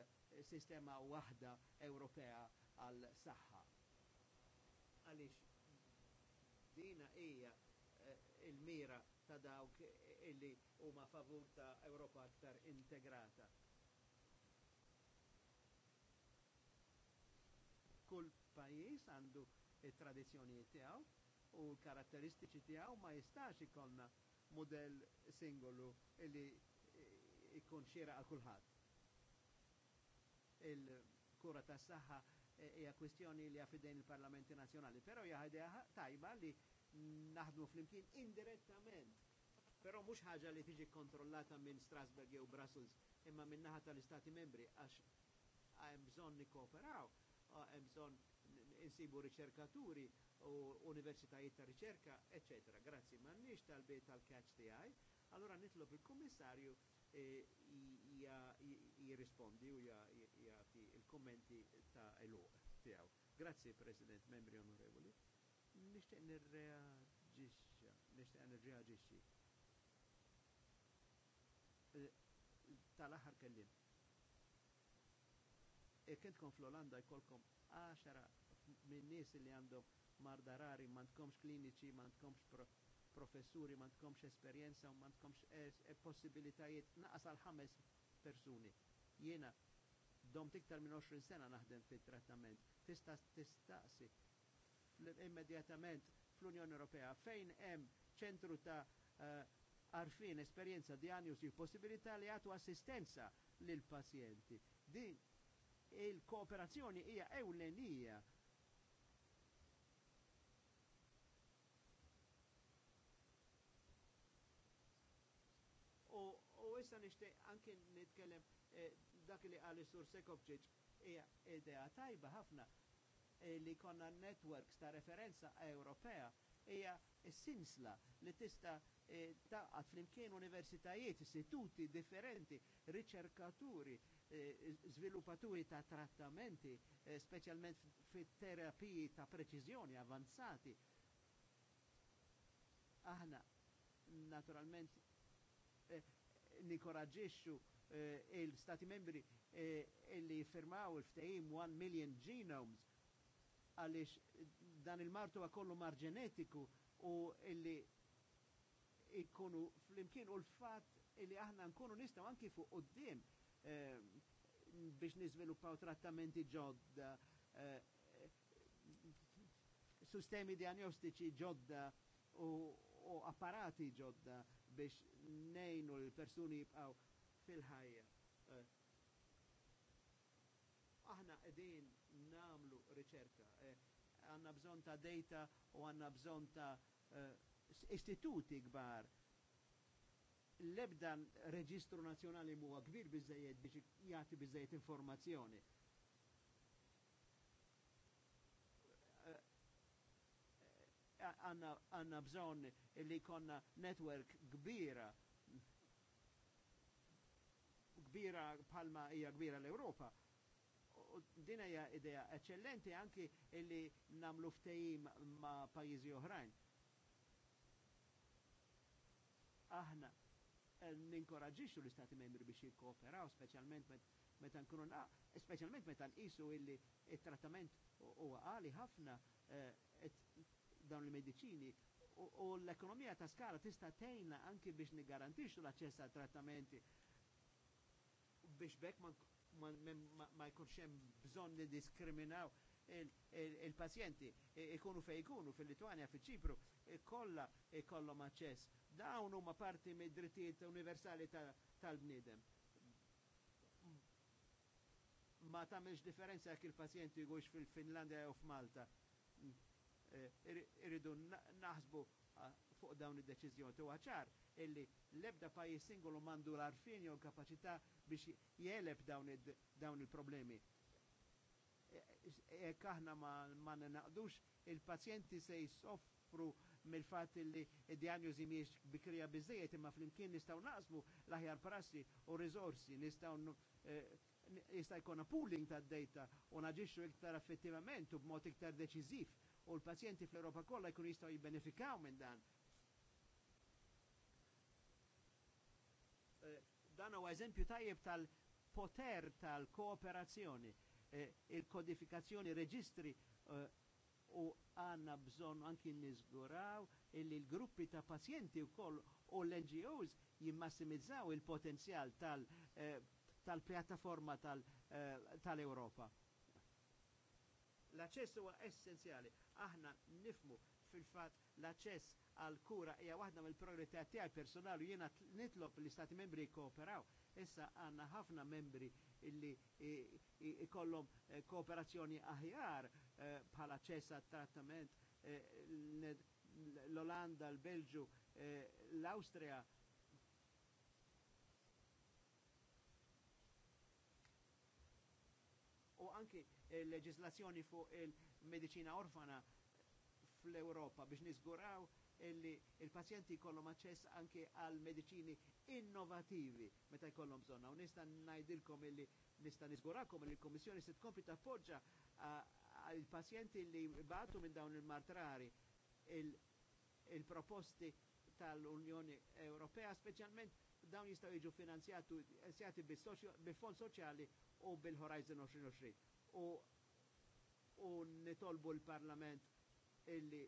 sistema waħda Ewropea għal saħħa. Għaliex dina hija eh, il-mira ta' dawk illi huma favur ta' Ewropa aktar integrata. Kull pajjiż għandu it-tradizzjonijiet tiegħu, u l-karatteristiċi tiegħu ma jistax ikollna modell singolu li ikun xiera għal kulħadd. Il-kura tas saħħa eh, hija kwistjoni li għafidejn il-Parlamenti Nazzjonali, però hija ħadeha tajba li naħdmu flimkien indirettament. Però mhux ħaġa li tiġi kontrollata minn Strasburg jew Brussels imma minn naħa tal-Istati Membri għax hemm bżonn nikkooperaw, hemm bżonn insibu riċerkaturi, u universitajiet ta' riċerka, etc. Grazzi, m'għandniex tal-bej tal-catch tiegħi, allura nitlob il-Kummissarju jirrispondi eh, u jagħti il-kommenti ta' eluq tiegħu. Grazzi, President, membri onorevoli. Eh, tal-aħħar kellim. Eh, kentkom fl-Olanda jkollkom 10 nies li għandhom marda rari, mandkomx kliniċi, mandkomx pro professuri, mandkomx esperjenza, u mandkomx e possibilitajiet naqas għal ħames persuni. Jiena dom tiktar minn 20 sena naħdem fit trattament tista' tistaqsi immedjatament fl-Unjoni Ewropea fejn hemm ċentru ta' għarfien, eh, uh, esperjenza, diagnosi, possibilità li għatu assistenza lil pazjenti Din il-kooperazzjoni hija ewlenija issa nixtieq anke nitkellem eh, dak li qal is-sur Sekopċiċ hija idea tajba ħafna eh, li konna networks ta' referenza Ewropea hija sinsla li tista eh, taqgħat flimkien universitajiet, istituti differenti, riċerkaturi, żviluppaturi ta' trattamenti, speċjalment fit terapiji ta' preċiżjoni avanzati. Aħna naturalment nikoraġixxu eh, il-Stati membri eh, li firmaw il-ftehim 1 million genomes għaliex eh, dan il-martu kollu mar ġenetiku u illi ikkunu fl-imkien u l-fat illi aħna nkunu nistaw anki fuq qoddim eh, biex nizviluppaw trattamenti ġodda, eh, sistemi diagnostici ġodda u apparati ġodda biex nejnu l-persuni jibqaw fil-ħajja. Eh, aħna edin namlu riċerka, eh, għanna bżonn bżon ta' data u għanna bżon ta' eh, istituti istituti gbar. Lebda reġistru nazjonali muwa kbir biżżejjed biex jgħati biżżejjed informazzjoni. għanna bżon li konna network kbira kbira palma hija kbira l-Europa. Din hija idea eccellenti anki illi namlu ftehim ma' pajjiżi oħrajn. Aħna eh, ninkoraġixxu l-Istati membri biex jikkooperaw, speċjalment meta nkunu speċjalment meta nqisu illi it-trattament huwa għali ħafna eh, dawn il-medicini u l-ekonomija ta' skala tista' tejna anki biex nigarantixxu l-aċċess għal trattamenti biex bekk ma jkunx hemm bżonn niddiskriminaw il-pazjenti e, ikunu fej ikunu fil-Litwanja, fil-Ċipru, e, kollha ikollhom e, aċċess. Dawn huma parti mid-drittijiet universali tal-bniedem. Ma tagħmilx differenza jekk il-pazjenti jgħux fil-Finlandja jew f'Malta Eh, irridu naħsbu ah, fuq dawn id-deċizjoni. Tu ċar illi l-ebda pajis singolu mandu l-arfin jew kapacità biex jeleb dawn il-problemi. E, e, e kaħna ma naqdux il-pazjenti se jisoffru mill-fat li id-dijanjużi miex bikrija bizzejet imma fl-imkien nistaw naqsmu l-aħjar prassi u rizorsi nistaw eh, jista' jkun pooling ta' data u naġixxu iktar effettivament u b'mod iktar deċiżiv u l-pazjenti fl-Europa kollha jkunu jistgħu jibbenefikaw minn dan. Eh, dan huwa eżempju tajjeb tal-poter tal-kooperazzjoni, eh, il-kodifikazzjoni reġistri eh, u għanna bżon anki nizguraw illi l-gruppi ta' pazjenti u koll u l-NGOs jimmassimizzaw il-potenzjal tal-pjattaforma tal-Europa. Tal l aċess huwa essenzjali. Aħna nifmu fil-fatt l aċess għal kura hija waħda mill-priorità tiegħi personali u jiena nitlob li stati membri jkooperaw. Issa għandna ħafna membri illi ikollhom eh, kooperazzjoni aħjar eh, bħala ċess trattament eh, l-Olanda, l-Belġu, l awstrija anki il-leġislazzjoni eh, fuq il-medicina orfana fl-Europa biex nizguraw illi il-pazjenti kollom aċċess anki għal medicini innovativi meta jkollhom bżonna. U nista' ngħidilkom illi nista' niżgurakom li l-Kummissjoni se tkompli tappoġġa għal pazjenti li batu minn dawn il-martrari il-proposti il martrari il proposti tal unjoni Ewropea, speċjalment dawn jistgħu jiġu finanzjati bil fond soċjali u bil-Horizon 2020 u u nitolbu l-Parlament illi,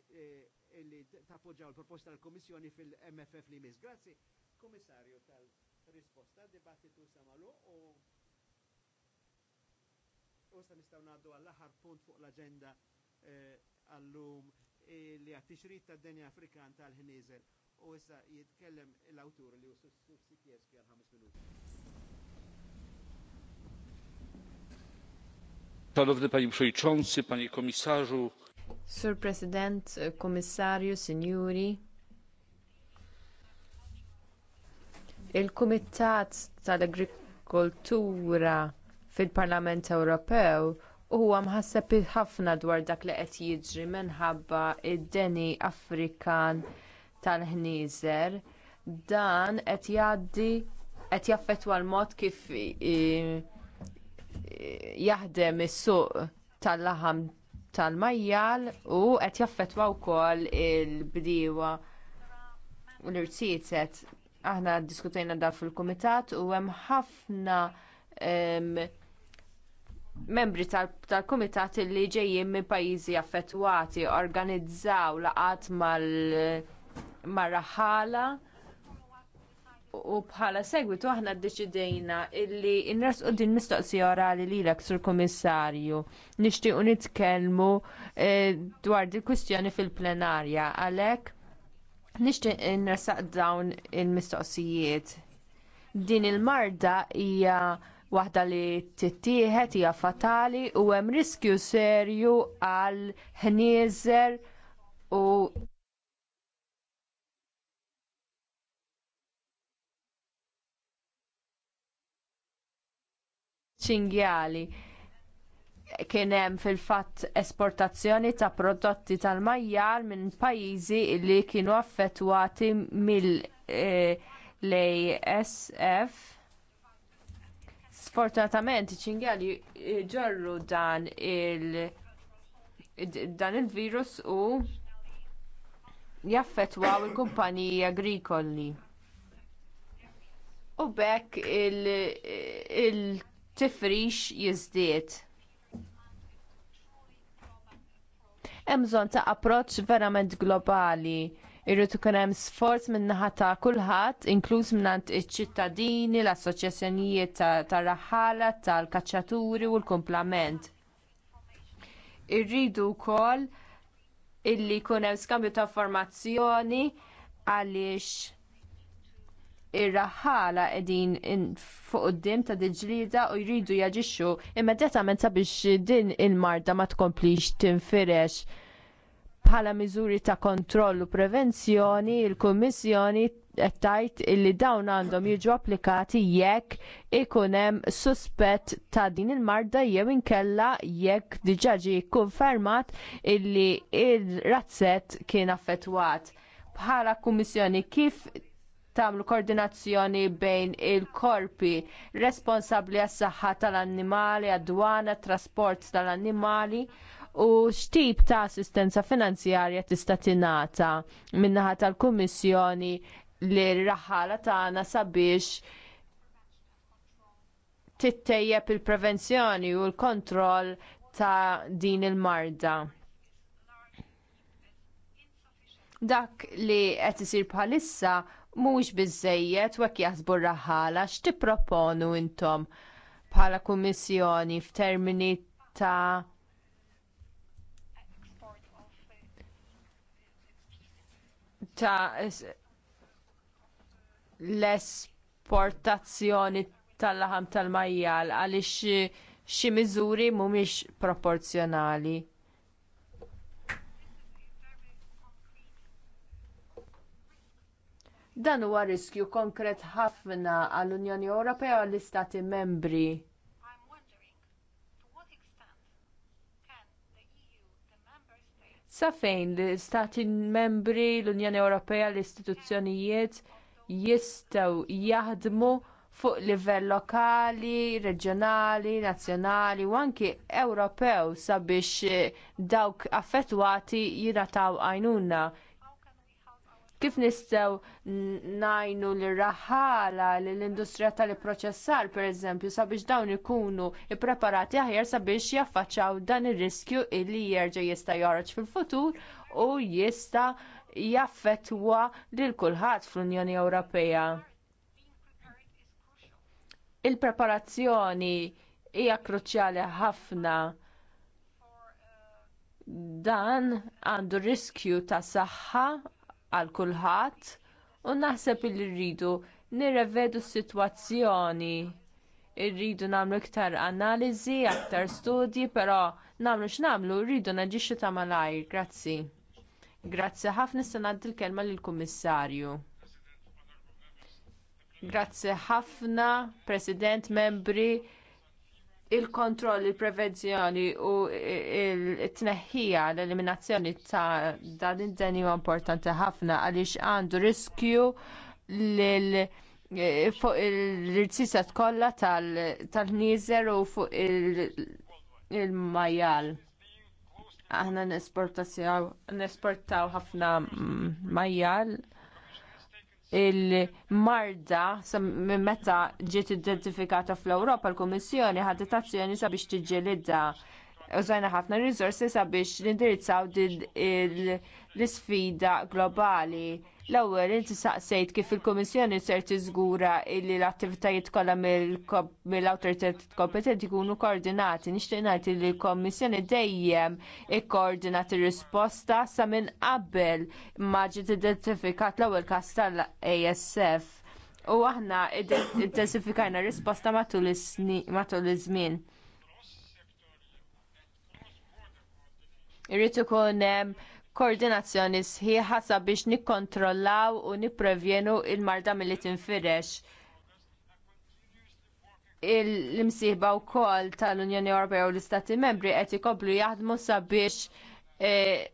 illi tappoġġaw l-proposta tal-Komissjoni fil-MFF li mis. Grazzi, Komissarju tal-risposta, dibattitu samalu u u sta nistaw naddu għall-aħar punt fuq l-agenda għallum li għat-tixrit ta' denja Afrikan tal-ħnizel u issa jitkellem l-awtur li u s-suksikjeski għal-5 minuti. Szanowny panie przewodniczący, panie komisarzu. Sur President, Komissarju, Sinjuri. Il-Kumitat tal-Agrikoltura fil-Parlament Ewropew huwa mħasseb ħafna dwar dak li qed jiġri minħabba id-deni Afrikan tal-ħnieżer dan qed jgħaddi qed jaffettwa l-mod kif jaħdem is-suq tal-laħam tal-majjal u qed jaffettwa wkoll il-bdiewa u l-irsiet aħna ddiskutejna dan fil-kumitat u hemm ħafna membri tal-kumitat tal li ġejjin minn pajjiżi affettwati organizzaw laqat mal-raħala u bħala segwitu aħna ddeċidejna illi nras u din mistoqsija orali li l sur komissarju nixtiequ nitkellmu eh, dwar di kwistjoni fil-plenarja għalhekk nixtieq nresaq dawn il-mistoqsijiet. Din il-marda hija waħda li tittieħed hija fatali u hemm riskju serju għal ħnieżer u ċingjali kien hemm fil-fatt esportazzjoni ta' prodotti tal-majjar minn pajjiżi li kienu affettwati mill-ASF. E, Sfortunatament ċingjali eh, ġorru dan il- dan il-virus u jaffettwaw il-kumpaniji agrikoli. U b'hekk il-, il tifrix jiżdied. Hemm bżonn ta' approċċ verament globali. Irrid ikun hemm sforz min-naħa ta' kulħadd, inkluż mingħand iċ-ċittadini, l-assoċjazzjonijiet tar-raħala, tal-kaċċaturi u l-kumplament. Irridu wkoll illi jkun hemm skambju ta' informazzjoni għaliex ir-raħala qegħdin fuq quddiem ta' diġlida u jridu jaġixxu immedjatament sabiex din il-marda ma tkomplix tinfirex. Bħala miżuri ta' kontroll u prevenzjoni, il-Kummissjoni qed tgħid illi dawn għandhom jiġu applikati jekk ikun hemm suspett ta' din il-marda jew inkella jekk diġà ġie kkonfermat illi r il razzett kien affettwat. Bħala kummissjoni kif tagħmlu koordinazzjoni bejn il-korpi responsabbli għas-saħħa tal-annimali, għad-dwana, trasport tal-annimali u x'tip ta' assistenza finanzjarja tista' tingħata min-naħa tal-Kummissjoni li r-raħala tagħna sabiex tittejjeb il-prevenzjoni u l-kontroll ta' din il-marda. Dak li qed isir bħalissa Mhux biżżejjed u hekk jaħsbu raħala x'tipproponu intom bħala kummissjoni f'termini ta' ta' l-esportazzjoni tal-laħam tal-majjal għaliex xi miżuri mhumiex proporzjonali. Dan huwa riskju konkret ħafna għall-Unjoni Ewropea u l-Istati membri. E Sa fejn l-Istati membri, l-Unjoni Ewropea, l-istituzzjonijiet jistgħu jaħdmu fuq livell lokali, reġjonali, nazzjonali u anki Ewropew sabiex eh, dawk affettwati jingħataw għajnuna. Kif nistgħu najnu l-raħala l-industrija tal-proċessar pereżempju sabiex dawn ikunu ippreparati aħjar sabiex jaffaċċaw dan ir-riskju li illi jerġa' jista' joħroġ fil-futur u jista' jaffettwa lil kulħadd fl-Unjoni Ewropea. Il-preparazzjoni hija kruċjali ħafna dan għandu riskju ta' saħħa għal kulħadd u naħseb li rridu nirrevedu s-sitwazzjoni. Irridu nagħmlu iktar analiżi, aktar studji, però nagħmlu x'nagħmlu rridu naġixxu ta' malajr. Grazzi. Grazzi ħafna se ngħaddi l-kelma lill-Kummissarju. Grazzi ħafna, President, membri il-kontroll, il-prevenzjoni u il-tneħħija, l-eliminazzjoni ta' dan id-deni huwa importanti ħafna għaliex għandu riskju lil fuq il-rsisa tkollha tal nizer u fuq il-majjal. Aħna nesportaw ħafna majjal il-marda meta ġiet identifikata fl-Ewropa l-Kummissjoni ħadet azzjoni sabiex tiġġelidha. Użajna ħafna riżorsi sabiex nindirizzaw l isfida globali L-ewwel inti saqsejt kif il-Kummissjoni ser tiżgura li l-attivitajiet kollha mill-awtoritajiet kompetenti jkunu koordinati. Nixtieq ngħid li l-Kummissjoni dejjem ikkoordinat ir-risposta sa minn qabel ma ġiet identifikat l-ewwel każ tal-ASF. U aħna intensifikajna r risposta matul iż-żmien. Irrid ikun hemm koordinazzjoni sħiħa sabiex nikkontrollaw u nipprevjenu l marda milli tinfirex. Il-imsiħba wkoll tal-Unjoni Ewropea u l-Istati Membri qed ikomplu jaħdmu sabiex eh,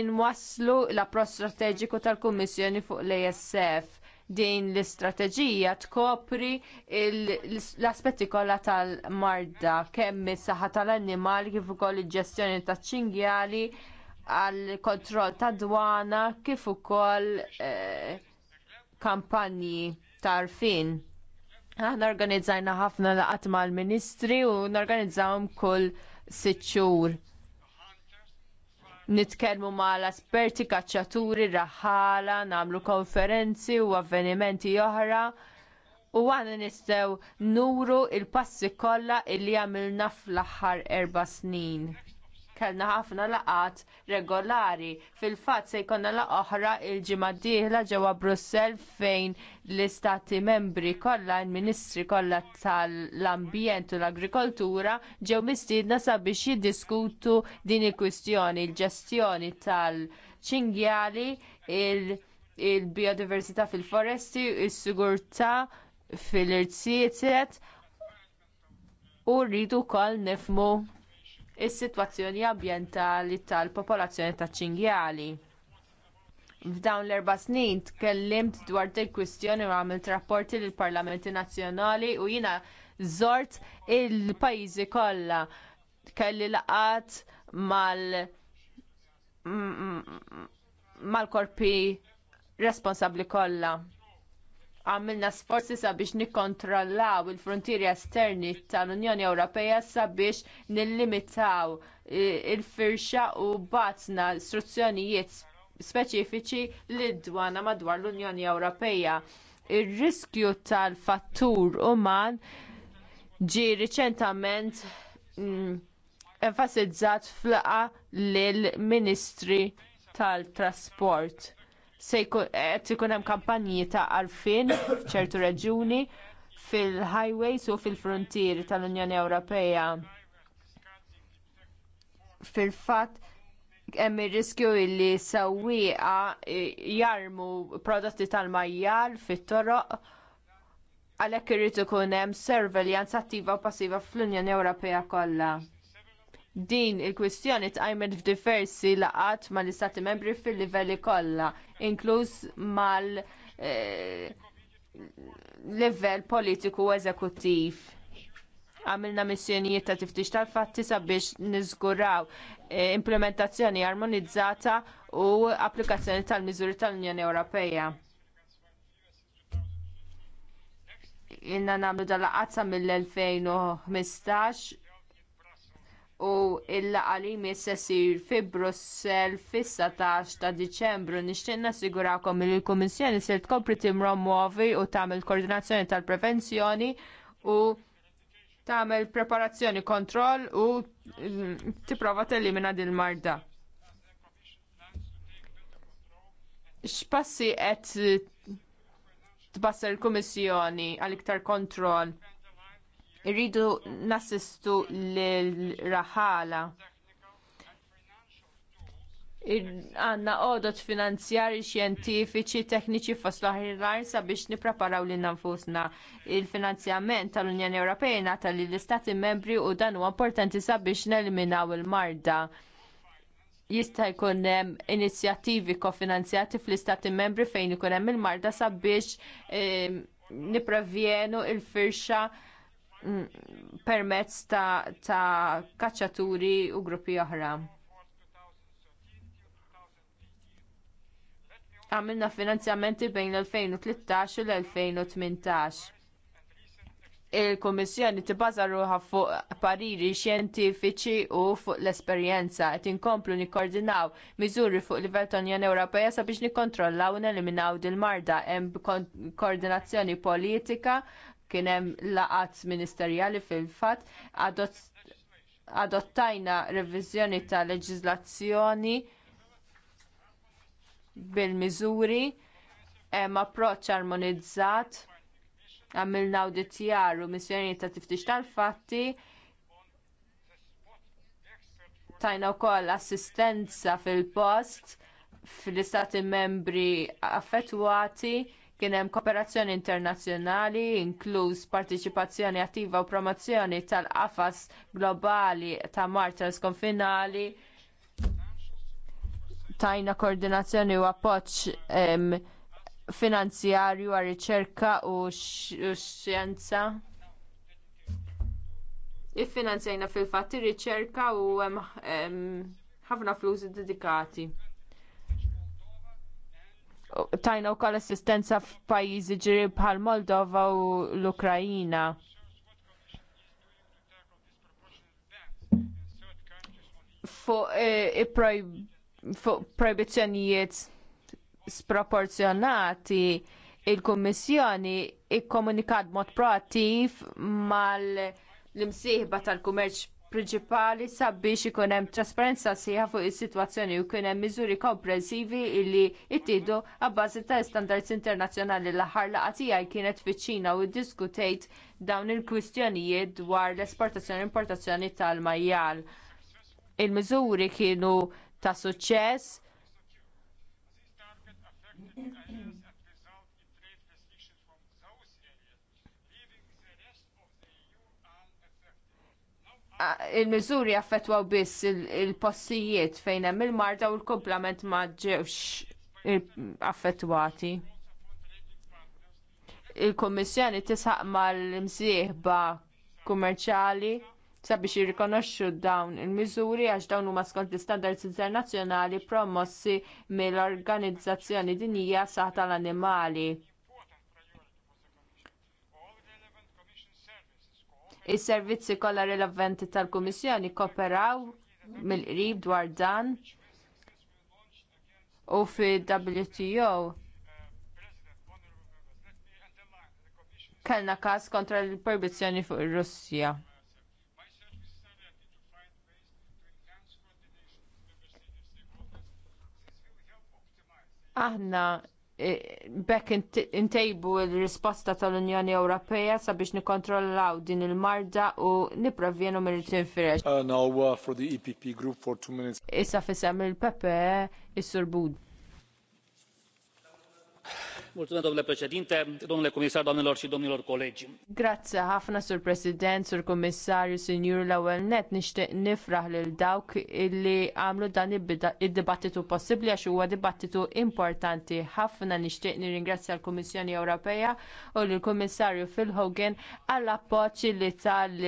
inwasslu l-approċċ strateġiku tal-Kummissjoni fuq l-ASF din l-istrateġija tkopri l-aspetti kollha tal-marda kemm is-saħħa tal-annimali kif ukoll il-ġestjoni taċ-ċingjali għal kontroll ta' dwana kif ukoll eh, kampanji tarfin. Aħna organizzajna ħafna laqat mal-ministri u norganizzawhom kull sitt xhur. Nitkellmu mal esperti kaċċaturi raħala, nagħmlu konferenzi u avvenimenti oħra u għana nistgħu nuru l passi kollha li għamilna fl-aħħar erba' snin kellna ħafna laqat regolari. Fil-fatt se jkollna laqgħa oħra il-ġimgħa d-dieħla ġewwa Brussell fejn l-istati membri kollha l-Ministri kollha tal-Ambjent u l-Agrikoltura ġew mistiedna sabiex jiddiskutu din il-kwistjoni, il-ġestjoni tal-ċingjali, il-biodiversità fil-foresti, is-sigurtà fil-irtsiet u rridu wkoll nifhmu is-sitwazzjoni ambjentali tal-popolazzjoni taċ-ċingjali. F'dawn l-erba' snin tkellimt dwar din kwistjoni u għamilt rapporti lill parlamenti nazzjonali u jiena żort il-pajjiżi kollha kelli laqat mal mal-korpi responsabbli kollha għamilna sforzi sabiex nikkontrollaw il-frontieri esterni tal-Unjoni Ewropea sabiex nillimitaw e, il-firxa u batna istruzzjonijiet speċifiċi lid-dwana madwar l-Unjoni Ewropea. Ir-riskju tal-fattur uman ġie riċentament mm, enfasizzat fl lill-Ministri tal-Trasport se qed ikun hemm kampanji ta' għarfien f'ċertu reġuni fil-highways u fil-frontier tal-Unjoni Ewropea. Fil-fatt hemm ir-riskju li sewwieqa jarmu prodotti tal-majjar fit-toroq għalhekk irid ikun hemm surveljanza attiva u passiva fl-Unjoni Ewropea kollha. Din il-kwistjoni tqajmet f'diversi laqat mal-istati membri fil-livelli kollha, inkluż mal- eh, livell politiku eżekuttiv. Għamilna missjonijiet ta' tiftix tal-fatti sabiex niżguraw eh, implementazzjoni armonizzata u applikazzjoni tal-miżuri tal-Unjoni Ewropea. Ilna nagħmlu dal-qazza mill-2015 u l-laqgħa li jmiss fi Brussell fis-17 ta' Diċembru nixtieq nassigurakom li l-Kummissjoni se tkompli timpromuovi u tagħmel koordinazzjoni tal-prevenzjoni u tagħmel preparazzjoni kontroll u mm, tipprova tellimina din marda. X'passi qed tbassar il-Kummissjoni għal iktar kontroll Irridu nassistu l-raħala. Għanna għodot finanzjari xjentifiċi, tekniċi fost laħirrar sabiex nipreparaw li nanfusna. Il-finanzjament tal-Unjoni Ewropejna tal-Istati membri u dan huwa importanti sabiex neliminaw il-marda jista' jkun hemm inizjattivi kofinanzjati fl-istati membri fejn ikun hemm il-marda sabiex e, eh, nipprevjenu l firxa Mm, permezz ta', ta kaċċaturi u gruppi oħra. Għamilna finanzjamenti bejn l-2013 u l-2018 il kummissjoni tibbaża ruħa fuq pariri xjentifiċi u fuq l-esperjenza qed inkomplu nikkoordinaw miżuri fuq livell ta' Unjoni Ewropea sabiex nikkontrollaw u neliminaw dil-marda hemm koordinazzjoni politika kien hemm laqat ministerjali fil-fatt adottajna reviżjoni ta' leġiżlazzjoni bil-miżuri hemm approċċ armonizzat għamilna awditjar u missjonijiet ta' tiftix tal-fatti tajna wkoll assistenza fil-post fl-istati membri affettwati Kien hemm kooperazzjoni internazzjonali, inkluż partiċipazzjoni attiva u promozzjoni tal-qafas globali ta' martels konfinali, tajna koordinazzjoni u appoġġ finanzjarju għar riċerka u xjenza. Iffinanzjajna fil-fatt ir-riċerka u hemm ħafna flus dedikati tajna wkoll assistenza f'pajjiżi ġiri bħal Moldova u l-Ukrajina. Fuq eh, proibizzjonijiet sproporzjonati il-Kummissjoni ikkomunikat mod proattiv mal imsieħba tal-kummerċ prinċipali sabiex ikun hemm trasparenza sieħa fuq is-sitwazzjoni u kien hemm miżuri komprensivi li ttieħdu abbażi ta' standards internazzjonali l-aħħar laqgħa tiegħi kienet fiċ-Ċina u ddiskutejt dawn il-kwistjonijiet dwar l-esportazzjoni u importazzjoni tal-majjal. Il-miżuri kienu ta' suċċess il-miżuri affettwaw biss il-postijiet fejn hemm il-marda u l-komplement ma ġewx affettwati. Il-Kommissjoni tisħaq mal imsieħba kummerċali sabiex jirrikonoxxu dawn il-miżuri għax dawn huma skont l-istandards internazzjonali promossi mill-Organizzazzjoni Dinjija Saħ tal-Annimali Is-servizzi kollha relevanti tal-Kummissjoni kooperaw mill-qrib dwar dan u fil-WTO kellna każ kontra l-proibizzjoni fuq ir-Russja. Aħna Eh, bekk intejbu l-risposta tal-Unjoni Ewropea sabiex nikkontrollaw din il-marda u nipprovjenu minn il-tinfirex. Issa fisem il-Pepe, is Bud domnule președinte domnule comisar doamnelor și domnilor colegi grazzi ħafna sur president sur kummissarju sinjur l-ewwel nett nixtieq nifraħ lil dawk illi għamlu dan id-dibattitu possibbli għax huwa dibattitu importanti ħafna nixtieq nirringrazzja l-Kummissjoni Ewropea u lill kummissarju Phil Hogan għall appoġġ li tal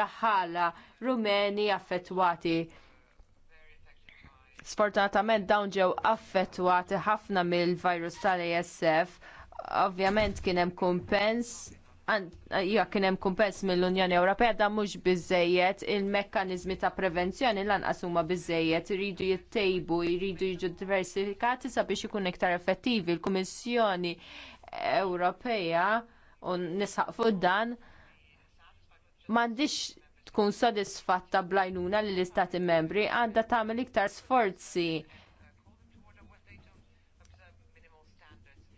raħala rumeni affettwati Sfortunatament dawn ġew affettwati ħafna mill-virus tal-ASF. Ovvjament kien hemm kumpens ja kien hemm kumpens mill-Unjoni Ewropea dan mhux biżejjed il-mekkaniżmi ta' prevenzjoni lanqas huma biżejjed iridu jittejbu, jridu jiġu diversifikati sabiex ikun iktar effettivi. Il-Kummissjoni Ewropea u nisħaq fuq dan m'għandix tkun sodisfatta blajnuna li l-istati membri għandha tagħmel iktar sforzi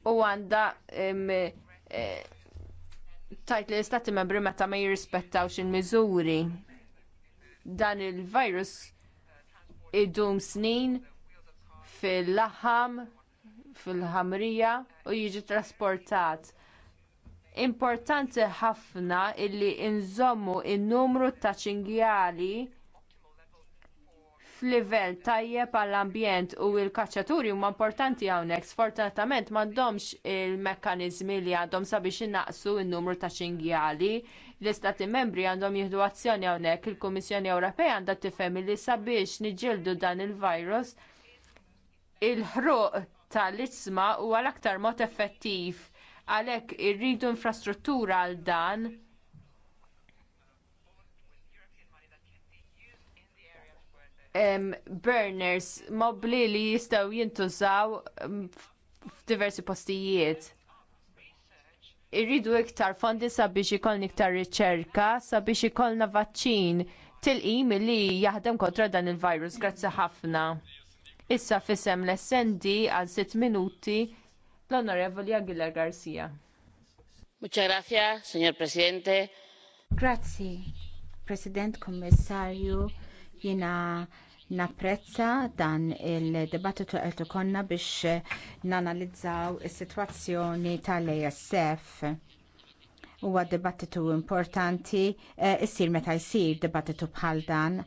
u għandha eh, tajt li l-istati membri meta ma jirrispettawx il-miżuri. Dan il-virus idum snin fil-laħam, fil-ħamrija u jiġi trasportat Importanti ħafna illi nżommu n numru ta' ċingjali f'livell tajjeb għall-ambjent u l-kaċċaturi huma importanti hawnhekk. Sfortunatament m'għandhomx il-mekkaniżmi li għandhom sabiex innaqsu n-numru ta' xingjali. L-Istati membri għandhom jieħdu azzjoni hawnhekk. Il-Kummissjoni Ewropea għandha tifhem li sabiex niġġieldu dan il-virus il-ħruq tal-isma huwa l-aktar mod effettiv għalhekk irridu infrastruttura għal dan. burners mobli li jistgħu jintużaw f'diversi postijiet. Irridu iktar fondi sabiex ikollni iktar riċerka sabiex ikollna vaċċin tilqim li jaħdem kontra dan il-virus. Grazzi ħafna. Issa fisem l-essendi għal sitt minuti l-Onorevoli Aguilar Garcia. Muchas gracias, señor Presidente. Grazzi, President Kommissarju, jina napprezza dan il-debattitu għeltu konna biex nanalizzaw is-sitwazzjoni tal-ASF huwa dibattitu importanti eh, issir meta jsir debattitu bħal dan.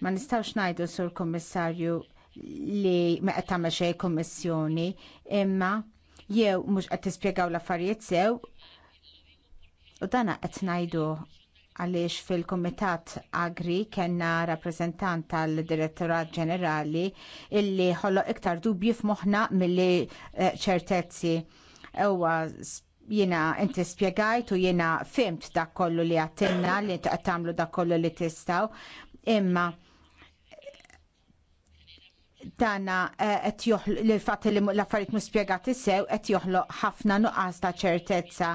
Ma nistgħux ngħidu sur Kommissarju li ma qed tagħmel xejn kummissjoni imma jew mhux qed tispjegaw l-affarijiet sew u dana qed ngħidu għaliex fil-Kumitat Agri kellna rappreżentant tal-Direttorat Ġenerali illi ħolloq iktar dubji f'moħħna milli eh, ċertezzi. Ewa jiena inti spjegajt u jiena fimt dak kollu li għattinna li tagħmlu dak kollu li tistgħu imma tana qed eh, joħlu li fatt li l-affarijiet mhux sew qed joħloq ħafna nuqqas ta' ċertezza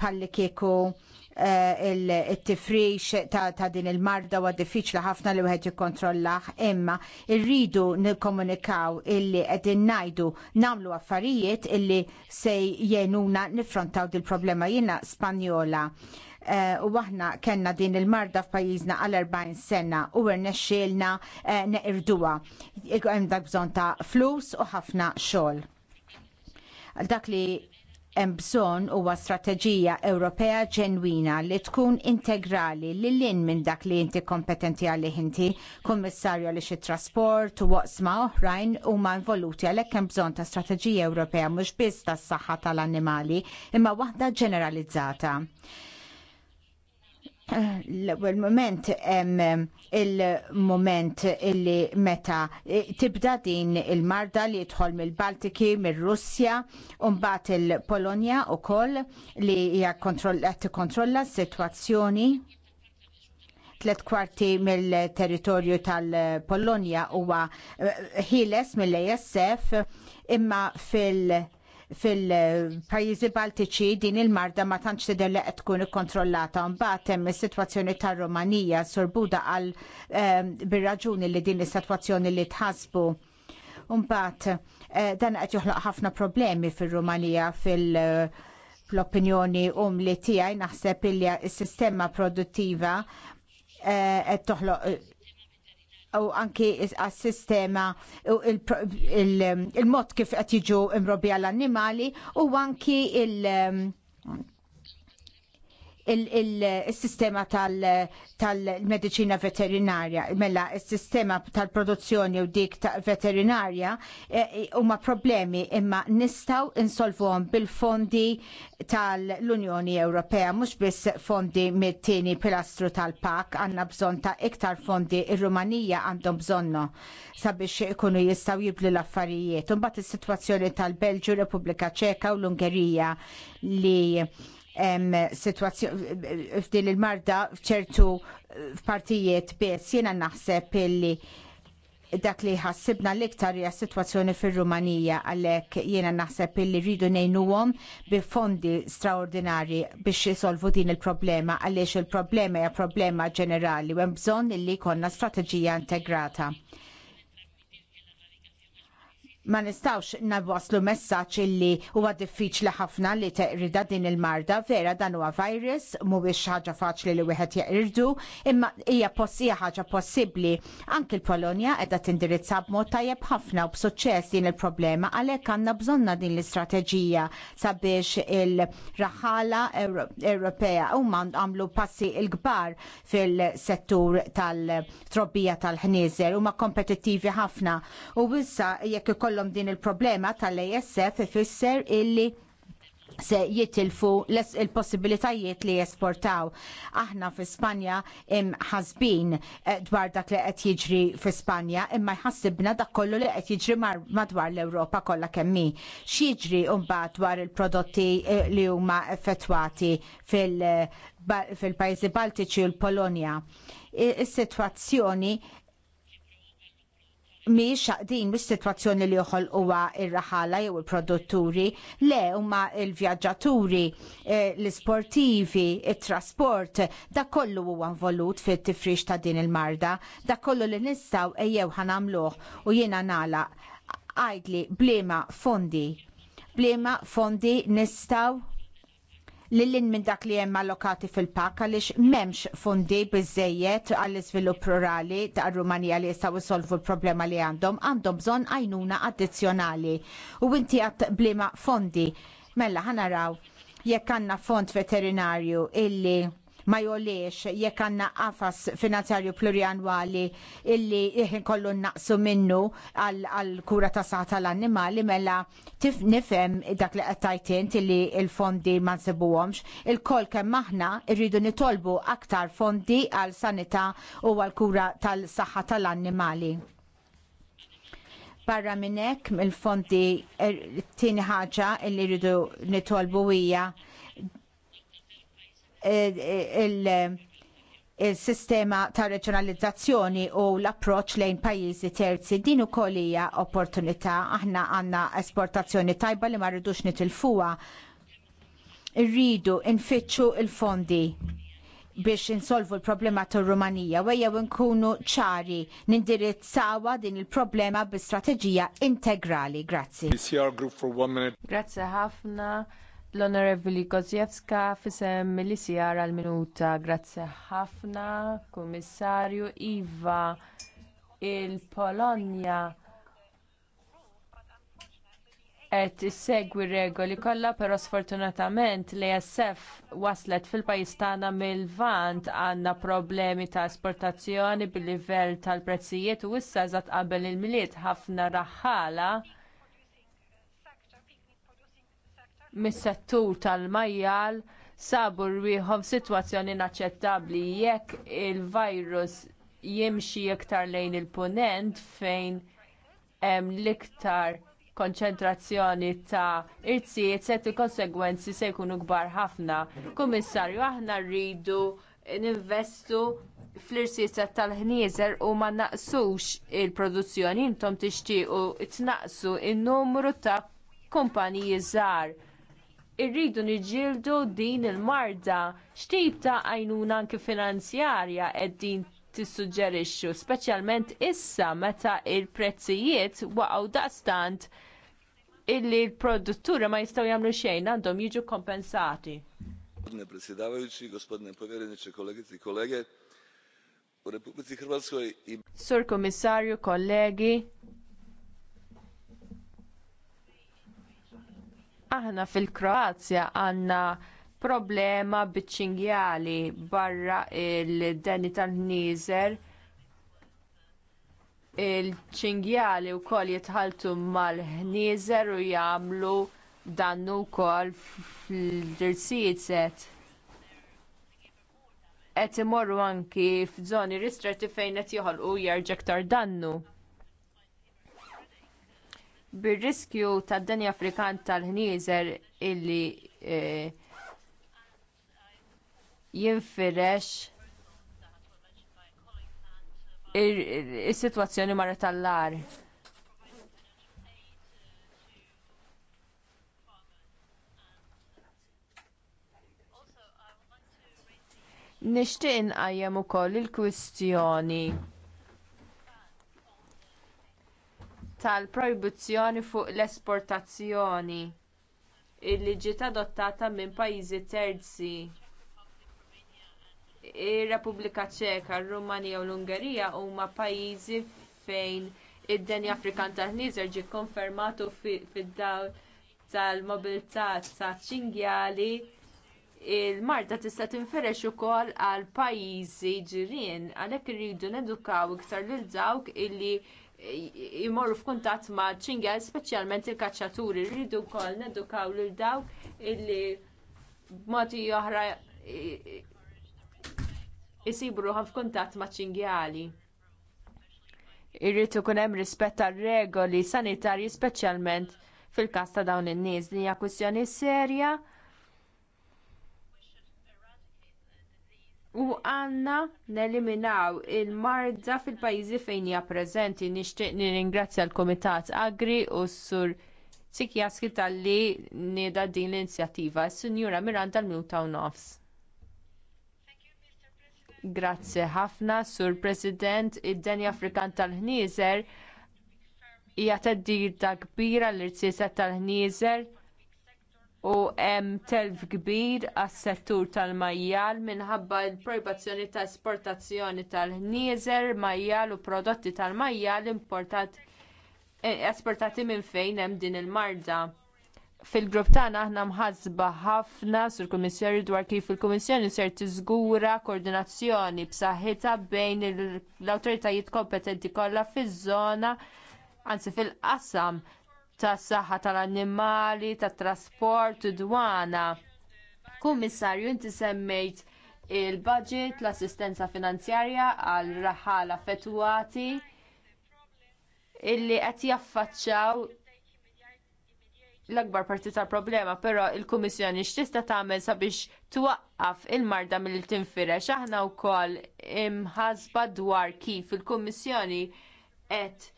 palli kieku eh, il-tifrix ta' din il-marda huwa diffiċli ħafna li wieħed jikkontrollah, imma rridu nikkomunikaw illi qegħdin ngħidu nagħmlu affarijiet illi se jenuna nifrontaw dil-problema jiena Spanjola Eh, u aħna kellna din il-marda f'pajjiżna għal 40 sena u rnexxielna eh, neqirduha. Hemm dak bżonn ta' flus u ħafna xogħol. Dak li hemm bżonn huwa strateġija Ewropea ġenwina li tkun integrali lil lin minn dak li inti kompetenti għalih inti, kummissarju għal xi trasport u waqsma oħrajn huma involuti għalhekk hemm bżonn ta' strateġija Ewropea mhux biss tas-saħħa tal-annimali imma waħda ġeneralizzata l-ewwel moment hemm il-moment illi meta e, tibda din il-marda li jidħol mill-Baltiki, mir-Russja, u mbagħad il-Polonja wkoll li hija qed tikkontrolla s-sitwazzjoni tlet kwarti mill-territorju tal-Polonja huwa e, ħieles mill-ASF imma fil- fil-pajjiżi Baltiċi din il-marda ma tantx tidher li qed tkun ikkontrollata mbagħad hemm is-sitwazzjoni tar-Rumanija sorbuda għal ehm, bir-raġuni li din is-sitwazzjoni li tħasbu. Mbagħad eh, dan qed joħloq ħafna problemi fir-Rumanija fil- fl-opinjoni um li tiegħi naħseb il s-sistema produttiva eh, qed toħloq u anki għas-sistema il-mod kif qed jiġu mrobbi għall-annimali u anki il- il-sistema tal-medicina veterinarja, mela il-sistema tal-produzzjoni u dik veterinarja eh, huma problemi imma nistaw insolvuhom bil-fondi tal-Unjoni Ewropea, mhux biss fondi mit-tieni pilastru tal-PAK, għandna bżonn ta' iktar fondi il rumanija għandhom bżonno sabiex ikunu jistaw jiblu l-affarijiet. Imbagħad is-sitwazzjoni tal-Belġu, Repubblika Ċeka u l-Ungerija li situazzjoni f'din il-marda f'ċertu f'partijiet biss jiena naħseb illi dak li ħassibna l-iktar hija situazzjoni fir-Rumanija għalhekk jiena naħseb illi rridu ngħinuhom bi fondi straordinari biex isolvu din il-problema għaliex il-problema hija problema ġenerali u hemm bżonn illi jkollna strateġija integrata ma nistawx nawaslu messaċ illi huwa diffiċli ħafna li teqrida din il-marda vera dan huwa virus mhuwiex ħaġa faċli li wieħed jeqirdu imma hija possija ħaġa possibbli. Anki l-Polonja qiegħda tindirizza b'mod tajjeb ħafna u b'suċċess din il-problema għalhekk għandna bżonna din l-istrateġija sabiex il-raħala Ewropea u għamlu passi il-kbar fil-settur tal-trobbija tal-ħnieżer u ma kompetittivi ħafna u wissa jekk ikollu jkollhom din il-problema tal-ASF ifisser illi se jitilfu il-possibilitajiet li jesportaw. Aħna fi Spanja imħazbin eh, dwar dak li qed jiġri fi Spanja, imma jħassibna dak kollu li qed jiġri madwar l-Ewropa kollha kemmi. X'jiġri mbagħad dwar il-prodotti eh, li huma effettwati fil-pajjiżi Baltiċi u l-Polonja. Is-sitwazzjoni mi xaqdin mis situazzjoni li uħol uwa il raħala jew il-produtturi, le huma il-vjaġġaturi, eh, l-sportivi, il trasport da kollu huwa involut fit tifrix ta' din il-marda, da kollu li nistaw ejjew ħanamluh u jiena nala għajdli blima fondi, blima fondi nistaw lil-in minn dak li hemm allokati fil-pak għaliex m'hemmx fondi biżejjed għall-iżvilupp rurali ta' Rumanija li jistgħu jsolvu l-problema li għandhom għandhom bżonn għajnuna addizzjonali. U inti għad blima fondi. Mella ħanaraw jekk għandna fond veterinarju illi ma jolliex jekk għandna qafas finanzjarju plurianwali illi jħin kollu naqsu minnu għal kura ta' saħta tal-annimali mela tif nifem dak li għattajtint illi il-fondi ma nsibuwomx il-kol kemm aħna irridu nitolbu aktar fondi għal sanità u għal kura tal-saħħa tal-annimali barra minn hekk fondi t er, tini ħaġa li rridu nitolbu hija il-sistema ta' reġjonalizzazzjoni u l-approċ lejn pajjiżi terzi din ukoll hija opportunità aħna għandna esportazzjoni tajba li ma rridux nitilfuha. Irridu nfittxu l fondi biex insolvu l-problema tar rumanija u jew nkunu ċari nindirizzawa din il-problema bi strateġija integrali. Grazzi. Grazzi ħafna L-Onorevoli Kozjevska fisem l-ISR għal-minuta. Grazzi ħafna, Kummissarju Iva, il-Polonja qed issegwi r regoli kollha, però sfortunatament l-ESF waslet fil-pajjiż tagħna mill-vant għandna problemi ta' esportazzjoni bil-livell tal-prezzijiet u issa eżatt qabel il-miliet ħafna raħħala. mis-settur tal-majjal sabu rwieħhom f'sitwazzjoni inaċċettabbli jekk il-virus jimxi iktar lejn il-punent fejn hemm l-iktar konċentrazzjoni ta' irzijiet set il-konsegwenzi se jkunu kbar ħafna. Kummissarju, aħna rridu ninvestu fl-irsiet tal-ħnieżer u ma naqsux il-produzzjoni intom tixtiequ tnaqsu n numru ta' kumpaniji żgħar irridu niġildu din il-marda. X'tip ta' għajnuna anke finanzjarja qed din tissuġġerixxu, speċjalment issa meta l prezzijiet waqgħu daqstant illi l produtturi ma jistgħu jagħmlu xejn għandhom jiġu kompensati. Gospodine predsjedavajući, gospodine povjereniče, kolegice i u Republici Hrvatskoj Sur Komissarju, kollegi. Aħna fil-Kroazja għandna problema biċċingjali barra il-deni tal-nizer il-ċingjali wkoll jitħaltu mal-ħnieżer u jagħmlu dannu wkoll fl-irsijiet qed imorru anki f'żoni ristretti fejn qed joħolqu iktar dannu bir-riskju tad deni Afrikan tal-ħnieżer illi eh, jinfirex is-sitwazzjoni marra tal-lar. Nixtieq inqajjem ukoll il-kwistjoni tal-projbizzjoni fuq l-esportazzjoni illi ġiet adottata minn pajjiżi terzi ir-repubblika ċeka rumanija u l-ungerija huma pajjiżi fejn id-denja afrikan tan-niżer ġie kkonfermat fid-dawl tal-mobilità taċ-ċingjali il marta tista' tinferex ukoll għal pajjiżi ġirien għalhekk irridu nedukaw iktar lil dawk illi jmorru f'kuntatt ma' ċingel, speċjalment il-kaċċaturi, rridu wkoll nedukaw lil dawk illi b'modi oħra jisibu ruħan f'kuntatt ma' ċingjali. Irrid ikun hemm rispett tar-regoli sanitarji speċjalment fil-każ ta' dawn in-nies li hija kwistjoni serja u għandna neliminaw il-marda fil pajjiżi fejn hija preżenti. Nixtieq nirringrazzja l-Kumitat Agri u s-Sur Sikjaski talli nieda din l-inizjattiva. Sinjura Miranda l u Nofs. Grazzi ħafna, Sur President, id deni Afrikan tal jgħat hija ta' kbira l-irtiset tal-Ħnieżer u hemm telf kbir għas-settur tal-majjal minħabba l prohibizzjoni ta' esportazzjoni tal-ħnieżer, majjal u prodotti tal-majjal importat e, esportati minn fejn hemm din il-marda fil-grupp tagħna aħna mħassba ħafna sur kummissjoni dwar kif il-Kummissjoni ser tiżgura koordinazzjoni b'saħħitha bejn l-awtoritajiet kompetenti kollha fiż-żona anzi fil-qasam tas saħħa tal-annimali, tat trasport, dwana. Kummissarju, inti semmejt il-budget, l-assistenza finanzjarja għal raħal affettwati illi qed jaffaċċjaw l-akbar parti tal-problema, però il kummissjoni x'tista' tagħmel sabiex twaqqaf il-marda milli tinfirex aħna wkoll imħasba dwar kif il-Kummissjoni qed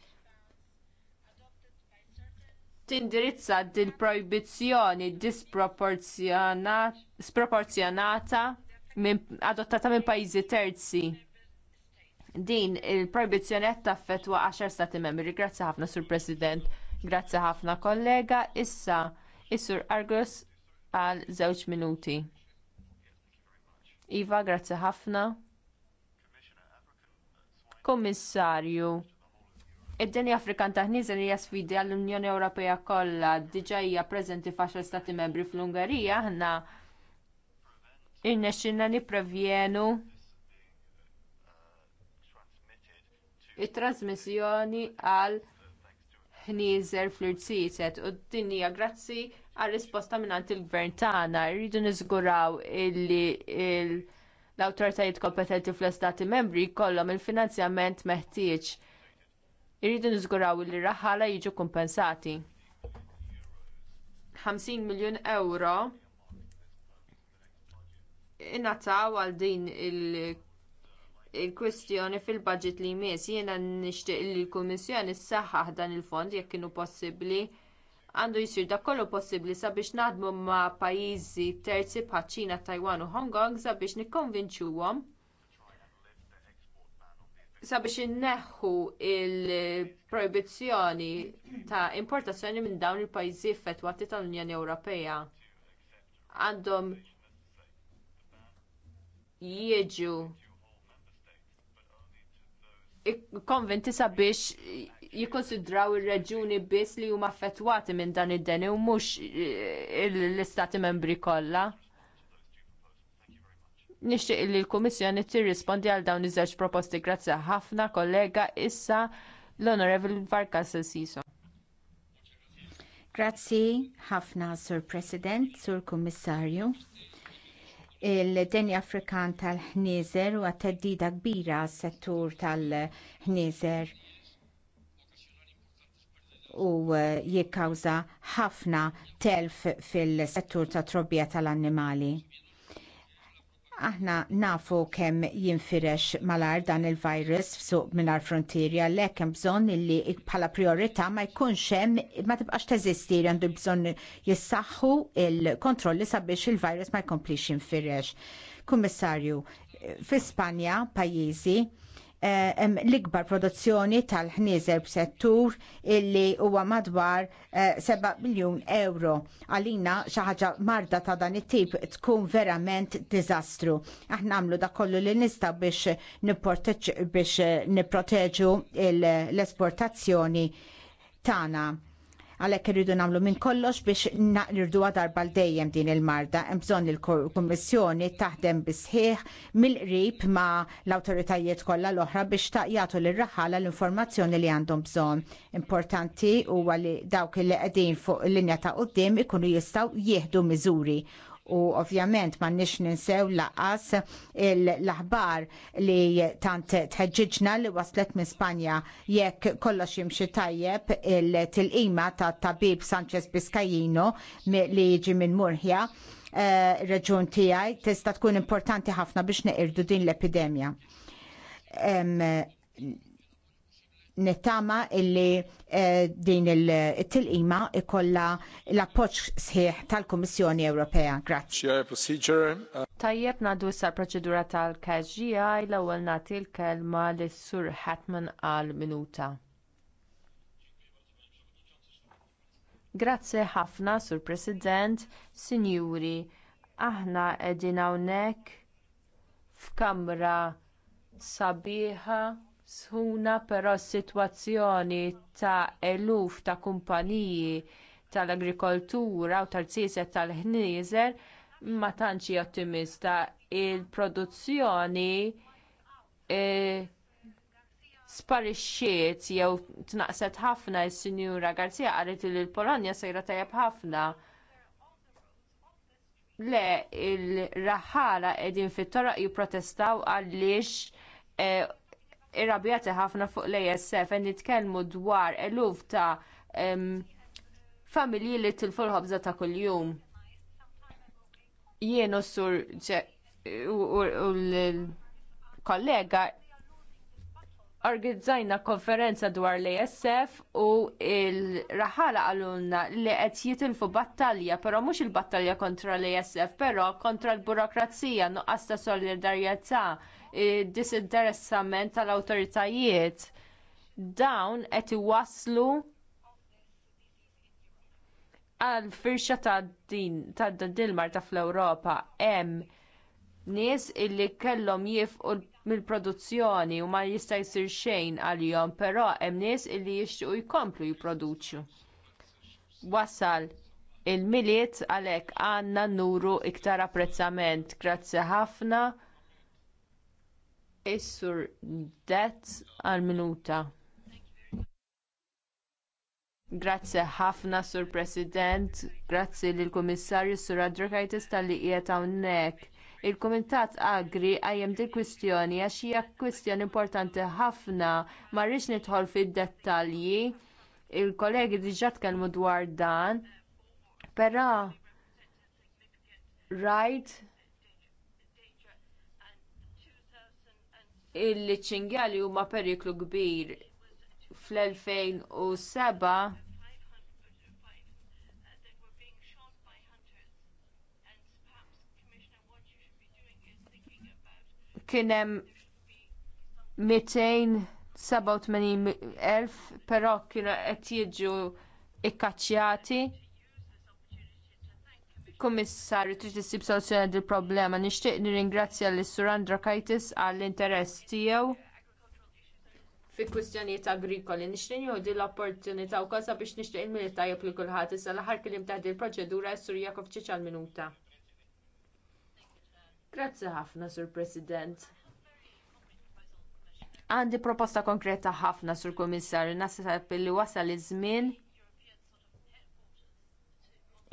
tindirizza din proibizzjoni disproporzjonata adottata minn pajjiżi terzi. Din il-proibizzjoni qed taffettwa 10 stati membri. Grazzi ħafna sur President. Grazzi ħafna kollega. Issa is-Sur Argus għal żewġ minuti. Iva, grazzi ħafna. Kommissarju, Id-dinja Afrikan ta' ħnieżel hija sfidi għall-Unjoni Ewropea kollha diġà hija preżenti f'għaxar stati membri fl-Ungerija aħna irnexxinna nipprevjenu it-trasmissjoni għal ħnieżer fl-irsiset u d-dinja grazzi għal risposta minnant il-gvern tagħna rridu niżguraw illi l-awtoritajiet kompetenti fl-istati membri jkollhom il-finanzjament meħtieġ Irridu niżguraw li raħala jiġu kompensati. 50 miljun euro ingħataw għal din il-kwistjoni il fil-budget li jmiss jiena nixtieq li l-Kummissjoni ssaħaħ dan il-fond jekk kienu possibbli għandu jsir dak kollu possibbli sabiex naħdmu ma' pajjiżi terzi bħaċ-Ċina, Taiwan u Hong Kong sabiex nikkonvinċuhom sabiex inneħħu il-proibizzjoni ta' importazzjoni minn dawn il-pajjiżi effettwati tal-Unjoni Ewropea għandhom jiġu konventi sabiex jikonsidraw ir-reġjuni biss li huma affettwati minn dan id-deni u mhux l-istati membri kollha. Nixtieq li l-Kummissjoni tirrispondi għal dawn iż-żewġ proposti. Grazzi ħafna kollega issa l-Onorevoli Varkas Siso. Grazzi ħafna, Sur President, Sur Kummissarju il-denja Afrikan tal-ħnieżer huwa theddida kbira s settur tal-ħnieżer u uh, jikkawża ħafna telf fil-settur tat trobbija tal-annimali aħna nafu kemm jinfirex malar dan il-virus f'suq mingħajr frontierja, għalhekk hemm bżonn illi bħala priorità ma jkunx hemm ma tibqax teżisti għandu bżonn jissaħħu l kontrolli sabiex il-virus ma jkomplix jinfirex. Kummissarju, fi Spanja pajjiżi hemm eh, l-ikbar produzzjoni tal-ħnieżer b'settur illi huwa madwar 7 eh, miljun euro. Għalina xi ħaġa marda ta' dan it-tip tkun verament diżastru. Aħna għamlu da kollu li nista biex biex nipproteġu l-esportazzjoni tagħna Għalhekk irridu nagħmlu minn kollox biex naqrirdu darba l-dejjem din il-marda. Hemm bżonn il-Kummissjoni taħdem bisħieħ mill-qrib ma' l-awtoritajiet kollha l-oħra biex taqjatu l raħala l-informazzjoni li għandhom bżonn. Importanti huwa li dawk li qegħdin fuq il-linja ta' għoddim ikunu jistgħu jieħdu miżuri u ovvjament ma nix ninsew laqas l-aħbar li tant tħeġġiġna li waslet minn Spanja jekk kollox jimxi tajjeb il-tilqima ta' tabib Sanchez Biscajino li jiġi minn Murħja eh, reġun tijaj tista' tkun importanti ħafna biex neqirdu din l-epidemja Nittama illi eh, din il-tilqima ikolla l-appoċ sħiħ tal komissjoni Ewropea. Grazzi. Uh, Tajjeb nadu sa proċedura tal-KGI l-ewwel nagħti l-kelma lis sur Hatman għal minuta. Grazzi ħafna, Sur President, Sinjuri, aħna qegħdin hawnhekk f'kamra sabiħa sħuna però s-sitwazzjoni ta' eluf ta' kumpaniji tal-agrikoltura u tal-tsiset tal-ħnieżer ma tantx hija ottimista il-produzzjoni e, sparixxiet jew tnaqset ħafna is-Sinjura Garzija qalet li l-Polonja sejra tajjeb ħafna. Le il-raħala qegħdin fit-toroq jipprotestaw għaliex e, irrabjati ħafna fuq l-ASF għen nitkellmu dwar eluf ta' familji li tilfu l-ħobza ta' kuljum. Jien u sur u l-kollega organizzajna konferenza dwar l-ASF u l raħala għalunna li qed jitilfu battalja, però mhux il-battalja kontra l-ASF, però kontra l-burokrazija, nuqqas ta' solidarjetà disinteressament tal-awtoritajiet. Dawn qed iwasslu għal firxa ta' din ta' dilmar ta' fl-Ewropa hemm nies illi kellhom jifqu mill-produzzjoni u ma jista' jsir xejn għalihom, però hemm nies illi jixtiequ jkomplu jipproduċu. Wasal il-miliet għalhekk għandna nuru iktar apprezzament. Grazzi ħafna. Is-sur Det għal-minuta. Grazzi ħafna, Sur President. Grazzi lill kummissarju Sur Adrokaitis tal-li qiegħed hawnhekk. Il-Kumitat Agri għajjem di kwistjoni għax hija kwistjoni importanti ħafna ma rridx nidħol fid-dettalji. Il-kollegi diġà tkellmu dwar dan. Però rajt right? il-ċingjali huma periklu kbir fl-2007 kien hemm 287,000 però kienu qed jiġu ikkaċċjati Kummissarju trid issib soluzzjoni għal problema nixtieq nirringrazzja lis sur Andrakaitis għall interess tiegħu fi kwistjonijiet agrikoli. Nixtieq jieħu l-opportunità wkoll sabiex nixtieq il tajjeb li kulħadd issa l-aħħar kliem taħt il-proċedura sur Jakov għall minuta. Grazzi ħafna, Sur President. Għandi proposta konkreta ħafna, Sur Kummissarju, nasib li wasal iż-żmien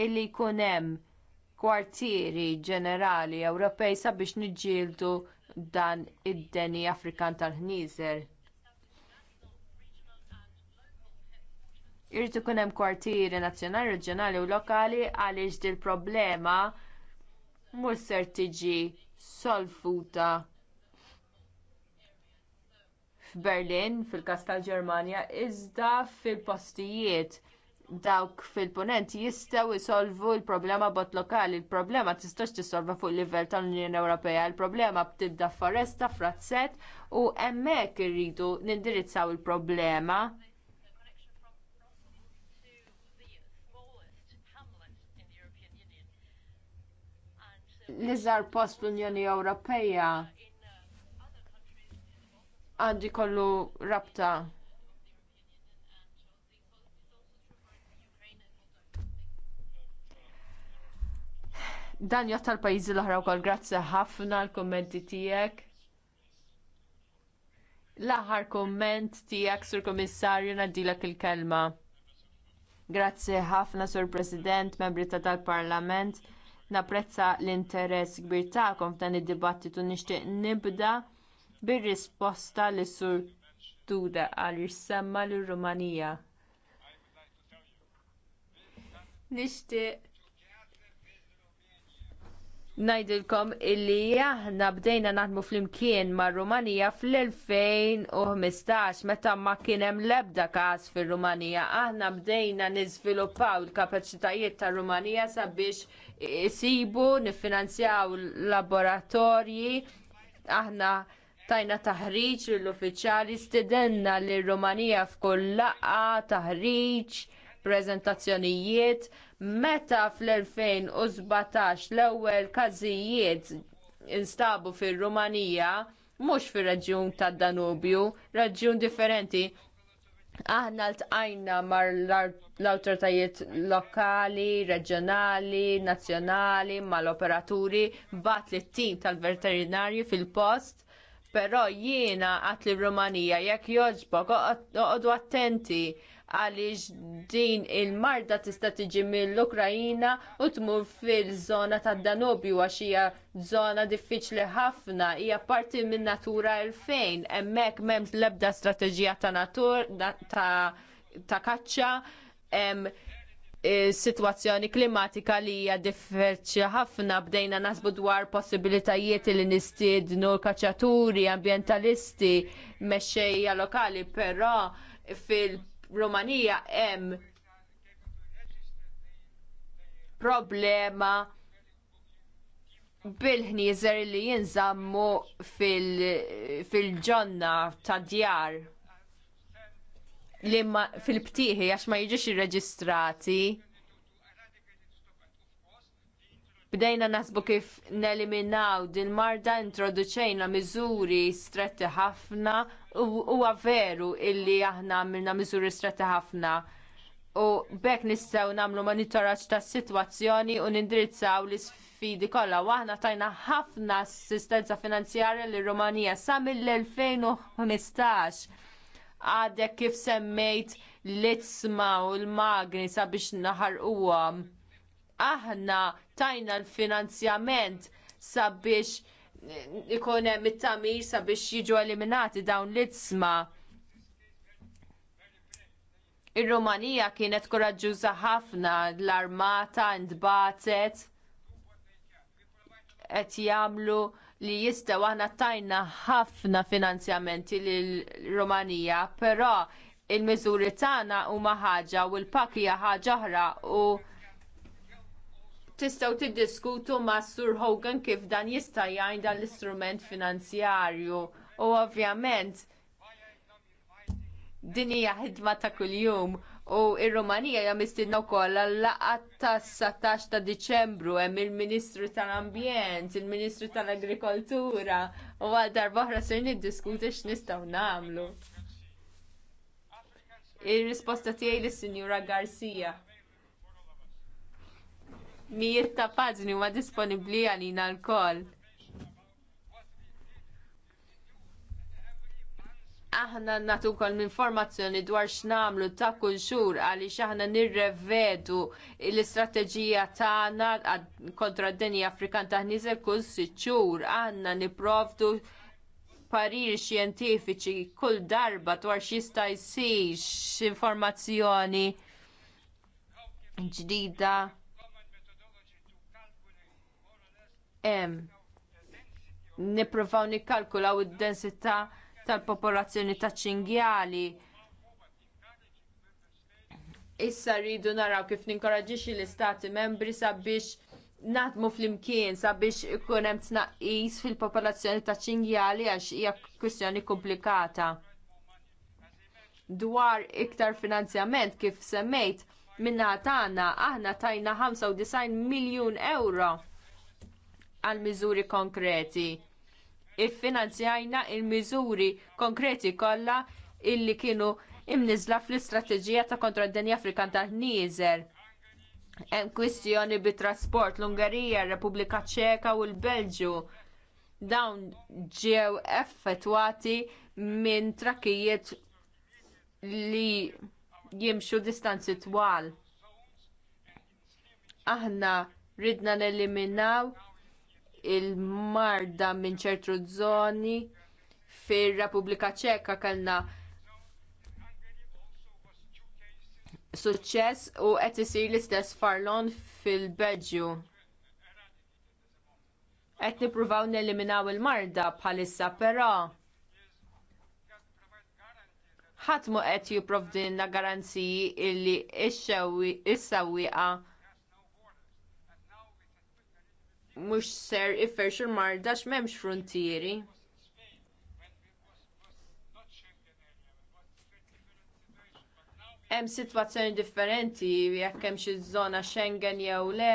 illi jkun hemm kwartieri ġenerali Ewropej sabiex niġġieldu dan id-deni Afrikan tal-ħnieżer. Irid ikun hemm kwartieri nazzjonali, reġjonali u lokali għaliex dil problema mhux ser tiġi solfuta f'Berlin fil-każ tal-Ġermanja iżda fil-postijiet dawk fil-punent jistgħu jsolvu l-problema bot lokali. Il-problema tistax tissolva fuq il-livell tal-Unjoni Ewropea. Il-problema btibda foresta, frazzet u hemmhekk irridu nindirizzaw il-problema. L-iżgħar post l-Unjoni Ewropea għandi kollu rabta Dan jgħat tal-pajizi l-oħra wkoll grazzi ħafna l-kommenti tiegħek. L-aħħar komment tiegħek sur Kummissarju nadilek il-kelma. Grazzi ħafna sur President, membri ta' tal-Parlament. Napprezza l-interess kbir tagħkom f'dan id-dibattitu nixtieq nibda bir-risposta li sur Tuda għal semma lir rumanija Nixtieq Ngħidilkom illi aħna bdejna naħdmu flimkien mar Rumanija fl-2015 meta ma kien hemm l-ebda każ fir-Rumanija. Aħna bdejna niżviluppaw il-kapaċitajiet tar Rumanija sabiex isibu niffinanzjaw laboratorji. Aħna tajna taħriġ l-uffiċjali stidenna lir rumanija f'kull laqgħa taħriġ, preżentazzjonijiet Meta fl-2017 l-ewwel każijiet instabu fir-Rumanija, mhux fir-Reġjun tad-Danubju, reġjun differenti, aħna ltqajna mar l-awtoritajiet lokali, reġjonali, nazzjonali, mal-operaturi, bat li tim tal-veterinarju fil-post, però jiena għat li Rumanija jekk jogħġbok oqgħodu attenti għaliex din il-marda tista' tiġi mill-Ukrajina u tmur fil-żona tad-Danubju għax hija żona diffiċli ħafna hija parti minn natura l-fejn hemmhekk m'hemmx l-ebda strateġija ta' natur ta' kaċċa hemm e, situazzjoni klimatika li hija differċi ħafna bdejna nasbu dwar possibilitajiet li nistiednu kaċċaturi, ambjentalisti, mexxejja lokali, però fil Romania hemm problema bil-ħnieżer li jinżammu fil-ġonna fil ta' djar li fil-ptiħi għax ma jiġix irreġistrati. Bdejna nasbu kif neliminaw din marda introduċejna miżuri stretti ħafna huwa veru illi aħna għamilna mizur stretti ħafna u bekk nistgħu nagħmlu monitoraċ tas-sitwazzjoni u nindirizzaw l-isfidi kollha u aħna tajna ħafna assistenza finanzjarja lir rumanija sa mill-2015 għadek kif semmejt l-itsma u l-magni sabiex naħarquhom. Aħna tajna l-finanzjament sabiex ikun hemm it-tamir sabiex jiġu eliminati dawn l isma Ir-Rumanija kienet koraġġuża ħafna l-armata ntbatet qed jagħmlu li jistgħu aħna tajna ħafna finanzjamenti lill Rumanija, però il-miżuri tagħna huma ħaġa u l-pakija ħaġa oħra u tistgħu tiddiskutu ma' Sur Hogan kif dan jista' jgħin dan l-istrument finanzjarju u ovvjament din hija ħidma ta' kuljum u ir-Rumanija hija mistinna wkoll għall-laqgħa tas-17 ta' Diċembru hemm il-Ministru tal-Ambjent, il-Ministru tal-Agrikoltura u għal darba oħra se niddiskuti x'nistgħu nagħmlu. Ir-risposta tiegħi lis-Sinjura Garcia mijiet ta' paġni huma disponibbli għalina lkoll. aħna natu kol informazzjoni dwar x'namlu ta' kull xhur għaliex aħna nirrevedu l-istrateġija tagħna kontra d-dinja Afrikan ta' nizel kull sitt xhur aħna nipprovdu parir xjentifiċi kull darba dwar x'jista' jsir informazzjoni ġdida hemm nippruvaw nikkalkulaw id-densità tal-popolazzjoni taċ ċinghiali. Issa rridu naraw kif ninkoraġġixxi l-istati membri sabiex naħdmu flimkien sabiex ikun hemm tnaqqis fil-popolazzjoni taċ ċinghiali għax hija kwistjoni komplikata. Dwar iktar finanzjament kif semmejt minna tagħna aħna tajna 95 miljun euro għal miżuri konkreti. Iffinanzjajna l miżuri konkreti kollha illi kienu imnizla fl-istrateġija ta' kontra d-denja Afrikan tal-Nizer. Hemm kwistjoni bit-trasport l-Ungerija, Repubblika Ċeka u l-Belġu. Dawn ġew effettwati minn trakkijiet li jimxu distanzi twal. Aħna ridna neliminaw il-marda minn ċertu żoni fir-Repubblika Ċeka kellna suċċess u qed isir l-istess farlon fil-Belġju. Qed nippruvaw neliminaw il-marda bħalissa però ħadd mu qed jipprovdilna garanziji illi s-sewwieqa mhux ser iffer l-marda m'hemmx frontieri. Hemm sitwazzjoni differenti jekk hemm xi żona Schengen jew le.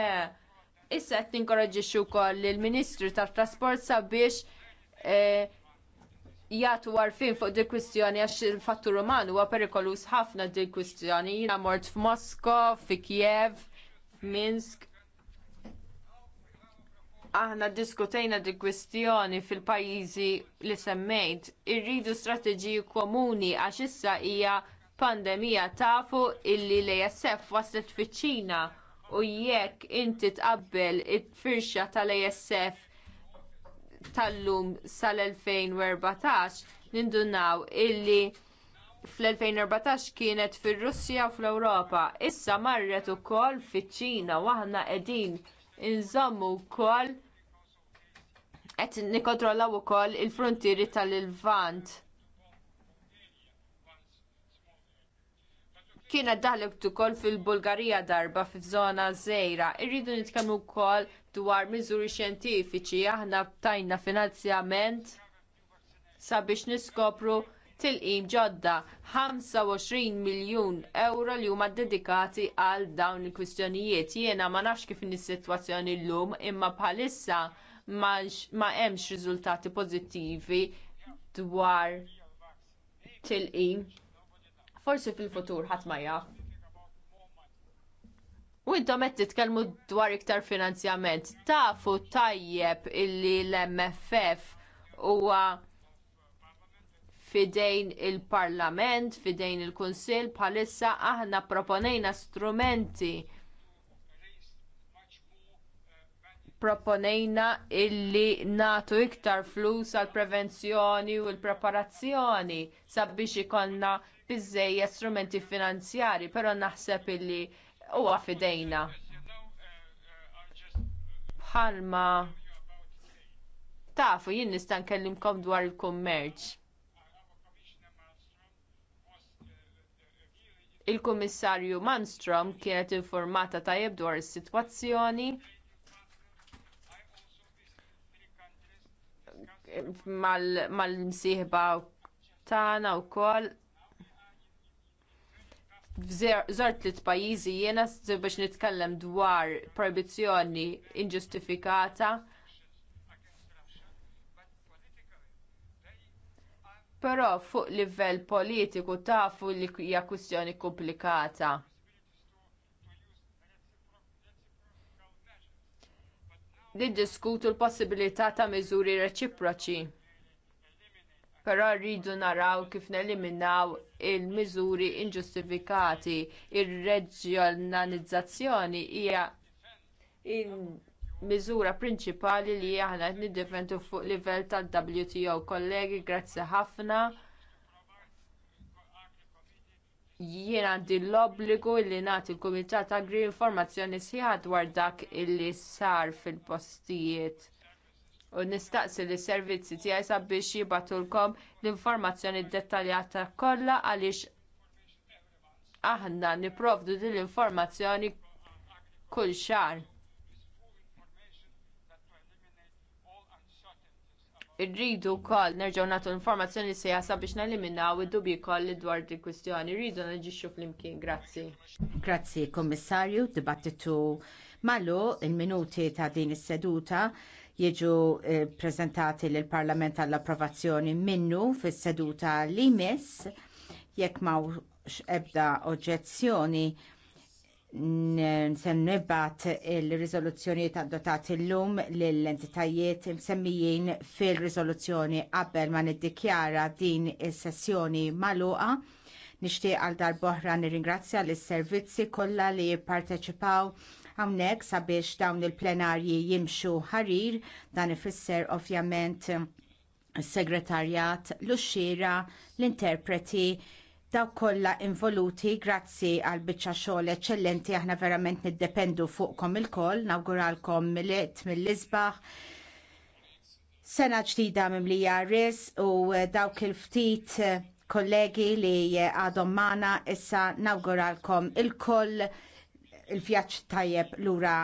Issa qed ninkoraġġixxu wkoll lill ministru tat-Trasport sabiex e, jagħtu jgħatu għarfien fuq dik kwistjoni għax il-fattur uman huwa perikolus ħafna dik kwistjoni Jiena mort f'Moskow, fi Kiev, f'Minsk aħna ddiskutejna di kwistjoni fil-pajjiżi li semmejt. Irridu strateġiji komuni għax issa hija pandemija tafu illi l-ASF waslet fiċ-Ċina u jekk inti tqabbel it-firxa tal-ASF tal-lum sal-2014 nindunaw illi fl-2014 kienet fir-Russja u fl-Ewropa. Issa marret ukoll kol ċina u aħna qegħdin inżommu wkoll qed nikkontrollaw ukoll il-frontieri tal-Ilvant. Kienet daħlet ukoll fil-Bulgarija darba fiż-żona żgħira. Irridu nitkellmu wkoll dwar miżuri xjentifiċi aħna btajna finanzjament sabiex niskopru tilqim ġodda 25 miljun euro li huma dedikati għal dawn il-kwistjonijiet. Jiena ma nafx kif is-sitwazzjoni llum imma bħalissa ma hemmx riżultati pożittivi dwar tilqim. Forsi fil-futur ħadd ma jaf. U intom qed titkellmu dwar iktar finanzjament. Tafu tajjeb illi l-MFF huwa fidejn il-Parlament, fidejn il-Kunsill, bħalissa aħna proponejna strumenti proponejna illi nagħtu iktar flus għall prevenzjoni u l-preparazzjoni sabiex ikollna bizzejja strumenti finanzjarji, però naħseb illi huwa fidejna. Bħalma tafu jien nista' nkellimkom dwar il-kummerċ il-Kummissarju Malmstrom kienet informata tajjeb dwar is-sitwazzjoni mal-msieħba tagħna wkoll. Żort tliet pajjiżi jiena biex nitkellem dwar proibizzjoni inġustifikata però fuq livell politiku tafu li hija kwistjoni komplikata. Niddiskutu l-possibilità ta' miżuri reċiproċi. Però rridu naraw kif neliminaw il-miżuri inġustifikati. Ir-reġjonalizzazzjoni hija in miżura prinċipali li aħna qed niddefendu fuq livell tal-WTO. Kollegi, grazzi ħafna. Jien għandi l-obbligu li nagħti l-Kumitat Agri informazzjoni sħiħa dwar dak illi sar fil-postijiet u nistaqsi lis servizzi tiegħi sabiex jibatulkom l-informazzjoni dettaljata kollha għaliex aħna nipprovdu din l-informazzjoni kull xahar. Irridu wkoll nerġgħu nagħtu informazzjoni se jasab biex neliminaw id-dubji koll dwar di kwestjoni Irridu naġixxu flimkien. Grazzi. Grazzi, Kommissarju, dibattitu Malu, il-minuti ta' din is-seduta jiġu ppreżentati eh, lill parlament għall-approvazzjoni minnu fis-seduta li jmiss. jekk mawx ebda oġġezzjoni nsen nibat il-rizoluzzjoni ta' dotat il-lum l-entitajiet msemmijin fil-rizoluzzjoni qabel ma niddikjara din is-sessjoni maluqa. Nixtieq għal darboħra nirringrazzja lis servizzi kollha li jipparteċipaw hawnhekk sabiex dawn il-plenarji jimxu ħarir dan ifisser ovvjament is segretarjat, l-uxxira, l-interpreti, Daw kollha involuti grazzi għal biċċa xogħol eċċellenti aħna verament niddependu fuqkom il-koll, nawguralkom mill-qed mill-isbaħ. Sena ġdida mimlija ris u dawk il-ftit eh, kollegi li għadhom Mana issa nawguralkom il-koll il-vjaġġ tajjeb lura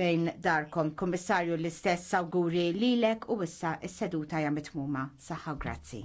lejn darkom. Kummissarju l-istess awguri lilek u issa s-seduta jam mitmuma. Saħħa grazzi.